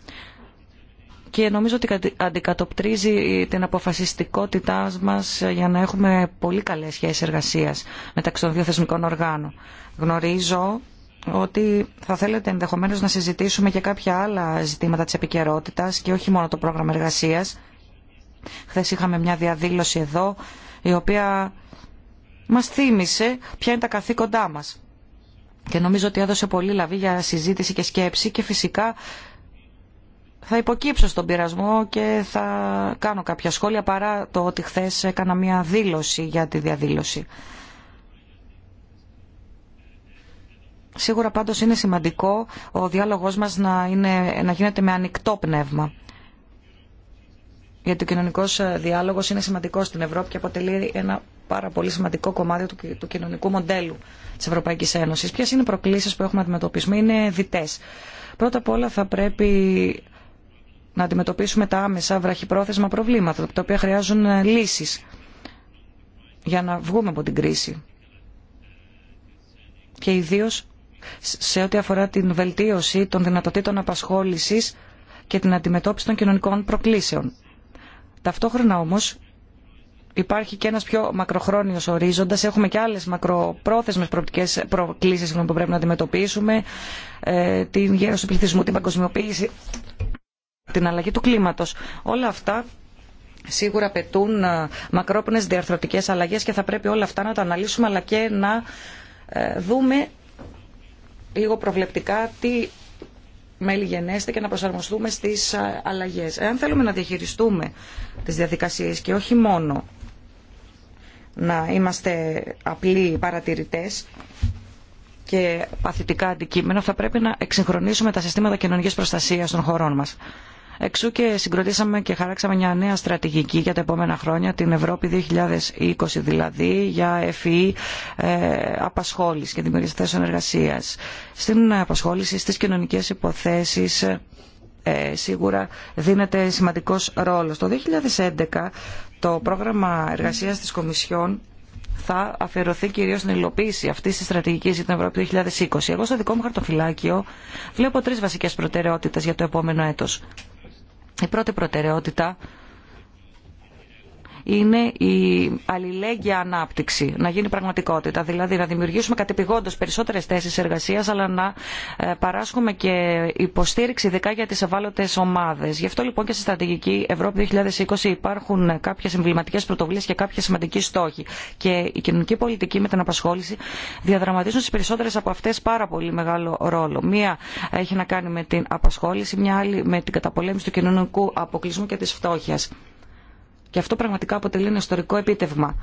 και νομίζω ότι αντικατοπτρίζει ε, την αποφασιστικότητά μας ε, για να έχουμε πολύ καλές σχέσεις εργασίας μεταξύ των δύο θεσμικών οργάνων. Γνωρίζω ότι θα θέλετε ενδεχομένως να συζητήσουμε και κάποια άλλα ζητήματα της επικαιρότητα και όχι μόνο το πρόγραμμα εργασίας. Χθες είχαμε μια διαδήλωση εδώ η οποία μας θύμισε ποια είναι τα καθήκοντά μας. Και νομίζω ότι έδωσε πολύ λαβή για συζήτηση και σκέψη και φυσικά θα υποκύψω στον πειρασμό και θα κάνω κάποια σχόλια παρά το ότι χθες έκανα μια δήλωση για τη διαδήλωση. Σίγουρα πάντως είναι σημαντικό ο διάλογός μας να, είναι, να γίνεται με ανοιχτό πνεύμα. Γιατί ο κοινωνικός ε, διάλογος είναι σημαντικό στην Ευρώπη και αποτελεί ένα πάρα πολύ σημαντικό κομμάτι του, του κοινωνικού μοντέλου της Ευρωπαϊκής Ένωσης. Ποιες είναι οι προκλήσεις που έχουμε να αντιμετωπίσουμε. Είναι διτές. Πρώτα απ' όλα θα πρέπει να αντιμετωπίσουμε τα άμεσα βραχυπρόθεσμα προβλήματα, τα οποία χρειάζουν ε, λύσεις για να βγούμε από την κρίση. Και ιδίως σε ό,τι αφορά την βελτίωση των δυνατοτήτων απασχόλησης και την αντιμετώπιση των κοινωνικών προκλήσεων. Ταυτόχρονα όμως υπάρχει και ένας πιο μακροχρόνιος ορίζοντας. Έχουμε και άλλες μακροπρόθεσμες προκλήσεις, προκλήσεις που πρέπει να αντιμετωπίσουμε. Ε, την γέρωση του πληθυσμού, την παγκοσμιοποίηση, την αλλαγή του κλίματος. Όλα αυτά σίγουρα απαιτούν ε, μακρόπνες διαρθρωτικές αλλαγές και θα πρέπει όλα αυτά να τα αναλύσουμε αλλά και να ε, δούμε λίγο προβλεπτικά τι μέλη γενέστε και να προσαρμοστούμε στις αλλαγές. Εάν θέλουμε να διαχειριστούμε τις διαδικασίες και όχι μόνο να είμαστε απλοί παρατηρητές και παθητικά αντικείμενα, θα πρέπει να εξυγχρονίσουμε τα συστήματα κοινωνικής προστασίας των χωρών μας. Εξού και συγκροτήσαμε και χαράξαμε μια νέα στρατηγική για τα επόμενα χρόνια, την Ευρώπη 2020 δηλαδή, για e, ευφυή απασχόληση και δημιουργία θέσεων εργασία. Στην απασχόληση στι κοινωνικέ υποθέσει ε, σίγουρα δίνεται σημαντικός ρόλος. Το 2011 το πρόγραμμα εργασίας της Κομισιόν θα αφιερωθεί κυρίως στην υλοποίηση αυτής της στρατηγικής για την Ευρώπη 2020. Εγώ στο δικό μου χαρτοφυλάκιο βλέπω τρεις βασικές προτεραιότητες για το επόμενο έτος. Η πρώτη προτεραιότητα είναι η αλληλέγγυα ανάπτυξη, να γίνει πραγματικότητα. Δηλαδή να δημιουργήσουμε κατεπηγόντω περισσότερε θέσει εργασία, αλλά να ε, παράσχουμε και υποστήριξη ειδικά για τι ευάλωτε ομάδε. Γι' αυτό λοιπόν και στη Στρατηγική Ευρώπη 2020 υπάρχουν κάποιε εμβληματικέ πρωτοβουλίε και κάποια σημαντικοί στόχοι. Και η κοινωνική πολιτική με την απασχόληση διαδραματίζουν στι περισσότερε από αυτέ πάρα πολύ μεγάλο ρόλο. Μία έχει να κάνει με την απασχόληση, μια άλλη με την καταπολέμηση του κοινωνικού αποκλεισμού και τη φτώχεια. Και αυτό πραγματικά αποτελεί ένα ιστορικό επίτευγμα.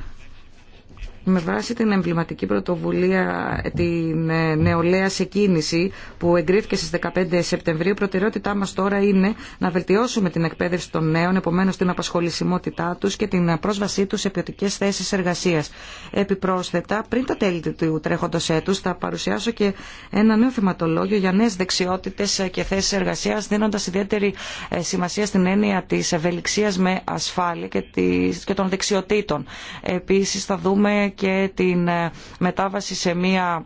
Με βάση την εμβληματική πρωτοβουλία ε, την ε, νεολαία σε κίνηση που εγκρίθηκε στι 15 Σεπτεμβρίου, η προτεραιότητά μας τώρα είναι να βελτιώσουμε την εκπαίδευση των νέων, επομένω την απασχολησιμότητά τους και την πρόσβασή τους σε ποιοτικέ θέσεις εργασίας. Επιπρόσθετα, πριν τα τέλη του τρέχοντος έτους θα παρουσιάσω και ένα νέο θεματολόγιο για νέες δεξιότητες και θέσεις εργασίας, δίνοντας ιδιαίτερη ε, σημασία στην έννοια τη ευελιξίας με ασφάλεια και των δεξιοτήτων. Επίσης θα δούμε και την ε, μετάβαση σε μια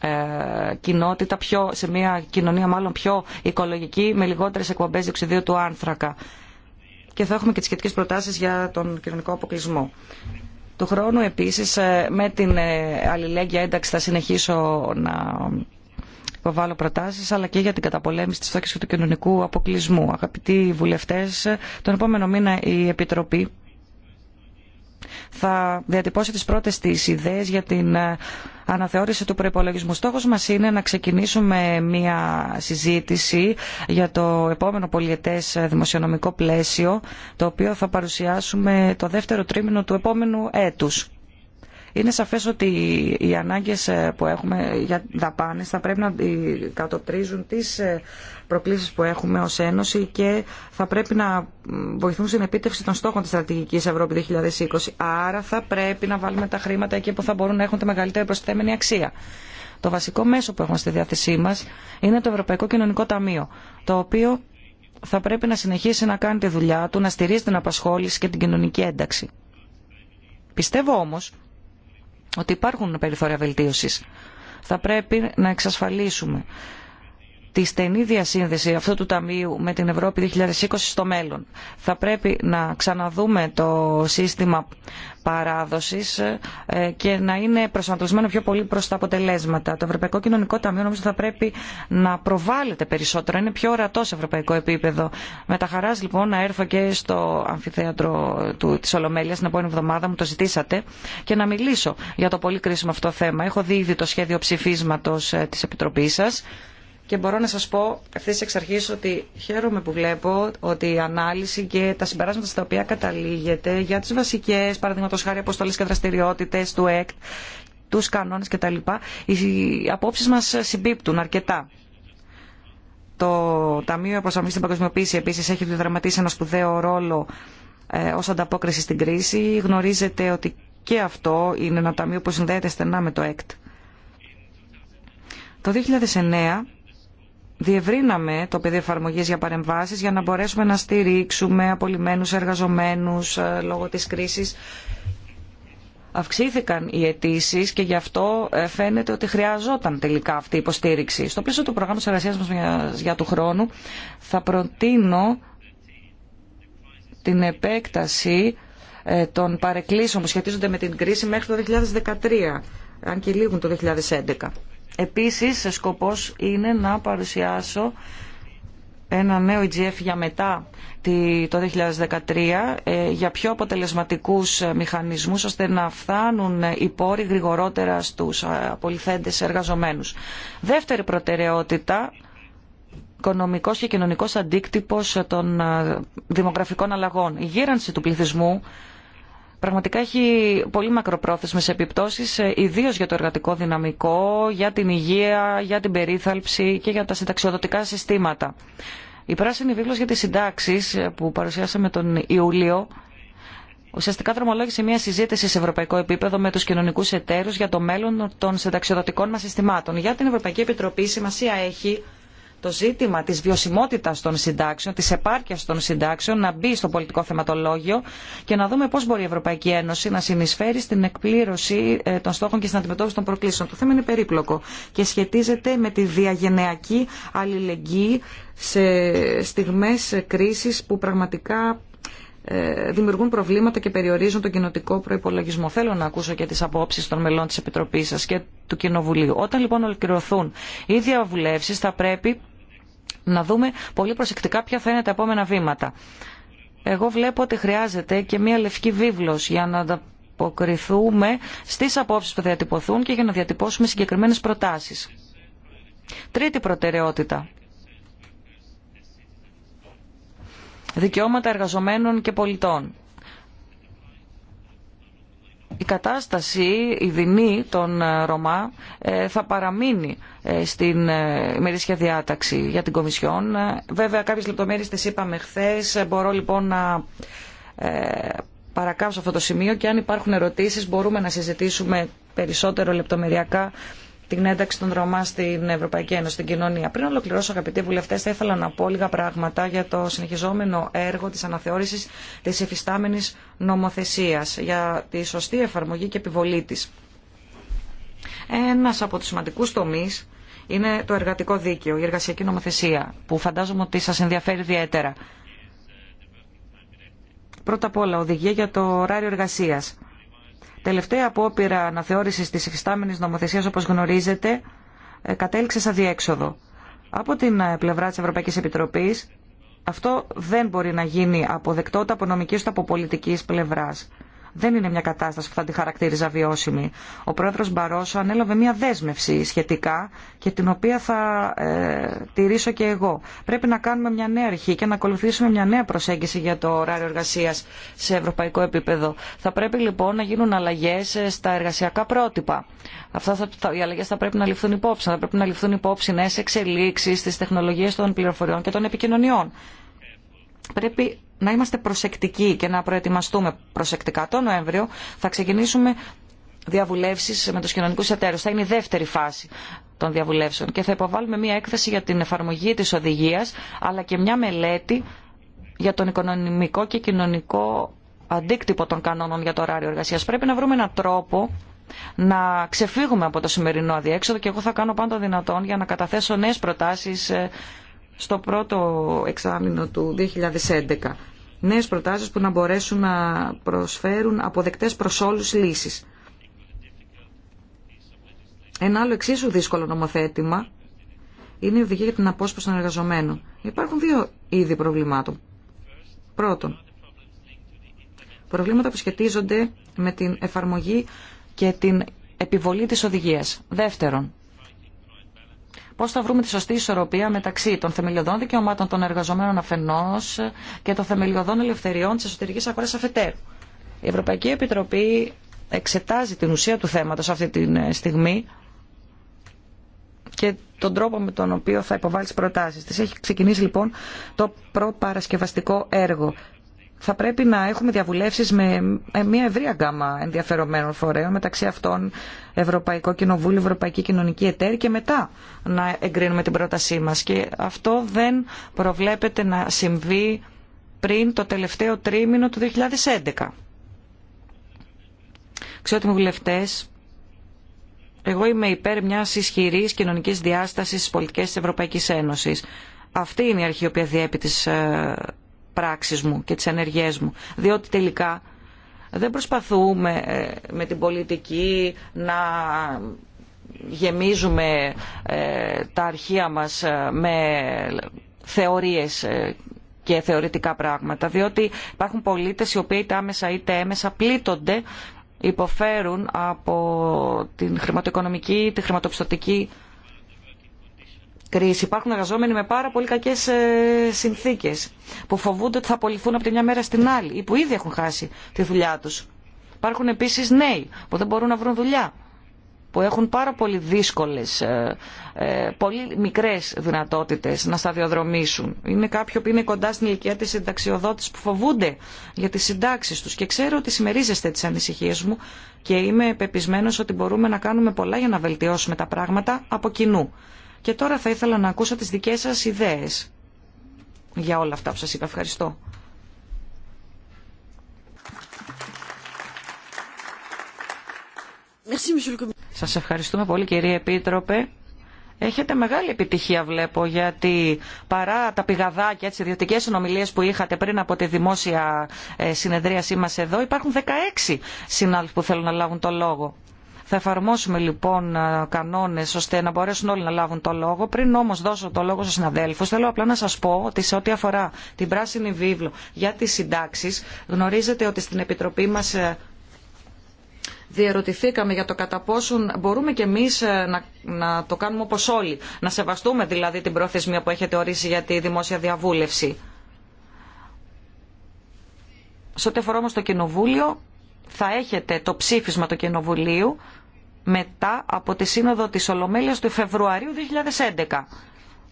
ε, κοινότητα, πιο, σε μια κοινωνία μάλλον πιο οικολογική, με λιγότερες εκπομπές διοξιδίου του άνθρακα. Και θα έχουμε και τις σχετικές προτάσεις για τον κοινωνικό αποκλεισμό. Του χρόνου επίσης ε, με την αλληλέγγυα ένταξη θα συνεχίσω να υποβάλλω προτάσεις αλλά και για την καταπολέμηση της στόχης του κοινωνικού αποκλεισμού. Αγαπητοί βουλευτές, τον επόμενο μήνα η Επιτροπή θα διατυπώσει τις πρώτες της ιδέες για την ε, αναθεώρηση του προϋπολογισμού. Στόχος μας είναι να ξεκινήσουμε μια συζήτηση για το επόμενο πολιετές ε, δημοσιονομικό πλαίσιο, το οποίο θα παρουσιάσουμε το δεύτερο τρίμηνο του επόμενου έτους. Είναι σαφές ότι οι ανάγκες ε, που έχουμε για δαπάνες θα πρέπει να κατοπτρίζουν τις ε, προκλήσεις που έχουμε ως Ένωση και θα πρέπει να βοηθούν στην επίτευξη των στόχων της στρατηγικής Ευρώπη 2020. Άρα θα πρέπει να βάλουμε τα χρήματα εκεί που θα μπορούν να έχουν τη μεγαλύτερη προσθέμενη αξία. Το βασικό μέσο που έχουμε στη διάθεσή μας είναι το Ευρωπαϊκό Κοινωνικό Ταμείο, το οποίο θα πρέπει να συνεχίσει να κάνει τη δουλειά του, να στηρίζει την απασχόληση και την κοινωνική ένταξη. Πιστεύω όμως ότι υπάρχουν περιθώρια βελτίωσης. Θα πρέπει να εξασφαλίσουμε τη στενή διασύνδεση αυτού του ταμείου με την Ευρώπη 2020 στο μέλλον. Θα πρέπει να ξαναδούμε το σύστημα παράδοσης ε, και να είναι προσανατολισμένο πιο πολύ προς τα αποτελέσματα. Το Ευρωπαϊκό Κοινωνικό Ταμείο νομίζω θα πρέπει να προβάλλεται περισσότερο, είναι πιο ορατό σε ευρωπαϊκό επίπεδο. Με τα χαράς λοιπόν να έρθω και στο αμφιθέατρο του, της Ολομέλειας την επόμενη εβδομάδα, μου το ζητήσατε, και να μιλήσω για το πολύ κρίσιμο αυτό θέμα. Έχω δει ήδη το σχέδιο ψηφίσματος ε, της Επιτροπής σας και μπορώ να σας πω ευθύς εξ αρχής ότι χαίρομαι που βλέπω ότι η ανάλυση και τα συμπεράσματα στα οποία καταλήγεται για τις βασικές παραδείγματος χάρη αποστολές και δραστηριότητες του ΕΚΤ, τους κανόνες κτλ. Οι απόψεις μας συμπίπτουν αρκετά. Το Ταμείο Προσαρμογή στην Παγκοσμιοποίηση επίσης έχει διαδραματίσει ένα σπουδαίο ρόλο ε, ως ανταπόκριση στην κρίση. Γνωρίζετε ότι και αυτό είναι ένα ταμείο που συνδέεται στενά με το ΕΚΤ. Το 2009 διευρύναμε το πεδίο εφαρμογή για παρεμβάσεις για να μπορέσουμε να στηρίξουμε απολυμμένου εργαζομένους ε, λόγω της κρίσης. Αυξήθηκαν οι αιτήσει και γι' αυτό ε, φαίνεται ότι χρειαζόταν τελικά αυτή η υποστήριξη. Στο πλαίσιο του προγράμματος εργασία μας για του χρόνου θα προτείνω την επέκταση ε, των παρεκκλήσεων που σχετίζονται με την κρίση μέχρι το 2013, αν και λήγουν το 2011. Επίσης, σκοπός είναι να παρουσιάσω ένα νέο EGF για μετά το 2013 ε, για πιο αποτελεσματικούς ε, μηχανισμούς ώστε να φτάνουν ε, οι πόροι γρηγορότερα στους απολυθέντες εργαζομένους. Δεύτερη προτεραιότητα, οικονομικός και κοινωνικός αντίκτυπος των δημογραφικών αλλαγών. Η γύρανση του πληθυσμού πραγματικά έχει πολύ μακροπρόθεσμες επιπτώσεις, ε, ιδίω για το εργατικό δυναμικό, για την υγεία, για την περίθαλψη και για τα συνταξιοδοτικά συστήματα. Η πράσινη βίβλος για τις συντάξεις ε, που παρουσιάσαμε τον Ιούλιο ουσιαστικά δρομολόγησε μια συζήτηση σε ευρωπαϊκό επίπεδο με τους κοινωνικούς εταίρους για το μέλλον των συνταξιοδοτικών μας συστημάτων. Για την Ευρωπαϊκή Επιτροπή σημασία έχει το ζήτημα της βιωσιμότητας των συντάξεων, της επάρκειας των συντάξεων να μπει στο πολιτικό θεματολόγιο και να δούμε πώς μπορεί η Ευρωπαϊκή Ένωση να συνεισφέρει στην εκπλήρωση ε, των στόχων και στην αντιμετώπιση των προκλήσεων. Το θέμα είναι περίπλοκο και σχετίζεται με τη διαγενειακή αλληλεγγύη σε στιγμές κρίσης που πραγματικά ε, δημιουργούν προβλήματα και περιορίζουν τον κοινοτικό προπολογισμό. Θέλω να ακούσω και τι απόψει των μελών τη Επιτροπή σα και του Κοινοβουλίου. Όταν λοιπόν ολοκληρωθούν οι διαβουλεύσει, θα πρέπει να δούμε πολύ προσεκτικά ποια θα είναι τα επόμενα βήματα. Εγώ βλέπω ότι χρειάζεται και μία λευκή βίβλος για να ανταποκριθούμε στις απόψεις που θα διατυπωθούν και για να διατυπώσουμε συγκεκριμένες προτάσεις. Τρίτη προτεραιότητα. Δικαιώματα εργαζομένων και πολιτών η κατάσταση, η δεινή των ε, Ρωμά ε, θα παραμείνει ε, στην ημερήσια διάταξη για την Κομισιόν. Βέβαια κάποιες λεπτομέρειες τις είπαμε χθε. μπορώ λοιπόν να παρακάψω αυτό το σημείο και αν υπάρχουν ερωτήσεις μπορούμε να συζητήσουμε περισσότερο λεπτομεριακά την ένταξη των Ρωμά στην Ευρωπαϊκή Ένωση, στην κοινωνία. Πριν ολοκληρώσω, αγαπητοί βουλευτέ, θα ήθελα να πω λίγα πράγματα για το συνεχιζόμενο έργο τη αναθεώρηση τη εφιστάμενη νομοθεσία για τη σωστή εφαρμογή και επιβολή τη. Ένα από του σημαντικού τομεί είναι το εργατικό δίκαιο, η εργασιακή νομοθεσία, που φαντάζομαι ότι σα ενδιαφέρει ιδιαίτερα. Πρώτα απ' όλα, οδηγία για το ωράριο εργασία τελευταία απόπειρα αναθεώρησης της υφιστάμενης νομοθεσίας, όπως γνωρίζετε, ε, κατέληξε σαν διέξοδο. Από την ε, πλευρά της Ευρωπαϊκής Επιτροπής, αυτό δεν μπορεί να γίνει αποδεκτό από νομικής ούτε από πολιτικής πλευράς δεν είναι μια κατάσταση που θα τη χαρακτήριζα βιώσιμη. Ο πρόεδρος Μπαρόσο ανέλαβε μια δέσμευση σχετικά και την οποία θα ε, τηρήσω και εγώ. Πρέπει να κάνουμε μια νέα αρχή και να ακολουθήσουμε μια νέα προσέγγιση για το ωράριο εργασία σε ευρωπαϊκό επίπεδο. Θα πρέπει λοιπόν να γίνουν αλλαγέ ε, στα εργασιακά πρότυπα. Αυτά θα, οι αλλαγέ θα πρέπει να ληφθούν υπόψη. Θα πρέπει να ληφθούν υπόψη νέε εξελίξει στι τεχνολογίε των πληροφοριών και των επικοινωνιών πρέπει να είμαστε προσεκτικοί και να προετοιμαστούμε προσεκτικά. Το Νοέμβριο θα ξεκινήσουμε διαβουλεύσεις με τους κοινωνικούς εταίρους. Θα είναι η δεύτερη φάση των διαβουλεύσεων και θα υποβάλουμε μια έκθεση για την εφαρμογή της οδηγίας αλλά και μια μελέτη για τον οικονομικό και κοινωνικό αντίκτυπο των κανόνων για το ωράριο εργασία. Πρέπει να βρούμε έναν τρόπο να ξεφύγουμε από το σημερινό αδιέξοδο και εγώ θα κάνω πάντα δυνατόν για να καταθέσω νέες προτάσεις ε, στο πρώτο εξάμεινο του 2011. Νέες προτάσεις που να μπορέσουν να προσφέρουν αποδεκτές προς όλους λύσεις. Ένα άλλο εξίσου δύσκολο νομοθέτημα είναι η οδηγία για την απόσπαση των εργαζομένων. Υπάρχουν δύο είδη προβλημάτων. Πρώτον, προβλήματα που σχετίζονται με την εφαρμογή και την επιβολή της οδηγίας. Δεύτερον, πώς θα βρούμε τη σωστή ισορροπία μεταξύ των θεμελιωδών δικαιωμάτων των εργαζομένων αφενός και των θεμελιωδών ελευθεριών της εσωτερικής αγοράς αφετέρου. Η Ευρωπαϊκή Επιτροπή εξετάζει την ουσία του θέματος αυτή τη στιγμή και τον τρόπο με τον οποίο θα υποβάλει τι προτάσει τη. Έχει ξεκινήσει λοιπόν το προπαρασκευαστικό έργο θα πρέπει να έχουμε διαβουλεύσεις με μια ευρία γκάμα ενδιαφερομένων φορέων, μεταξύ αυτών Ευρωπαϊκό Κοινοβούλιο, Ευρωπαϊκή Κοινωνική Εταίρη και μετά να εγκρίνουμε την πρότασή μας. Και αυτό δεν προβλέπεται να συμβεί πριν το τελευταίο τρίμηνο του 2011. Ξέρω μου βουλευτές, εγώ είμαι υπέρ μιας ισχυρής κοινωνικής διάστασης στις πολιτικές της Ευρωπαϊκής Ένωσης. Αυτή είναι η αρχή η οποία διέπει τις ε, πράξεις μου και τις ενεργές μου. Διότι τελικά δεν προσπαθούμε ε, με την πολιτική να γεμίζουμε ε, τα αρχεία μας ε, με θεωρίες και θεωρητικά πράγματα, διότι υπάρχουν πολίτες οι οποίοι είτε άμεσα είτε έμεσα πλήττονται, υποφέρουν από την χρηματοοικονομική, τη χρηματοπιστωτική κρίση. Υπάρχουν εργαζόμενοι με πάρα πολύ κακέ ε, συνθήκε που φοβούνται ότι θα απολυθούν από τη μια μέρα στην άλλη ή που ήδη έχουν χάσει τη δουλειά του. Υπάρχουν επίση νέοι που δεν μπορούν να βρουν δουλειά, που έχουν πάρα πολύ δύσκολε, ε, ε, πολύ μικρέ δυνατότητε να σταδιοδρομήσουν. Είναι κάποιοι που είναι κοντά στην ηλικία τη συνταξιοδότηση που φοβούνται για τι συντάξει του. Και ξέρω ότι συμμερίζεστε τι ανησυχίε μου και είμαι πεπισμένο ότι μπορούμε να κάνουμε πολλά για να βελτιώσουμε τα πράγματα από κοινού. Και τώρα θα ήθελα να ακούσω τις δικές σας ιδέες για όλα αυτά που σας είπα. Ευχαριστώ. Σας ευχαριστούμε πολύ κύριε Επίτροπε. Έχετε μεγάλη επιτυχία βλέπω γιατί παρά τα πηγαδάκια, τις ιδιωτικές συνομιλίες που είχατε πριν από τη δημόσια ε, συνεδρίασή μας εδώ υπάρχουν 16 συνάδελφοι που θέλουν να λάβουν το λόγο. Θα εφαρμόσουμε λοιπόν ε, κανόνε ώστε να μπορέσουν όλοι να λάβουν το λόγο. Πριν όμω δώσω το λόγο στου συναδέλφου, θέλω απλά να σα πω ότι σε ό,τι αφορά την πράσινη βίβλο για τι συντάξει, γνωρίζετε ότι στην Επιτροπή μα ε, διερωτηθήκαμε για το κατά πόσον μπορούμε και εμείς ε, να, να το κάνουμε όπως όλοι. Να σεβαστούμε δηλαδή την προθεσμία που έχετε ορίσει για τη δημόσια διαβούλευση. Σε ό,τι αφορά όμως το Κοινοβούλιο, θα έχετε το ψήφισμα του Κοινοβουλίου μετά από τη Σύνοδο της Ολομέλειας του Φεβρουαρίου 2011.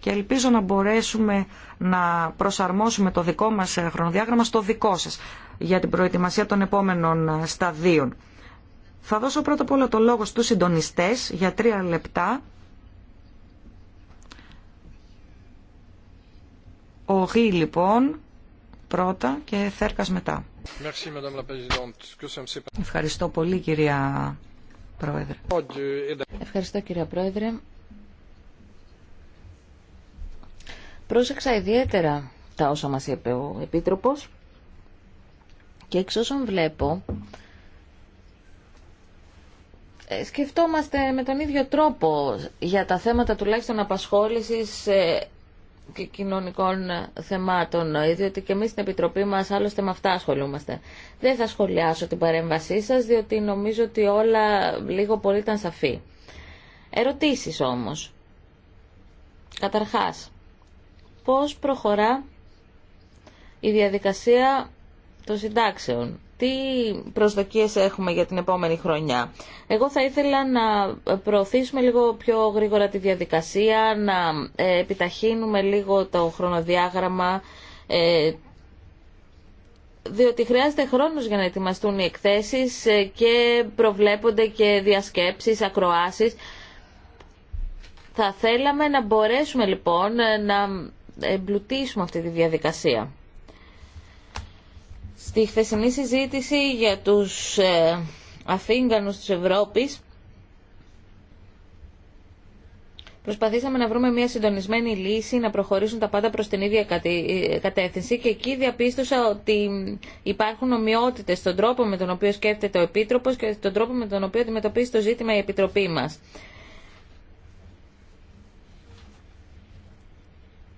Και ελπίζω να μπορέσουμε να προσαρμόσουμε το δικό μας ε, χρονοδιάγραμμα στο δικό σας για την προετοιμασία των επόμενων ε, σταδίων. Θα δώσω πρώτα απ' όλα το λόγο στους συντονιστές για τρία λεπτά. Ο Γη λοιπόν πρώτα και Θέρκας μετά. Ευχαριστώ πολύ κυρία Πρόεδρε. Ευχαριστώ κυρία Πρόεδρε. Πρόσεξα ιδιαίτερα τα όσα μας είπε ο Επίτροπος και εξ όσων βλέπω ε, σκεφτόμαστε με τον ίδιο τρόπο για τα θέματα τουλάχιστον απασχόλησης ε, και κοινωνικών θεμάτων, διότι και εμείς στην Επιτροπή μας άλλωστε με αυτά ασχολούμαστε. Δεν θα σχολιάσω την παρέμβασή σας, διότι νομίζω ότι όλα λίγο πολύ ήταν σαφή. Ερωτήσεις όμως. Καταρχάς, πώς προχωρά η διαδικασία των συντάξεων τι προσδοκίες έχουμε για την επόμενη χρονιά. Εγώ θα ήθελα να προωθήσουμε λίγο πιο γρήγορα τη διαδικασία, να ε, επιταχύνουμε λίγο το χρονοδιάγραμμα, ε, διότι χρειάζεται χρόνος για να ετοιμαστούν οι εκθέσεις ε, και προβλέπονται και διασκέψεις, ακροάσεις. Θα θέλαμε να μπορέσουμε λοιπόν να εμπλουτίσουμε αυτή τη διαδικασία. Στη χθεσινή συζήτηση για τους ε, αφήγγανους της Ευρώπης προσπαθήσαμε να βρούμε μια συντονισμένη λύση, να προχωρήσουν τα πάντα προς την ίδια ε, κατεύθυνση και εκεί διαπίστωσα ότι υπάρχουν ομοιότητες στον τρόπο με τον οποίο σκέφτεται ο Επίτροπος και στον τρόπο με τον οποίο αντιμετωπίζει το ζήτημα η Επιτροπή μας.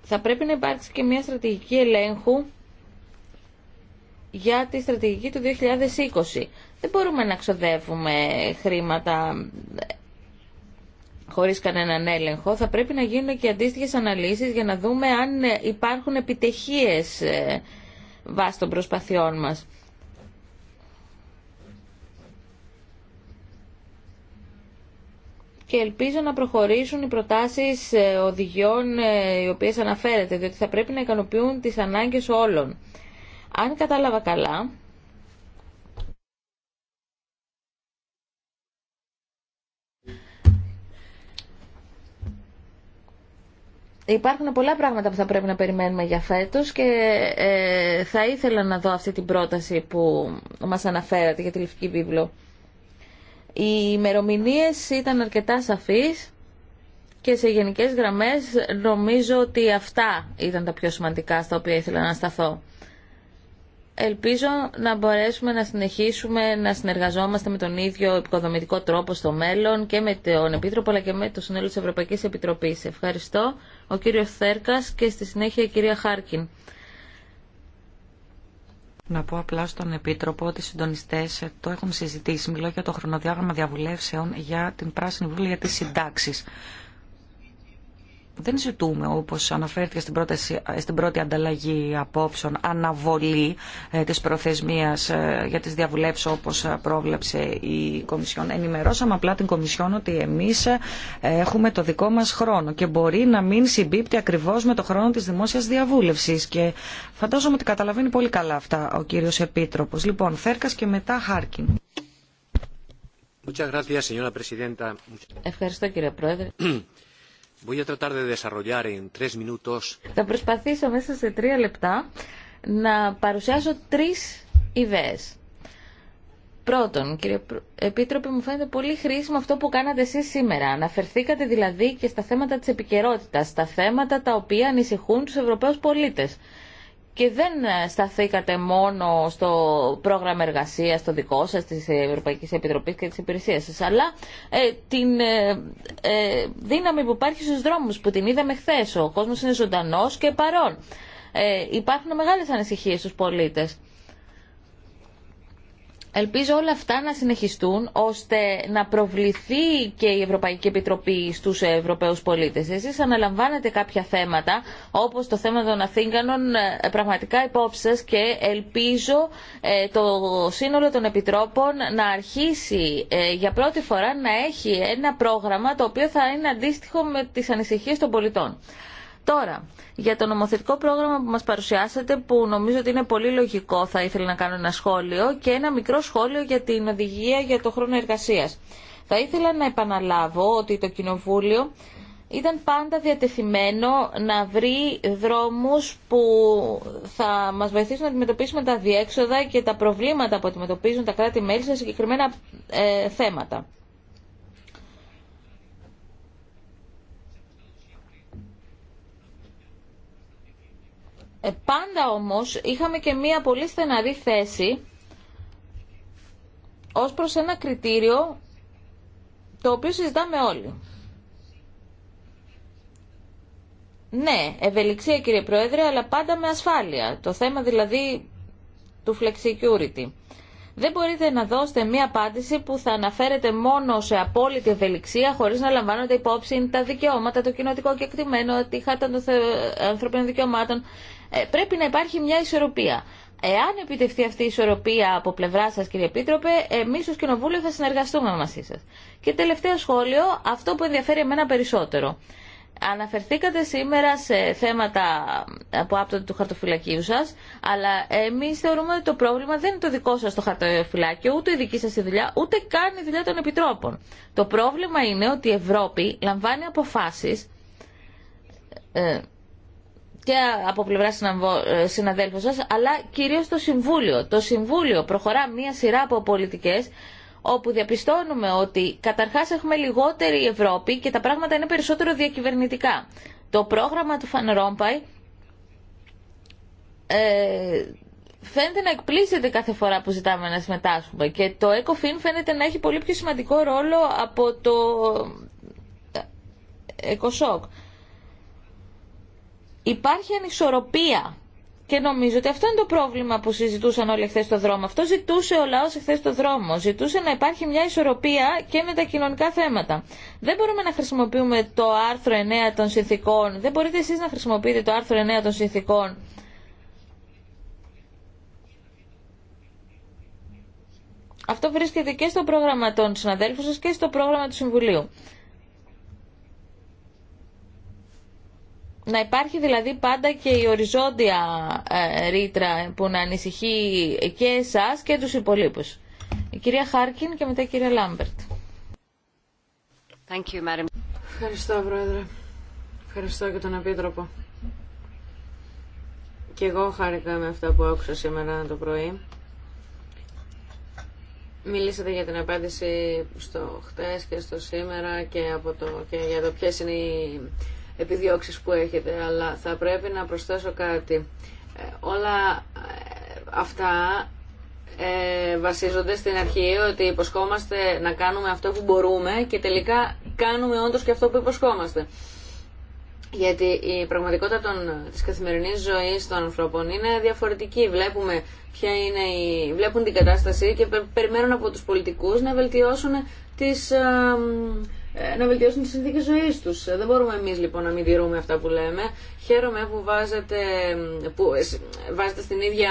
Θα πρέπει να υπάρξει και μια στρατηγική ελέγχου για τη στρατηγική του 2020. Δεν μπορούμε να ξοδεύουμε χρήματα χωρίς κανέναν έλεγχο. Θα πρέπει να γίνουν και αντίστοιχες αναλύσεις για να δούμε αν υπάρχουν επιτυχίες ε, βάσει των προσπαθειών μας. και ελπίζω να προχωρήσουν οι προτάσεις ε, οδηγιών ε, οι οποίες αναφέρεται, διότι θα πρέπει να ικανοποιούν τις ανάγκες όλων. Αν κατάλαβα καλά, Υπάρχουν πολλά πράγματα που θα πρέπει να περιμένουμε για φέτος και ε, θα ήθελα να δω αυτή την πρόταση που μας αναφέρατε για τη Λευκή Βίβλο. Οι ημερομηνίε ήταν αρκετά σαφείς και σε γενικές γραμμές νομίζω ότι αυτά ήταν τα πιο σημαντικά στα οποία ήθελα να σταθώ. Ελπίζω να μπορέσουμε να συνεχίσουμε να συνεργαζόμαστε με τον ίδιο οικοδομητικό τρόπο στο μέλλον και με τον Επίτροπο αλλά και με το Συνέλο τη Ευρωπαϊκής Επιτροπής. Ευχαριστώ ο κύριος Θέρκας και στη συνέχεια η κυρία Χάρκιν. Να πω απλά στον Επίτροπο ότι οι συντονιστέ το έχουν συζητήσει. Μιλώ για το χρονοδιάγραμμα διαβουλεύσεων για την Πράσινη Βουλή για τι συντάξει δεν ζητούμε, όπως αναφέρθηκε στην, πρόταση, στην πρώτη ανταλλαγή απόψεων, αναβολή ε, της προθεσμίας ε, για τις διαβουλεύσεις όπως ε, πρόβλεψε η Κομισιόν. Ενημερώσαμε απλά την Κομισιόν ότι εμείς ε, έχουμε το δικό μας χρόνο και μπορεί να μην συμπίπτει ακριβώς με το χρόνο της δημόσιας διαβούλευσης και φαντάζομαι ότι καταλαβαίνει πολύ καλά αυτά ο κύριος Επίτροπος. Λοιπόν, Θέρκας και μετά Χάρκιν. Ευχαριστώ κύριε Πρόεδρε. Θα προσπαθήσω μέσα σε τρία λεπτά να παρουσιάσω τρεις ιδέες. Πρώτον, κύριε Επίτροπε, μου φαίνεται πολύ χρήσιμο αυτό που κάνατε εσείς σήμερα. Αναφερθήκατε δηλαδή και στα θέματα της επικαιρότητα, στα θέματα τα οποία ανησυχούν τους Ευρωπαίους πολίτες και δεν ε, σταθήκατε μόνο στο πρόγραμμα εργασίας το δικό σας της Ευρωπαϊκής Επιτροπής και της υπηρεσίας σας αλλά ε, την ε, ε, δύναμη που υπάρχει στους δρόμους που την είδαμε χθε. ο κόσμος είναι ζωντανός και παρόν. υπάρχουν μεγάλες ανησυχίες στους πολίτες. Ελπίζω όλα αυτά να συνεχιστούν ώστε να προβληθεί και η Ευρωπαϊκή Επιτροπή στους Ευρωπαίους πολίτες. Εσείς αναλαμβάνετε κάποια θέματα όπως το θέμα των Αθήγανων ε, πραγματικά υπόψη σας και ελπίζω ε, το σύνολο των Επιτρόπων να αρχίσει ε, για πρώτη φορά να έχει ένα πρόγραμμα το οποίο θα είναι αντίστοιχο με τις ανησυχίες των πολιτών. Τώρα, για το νομοθετικό πρόγραμμα που μας παρουσιάσατε, που νομίζω ότι είναι πολύ λογικό, θα ήθελα να κάνω ένα σχόλιο και ένα μικρό σχόλιο για την οδηγία για το χρόνο εργασίας. Θα ήθελα να επαναλάβω ότι το Κοινοβούλιο ήταν πάντα διατεθειμένο να βρει δρόμους που θα μας βοηθήσουν να αντιμετωπίσουμε τα διέξοδα και τα προβλήματα που αντιμετωπίζουν τα κράτη-μέλη σε συγκεκριμένα ε, θέματα. Ε, πάντα όμως είχαμε και μία πολύ στεναρή θέση ως προς ένα κριτήριο το οποίο συζητάμε όλοι. Ναι, ευελιξία κύριε Πρόεδρε, αλλά πάντα με ασφάλεια. Το θέμα δηλαδή του flexicurity. Δεν μπορείτε να δώσετε μία απάντηση που θα αναφέρεται μόνο σε απόλυτη ευελιξία χωρίς να λαμβάνονται υπόψη τα δικαιώματα, το κοινοτικό κεκτημένο, τη χάρτα των ανθρωπίνων δικαιωμάτων. Ε, πρέπει να υπάρχει μια ισορροπία. Εάν επιτευχθεί αυτή η ισορροπία από πλευρά σα, κύριε Επίτροπε, εμεί ω Κοινοβούλιο θα συνεργαστούμε μαζί σα. Και τελευταίο σχόλιο, αυτό που ενδιαφέρει εμένα περισσότερο. Αναφερθήκατε σήμερα σε θέματα που άπτονται του χαρτοφυλακίου σα, αλλά εμεί θεωρούμε ότι το πρόβλημα δεν είναι το δικό σα το χαρτοφυλάκιο, ούτε η δική σα δουλειά, ούτε καν η δουλειά των επιτρόπων. Το πρόβλημα είναι ότι η Ευρώπη λαμβάνει αποφάσει. Ε, και από πλευρά ε, συναδέλφων σας, αλλά κυρίως το Συμβούλιο. Το Συμβούλιο προχωρά μία σειρά από πολιτικές όπου διαπιστώνουμε ότι καταρχάς έχουμε λιγότερη Ευρώπη και τα πράγματα είναι περισσότερο διακυβερνητικά. Το πρόγραμμα του Φαν Ρόμπαϊ ε, φαίνεται να εκπλήσεται κάθε φορά που ζητάμε να συμμετάσχουμε και το ECOFIN φαίνεται να έχει πολύ πιο σημαντικό ρόλο από το ε, ECOSOC υπάρχει ανισορροπία. Και νομίζω ότι αυτό είναι το πρόβλημα που συζητούσαν όλοι χθε στο δρόμο. Αυτό ζητούσε ο λαό χθε στο δρόμο. Ζητούσε να υπάρχει μια ισορροπία και με τα κοινωνικά θέματα. Δεν μπορούμε να χρησιμοποιούμε το άρθρο 9 των συνθήκων. Δεν μπορείτε εσεί να χρησιμοποιείτε το άρθρο 9 των συνθήκων. Αυτό βρίσκεται και στο πρόγραμμα των συναδέλφων σα και στο πρόγραμμα του Συμβουλίου. να υπάρχει δηλαδή πάντα και η οριζόντια ε, ρήτρα που να ανησυχεί και εσάς και τους υπολείπους. Η κυρία Χάρκιν και μετά η κυρία Λάμπερτ. Ευχαριστώ, Πρόεδρε. Ευχαριστώ και τον Επίτροπο. Και εγώ χάρηκα με αυτά που άκουσα σήμερα το πρωί. Μιλήσατε για την απάντηση στο χτες και στο σήμερα και, από το, και για το ποιες είναι οι επιδιώξεις που έχετε, αλλά θα πρέπει να προσθέσω κάτι. Ε, όλα ε, αυτά ε, βασίζονται στην αρχή ότι υποσχόμαστε να κάνουμε αυτό που μπορούμε και τελικά κάνουμε όντως και αυτό που υποσχόμαστε. Γιατί η πραγματικότητα των, της καθημερινής ζωής των ανθρώπων είναι διαφορετική. Βλέπουμε ποια είναι η, βλέπουν την κατάσταση και περιμένουν από τους πολιτικούς να βελτιώσουν τις, ε, να βελτιώσουν τις συνθήκε ζωή του. Ε, δεν μπορούμε εμείς λοιπόν να μην τηρούμε αυτά που λέμε. Χαίρομαι που βάζετε, που ε, βάζετε στην ίδια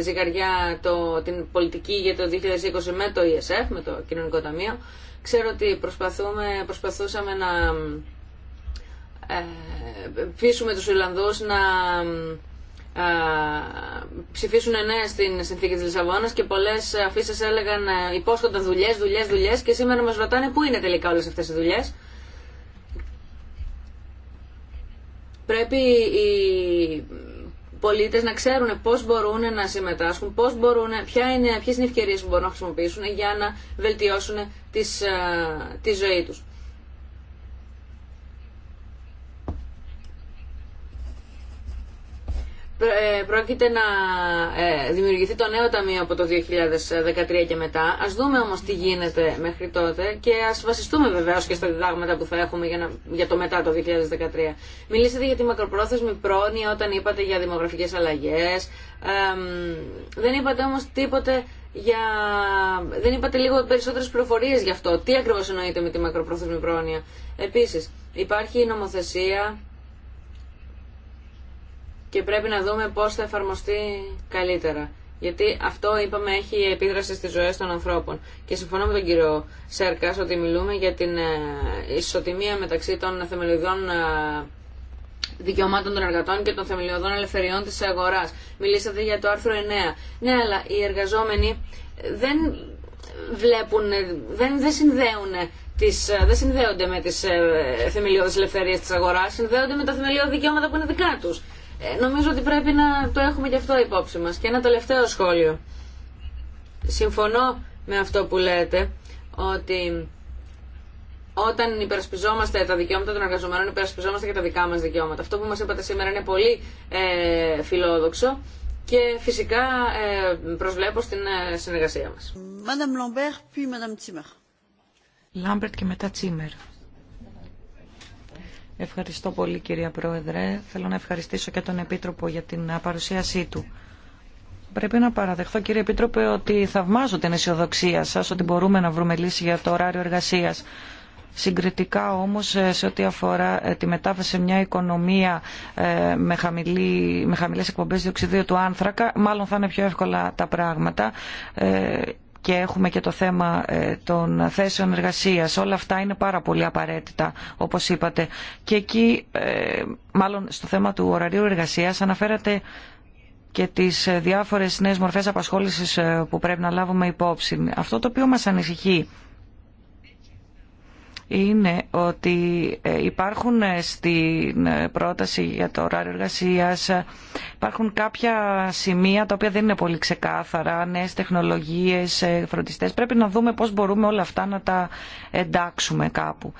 ζυγαριά το, την πολιτική για το 2020 με το ESF, με το Κοινωνικό Ταμείο. Ξέρω ότι προσπαθούμε, προσπαθούσαμε να ε, πείσουμε τους Ιρλανδούς να ψηφίσουν ναι στην συνθήκη τη Λισαβόνα και πολλέ αφήσει έλεγαν ε, υπόσχονταν δουλειέ, δουλειέ, δουλειέ και σήμερα μα ρωτάνε πού είναι τελικά όλε αυτέ οι δουλειέ. Πρέπει οι πολίτε να ξέρουν πώ μπορούν να συμμετάσχουν, πώς μπορούν, ποια είναι, ποιες είναι οι ευκαιρίε που μπορούν να χρησιμοποιήσουν για να βελτιώσουν ε, τη ζωή του. Ε, πρόκειται να ε, δημιουργηθεί το νέο ταμείο από το 2013 και μετά. Ας δούμε όμως τι γίνεται μέχρι τότε και ας βασιστούμε βεβαίω και στα διδάγματα που θα έχουμε για, το μετά το 2013. Μιλήσατε για τη μακροπρόθεσμη πρόνοια όταν είπατε για δημογραφικές αλλαγές. δεν είπατε όμως τίποτε για... Δεν είπατε λίγο περισσότερε πληροφορίες γι' αυτό. Τι ακριβώ εννοείται με τη μακροπρόθεσμη πρόνοια. Επίση, υπάρχει η νομοθεσία και πρέπει να δούμε πώς θα εφαρμοστεί καλύτερα. Γιατί αυτό, είπαμε, έχει επίδραση στις ζωές των ανθρώπων. Και συμφωνώ με τον κύριο Σέρκας ότι μιλούμε για την ε, ισοτιμία μεταξύ των θεμελιωδών ε, δικαιωμάτων των εργατών και των θεμελιωδών ελευθεριών της αγοράς. Μιλήσατε για το άρθρο 9. Ναι, αλλά οι εργαζόμενοι δεν βλέπουν, ε, δεν, δεν συνδέουν τις, δεν συνδέονται με τις ε, θεμελιώδεις ελευθερίες της αγοράς, συνδέονται με τα θεμελιώδη δικαιώματα που είναι δικά τους. Ε, νομίζω ότι πρέπει να το έχουμε και αυτό υπόψη μας. Και ένα τελευταίο σχόλιο. Συμφωνώ με αυτό που λέτε, ότι όταν υπερασπιζόμαστε τα δικαιώματα των εργαζομένων, υπερασπιζόμαστε και τα δικά μας δικαιώματα. Αυτό που μας είπατε σήμερα είναι πολύ ε, φιλόδοξο και φυσικά ε, προσβλέπω στην ε, συνεργασία μας. Λάμπερτ και μετά Τσίμερ. Ευχαριστώ πολύ κυρία Πρόεδρε. Θέλω να ευχαριστήσω και τον Επίτροπο για την παρουσίασή του. Πρέπει να παραδεχθώ κύριε Επίτροπε ότι θαυμάζω την αισιοδοξία σας ότι μπορούμε να βρούμε λύση για το ωράριο εργασίας. Συγκριτικά όμως σε ό,τι αφορά ε, τη μετάβαση σε μια οικονομία ε, με, χαμηλή, με χαμηλές εκπομπές διοξιδίου του άνθρακα, μάλλον θα είναι πιο εύκολα τα πράγματα. Ε, και έχουμε και το θέμα ε, των θέσεων εργασίας. Όλα αυτά είναι πάρα πολύ απαραίτητα, όπως είπατε. Και εκεί, ε, μάλλον στο θέμα του ωραρίου εργασίας, αναφέρατε και τις ε, διάφορες νέες μορφές απασχόλησης που πρέπει να λάβουμε υπόψη. Αυτό το οποίο μας ανησυχεί είναι ότι ε, υπάρχουν ε, στην ε, πρόταση για το ωράριο εργασία υπάρχουν κάποια σημεία τα οποία δεν είναι πολύ ξεκάθαρα, νέε τεχνολογίε, φροντιστέ. Πρέπει να δούμε πώ μπορούμε όλα αυτά να τα εντάξουμε κάπου.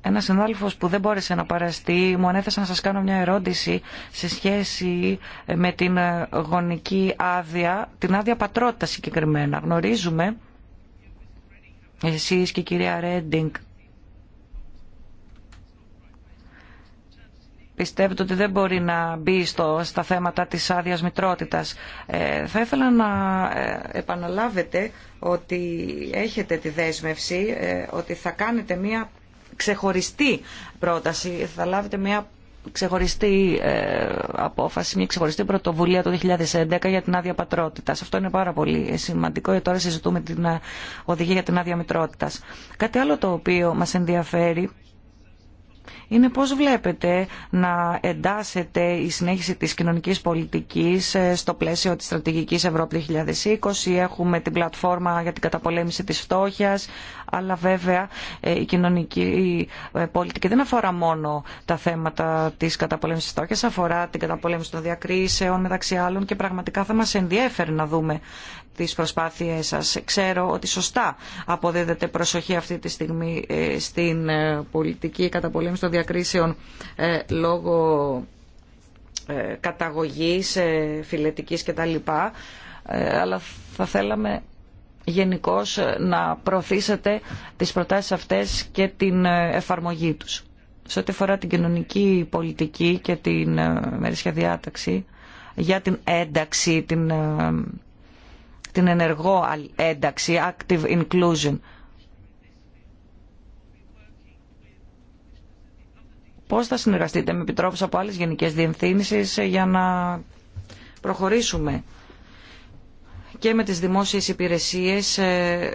Ένα συνάδελφο που δεν μπόρεσε να παραστεί μου ανέθεσε να σα κάνω μια ερώτηση σε σχέση με την γονική άδεια, την άδεια πατρότητα συγκεκριμένα. Γνωρίζουμε εσείς και η κυρία Ρέντινγκ πιστεύετε ότι δεν μπορεί να μπει στο, στα θέματα της άδειας μητρότητας. Ε, θα ήθελα να ε, επαναλάβετε ότι έχετε τη δέσμευση, ε, ότι θα κάνετε μια ξεχωριστή πρόταση, θα λάβετε μια ξεχωριστή ε, απόφαση, μια ξεχωριστή πρωτοβουλία το 2011 για την άδεια πατρότητα. Αυτό είναι πάρα πολύ σημαντικό και τώρα συζητούμε την ε, οδηγία για την άδεια μητρότητα. Κάτι άλλο το οποίο μα ενδιαφέρει είναι πώς βλέπετε να εντάσσεται η συνέχιση της κοινωνικής πολιτικής ε, στο πλαίσιο της στρατηγικής Ευρώπη 2020. Έχουμε την πλατφόρμα για την καταπολέμηση της φτώχειας, αλλά βέβαια ε, η κοινωνική ε, πολιτική δεν αφορά μόνο τα θέματα της καταπολέμησης της αφορά την καταπολέμηση των διακρίσεων μεταξύ άλλων και πραγματικά θα μας ενδιέφερε να δούμε τις προσπάθειές σας. Ξέρω ότι σωστά αποδίδεται προσοχή αυτή τη στιγμή ε, στην πολιτική καταπολέμηση των διακρίσεων λόγω καταγωγής, φιλετικής κτλ. Αλλά θα θέλαμε γενικώ να προωθήσετε τις προτάσεις αυτές και την ε, εφαρμογή τους. Σε ό,τι αφορά την κοινωνική πολιτική και την ε, μερίσια διάταξη για την ένταξη, την, ε, την ενεργό ένταξη, active inclusion, πώς θα συνεργαστείτε με επιτρόπους από άλλες γενικές διευθύνσεις για να προχωρήσουμε και με τις δημόσιες υπηρεσίες ε,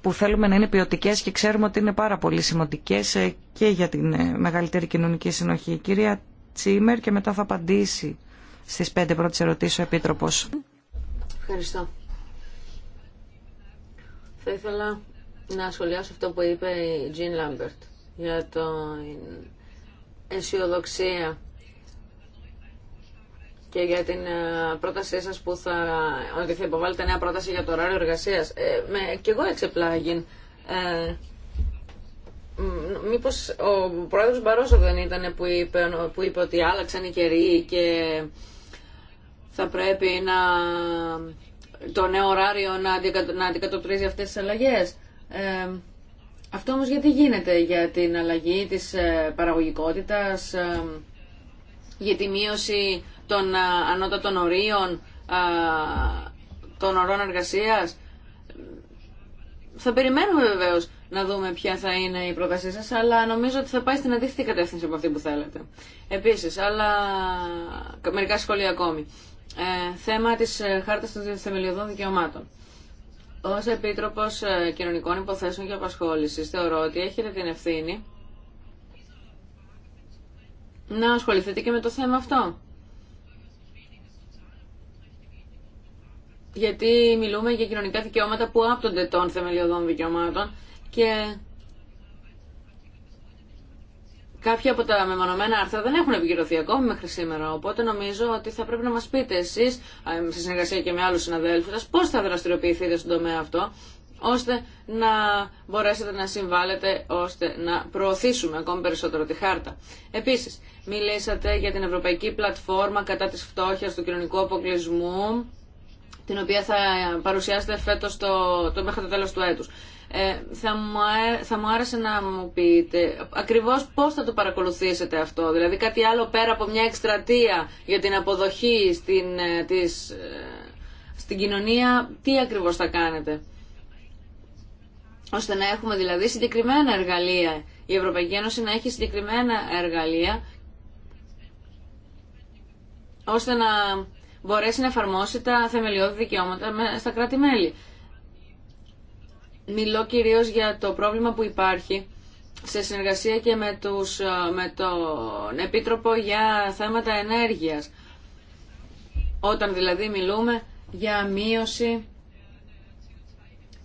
που θέλουμε να είναι ποιοτικές και ξέρουμε ότι είναι πάρα πολύ σημαντικές ε, και για την ε, μεγαλύτερη κοινωνική συνοχή. κυρία Τσίμερ και μετά θα απαντήσει στις πέντε πρώτες ερωτήσεις ο Επίτροπος. Ευχαριστώ. Θα ήθελα να σχολιάσω αυτό που είπε η Τζιν Λάμπερτ για το αισιοδοξία και για την ε, πρότασή σα που θα, ότι θα υποβάλλετε νέα πρόταση για το ωράριο εργασία. Ε, κι εγώ πλάγιν. Ε, μήπως ο πρόεδρο Μπαρόσο δεν ήταν που είπε, που ότι άλλαξαν οι καιροί και θα πρέπει να, το νέο ωράριο να, αντικατο, να αντικατοπτρίζει αυτές τις αλλαγές. Ε, αυτό όμως γιατί γίνεται για την αλλαγή της ε, παραγωγικότητας, για τη μείωση των ανώτατων ορίων των ορών εργασίας. Θα περιμένουμε βεβαίω να δούμε ποια θα είναι η πρότασή σας, αλλά νομίζω ότι θα πάει στην αντίθετη κατεύθυνση από αυτή που θέλετε. Επίσης, άλλα μερικά σχόλια ακόμη. Ε, θέμα της ε, χάρτας των Θεμελιωδών Δικαιωμάτων. Ως Επίτροπος ε, Κοινωνικών Υποθέσεων και Απασχόληση, θεωρώ ότι έχετε την ευθύνη να ασχοληθείτε και με το θέμα αυτό. Γιατί μιλούμε για κοινωνικά δικαιώματα που άπτονται των θεμελιωδών δικαιωμάτων και κάποια από τα μεμονωμένα άρθρα δεν έχουν επικυρωθεί ακόμη μέχρι σήμερα. Οπότε νομίζω ότι θα πρέπει να μας πείτε εσείς, σε συνεργασία και με άλλους συναδέλφους σας, πώ θα δραστηριοποιηθείτε στον τομέα αυτό, ώστε να μπορέσετε να συμβάλλετε, ώστε να προωθήσουμε ακόμη περισσότερο τη χάρτα. Επίσης, Μιλήσατε για την Ευρωπαϊκή Πλατφόρμα κατά της φτώχειας του κοινωνικού αποκλεισμού, την οποία θα παρουσιάσετε φέτος το, το, μέχρι το τέλος του έτους. Ε, θα, μου, θα μου άρεσε να μου πείτε ακριβώς πώς θα το παρακολουθήσετε αυτό, δηλαδή κάτι άλλο πέρα από μια εκστρατεία για την αποδοχή στην, ε, της, ε, στην κοινωνία, τι ακριβώς θα κάνετε ώστε να έχουμε δηλαδή συγκεκριμένα εργαλεία. Η Ευρωπαϊκή Ένωση να έχει συγκεκριμένα εργαλεία ώστε να μπορέσει να εφαρμόσει τα θεμελιώδη δικαιώματα στα κράτη-μέλη. Μιλώ κυρίως για το πρόβλημα που υπάρχει σε συνεργασία και με, τους, ε, με τον Επίτροπο για θέματα ενέργειας. Όταν δηλαδή μιλούμε για μείωση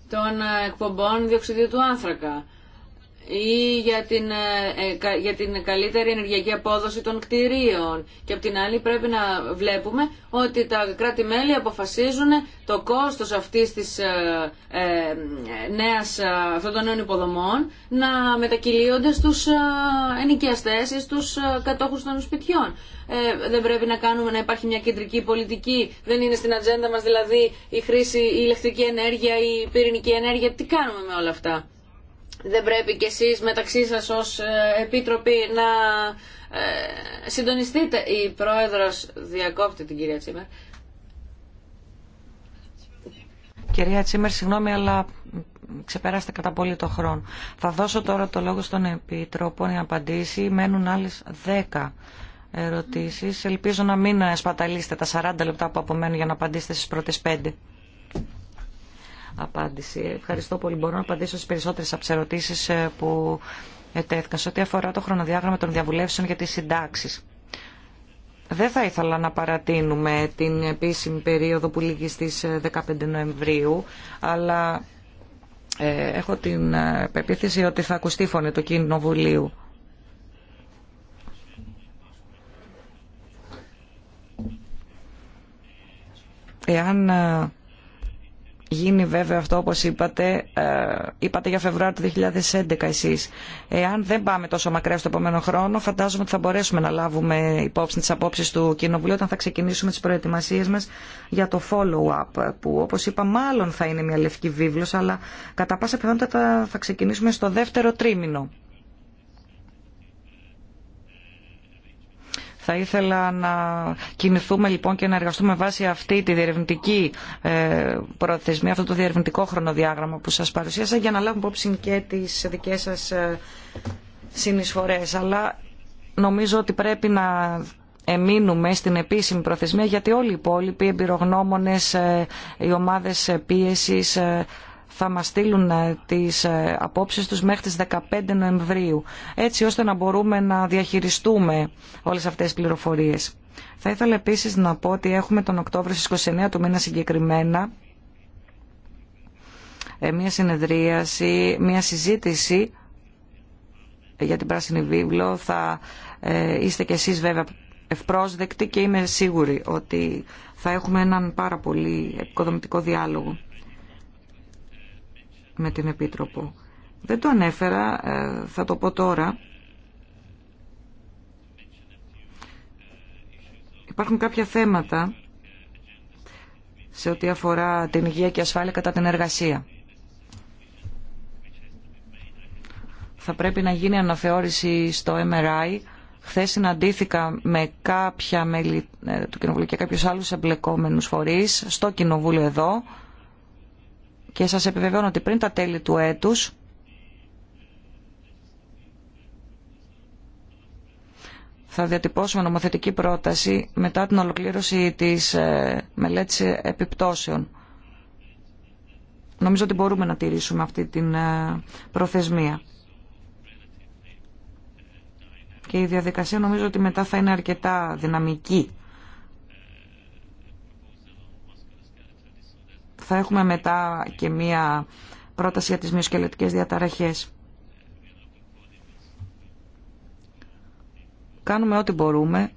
των εκπομπών διοξιδίου του άνθρακα ή για την, ε, ε, για την καλύτερη ενεργειακή απόδοση των κτηρίων. Και από την άλλη πρέπει να βλέπουμε ότι τα κράτη-μέλη αποφασίζουν το κόστος αυτής της ε, νέας, αυτών των νέων υποδομών να μετακυλίονται στους ενοικιαστές ή στους κατόχους των σπιτιών. Ε, δεν πρέπει να κάνουμε να υπάρχει μια κεντρική πολιτική. Δεν είναι στην ατζέντα μας δηλαδή η χρήση, η ηλεκτρική ενέργεια, η πυρηνική ενέργεια. Τι κάνουμε με όλα αυτά δεν πρέπει κι εσείς μεταξύ σας ως ε, επίτροποι να ε, συντονιστείτε. Η πρόεδρος διακόπτει την κυρία Τσίμερ. Κυρία Τσίμερ, συγγνώμη, αλλά ξεπέραστε κατά πολύ το χρόνο. Θα δώσω τώρα το λόγο στον Επίτροπο να απαντήσει. Μένουν άλλες 10 ερωτήσεις. Ελπίζω να μην σπαταλήσετε τα 40 λεπτά που απομένουν για να απαντήσετε στις πρώτες 5 απάντηση. Ευχαριστώ πολύ. Μπορώ να απαντήσω στι περισσότερες από τι ερωτήσει ε, που ετέθηκαν σε ό,τι αφορά το χρονοδιάγραμμα των διαβουλεύσεων για τι συντάξει. Δεν θα ήθελα να παρατείνουμε την επίσημη περίοδο που λήγει στις 15 ε, Νοεμβρίου, αλλά ε, έχω την πεποίθηση ότι θα ακουστεί φωνή του Κοινοβουλίου. Εάν γίνει βέβαια αυτό όπως είπατε, ε, είπατε για Φεβρουάριο του 2011 εσείς. Εάν δεν πάμε τόσο μακριά στο επόμενο χρόνο, φαντάζομαι ότι θα μπορέσουμε να λάβουμε υπόψη τις απόψεις του Κοινοβουλίου όταν θα ξεκινήσουμε τις προετοιμασίες μας για το follow-up, που όπως είπα μάλλον θα είναι μια λευκή βίβλος, αλλά κατά πάσα πιθανότητα θα ξεκινήσουμε στο δεύτερο τρίμηνο. Θα ήθελα να κινηθούμε λοιπόν και να εργαστούμε βάσει αυτή τη διερευνητική ε, προθεσμία, αυτό το διερευνητικό χρονοδιάγραμμα που σας παρουσίασα για να λάβουμε υπόψη και τις δικές σας ε, συνεισφορές. Αλλά νομίζω ότι πρέπει να εμείνουμε στην επίσημη προθεσμία γιατί όλοι οι υπόλοιποι εμπειρογνώμονες, ε, οι ομάδες πίεσης θα μας στείλουν ε, τις ε, απόψεις τους μέχρι τις 15 Νοεμβρίου, έτσι ώστε να μπορούμε να διαχειριστούμε όλες αυτές τις πληροφορίες. Θα ήθελα επίσης να πω ότι έχουμε τον Οκτώβριο στις 29 του μήνα συγκεκριμένα ε, μια συνεδρίαση, μια συζήτηση για την Πράσινη Βίβλο. Θα είστε κι εσείς βέβαια ευπρόσδεκτοι και είμαι σίγουρη ότι θα έχουμε έναν πάρα πολύ επικοδομητικό διάλογο με την Επίτροπο. Δεν το ανέφερα, ε, θα το πω τώρα. Υπάρχουν κάποια θέματα σε ό,τι αφορά την υγεία και ασφάλεια κατά την εργασία. Θα πρέπει να γίνει αναθεώρηση στο MRI. Χθε συναντήθηκα με κάποια μέλη ε, του Κοινοβουλίου και κάποιους άλλους εμπλεκόμενους φορείς στο Κοινοβούλιο εδώ και σας επιβεβαιώνω ότι πριν τα τέλη του έτους θα διατυπώσουμε νομοθετική πρόταση μετά την ολοκλήρωση της ε, μελέτης επιπτώσεων. Νομίζω ότι μπορούμε να τηρήσουμε αυτή την ε, προθεσμία. Και η διαδικασία νομίζω ότι μετά θα είναι αρκετά δυναμική Θα έχουμε μετά και μία πρόταση για τις μυοσκελετικές διαταραχές. Κάνουμε ό,τι μπορούμε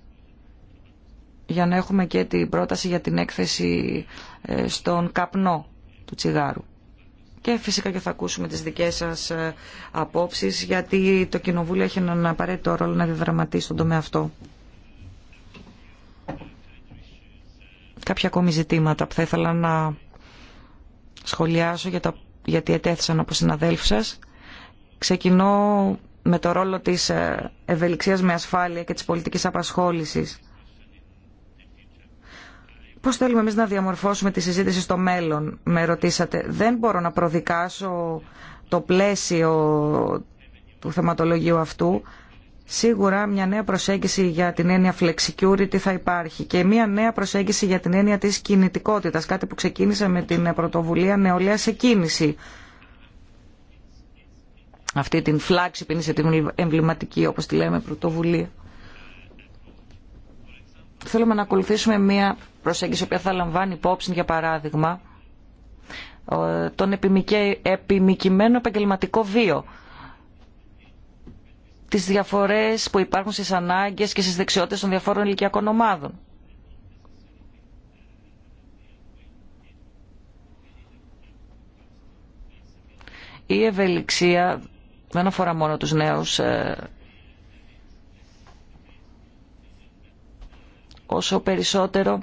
για να έχουμε και την πρόταση για την έκθεση ε, στον καπνό του τσιγάρου. Και φυσικά και θα ακούσουμε τις δικές σας ε, απόψεις, γιατί το Κοινοβούλιο έχει έναν απαραίτητο ρόλο να διδραματίσει τον τομέα αυτό. Κάποια ακόμη ζητήματα που θα ήθελα να σχολιάσω για τα, γιατί ετέθησαν από συναδέλφου σα. Ξεκινώ με το ρόλο της ε, ευελιξίας με ασφάλεια και της πολιτικής απασχόλησης. Πώς θέλουμε εμείς να διαμορφώσουμε τη συζήτηση στο μέλλον, με ρωτήσατε. Δεν μπορώ να προδικάσω το πλαίσιο του θεματολογίου αυτού σίγουρα μια νέα προσέγγιση για την έννοια flexicurity θα υπάρχει και μια νέα προσέγγιση για την έννοια της κινητικότητας, κάτι που ξεκίνησε με την πρωτοβουλία νεολαία σε κίνηση. Αυτή την που είναι σε την εμβληματική, όπως τη λέμε, πρωτοβουλία. Θέλουμε να ακολουθήσουμε μια προσέγγιση που θα λαμβάνει υπόψη, για παράδειγμα, τον επιμικημένο επαγγελματικό βίο τις διαφορές που υπάρχουν στις ανάγκες και στις δεξιότητες των διαφόρων ηλικιακών ομάδων. Η ευελιξία δεν αφορά μόνο τους νέους. Ε, όσο περισσότερο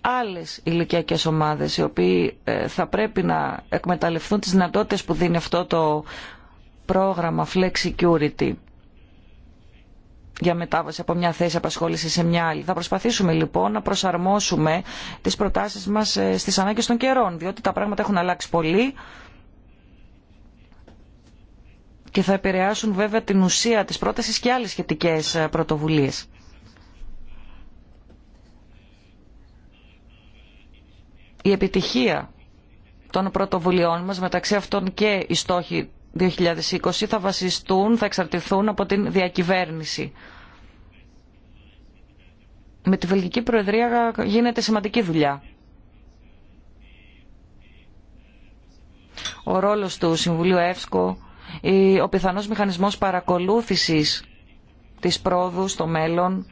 άλλες ηλικιακέ ομάδες οι οποίοι ε, θα πρέπει να εκμεταλλευτούν τις δυνατότητες που δίνει αυτό το πρόγραμμα Flex Security για μετάβαση από μια θέση απασχόληση σε μια άλλη. Θα προσπαθήσουμε λοιπόν να προσαρμόσουμε τις προτάσεις μας ε, στις ανάγκες των καιρών, διότι τα πράγματα έχουν αλλάξει πολύ και θα επηρεάσουν βέβαια την ουσία της πρότασης και άλλες σχετικές ε, πρωτοβουλίες. Η επιτυχία των πρωτοβουλειών μας μεταξύ αυτών και οι στόχοι 2020 θα βασιστούν, θα εξαρτηθούν από την διακυβέρνηση. Με τη Βελγική Προεδρία γίνεται σημαντική δουλειά. Ο ρόλος του Συμβουλίου ΕΦΣΚΟ, ο πιθανός μηχανισμός παρακολούθησης της πρόοδου στο μέλλον,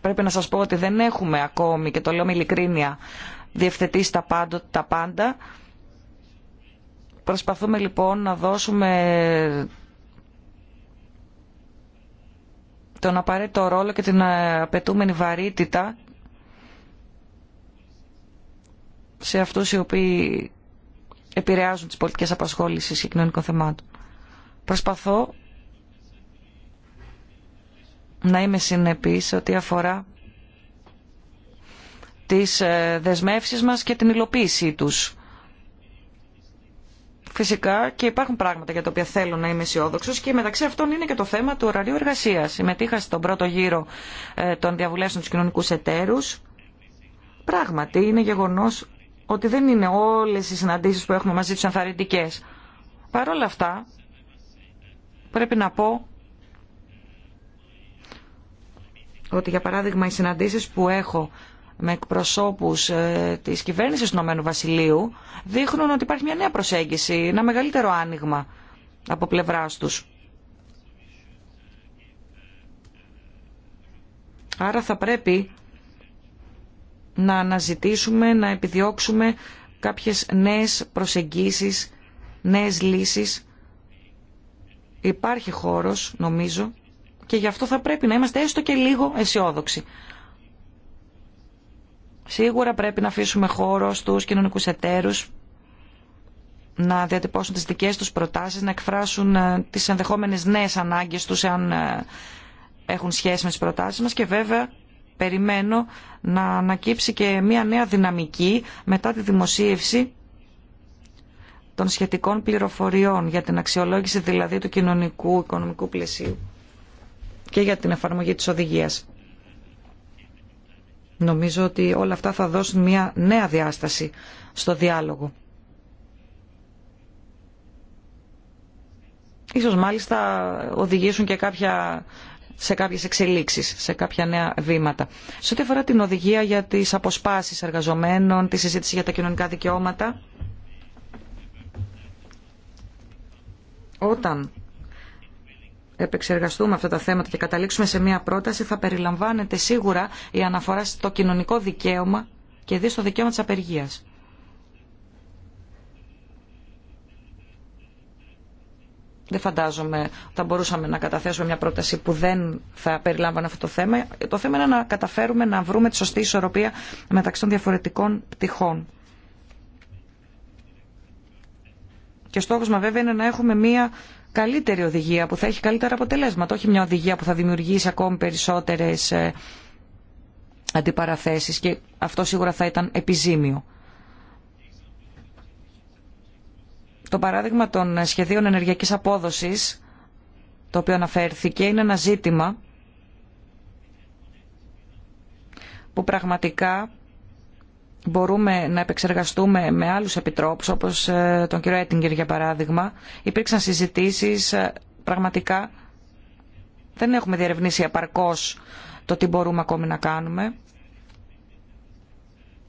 πρέπει να σας πω ότι δεν έχουμε ακόμη, και το λέω με ειλικρίνεια, διευθετήσει τα, πάντα τα πάντα. Προσπαθούμε λοιπόν να δώσουμε τον απαραίτητο ρόλο και την ε, απαιτούμενη βαρύτητα σε αυτούς οι οποίοι επηρεάζουν τις πολιτικές απασχόλησεις και κοινωνικών θεμάτων. Προσπαθώ να είμαι συνεπής ό,τι αφορά τις ε, δεσμεύσεις μας και την υλοποίησή τους. Φυσικά και υπάρχουν πράγματα για τα οποία θέλω να είμαι αισιόδοξο και μεταξύ αυτών είναι και το θέμα του ωραρίου εργασία. Συμμετείχα στον πρώτο γύρο ε, των διαβουλεύσεων του κοινωνικού εταίρου. Πράγματι, είναι γεγονό ότι δεν είναι όλε οι συναντήσει που έχουμε μαζί του ενθαρρυντικέ. Παρ' όλα αυτά, πρέπει να πω ότι για παράδειγμα οι συναντήσεις που έχω με εκπροσώπους ε, της κυβέρνησης του Ηνωμένου Βασιλείου δείχνουν ότι υπάρχει μια νέα προσέγγιση, ένα μεγαλύτερο άνοιγμα από πλευράς τους. Άρα θα πρέπει να αναζητήσουμε, να επιδιώξουμε κάποιες νέες προσεγγίσεις, νέες λύσεις. Υπάρχει χώρος, νομίζω, και γι' αυτό θα πρέπει να είμαστε έστω και λίγο αισιόδοξοι. Σίγουρα πρέπει να αφήσουμε χώρο στους κοινωνικούς εταίρους να διατυπώσουν τις δικές τους προτάσεις, να εκφράσουν ε, τις ενδεχόμενες νέες ανάγκες τους εάν ε, έχουν σχέση με τις προτάσεις μας και βέβαια περιμένω να ανακύψει και μια νέα δυναμική μετά τη δημοσίευση των σχετικών πληροφοριών για την αξιολόγηση δηλαδή του κοινωνικού οικονομικού πλαισίου και για την εφαρμογή της οδηγίας. Νομίζω ότι όλα αυτά θα δώσουν μια νέα διάσταση στο διάλογο. Ίσως μάλιστα οδηγήσουν και κάποια, σε κάποιες εξελίξεις, σε κάποια νέα βήματα. Σε ό,τι αφορά την οδηγία για τις αποσπάσεις εργαζομένων, τη συζήτηση για τα κοινωνικά δικαιώματα, όταν επεξεργαστούμε αυτά τα θέματα και καταλήξουμε σε μια πρόταση θα περιλαμβάνεται σίγουρα η αναφορά στο κοινωνικό δικαίωμα και δι στο δικαίωμα της απεργίας. Δεν φαντάζομαι ότι θα μπορούσαμε να καταθέσουμε μια πρόταση που δεν θα περιλάμβανε αυτό το θέμα. Το θέμα είναι να καταφέρουμε να βρούμε τη σωστή ισορροπία μεταξύ των διαφορετικών πτυχών. Και στόχος μας βέβαια είναι να έχουμε μια καλύτερη οδηγία που θα έχει καλύτερα αποτελέσματα, όχι μια οδηγία που θα δημιουργήσει ακόμη περισσότερες ε, αντιπαραθέσεις και αυτό σίγουρα θα ήταν επιζήμιο. Το παράδειγμα των ε, σχεδίων ενεργειακής απόδοσης, το οποίο αναφέρθηκε, είναι ένα ζήτημα που πραγματικά μπορούμε να επεξεργαστούμε με άλλους επιτρόπους, όπως ε, τον κύριο Έτιγκερ για παράδειγμα. Υπήρξαν συζητήσεις, ε, πραγματικά δεν έχουμε διερευνήσει απαρκώς το τι μπορούμε ακόμη να κάνουμε.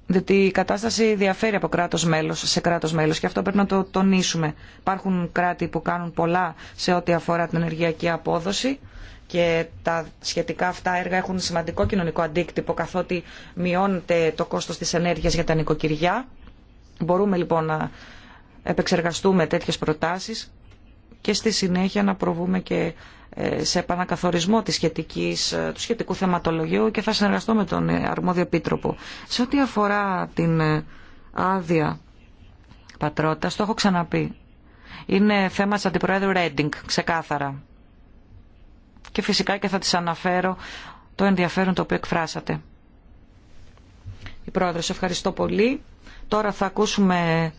Διότι η κατάσταση διαφέρει από κράτος μέλος σε κράτος μέλος και αυτό πρέπει να το τονίσουμε. Υπάρχουν κράτη που κάνουν πολλά σε ό,τι αφορά την ενεργειακή απόδοση και τα σχετικά αυτά έργα έχουν σημαντικό κοινωνικό αντίκτυπο καθότι μειώνεται το κόστος της ενέργειας για τα νοικοκυριά. Μπορούμε λοιπόν να επεξεργαστούμε τέτοιες προτάσεις και στη συνέχεια να προβούμε και ε, σε επανακαθορισμό της ε, του σχετικού θεματολογίου και θα συνεργαστώ με τον ε, αρμόδιο επίτροπο. Σε ό,τι αφορά την άδεια πατρότητας, το έχω ξαναπεί. Είναι θέμα της Αντιπροέδρου Ρέντινγκ, ξεκάθαρα και φυσικά και θα τις αναφέρω το ενδιαφέρον το οποίο εκφράσατε. Η Πρόεδρος, ευχαριστώ πολύ. Τώρα θα ακούσουμε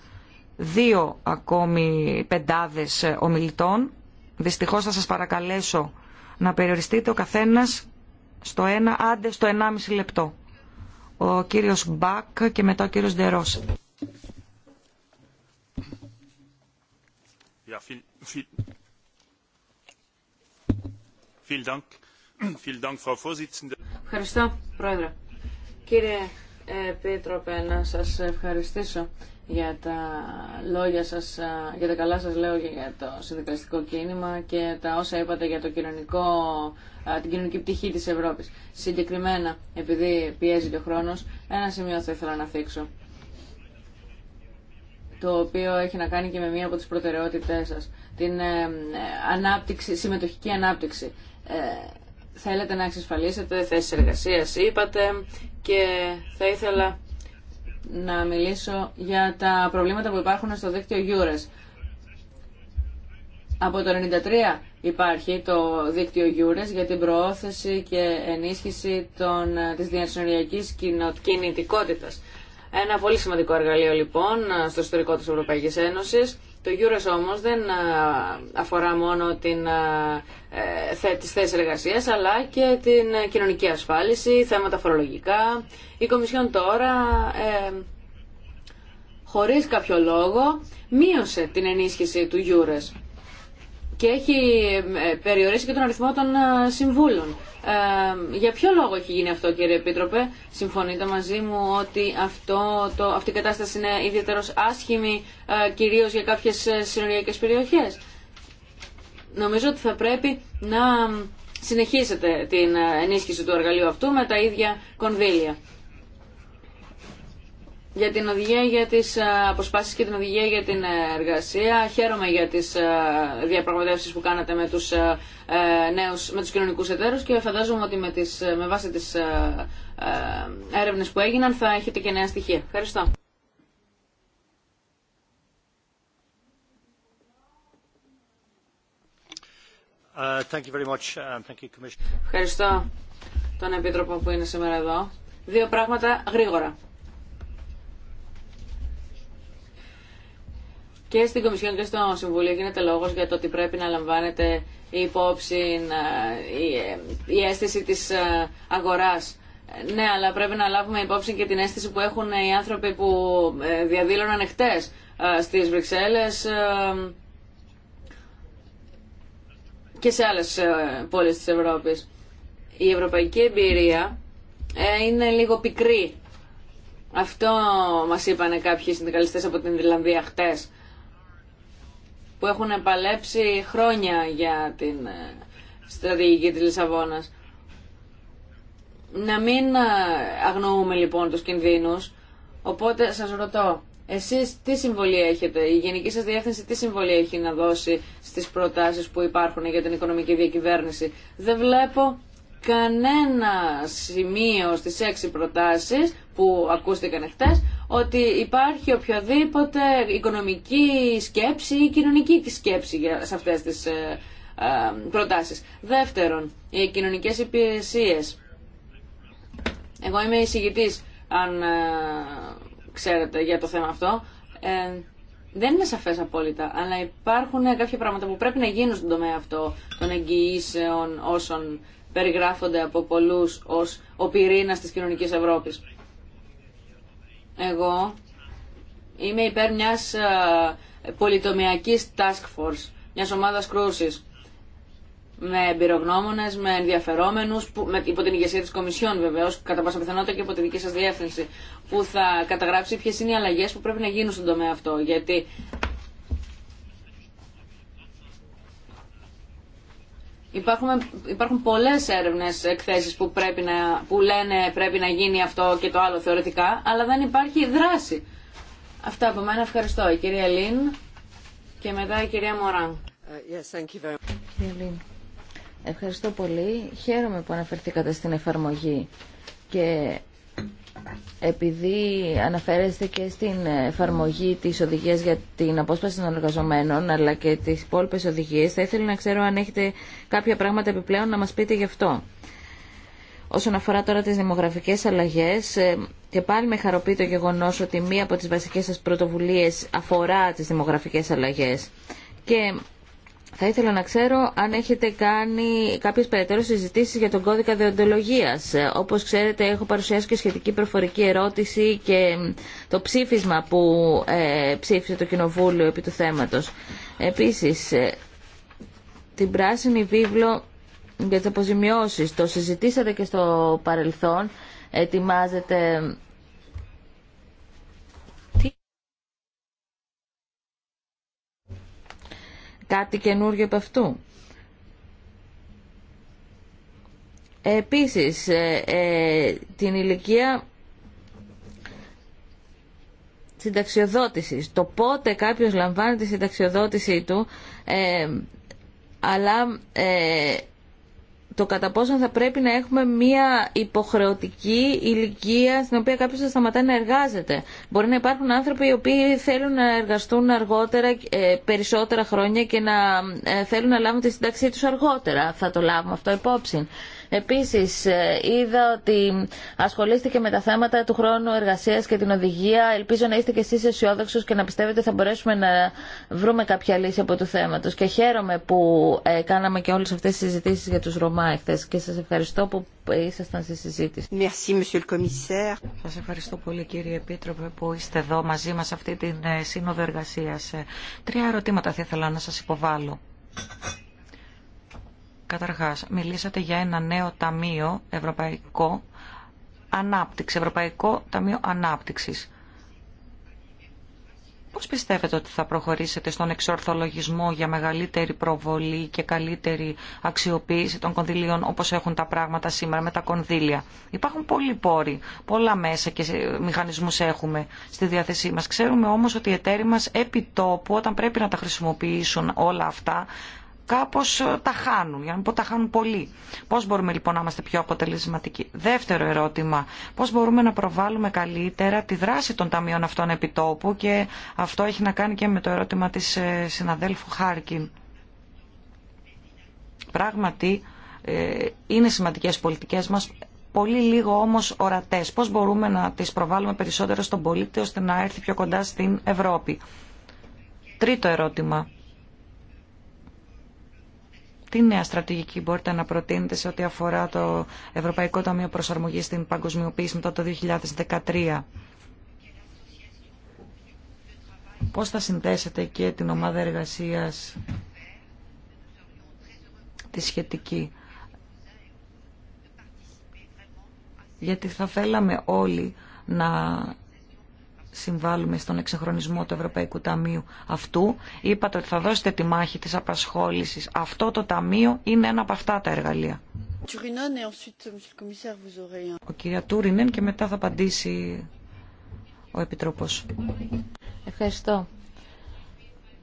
δύο ακόμη πεντάδες ομιλητών. Δυστυχώς θα σας παρακαλέσω να περιοριστείτε ο καθένας στο ένα, άντε στο ενάμιση λεπτό. Ο κύριος Μπακ και μετά ο κύριος Ντερός. Ευχαριστώ, Πρόεδρε. Κύριε ε, Επίτροπε, να σας ευχαριστήσω για τα λόγια σας, για τα καλά σας λέω για το συνδικαλιστικό κίνημα και τα όσα είπατε για το κοινωνικό, την κοινωνική πτυχή της Ευρώπης. Συγκεκριμένα, επειδή πιέζει ο χρόνος, ένα σημείο θα ήθελα να θίξω το οποίο έχει να κάνει και με μία από τις προτεραιότητές σας, την ε, ε, ανάπτυξη, συμμετοχική ανάπτυξη. Ε, θέλετε να εξασφαλίσετε θέσεις εργασίας, είπατε, και θα ήθελα να μιλήσω για τα προβλήματα που υπάρχουν στο δίκτυο Eures. Από το 1993 υπάρχει το δίκτυο Eures για την προώθηση και ενίσχυση των, ε, της διασυνοριακής κινητικότητας. Ένα πολύ σημαντικό εργαλείο λοιπόν ε, στο ιστορικό της Ευρωπαϊκής Ένωσης το Euros όμως δεν ε, αφορά μόνο την, ε, ε τις θέσεις εργασίας αλλά και την ε, κοινωνική ασφάλιση, θέματα φορολογικά. Η Κομισιόν τώρα, ε, χωρίς κάποιο λόγο, μείωσε την ενίσχυση του Euros και έχει ε, περιορίσει και τον αριθμό των ε, συμβούλων. Ε, για ποιο λόγο έχει γίνει αυτό κύριε Επίτροπε, συμφωνείτε μαζί μου ότι αυτό, το, αυτή η κατάσταση είναι ιδιαίτερος άσχημη ε, κυρίως για κάποιες συνοριακές περιοχές. Νομίζω ότι θα πρέπει να συνεχίσετε την ενίσχυση του εργαλείου αυτού με τα ίδια κονδύλια για την οδηγία για τις ε, αποσπάσεις και την οδηγία για την ε, εργασία. Χαίρομαι για τις ε, διαπραγματεύσεις που κάνατε με τους, νέους, με τους κοινωνικούς εταίρους και φαντάζομαι ότι με, τις, βάση τις έρευνες που έγιναν θα έχετε και νέα στοιχεία. Ευχαριστώ. Uh, thank you very much. Uh, thank you, Ευχαριστώ τον Επίτροπο που είναι σήμερα εδώ. Δύο πράγματα γρήγορα. Και στην Κομισιόν και στο Συμβούλιο γίνεται λόγος για το ότι πρέπει να λαμβάνεται η υπόψη ε, η αίσθηση της ε, αγοράς. Ναι, αλλά πρέπει να λάβουμε υπόψη και την αίσθηση που έχουν οι άνθρωποι που ε, διαδήλωναν χτε στις Βρυξέλλες και σε άλλες πόλεις της Ευρώπης. Η ευρωπαϊκή εμπειρία είναι λίγο πικρή. Αυτό μας είπαν κάποιοι συνδικαλιστές από την Ιρλανδία χτες που έχουν παλέψει χρόνια για την ε, στρατηγική της Λισαβόνας. Να μην ε, αγνοούμε λοιπόν τους κινδύνους, οπότε σας ρωτώ, εσείς τι συμβολή έχετε, η γενική σας διεύθυνση τι συμβολή έχει να δώσει στις προτάσεις που υπάρχουν για την οικονομική διακυβέρνηση. Δεν βλέπω κανένα σημείο στις έξι προτάσεις που ακούστηκαν χτες ότι υπάρχει οποιοδήποτε οικονομική σκέψη ή κοινωνική σκέψη σε αυτές τις ε, ε, προτάσεις. Δεύτερον, οι κοινωνικές υπηρεσίες. Εγώ είμαι εισηγητής, αν ε, ξέρετε για το θέμα αυτό. δεν είναι σαφές απόλυτα, αλλά υπάρχουν κάποια πράγματα που πρέπει να γίνουν στον τομέα αυτό των εγγυήσεων όσων περιγράφονται από πολλούς ως ο πυρήνας της κοινωνικής Ευρώπης. Εγώ είμαι υπέρ μιας ε, πολυτομιακής task force, μιας ομάδας κρούσης με εμπειρογνώμονε, με ενδιαφερόμενου, υπό την ηγεσία τη Κομισιόν βεβαίω, κατά πάσα πιθανότητα και από τη δική σα διεύθυνση, που θα καταγράψει ποιε είναι οι αλλαγέ που πρέπει να γίνουν στον τομέα αυτό. Γιατί Υπάρχουν, υπάρχουν πολλές έρευνες εκθέσεις που, που λένε πρέπει να γίνει αυτό και το άλλο θεωρητικά, αλλά δεν υπάρχει δράση. Αυτά από μένα. Ευχαριστώ. Η κυρία Λίν και μετά η κυρία Μωράν. Ε, yes, thank you very much. Κυρία ευχαριστώ πολύ. Χαίρομαι που αναφερθήκατε στην εφαρμογή και επειδή αναφέρεστε και στην εφαρμογή της οδηγίας για την απόσπαση των εργαζομένων αλλά και τις υπόλοιπες οδηγίες, θα ήθελα να ξέρω αν έχετε κάποια πράγματα επιπλέον να μας πείτε γι' αυτό. Όσον αφορά τώρα τις δημογραφικές αλλαγές, ε, και πάλι με χαροποιεί το γεγονός ότι μία από τις βασικές σας πρωτοβουλίες αφορά τις δημογραφικές αλλαγές. Και θα ήθελα να ξέρω αν έχετε κάνει κάποιε περαιτέρω συζητήσει για τον κώδικα διοντολογία. Ε, Όπω ξέρετε, έχω παρουσιάσει και σχετική προφορική ερώτηση και το ψήφισμα που ε, ψήφισε το Κοινοβούλιο επί του θέματο. Επίση, ε, την πράσινη βίβλο για τι αποζημιώσει. Το συζητήσατε και στο παρελθόν. Ετοιμάζεται κάτι καινούργιο από αυτού. Επίσης, ε, ε, την ηλικία συνταξιοδότησης. Το πότε κάποιος λαμβάνει τη συνταξιοδότησή του, ε, αλλά το κατά πόσο θα πρέπει να έχουμε μία υποχρεωτική ηλικία στην οποία κάποιος θα σταματάει να εργάζεται. Μπορεί να υπάρχουν άνθρωποι οι οποίοι θέλουν να εργαστούν αργότερα, ε, περισσότερα χρόνια και να ε, θέλουν να λάβουν τη σύνταξή τους αργότερα. Θα το λάβουμε αυτό υπόψη. Επίσης, ε, είδα ότι ασχολήθηκε με τα θέματα του χρόνου εργασίας και την οδηγία. Ελπίζω να είστε και εσείς αισιόδοξους και να πιστεύετε ότι θα μπορέσουμε να βρούμε κάποια λύση από το τους. Και χαίρομαι που ε, κάναμε και όλες αυτές τις συζητήσεις για τους Ρωμά εχθές και σας ευχαριστώ που ήσασταν στη συζήτηση. Σας ευχαριστώ πολύ κύριε Επίτροπε που είστε εδώ μαζί μας αυτή την ε, σύνοδο εργασίας. Τρία ερωτήματα θα ήθελα να σας υποβάλω. Καταρχάς, μιλήσατε για ένα νέο ταμείο ευρωπαϊκό ανάπτυξη, Ευρωπαϊκό Ταμείο Ανάπτυξης. Πώς πιστεύετε ότι θα προχωρήσετε στον εξορθολογισμό για μεγαλύτερη προβολή και καλύτερη αξιοποίηση των κονδυλίων όπως έχουν τα πράγματα σήμερα με τα κονδύλια. Υπάρχουν πολλοί πόροι, πολλά μέσα και μηχανισμούς έχουμε στη διάθεσή μας. Ξέρουμε όμως ότι οι εταίροι μας επί τόπου όταν πρέπει να τα χρησιμοποιήσουν όλα αυτά κάπως ε, τα χάνουν, για να μην πω τα χάνουν πολύ. Πώς μπορούμε λοιπόν να είμαστε πιο αποτελεσματικοί. Δεύτερο ερώτημα, πώς μπορούμε να προβάλλουμε καλύτερα τη δράση των ταμείων αυτών επιτόπου και αυτό έχει να κάνει και με το ερώτημα της ε, συναδέλφου Χάρκιν. Πράγματι, ε, είναι σημαντικές οι πολιτικές μας, πολύ λίγο όμως ορατές. Πώς μπορούμε να τις προβάλλουμε περισσότερο στον πολίτη ώστε να έρθει πιο κοντά στην Ευρώπη. Τρίτο ερώτημα τι νέα στρατηγική μπορείτε να προτείνετε σε ό,τι αφορά το Ευρωπαϊκό Ταμείο Προσαρμογής στην Παγκοσμιοποίηση μετά το 2013. Πώς θα συνδέσετε και την ομάδα εργασίας τη σχετική. Γιατί θα θέλαμε όλοι να συμβάλλουμε στον εξεχρονισμό του Ευρωπαϊκού Ταμείου αυτού. Είπατε ότι θα δώσετε τη μάχη της απασχόλησης. Αυτό το ταμείο είναι ένα από αυτά τα εργαλεία. Euh, ο κ. Τούρινεν και μετά θα απαντήσει ο Επιτροπός. Ευχαριστώ.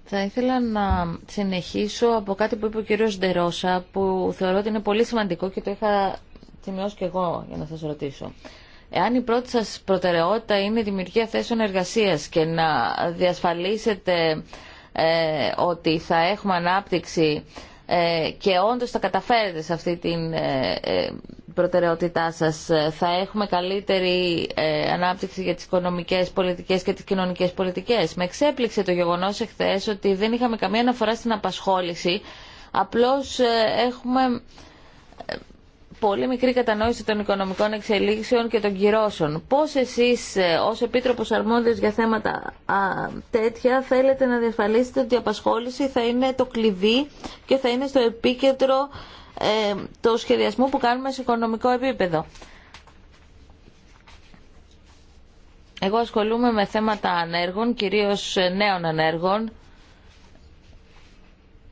Θα ήθελα να συνεχίσω από κάτι που είπε ο κύριος Ντερόσα που θεωρώ ότι είναι πολύ σημαντικό και το είχα σημειώσει και εγώ για να σας ρωτήσω εάν η πρώτη σας προτεραιότητα είναι η δημιουργία θέσεων εργασίας και να διασφαλίσετε ε, ότι θα έχουμε ανάπτυξη ε, και όντως θα καταφέρετε σε αυτή την ε, ε, προτεραιότητά σας, θα έχουμε καλύτερη ανάπτυξη για τις οικονομικές πολιτικές και τις κοινωνικές πολιτικές. Με εξέπληξε το γεγονός εχθές ότι δεν είχαμε καμία αναφορά στην απασχόληση, απλώς έχουμε πολύ μικρή κατανόηση των οικονομικών εξελίξεων και των κυρώσεων. Πώ εσεί, ε, ως Επίτροπος Αρμόδιο για θέματα τέτοια θέλετε να διασφαλίσετε ότι η απασχόληση θα είναι το κλειδί και θα είναι στο επίκεντρο του ε, το που κάνουμε σε οικονομικό επίπεδο. Εγώ ασχολούμαι με θέματα ανέργων, κυρίως ε, νέων ανέργων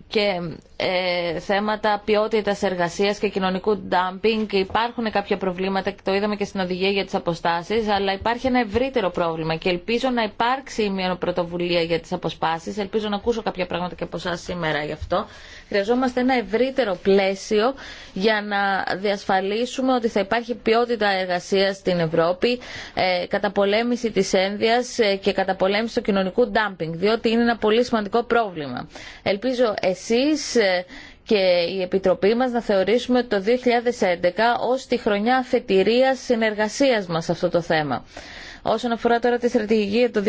και ε, θέματα ποιότητας εργασίας και κοινωνικού ντάμπινγκ. Υπάρχουν κάποια προβλήματα και το είδαμε και στην οδηγία για τις αποστάσεις, αλλά υπάρχει ένα ευρύτερο πρόβλημα και ελπίζω να υπάρξει μια πρωτοβουλία για τις αποσπάσεις. Ελπίζω να ακούσω κάποια πράγματα και από εσά σήμερα γι' αυτό. Χρειαζόμαστε ένα ευρύτερο πλαίσιο για να διασφαλίσουμε ότι θα υπάρχει ποιότητα εργασίας στην Ευρώπη, ε, καταπολέμηση της ένδυας ε, και καταπολέμηση του κοινωνικού ντάμπινγκ, διότι είναι ένα πολύ σημαντικό πρόβλημα. Ελπίζω εσείς ε, και η Επιτροπή μας να θεωρήσουμε το 2011 ως τη χρονιά αφετηρίας συνεργασίας μας σε αυτό το θέμα. Όσον αφορά τώρα τη στρατηγική το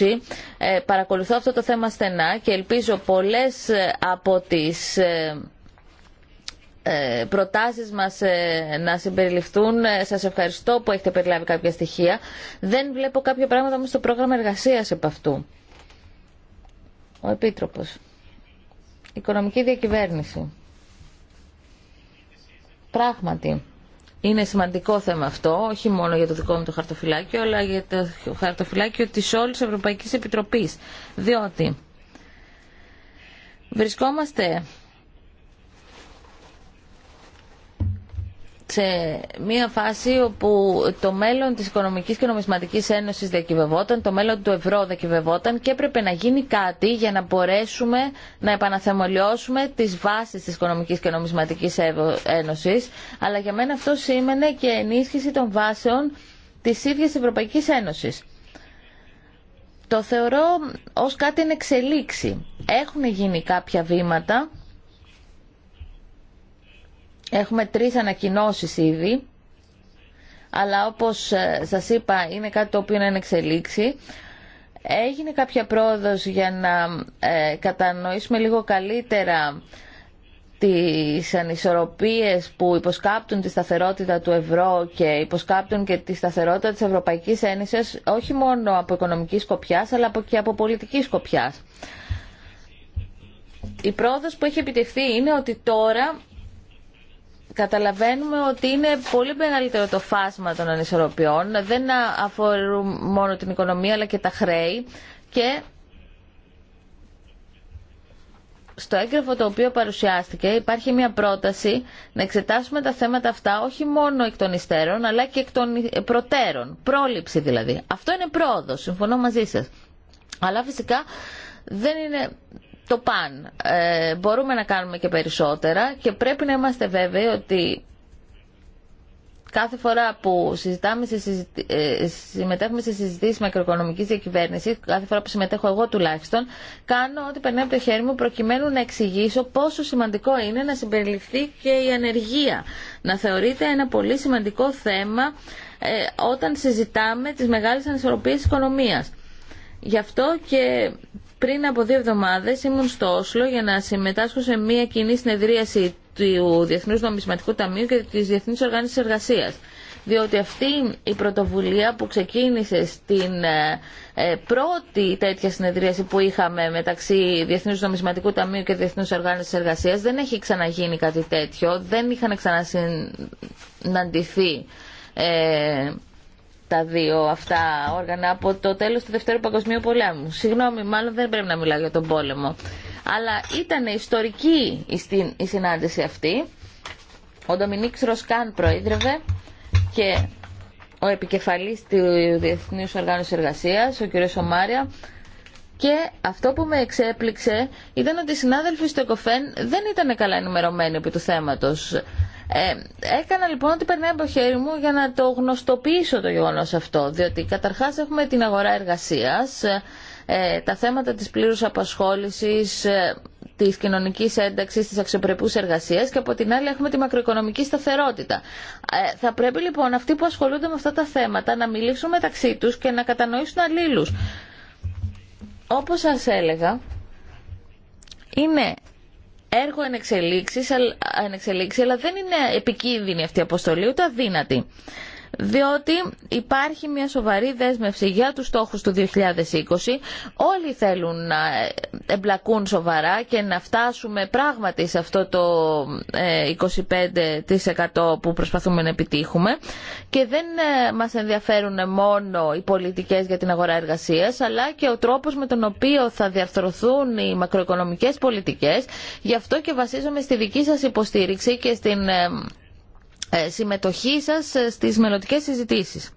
2020, ε, παρακολουθώ αυτό το θέμα στενά και ελπίζω πολλές ε, από τις ε, προτάσεις μας να συμπεριληφθούν. Σας ευχαριστώ που έχετε περιλάβει κάποια στοιχεία. Δεν βλέπω κάποια πράγματα όμως στο πρόγραμμα εργασίας επ' αυτού. Ο Επίτροπος. Οικονομική διακυβέρνηση. Πράγματι, είναι σημαντικό θέμα αυτό, όχι μόνο για το δικό μου το χαρτοφυλάκιο, αλλά για το χαρτοφυλάκιο της όλης Ευρωπαϊκής Επιτροπής. Διότι βρισκόμαστε σε μια φάση όπου το μέλλον της Οικονομικής και Νομισματικής Ένωσης διακυβευόταν, το μέλλον του ευρώ διακυβευόταν και έπρεπε να γίνει κάτι για να μπορέσουμε να επαναθεμολιώσουμε τις βάσεις της Οικονομικής και Νομισματικής Ένωσης, αλλά για μένα αυτό σήμαινε και ενίσχυση των βάσεων της ίδιας Ευρωπαϊκής Ένωσης. Το θεωρώ ως κάτι εξελίξη. Έχουν γίνει κάποια βήματα Έχουμε τρεις ανακοινώσεις ήδη, αλλά όπως ε, σας είπα είναι κάτι το οποίο είναι εξελίξει. Έγινε κάποια πρόοδος για να ε, κατανοήσουμε λίγο καλύτερα τις ανισορροπίες που υποσκάπτουν τη σταθερότητα του ευρώ και υποσκάπτουν και τη σταθερότητα της Ευρωπαϊκής Ένωσης όχι μόνο από οικονομική σκοπιάς αλλά και από πολιτική σκοπιάς. Η πρόοδος που έχει επιτευχθεί είναι ότι τώρα καταλαβαίνουμε ότι είναι πολύ μεγαλύτερο το φάσμα των ανισορροπιών. Δεν αφορούν μόνο την οικονομία αλλά και τα χρέη. Και στο έγγραφο το οποίο παρουσιάστηκε υπάρχει μια πρόταση να εξετάσουμε τα θέματα αυτά όχι μόνο εκ των υστέρων αλλά και εκ των προτέρων. Πρόληψη δηλαδή. Αυτό είναι πρόοδο. Συμφωνώ μαζί σας. Αλλά φυσικά δεν είναι το παν. Ε, μπορούμε να κάνουμε και περισσότερα και πρέπει να είμαστε βέβαιοι ότι κάθε φορά που συζητάμε ε, συμμετέχουμε σε συζητήσεις μακροοικονομικής διακυβέρνησης, κάθε φορά που συμμετέχω εγώ τουλάχιστον, κάνω ό,τι περνάει από το χέρι μου προκειμένου να εξηγήσω πόσο σημαντικό είναι να συμπεριληφθεί και η ανεργία. Να θεωρείται ένα πολύ σημαντικό θέμα ε, όταν συζητάμε τις μεγάλες ανισορροπίες της οικονομίας. Γι' αυτό και πριν από δύο εβδομάδες ήμουν στο Όσλο για να συμμετάσχω σε μια κοινή συνεδρίαση του Διεθνούς Νομισματικού Ταμείου και της Διεθνής Οργάνωσης Εργασίας διότι αυτή η πρωτοβουλία που ξεκίνησε στην ε, ε, πρώτη τέτοια συνεδρίαση που είχαμε μεταξύ Διεθνούς Νομισματικού Ταμείου και Διεθνούς Οργάνωσης Εργασίας δεν έχει ξαναγίνει κάτι τέτοιο, δεν είχαν ξανασυναντηθεί ε, τα δύο αυτά όργανα από το τέλος του Δευτέρου Παγκοσμίου Πολέμου. Συγγνώμη, μάλλον δεν πρέπει να μιλάω για τον πόλεμο. Αλλά ήταν ιστορική η συνάντηση αυτή. Ο Ντομινίκ Ροσκάν προείδρευε και ο επικεφαλής του Διεθνούς Οργάνωσης Εργασίας, ο κ. Σομάρια, και αυτό που με εξέπληξε ήταν ότι οι συνάδελφοι στο ΕΚΟΦΕΝ δεν ήταν καλά ενημερωμένοι επί του θέματος. Ε, έκανα λοιπόν ότι περνάει από χέρι μου για να το γνωστοποιήσω το γεγονός αυτό, διότι καταρχάς έχουμε την αγορά εργασίας, ε, τα θέματα της πλήρους απασχόλησης, ε, της κοινωνικής ένταξης, της αξιοπρεπούς εργασίας και από την άλλη έχουμε τη μακροοικονομική σταθερότητα. θα πρέπει λοιπόν αυτοί που ασχολούνται με αυτά τα θέματα να μιλήσουν μεταξύ τους και να κατανοήσουν αλλήλους. Όπως σας έλεγα, είναι έργο εν αλλά δεν είναι επικίνδυνη αυτή η αποστολή, ούτε αδύνατη διότι υπάρχει μια σοβαρή δέσμευση για τους στόχους του 2020. Όλοι θέλουν να εμπλακούν σοβαρά και να φτάσουμε πράγματι σε αυτό το 25% ε, που προσπαθούμε να επιτύχουμε και δεν ε, μας ενδιαφέρουν μόνο οι πολιτικές για την αγορά εργασίας αλλά και ο τρόπος με τον οποίο θα διαρθρωθούν οι μακροοικονομικές πολιτικές. Γι' αυτό και βασίζομαι στη δική σας υποστήριξη και στην ε, ε, συμμετοχή σας ε, στις μελλοντικέ συζητήσεις.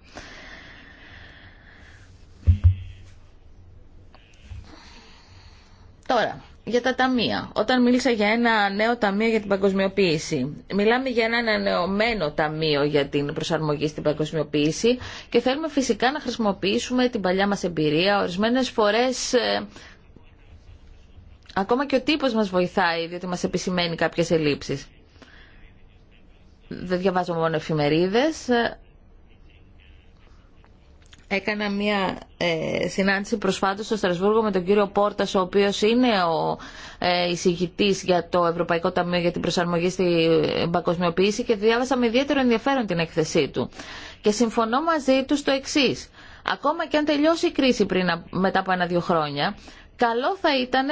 Τώρα, για τα ταμεία. Όταν μίλησα για ένα νέο ταμείο για την παγκοσμιοποίηση, μιλάμε για ένα ανανεωμένο ταμείο για την προσαρμογή στην παγκοσμιοποίηση και θέλουμε φυσικά να χρησιμοποιήσουμε την παλιά μας εμπειρία. Ορισμένες φορές ε, ακόμα και ο τύπος μας βοηθάει, διότι μας επισημαίνει κάποιες ελλείψεις δεν διαβάζω μόνο εφημερίδες. Έκανα μια ε, συνάντηση προσφάτως στο Στρασβούργο με τον κύριο Πόρτας, ο οποίος είναι ο ε, εισηγητής για το Ευρωπαϊκό Ταμείο για την προσαρμογή στην παγκοσμιοποίηση και διάβασα με ιδιαίτερο ενδιαφέρον την έκθεσή του. Και συμφωνώ μαζί του στο εξή. Ακόμα και αν τελειώσει η κρίση πριν, μετά από ένα-δύο χρόνια, καλό θα ήταν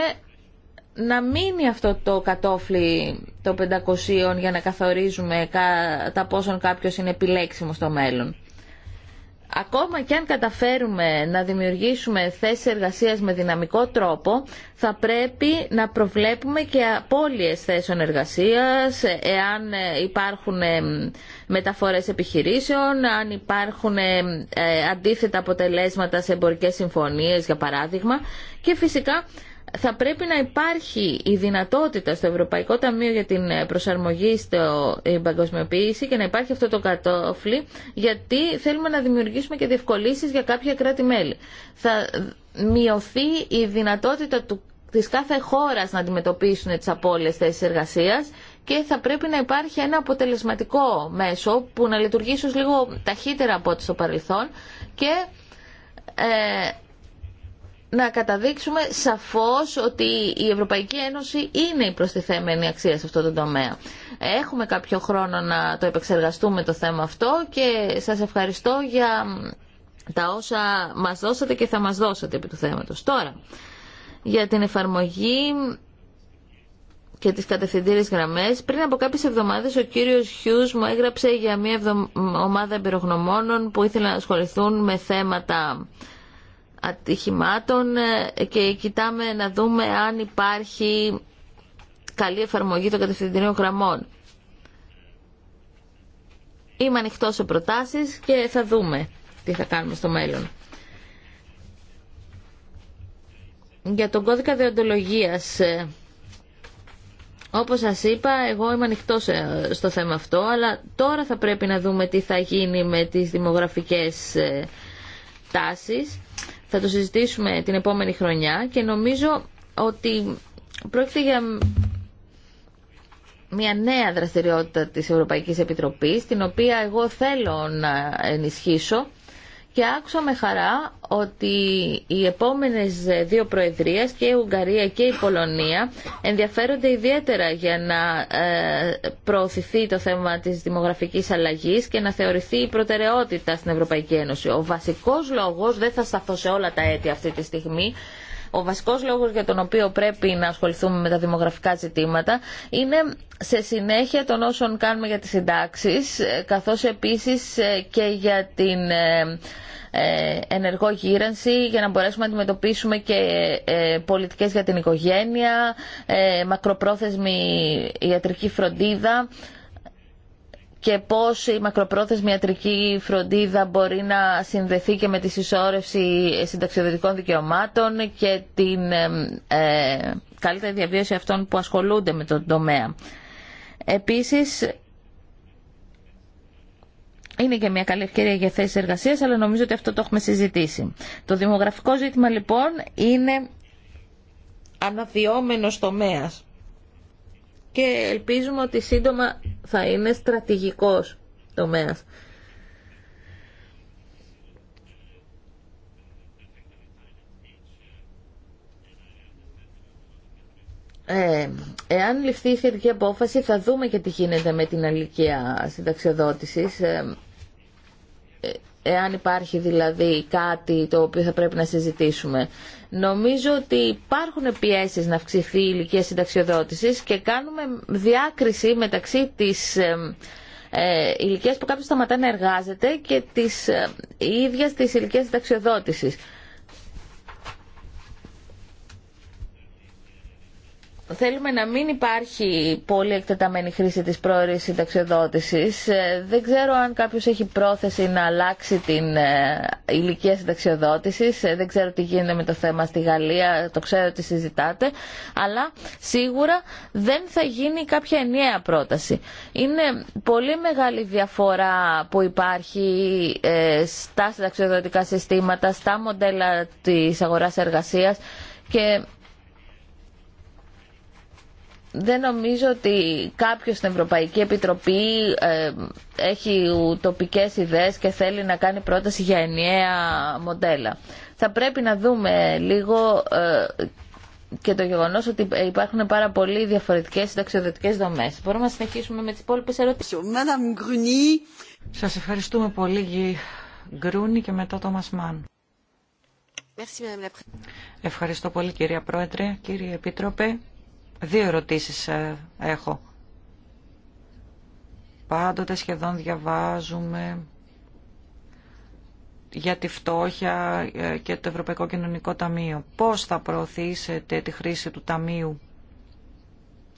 να μείνει αυτό το κατόφλι των 500 για να καθορίζουμε τα πόσον κάποιος είναι επιλέξιμο στο μέλλον. Ακόμα και αν καταφέρουμε να δημιουργήσουμε θέσεις εργασίας με δυναμικό τρόπο, θα πρέπει να προβλέπουμε και απώλειες θέσεων εργασίας, εάν ε, υπάρχουν ε, μεταφορές επιχειρήσεων, αν υπάρχουν ε, αντίθετα αποτελέσματα σε εμπορικές συμφωνίες, για παράδειγμα, και φυσικά θα πρέπει να υπάρχει η δυνατότητα στο Ευρωπαϊκό Ταμείο για την ε, προσαρμογή στην ε, παγκοσμιοποίηση και να υπάρχει αυτό το κατόφλι, γιατί θέλουμε να δημιουργήσουμε και διευκολύσεις για κάποια κράτη-μέλη. Θα μειωθεί η δυνατότητα του, της κάθε χώρας να αντιμετωπίσουν τις απώλειες θέσεις εργασίας και θα πρέπει να υπάρχει ένα αποτελεσματικό μέσο που να λειτουργήσει ως λίγο ταχύτερα από ό,τι στο παρελθόν και ε, να καταδείξουμε σαφώς ότι η Ευρωπαϊκή Ένωση είναι η προστιθέμενη αξία σε αυτό το τομέα. Έχουμε κάποιο χρόνο να το επεξεργαστούμε το θέμα αυτό και σας ευχαριστώ για τα όσα μας δώσατε και θα μας δώσατε επί του θέματος. Τώρα, για την εφαρμογή και τις κατευθυντήριες γραμμές. Πριν από κάποιες εβδομάδες ο κύριος Χιούς μου έγραψε για μια ομάδα εμπειρογνωμόνων που ήθελαν να ασχοληθούν με θέματα ατυχημάτων ε, και κοιτάμε να δούμε αν υπάρχει καλή εφαρμογή των κατευθυντηρίων γραμμών. Είμαι ανοιχτό σε προτάσεις και θα δούμε τι θα κάνουμε στο μέλλον. Για τον κώδικα διοντολογίας, ε, όπως σας είπα, εγώ είμαι ανοιχτό στο θέμα αυτό, αλλά τώρα θα πρέπει να δούμε τι θα γίνει με τις δημογραφικές ε, τάσεις. Θα το συζητήσουμε την επόμενη χρονιά και νομίζω ότι πρόκειται για μια νέα δραστηριότητα της Ευρωπαϊκής Επιτροπής, την οποία εγώ θέλω να ενισχύσω και άκουσα με χαρά ότι οι επόμενες δύο προεδρίες και η Ουγγαρία και η Πολωνία ενδιαφέρονται ιδιαίτερα για να ε, προωθηθεί το θέμα της δημογραφικής αλλαγής και να θεωρηθεί η προτεραιότητα στην Ευρωπαϊκή Ένωση. Ο βασικός λόγος, δεν θα σταθώ σε όλα τα αίτια αυτή τη στιγμή, ο βασικός λόγος για τον οποίο πρέπει να ασχοληθούμε με τα δημογραφικά ζητήματα είναι σε συνέχεια των όσων κάνουμε για τις συντάξεις καθώς επίσης ε, και για την ε, ε, ενεργό γύρανση για να μπορέσουμε να αντιμετωπίσουμε και ε, πολιτικές για την οικογένεια, ε, μακροπρόθεσμη ιατρική φροντίδα και πώς η μακροπρόθεσμη ιατρική φροντίδα μπορεί να συνδεθεί και με τη συσσόρευση συνταξιοδοτικών δικαιωμάτων και την καλύτερη διαβίωση αυτών που ασχολούνται με τον τομέα. Επίσης, είναι και μια καλή ευκαιρία για θέσει εργασία, αλλά νομίζω ότι αυτό το έχουμε συζητήσει. Το δημογραφικό ζήτημα λοιπόν είναι αναδυόμενο τομέα. και ελπίζουμε ότι σύντομα θα είναι στρατηγικός τομέας. Ε, εάν ληφθεί η σχετική απόφαση θα δούμε και τι γίνεται με την αλικία συνταξιοδότησης. Ε, εάν υπάρχει δηλαδή κάτι το οποίο θα πρέπει να συζητήσουμε. Νομίζω ότι υπάρχουν πιέσεις να αυξηθεί η ηλικία συνταξιοδότησης και κάνουμε διάκριση μεταξύ της ε, που κάποιος σταματά να εργάζεται και της ε, ίδιας της ηλικίας συνταξιοδότησης. Θέλουμε να μην υπάρχει πολύ εκτεταμένη χρήση της πρόορης συνταξιοδότησης. Ε, δεν ξέρω αν κάποιος έχει πρόθεση να αλλάξει την ε, ηλικία συνταξιοδότησης. Ε, δεν ξέρω τι γίνεται με το θέμα στη Γαλλία, το ξέρω ότι συζητάτε. Αλλά σίγουρα δεν θα γίνει κάποια ενιαία πρόταση. Είναι πολύ μεγάλη διαφορά που υπάρχει στα συνταξιοδοτικά συστήματα, στα μοντέλα της αγοράς εργασίας και δεν νομίζω ότι κάποιος στην Ευρωπαϊκή Επιτροπή ε, έχει τοπικές ιδέες και θέλει να κάνει πρόταση για ενιαία μοντέλα. Θα πρέπει να δούμε λίγο ε, και το γεγονός ότι υπάρχουν πάρα πολλοί διαφορετικές συνταξιοδοτικές δομές. Μπορούμε να συνεχίσουμε με τις υπόλοιπες ερωτήσεις. Σας ευχαριστούμε πολύ Γκρούνι, και μετά το Μασμάν. Ευχαριστώ πολύ κυρία Πρόεδρε, κύριε Επίτροπε. Δύο ερωτήσεις ε, έχω. Πάντοτε σχεδόν διαβάζουμε για τη φτώχεια ε, και το Ευρωπαϊκό Κοινωνικό Ταμείο. Πώς θα προωθήσετε τη χρήση του Ταμείου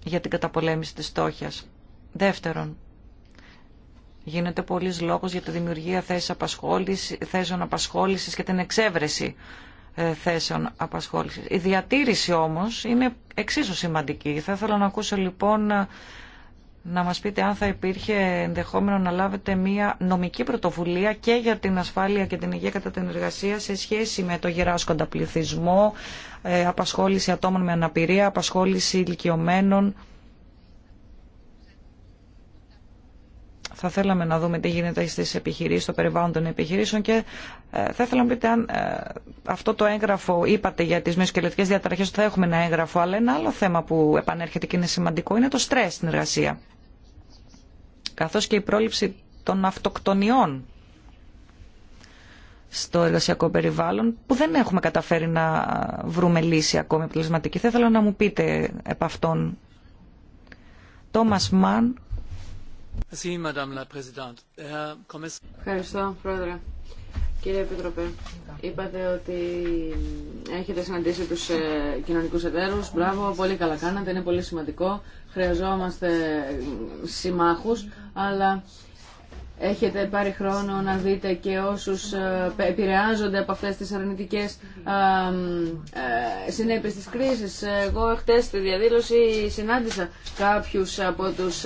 για την καταπολέμηση της φτώχειας. Δεύτερον, γίνεται πολλής λόγος για τη δημιουργία θέσεων απασχόλησης, και την εξέβρεση ε, θέσεων απασχόληση. Η διατήρηση όμως είναι εξίσου σημαντική. Θα ήθελα να ακούσω λοιπόν να μας πείτε αν θα υπήρχε ενδεχόμενο να λάβετε μια νομική πρωτοβουλία και για την ασφάλεια και την υγεία κατά την εργασία σε σχέση με το γεράσκοντα πληθυσμό, ε, απασχόληση ατόμων με αναπηρία, απασχόληση ηλικιωμένων. θα θέλαμε να δούμε τι γίνεται στις επιχειρήσεις, στο περιβάλλον των επιχειρήσεων και ε, θα ήθελα να πείτε αν ε, αυτό το έγγραφο, είπατε για τις μεσοκελετικές διαταραχές ότι θα έχουμε ένα έγγραφο, αλλά ένα άλλο θέμα που επανέρχεται και είναι σημαντικό είναι το στρες στην εργασία. Καθώς και η πρόληψη των αυτοκτονιών στο εργασιακό περιβάλλον που δεν έχουμε καταφέρει να βρούμε λύση ακόμη πλησματική. Θα ήθελα να μου πείτε επ' αυτόν. Τόμας Μαν Ευχαριστώ, Πρόεδρε. Κύριε Επιτροπέ, είπατε ότι έχετε συναντήσει τους ε, κοινωνικούς εταίρους. Μπράβο, πολύ καλά κάνατε, είναι πολύ σημαντικό. Χρειαζόμαστε συμμάχους, αλλά έχετε πάρει χρόνο να δείτε και όσους ε, επηρεάζονται από αυτές τις αρνητικές ε, συνέπειες της κρίσης. Εγώ χτες στη διαδήλωση συνάντησα κάποιους από τους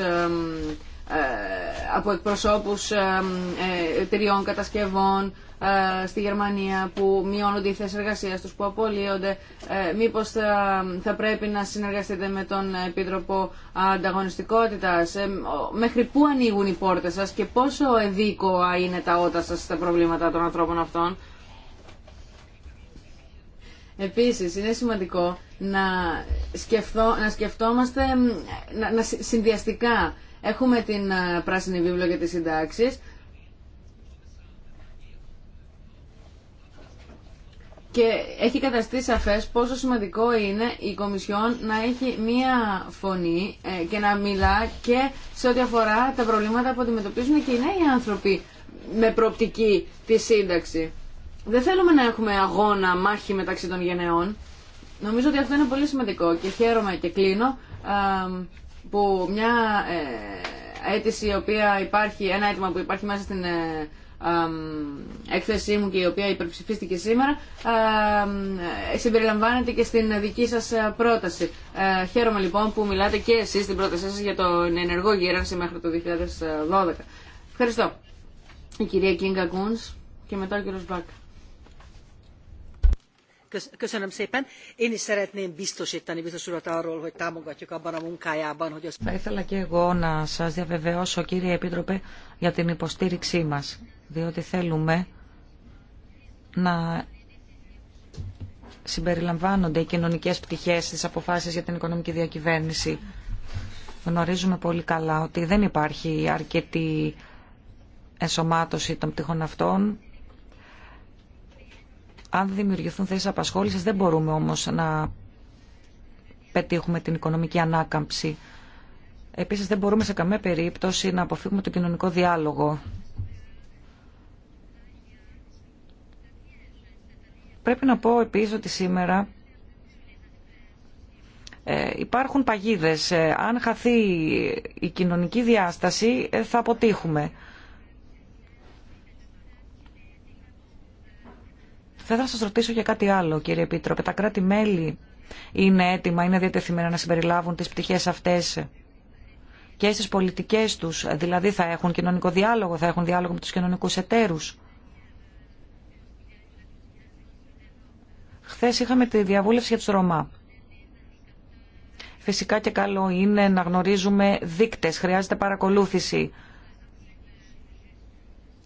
ε, από εκπροσώπους ε, ε, εταιριών κατασκευών στη Γερμανία που μειώνονται οι θέσεις εργασίας τους, που απολύονται. Μήπως θα, πρέπει να συνεργαστείτε με τον Επίτροπο Ανταγωνιστικότητας. Μέχρι πού ανοίγουν οι πόρτες σας και πόσο εδίκοα είναι τα ότα σας στα προβλήματα των ανθρώπων αυτών. Επίσης, είναι σημαντικό να, σκεφτώ, να σκεφτόμαστε να, να συνδυαστικά Έχουμε την ε, πράσινη βίβλο για τις συντάξεις. Και έχει καταστεί σαφές πόσο σημαντικό είναι η Κομισιόν να έχει μία φωνή ε, και να μιλά και σε ό,τι αφορά τα προβλήματα που αντιμετωπίζουν και οι νέοι άνθρωποι με προοπτική τη σύνταξη. Δεν θέλουμε να έχουμε αγώνα, μάχη μεταξύ των γενεών. Νομίζω ότι αυτό είναι πολύ σημαντικό και χαίρομαι και κλείνω που μια ε, αίτηση η οποία υπάρχει, ένα αίτημα που υπάρχει μέσα στην ε, έκθεσή μου και η οποία υπερψηφίστηκε σήμερα ε, συμπεριλαμβάνεται και στην δική σας πρόταση. Χαίρομαι λοιπόν που μιλάτε και εσείς στην πρότασή σας για τον ενεργό γύρανση μέχρι το 2012. Ευχαριστώ. Η κυρία Κίνγκα Κούνς και μετά ο κύριος Μπάκα. Köszönöm szépen. Én is Θα ήθελα και εγώ να σας διαβεβαιώσω, κύριε Επίτροπε, για την υποστήριξή μας, διότι θέλουμε να συμπεριλαμβάνονται οι κοινωνικές πτυχές στις αποφάσεις για την οικονομική διακυβέρνηση. Γνωρίζουμε πολύ καλά ότι δεν υπάρχει αρκετή ενσωμάτωση των πτυχών αυτών αν δημιουργηθούν θέσει απασχόληση δεν μπορούμε όμως να πετύχουμε την οικονομική ανάκαμψη. Επίσης δεν μπορούμε σε καμία περίπτωση να αποφύγουμε τον κοινωνικό διάλογο. Πρέπει να πω επίσης ότι σήμερα ε, υπάρχουν παγίδες. Ε, αν χαθεί η κοινωνική διάσταση ε, θα αποτύχουμε. Θα ήθελα να σας ρωτήσω για κάτι άλλο, κύριε Επίτροπε. Τα κράτη-μέλη είναι έτοιμα, είναι διατεθειμένα να συμπεριλάβουν τις πτυχές αυτές και στις πολιτικές τους. Δηλαδή θα έχουν κοινωνικό διάλογο, θα έχουν διάλογο με τους κοινωνικούς εταίρους. Χθε είχαμε τη διαβούλευση για τους Ρωμά. Φυσικά και καλό είναι να γνωρίζουμε δείκτες, χρειάζεται παρακολούθηση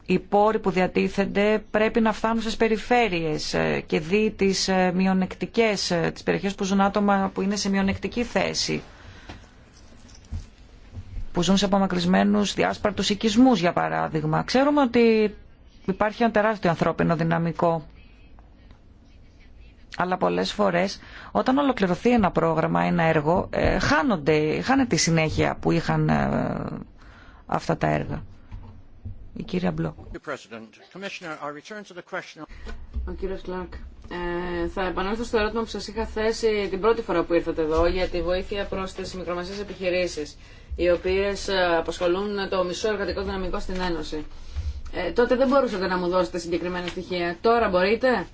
οι πόροι που διατίθενται πρέπει να φτάνουν στις περιφέρειες ε, και δει τις ε, μειονεκτικές, ε, τις περιοχές που ζουν άτομα που είναι σε μειονεκτική θέση που ζουν σε απομακρυσμένους διάσπαρτους οικισμούς για παράδειγμα. Ξέρουμε ότι υπάρχει ένα τεράστιο ανθρώπινο δυναμικό. Αλλά πολλές φορές όταν ολοκληρωθεί ένα πρόγραμμα, ένα έργο, χάνονται, χάνεται η συνέχεια που είχαν αυτά τα έργα. Η κυρία Μπλοκ. Ο κύριος Κλάρκ. Ε, θα επανέλθω στο ερώτημα που σας είχα θέσει την πρώτη φορά που ήρθατε εδώ για τη βοήθεια προς τις μικρομεσαίες επιχειρήσεις οι οποίες ε, απασχολούν το μισό εργατικό δυναμικό στην Ένωση. Ε, τότε δεν μπορούσατε να μου δώσετε συγκεκριμένα στοιχεία. Τώρα μπορείτε.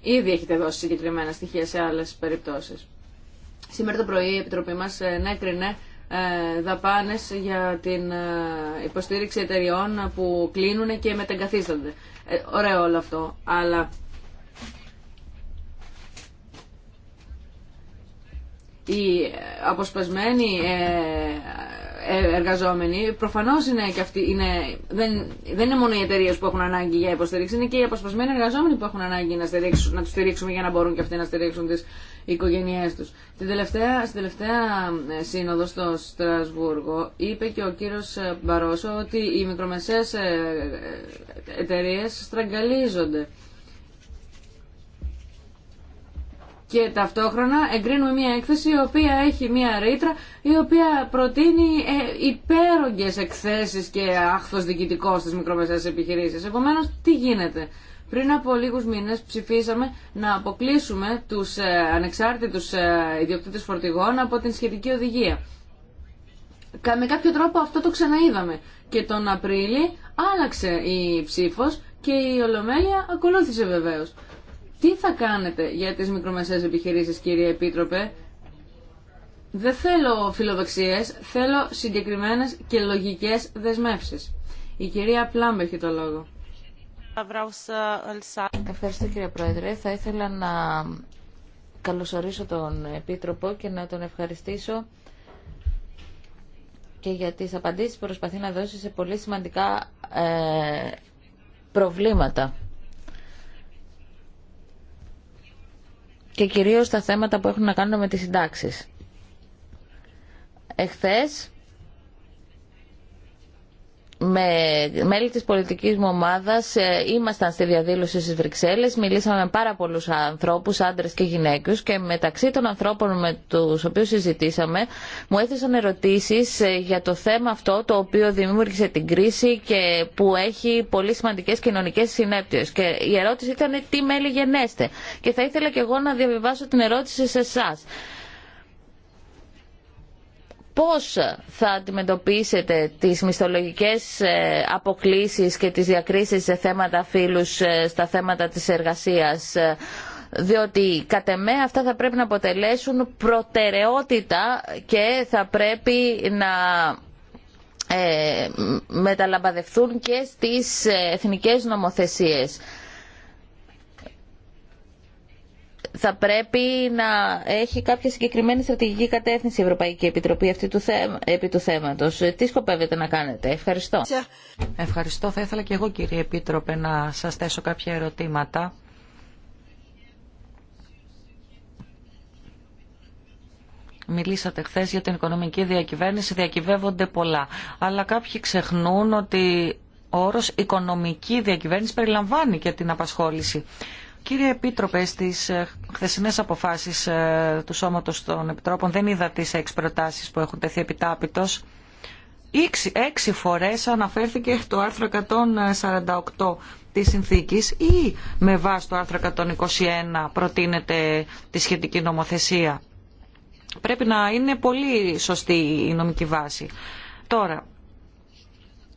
Ήδη έχετε δώσει συγκεκριμένα στοιχεία σε άλλες περιπτώσεις. Σήμερα το πρωί η Επιτροπή μας ε, ενέκρινε ε, δαπάνες για την ε, υποστήριξη εταιριών που κλείνουν και μετεγκαθίστανται. Ε, ωραίο όλο αυτό, αλλά η ε, εργαζόμενοι. Προφανώς είναι και αυτοί, είναι, δεν, δεν είναι μόνο οι εταιρείε που έχουν ανάγκη για υποστήριξη, είναι και οι αποσπασμένοι εργαζόμενοι που έχουν ανάγκη να, να τους στηρίξουμε για να μπορούν και αυτοί να στηρίξουν τις οικογένειε τους. τελευταία, στην τελευταία ε, σύνοδο στο Στρασβούργο είπε και ο κύριο ε, Μπαρόσο ότι οι μικρομεσαίες ε, εταιρείε στραγγαλίζονται. και ταυτόχρονα εγκρίνουμε μια έκθεση η οποία έχει μια ρήτρα η οποία προτείνει ε, υπέρογγες εκθέσεις και άχθος διοικητικό στις μικρομεσαίες επιχειρήσεις. Επομένως, τι γίνεται. Πριν από λίγους μήνες ψηφίσαμε να αποκλείσουμε τους ε, ανεξάρτητους ε, ιδιοκτήτες φορτηγών από την σχετική οδηγία. Με κάποιο τρόπο αυτό το ξαναείδαμε και τον Απρίλη άλλαξε η ψήφος και η Ολομέλεια ακολούθησε βεβαίως. Τι θα κάνετε για τις μικρομεσαίες επιχειρήσεις, κύριε Επίτροπε. Δεν θέλω φιλοδοξίες, θέλω συγκεκριμένες και λογικές δεσμεύσεις. Η κυρία Πλάμπ έχει το λόγο. Ευχαριστώ κύριε Πρόεδρε. Θα ήθελα να καλωσορίσω τον Επίτροπο και να τον ευχαριστήσω και για τις απαντήσεις που προσπαθεί να δώσει σε πολύ σημαντικά ε, προβλήματα. και κυρίως τα θέματα που έχουν να κάνουν με τις συντάξεις. Εχθές με μέλη της πολιτικής μου ομάδας ε, ήμασταν στη διαδήλωση στις Βρυξέλλες, μιλήσαμε με πάρα πολλούς ανθρώπους, άντρες και γυναίκες και μεταξύ των ανθρώπων με τους οποίους συζητήσαμε μου έθεσαν ερωτήσεις ε, για το θέμα αυτό το οποίο δημιούργησε την κρίση και που έχει πολύ σημαντικές κοινωνικές συνέπειες και η ερώτηση ήταν τι μέλη γενέστε και θα ήθελα και εγώ να διαβιβάσω την ερώτηση σε εσά πώς θα αντιμετωπίσετε τις μισθολογικές ε, αποκλίσεις και τις διακρίσεις σε θέματα φύλους, ε, στα θέματα της εργασίας, ε, διότι κατ' εμέ αυτά θα πρέπει να αποτελέσουν προτεραιότητα και θα πρέπει να ε, μεταλαμπαδευτούν και στις εθνικές νομοθεσίες. θα πρέπει να έχει κάποια συγκεκριμένη στρατηγική κατεύθυνση η Ευρωπαϊκή Επιτροπή του επί του θέματος. Ε, τι σκοπεύετε να κάνετε. Ευχαριστώ. Ευχαριστώ. Θα ήθελα και εγώ κύριε Επίτροπε να σας θέσω κάποια ερωτήματα. Μιλήσατε χθε για την οικονομική διακυβέρνηση, διακυβεύονται πολλά. Αλλά κάποιοι ξεχνούν ότι ο όρος οικονομική διακυβέρνηση περιλαμβάνει και την απασχόληση. Κύριε Επίτροπε, στι ε, χθεσινές αποφάσεις ε, του Σώματος των Επιτρόπων δεν είδα τις έξι προτάσει που έχουν τεθεί επιτάπητο. Έξι, έξι φορές αναφέρθηκε το άρθρο 148 τη συνθήκη η νομική βάση. Τώρα,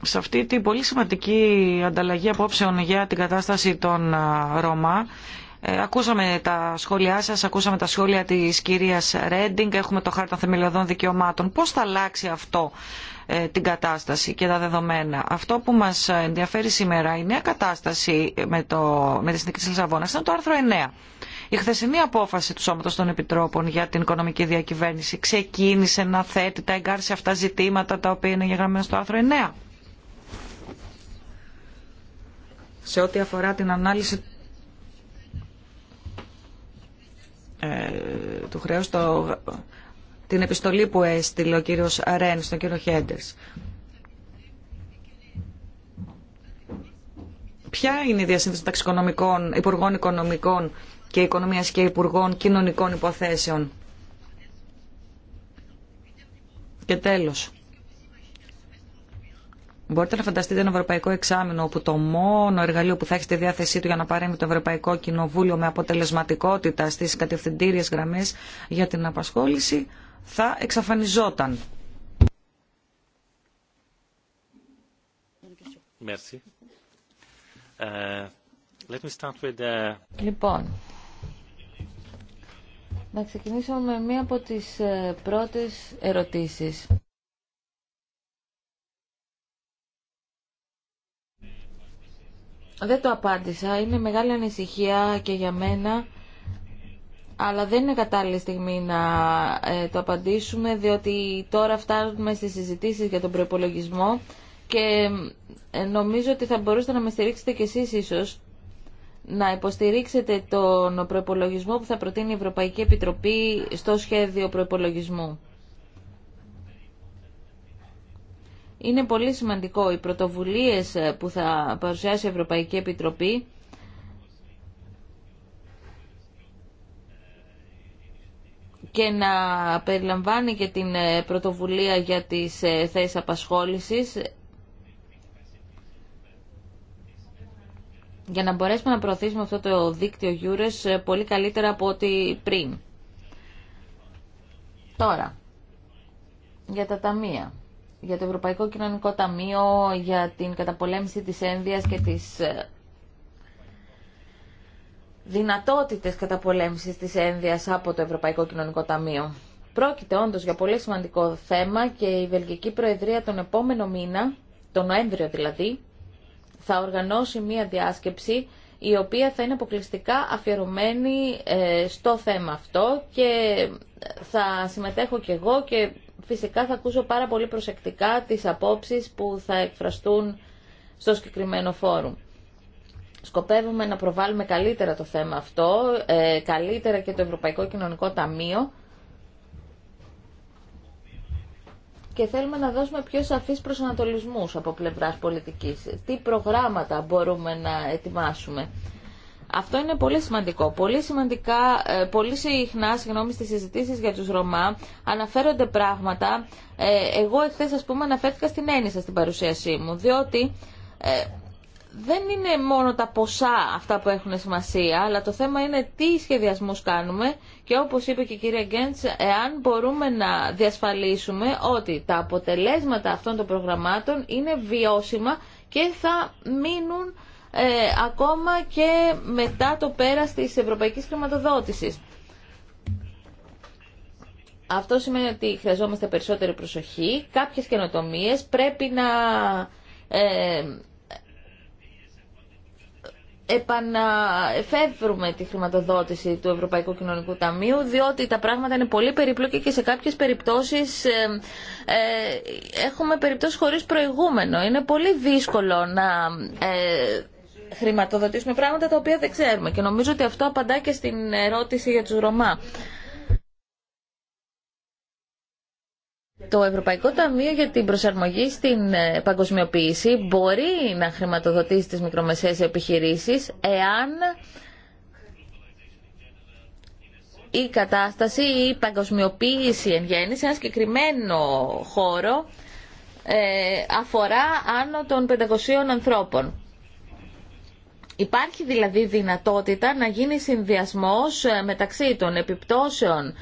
σε αυτή την πολύ σημαντική ανταλλαγή απόψεων για την κατάσταση των Ρωμά. Ε, ακούσαμε τα σχόλιά σας, ακούσαμε τα σχόλια της κυρίας Ρέντινγκ, έχουμε το χάρτα θεμελιωδών δικαιωμάτων. Πώς θα αλλάξει αυτό ε, την κατάσταση και τα δεδομένα. Αυτό που μας ενδιαφέρει σήμερα η νέα κατάσταση με, το, με τη συνθήκη της Λισαβόνας ήταν το άρθρο 9. Η χθεσινή απόφαση του Σώματος των Επιτρόπων για την οικονομική διακυβέρνηση ξεκίνησε να θέτει τα εγκάρσια αυτά ζητήματα τα οποία είναι γεγραμμένα στο άρθρο 9 σε ό,τι αφορά την ανάλυση ε, του χρέους το την επιστολή που έστειλε ο κύριος Ρέν στον κύριο Χέντερς. Ποια είναι η διασύνδεση μεταξύ οικονομικών, υπουργών οικονομικών και οικονομίας και υπουργών κοινωνικών υποθέσεων. Και τέλος. Μπορείτε να φανταστείτε ένα ευρωπαϊκό εξάμεινο όπου το μόνο εργαλείο που θα έχει στη διάθεσή του για να παρέμει το Ευρωπαϊκό Κοινοβούλιο με αποτελεσματικότητα στις κατευθυντήριες γραμμές για την απασχόληση θα εξαφανιζόταν. Merci. Uh, let me start with uh, Λοιπόν, να ξεκινήσω με μία από τις ε, πρώτες ερωτήσεις. Δεν το απάντησα. Είναι μεγάλη ανησυχία και για μένα αλλά δεν είναι κατάλληλη στιγμή να ε, το απαντήσουμε διότι τώρα φτάνουμε στις συζητήσεις για τον προϋπολογισμό και ε, νομίζω ότι θα μπορούσατε να με στηρίξετε κι εσείς ίσως να υποστηρίξετε τον προϋπολογισμό που θα προτείνει η Ευρωπαϊκή Επιτροπή στο σχέδιο προϋπολογισμού. είναι πολύ σημαντικό οι πρωτοβουλίες ε, που θα παρουσιάσει η Ευρωπαϊκή Επιτροπή και να περιλαμβάνει και την ε, πρωτοβουλία για τις ε, θέσεις απασχόλησης για να μπορέσουμε να προωθήσουμε αυτό το δίκτυο Eures πολύ καλύτερα από ό,τι πριν. Τώρα, για τα ταμεία για το Ευρωπαϊκό Κοινωνικό Ταμείο, για την καταπολέμηση της ένδυας και της ε, δυνατότητες καταπολέμησης της ένδυας από το Ευρωπαϊκό Κοινωνικό Ταμείο. Πρόκειται όντως για πολύ σημαντικό θέμα και η Βελγική Προεδρία τον επόμενο μήνα, τον Νοέμβριο δηλαδή, θα οργανώσει μία διάσκεψη η οποία θα είναι αποκλειστικά αφιερωμένη ε, στο θέμα αυτό και θα συμμετέχω κι εγώ και φυσικά θα ακούσω πάρα πολύ προσεκτικά τις απόψεις που θα εκφραστούν στο συγκεκριμένο φόρουμ. Σκοπεύουμε να προβάλλουμε καλύτερα το θέμα αυτό, ε, καλύτερα και το Ευρωπαϊκό Κοινωνικό Ταμείο και θέλουμε να δώσουμε πιο σαφείς προσανατολισμούς από πλευράς πολιτικής. Τι προγράμματα μπορούμε να ετοιμάσουμε. Αυτό είναι πολύ σημαντικό. Πολύ, σημαντικά, ε, πολύ συχνά συγγνώμη, στις συζητήσεις για τους Ρωμά αναφέρονται πράγματα. Ε, εγώ εχθές ας πούμε αναφέρθηκα στην έννοια στην παρουσίασή μου, διότι ε, δεν είναι μόνο τα ποσά αυτά που έχουν σημασία, αλλά το θέμα είναι τι σχεδιασμούς κάνουμε και όπως είπε και η κυρία Γκέντς, εάν μπορούμε να διασφαλίσουμε ότι τα αποτελέσματα αυτών των προγραμμάτων είναι βιώσιμα και θα μείνουν ε, ακόμα και μετά το πέρας της ευρωπαϊκής χρηματοδότησης. Αυτό σημαίνει ότι χρειαζόμαστε περισσότερη προσοχή, κάποιες καινοτομίες πρέπει να... Ε, επαναφεύρουμε τη χρηματοδότηση του Ευρωπαϊκού Κοινωνικού Ταμείου διότι τα πράγματα είναι πολύ περίπλοκα και σε κάποιες περιπτώσεις ε, ε, έχουμε περιπτώσεις χωρίς προηγούμενο. Είναι πολύ δύσκολο να ε, χρηματοδοτήσουμε πράγματα τα οποία δεν ξέρουμε και νομίζω ότι αυτό απαντά και στην ερώτηση για τους Ρωμά. Το Ευρωπαϊκό Ταμείο για την Προσαρμογή στην ε, Παγκοσμιοποίηση μπορεί να χρηματοδοτήσει τις μικρομεσαίες επιχειρήσεις εάν η κατάσταση ή η παγκοσμιοποίηση εν γέννη σε ένα συγκεκριμένο χώρο ε, αφορά άνω των 500 ανθρώπων. Υπάρχει δηλαδή δυνατότητα να γίνει συνδυασμός ε, μεταξύ των επιπτώσεων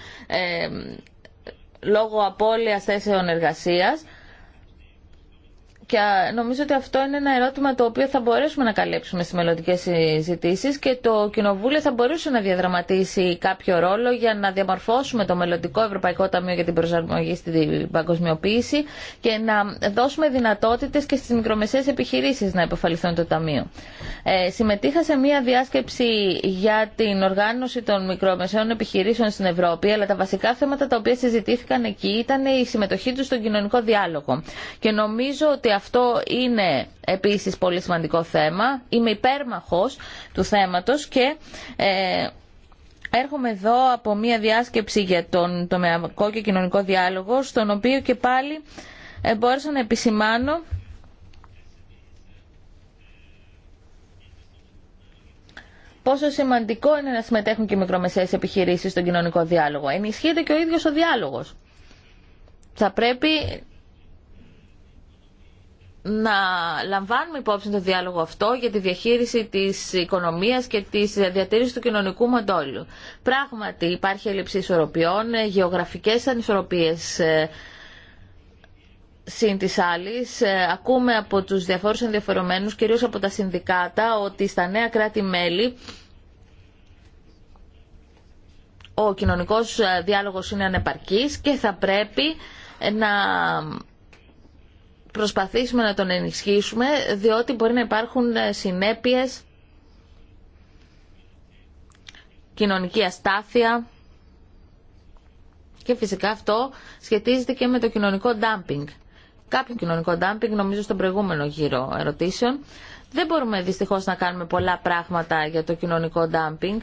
λόγω απώλειας θέσεων εργασίας και νομίζω ότι αυτό είναι ένα ερώτημα το οποίο θα μπορέσουμε να καλύψουμε στις μελλοντικέ συζητήσει και το Κοινοβούλιο θα μπορούσε να διαδραματίσει κάποιο ρόλο για να διαμορφώσουμε το μελλοντικό Ευρωπαϊκό Ταμείο για την Προσαρμογή στην Παγκοσμιοποίηση και να δώσουμε δυνατότητε και στι μικρομεσαίε επιχειρήσει να υποφαληθούν το Ταμείο. Ε, συμμετείχα σε μία διάσκεψη για την οργάνωση των μικρομεσαίων επιχειρήσεων στην Ευρώπη, αλλά τα βασικά θέματα τα οποία συζητήθηκαν εκεί ήταν η συμμετοχή του στον κοινωνικό διάλογο. Και νομίζω ότι αυτό είναι επίσης πολύ σημαντικό θέμα. Είμαι υπέρμαχος του θέματος και ε, έρχομαι εδώ από μια διάσκεψη για τον τομεακό και κοινωνικό διάλογο, στον οποίο και πάλι ε, μπόρεσα να επισημάνω πόσο σημαντικό είναι να συμμετέχουν και οι μικρομεσαίες επιχειρήσεις στον κοινωνικό διάλογο. Ενισχύεται και ο ίδιος ο διάλογος. Θα πρέπει να λαμβάνουμε υπόψη το διάλογο αυτό για τη διαχείριση της οικονομίας και της διατήρησης του κοινωνικού μοντόλου. Πράγματι υπάρχει έλλειψη ισορροπιών, ε, γεωγραφικές ανισορροπίες ε, Συν της ε, ακούμε από τους διαφόρους ενδιαφερομένους, κυρίως από τα συνδικάτα, ότι στα νέα κράτη-μέλη ο κοινωνικός διάλογος είναι ανεπαρκής και θα πρέπει να προσπαθήσουμε να τον ενισχύσουμε, διότι μπορεί να υπάρχουν ε, συνέπειες, κοινωνική αστάθεια και φυσικά αυτό σχετίζεται και με το κοινωνικό ντάμπινγκ. Κάποιο κοινωνικό ντάμπινγκ νομίζω στον προηγούμενο γύρο ερωτήσεων. Δεν μπορούμε δυστυχώς να κάνουμε πολλά πράγματα για το κοινωνικό ντάμπινγκ.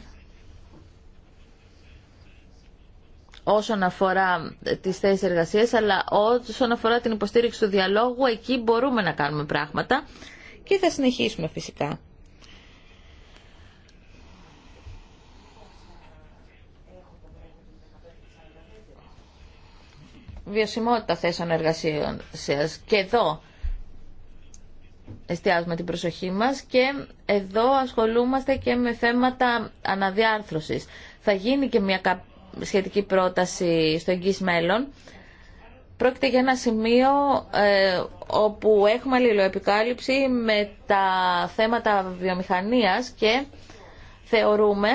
όσον αφορά ε, τις θέσεις εργασίας, αλλά όσον αφορά την υποστήριξη του διαλόγου, εκεί μπορούμε να κάνουμε πράγματα και θα συνεχίσουμε φυσικά. Βιωσιμότητα θέσεων εργασίας και εδώ εστιάζουμε την προσοχή μας και εδώ ασχολούμαστε και με θέματα αναδιάρθρωσης. Θα γίνει και μια σχετική πρόταση στο εγγύς μέλλον. Πρόκειται για ένα σημείο ε, όπου έχουμε αλληλοεπικάλυψη με τα θέματα βιομηχανίας και θεωρούμε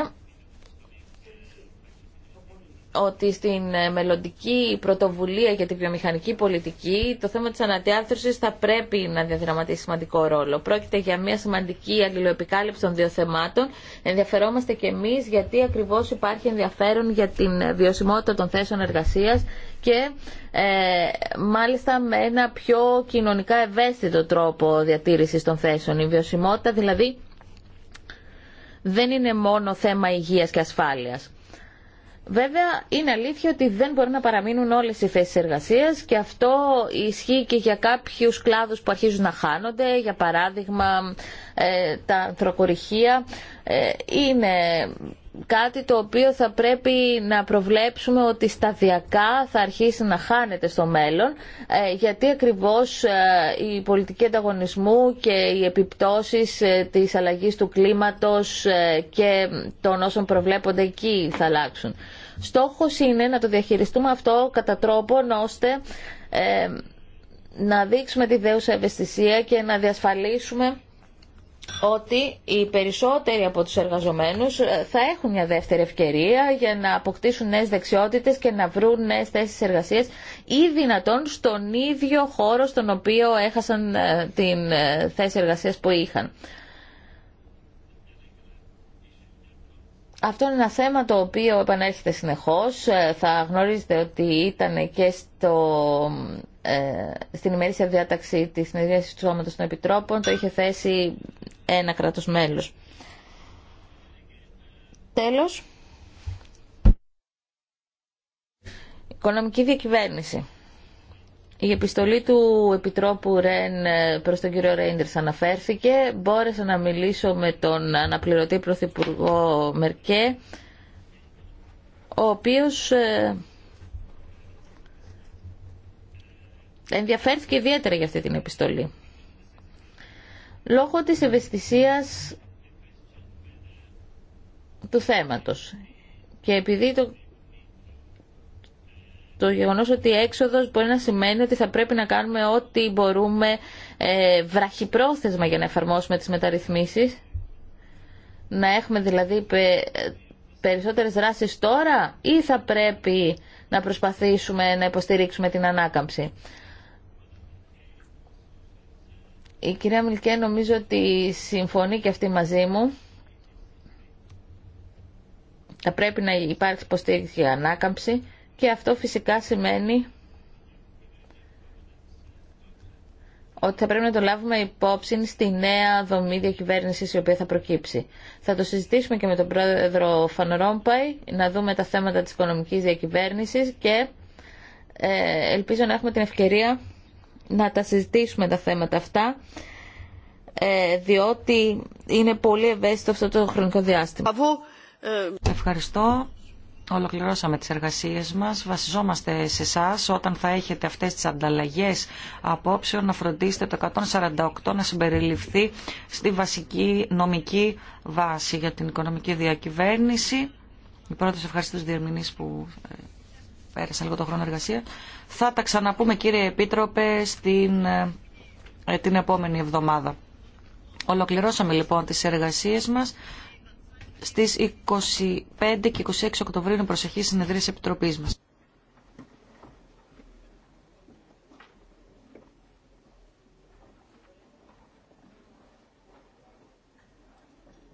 ότι στην ε, μελλοντική πρωτοβουλία για τη βιομηχανική πολιτική το θέμα της ανατεάθρωσης θα πρέπει να διαδραματίσει σημαντικό ρόλο. Πρόκειται για μια σημαντική αλληλοεπικάλυψη των δύο θεμάτων. Ενδιαφερόμαστε και εμείς γιατί ακριβώς υπάρχει ενδιαφέρον για την βιωσιμότητα των θέσεων εργασίας και ε, μάλιστα με ένα πιο κοινωνικά ευαίσθητο τρόπο διατήρησης των θέσεων. Η βιωσιμότητα δηλαδή δεν είναι μόνο θέμα υγείας και ασφάλειας. Βέβαια, είναι αλήθεια ότι δεν μπορεί να παραμείνουν όλε οι θέσει εργασία και αυτό ισχύει και για κάποιου κλάδου που αρχίζουν να χάνονται. Για παράδειγμα, ε, τα ε, είναι κάτι το οποίο θα πρέπει να προβλέψουμε ότι σταδιακά θα αρχίσει να χάνεται στο μέλλον ε, γιατί ακριβώς ε, η πολιτική ανταγωνισμού και οι επιπτώσεις της αλλαγής του κλίματος και των όσων προβλέπονται εκεί θα αλλάξουν. Στόχος είναι να το διαχειριστούμε αυτό κατά τρόπον ώστε ε, να δείξουμε τη δέουσα ευαισθησία και να διασφαλίσουμε ότι οι περισσότεροι από τους εργαζομένους ε, θα έχουν μια δεύτερη ευκαιρία για να αποκτήσουν νέες δεξιότητες και να βρουν νέες θέσεις εργασίας ή δυνατόν στον ίδιο χώρο στον οποίο έχασαν ε, την θέση εργασίας που είχαν. αυτό είναι ένα θέμα το οποίο επανέρχεται συνεχώς. Ε, θα γνωρίζετε ότι ήταν και στο, ε, στην ημερήσια διάταξη της συνεδρίασης του Σώματος των Επιτρόπων. Το είχε θέσει ένα κράτος μέλος. Τέλος, οικονομική διακυβέρνηση. Η επιστολή του Επιτρόπου Ρεν ε, προς τον κύριο Ρέιντερς αναφέρθηκε. Μπόρεσα να μιλήσω με τον αναπληρωτή Πρωθυπουργό Μερκέ, ο οποίος ε, ενδιαφέρθηκε ιδιαίτερα για αυτή την επιστολή. Λόγω της ευαισθησίας του θέματος και επειδή το γεγονός ότι η έξοδος μπορεί να σημαίνει ότι θα πρέπει να κάνουμε ό,τι μπορούμε ε, βραχυπρόθεσμα για να εφαρμόσουμε τις μεταρρυθμίσεις. Να έχουμε δηλαδή πε, περισσότερες δράσεις τώρα ή θα πρέπει να προσπαθήσουμε να υποστηρίξουμε την ανάκαμψη. Η κυρία Μιλκέ νομίζω ότι συμφωνεί και αυτή μαζί μου. Θα πρέπει να υπάρξει υποστήριξη για ανάκαμψη και αυτό φυσικά σημαίνει ότι θα πρέπει να το λάβουμε υπόψη στη νέα δομή διακυβέρνηση η οποία θα προκύψει. Θα το συζητήσουμε και με τον πρόεδρο Φανορόμπαϊ, να δούμε τα θέματα της οικονομικής διακυβέρνησης και ε, ελπίζω να έχουμε την ευκαιρία να τα συζητήσουμε τα θέματα αυτά, ε, διότι είναι πολύ ευαίσθητο αυτό το χρονικό διάστημα. Ευχαριστώ. Ολοκληρώσαμε τις εργασίες μας. Βασιζόμαστε σε εσά όταν θα έχετε αυτές τις ανταλλαγές απόψεων να φροντίσετε το 148 να συμπεριληφθεί στη βασική νομική βάση για την οικονομική διακυβέρνηση. Η πρώτη ευχαριστώ τους διερμηνείς που ε, πέρασαν λίγο το χρόνο εργασία. Θα τα ξαναπούμε κύριε Επίτροπε ε, ε, την επόμενη εβδομάδα. Ολοκληρώσαμε λοιπόν τις εργασίες μας στις 25 και 26 Οκτωβρίου είναι προσεχή συνεδρίες επιτροπής μας.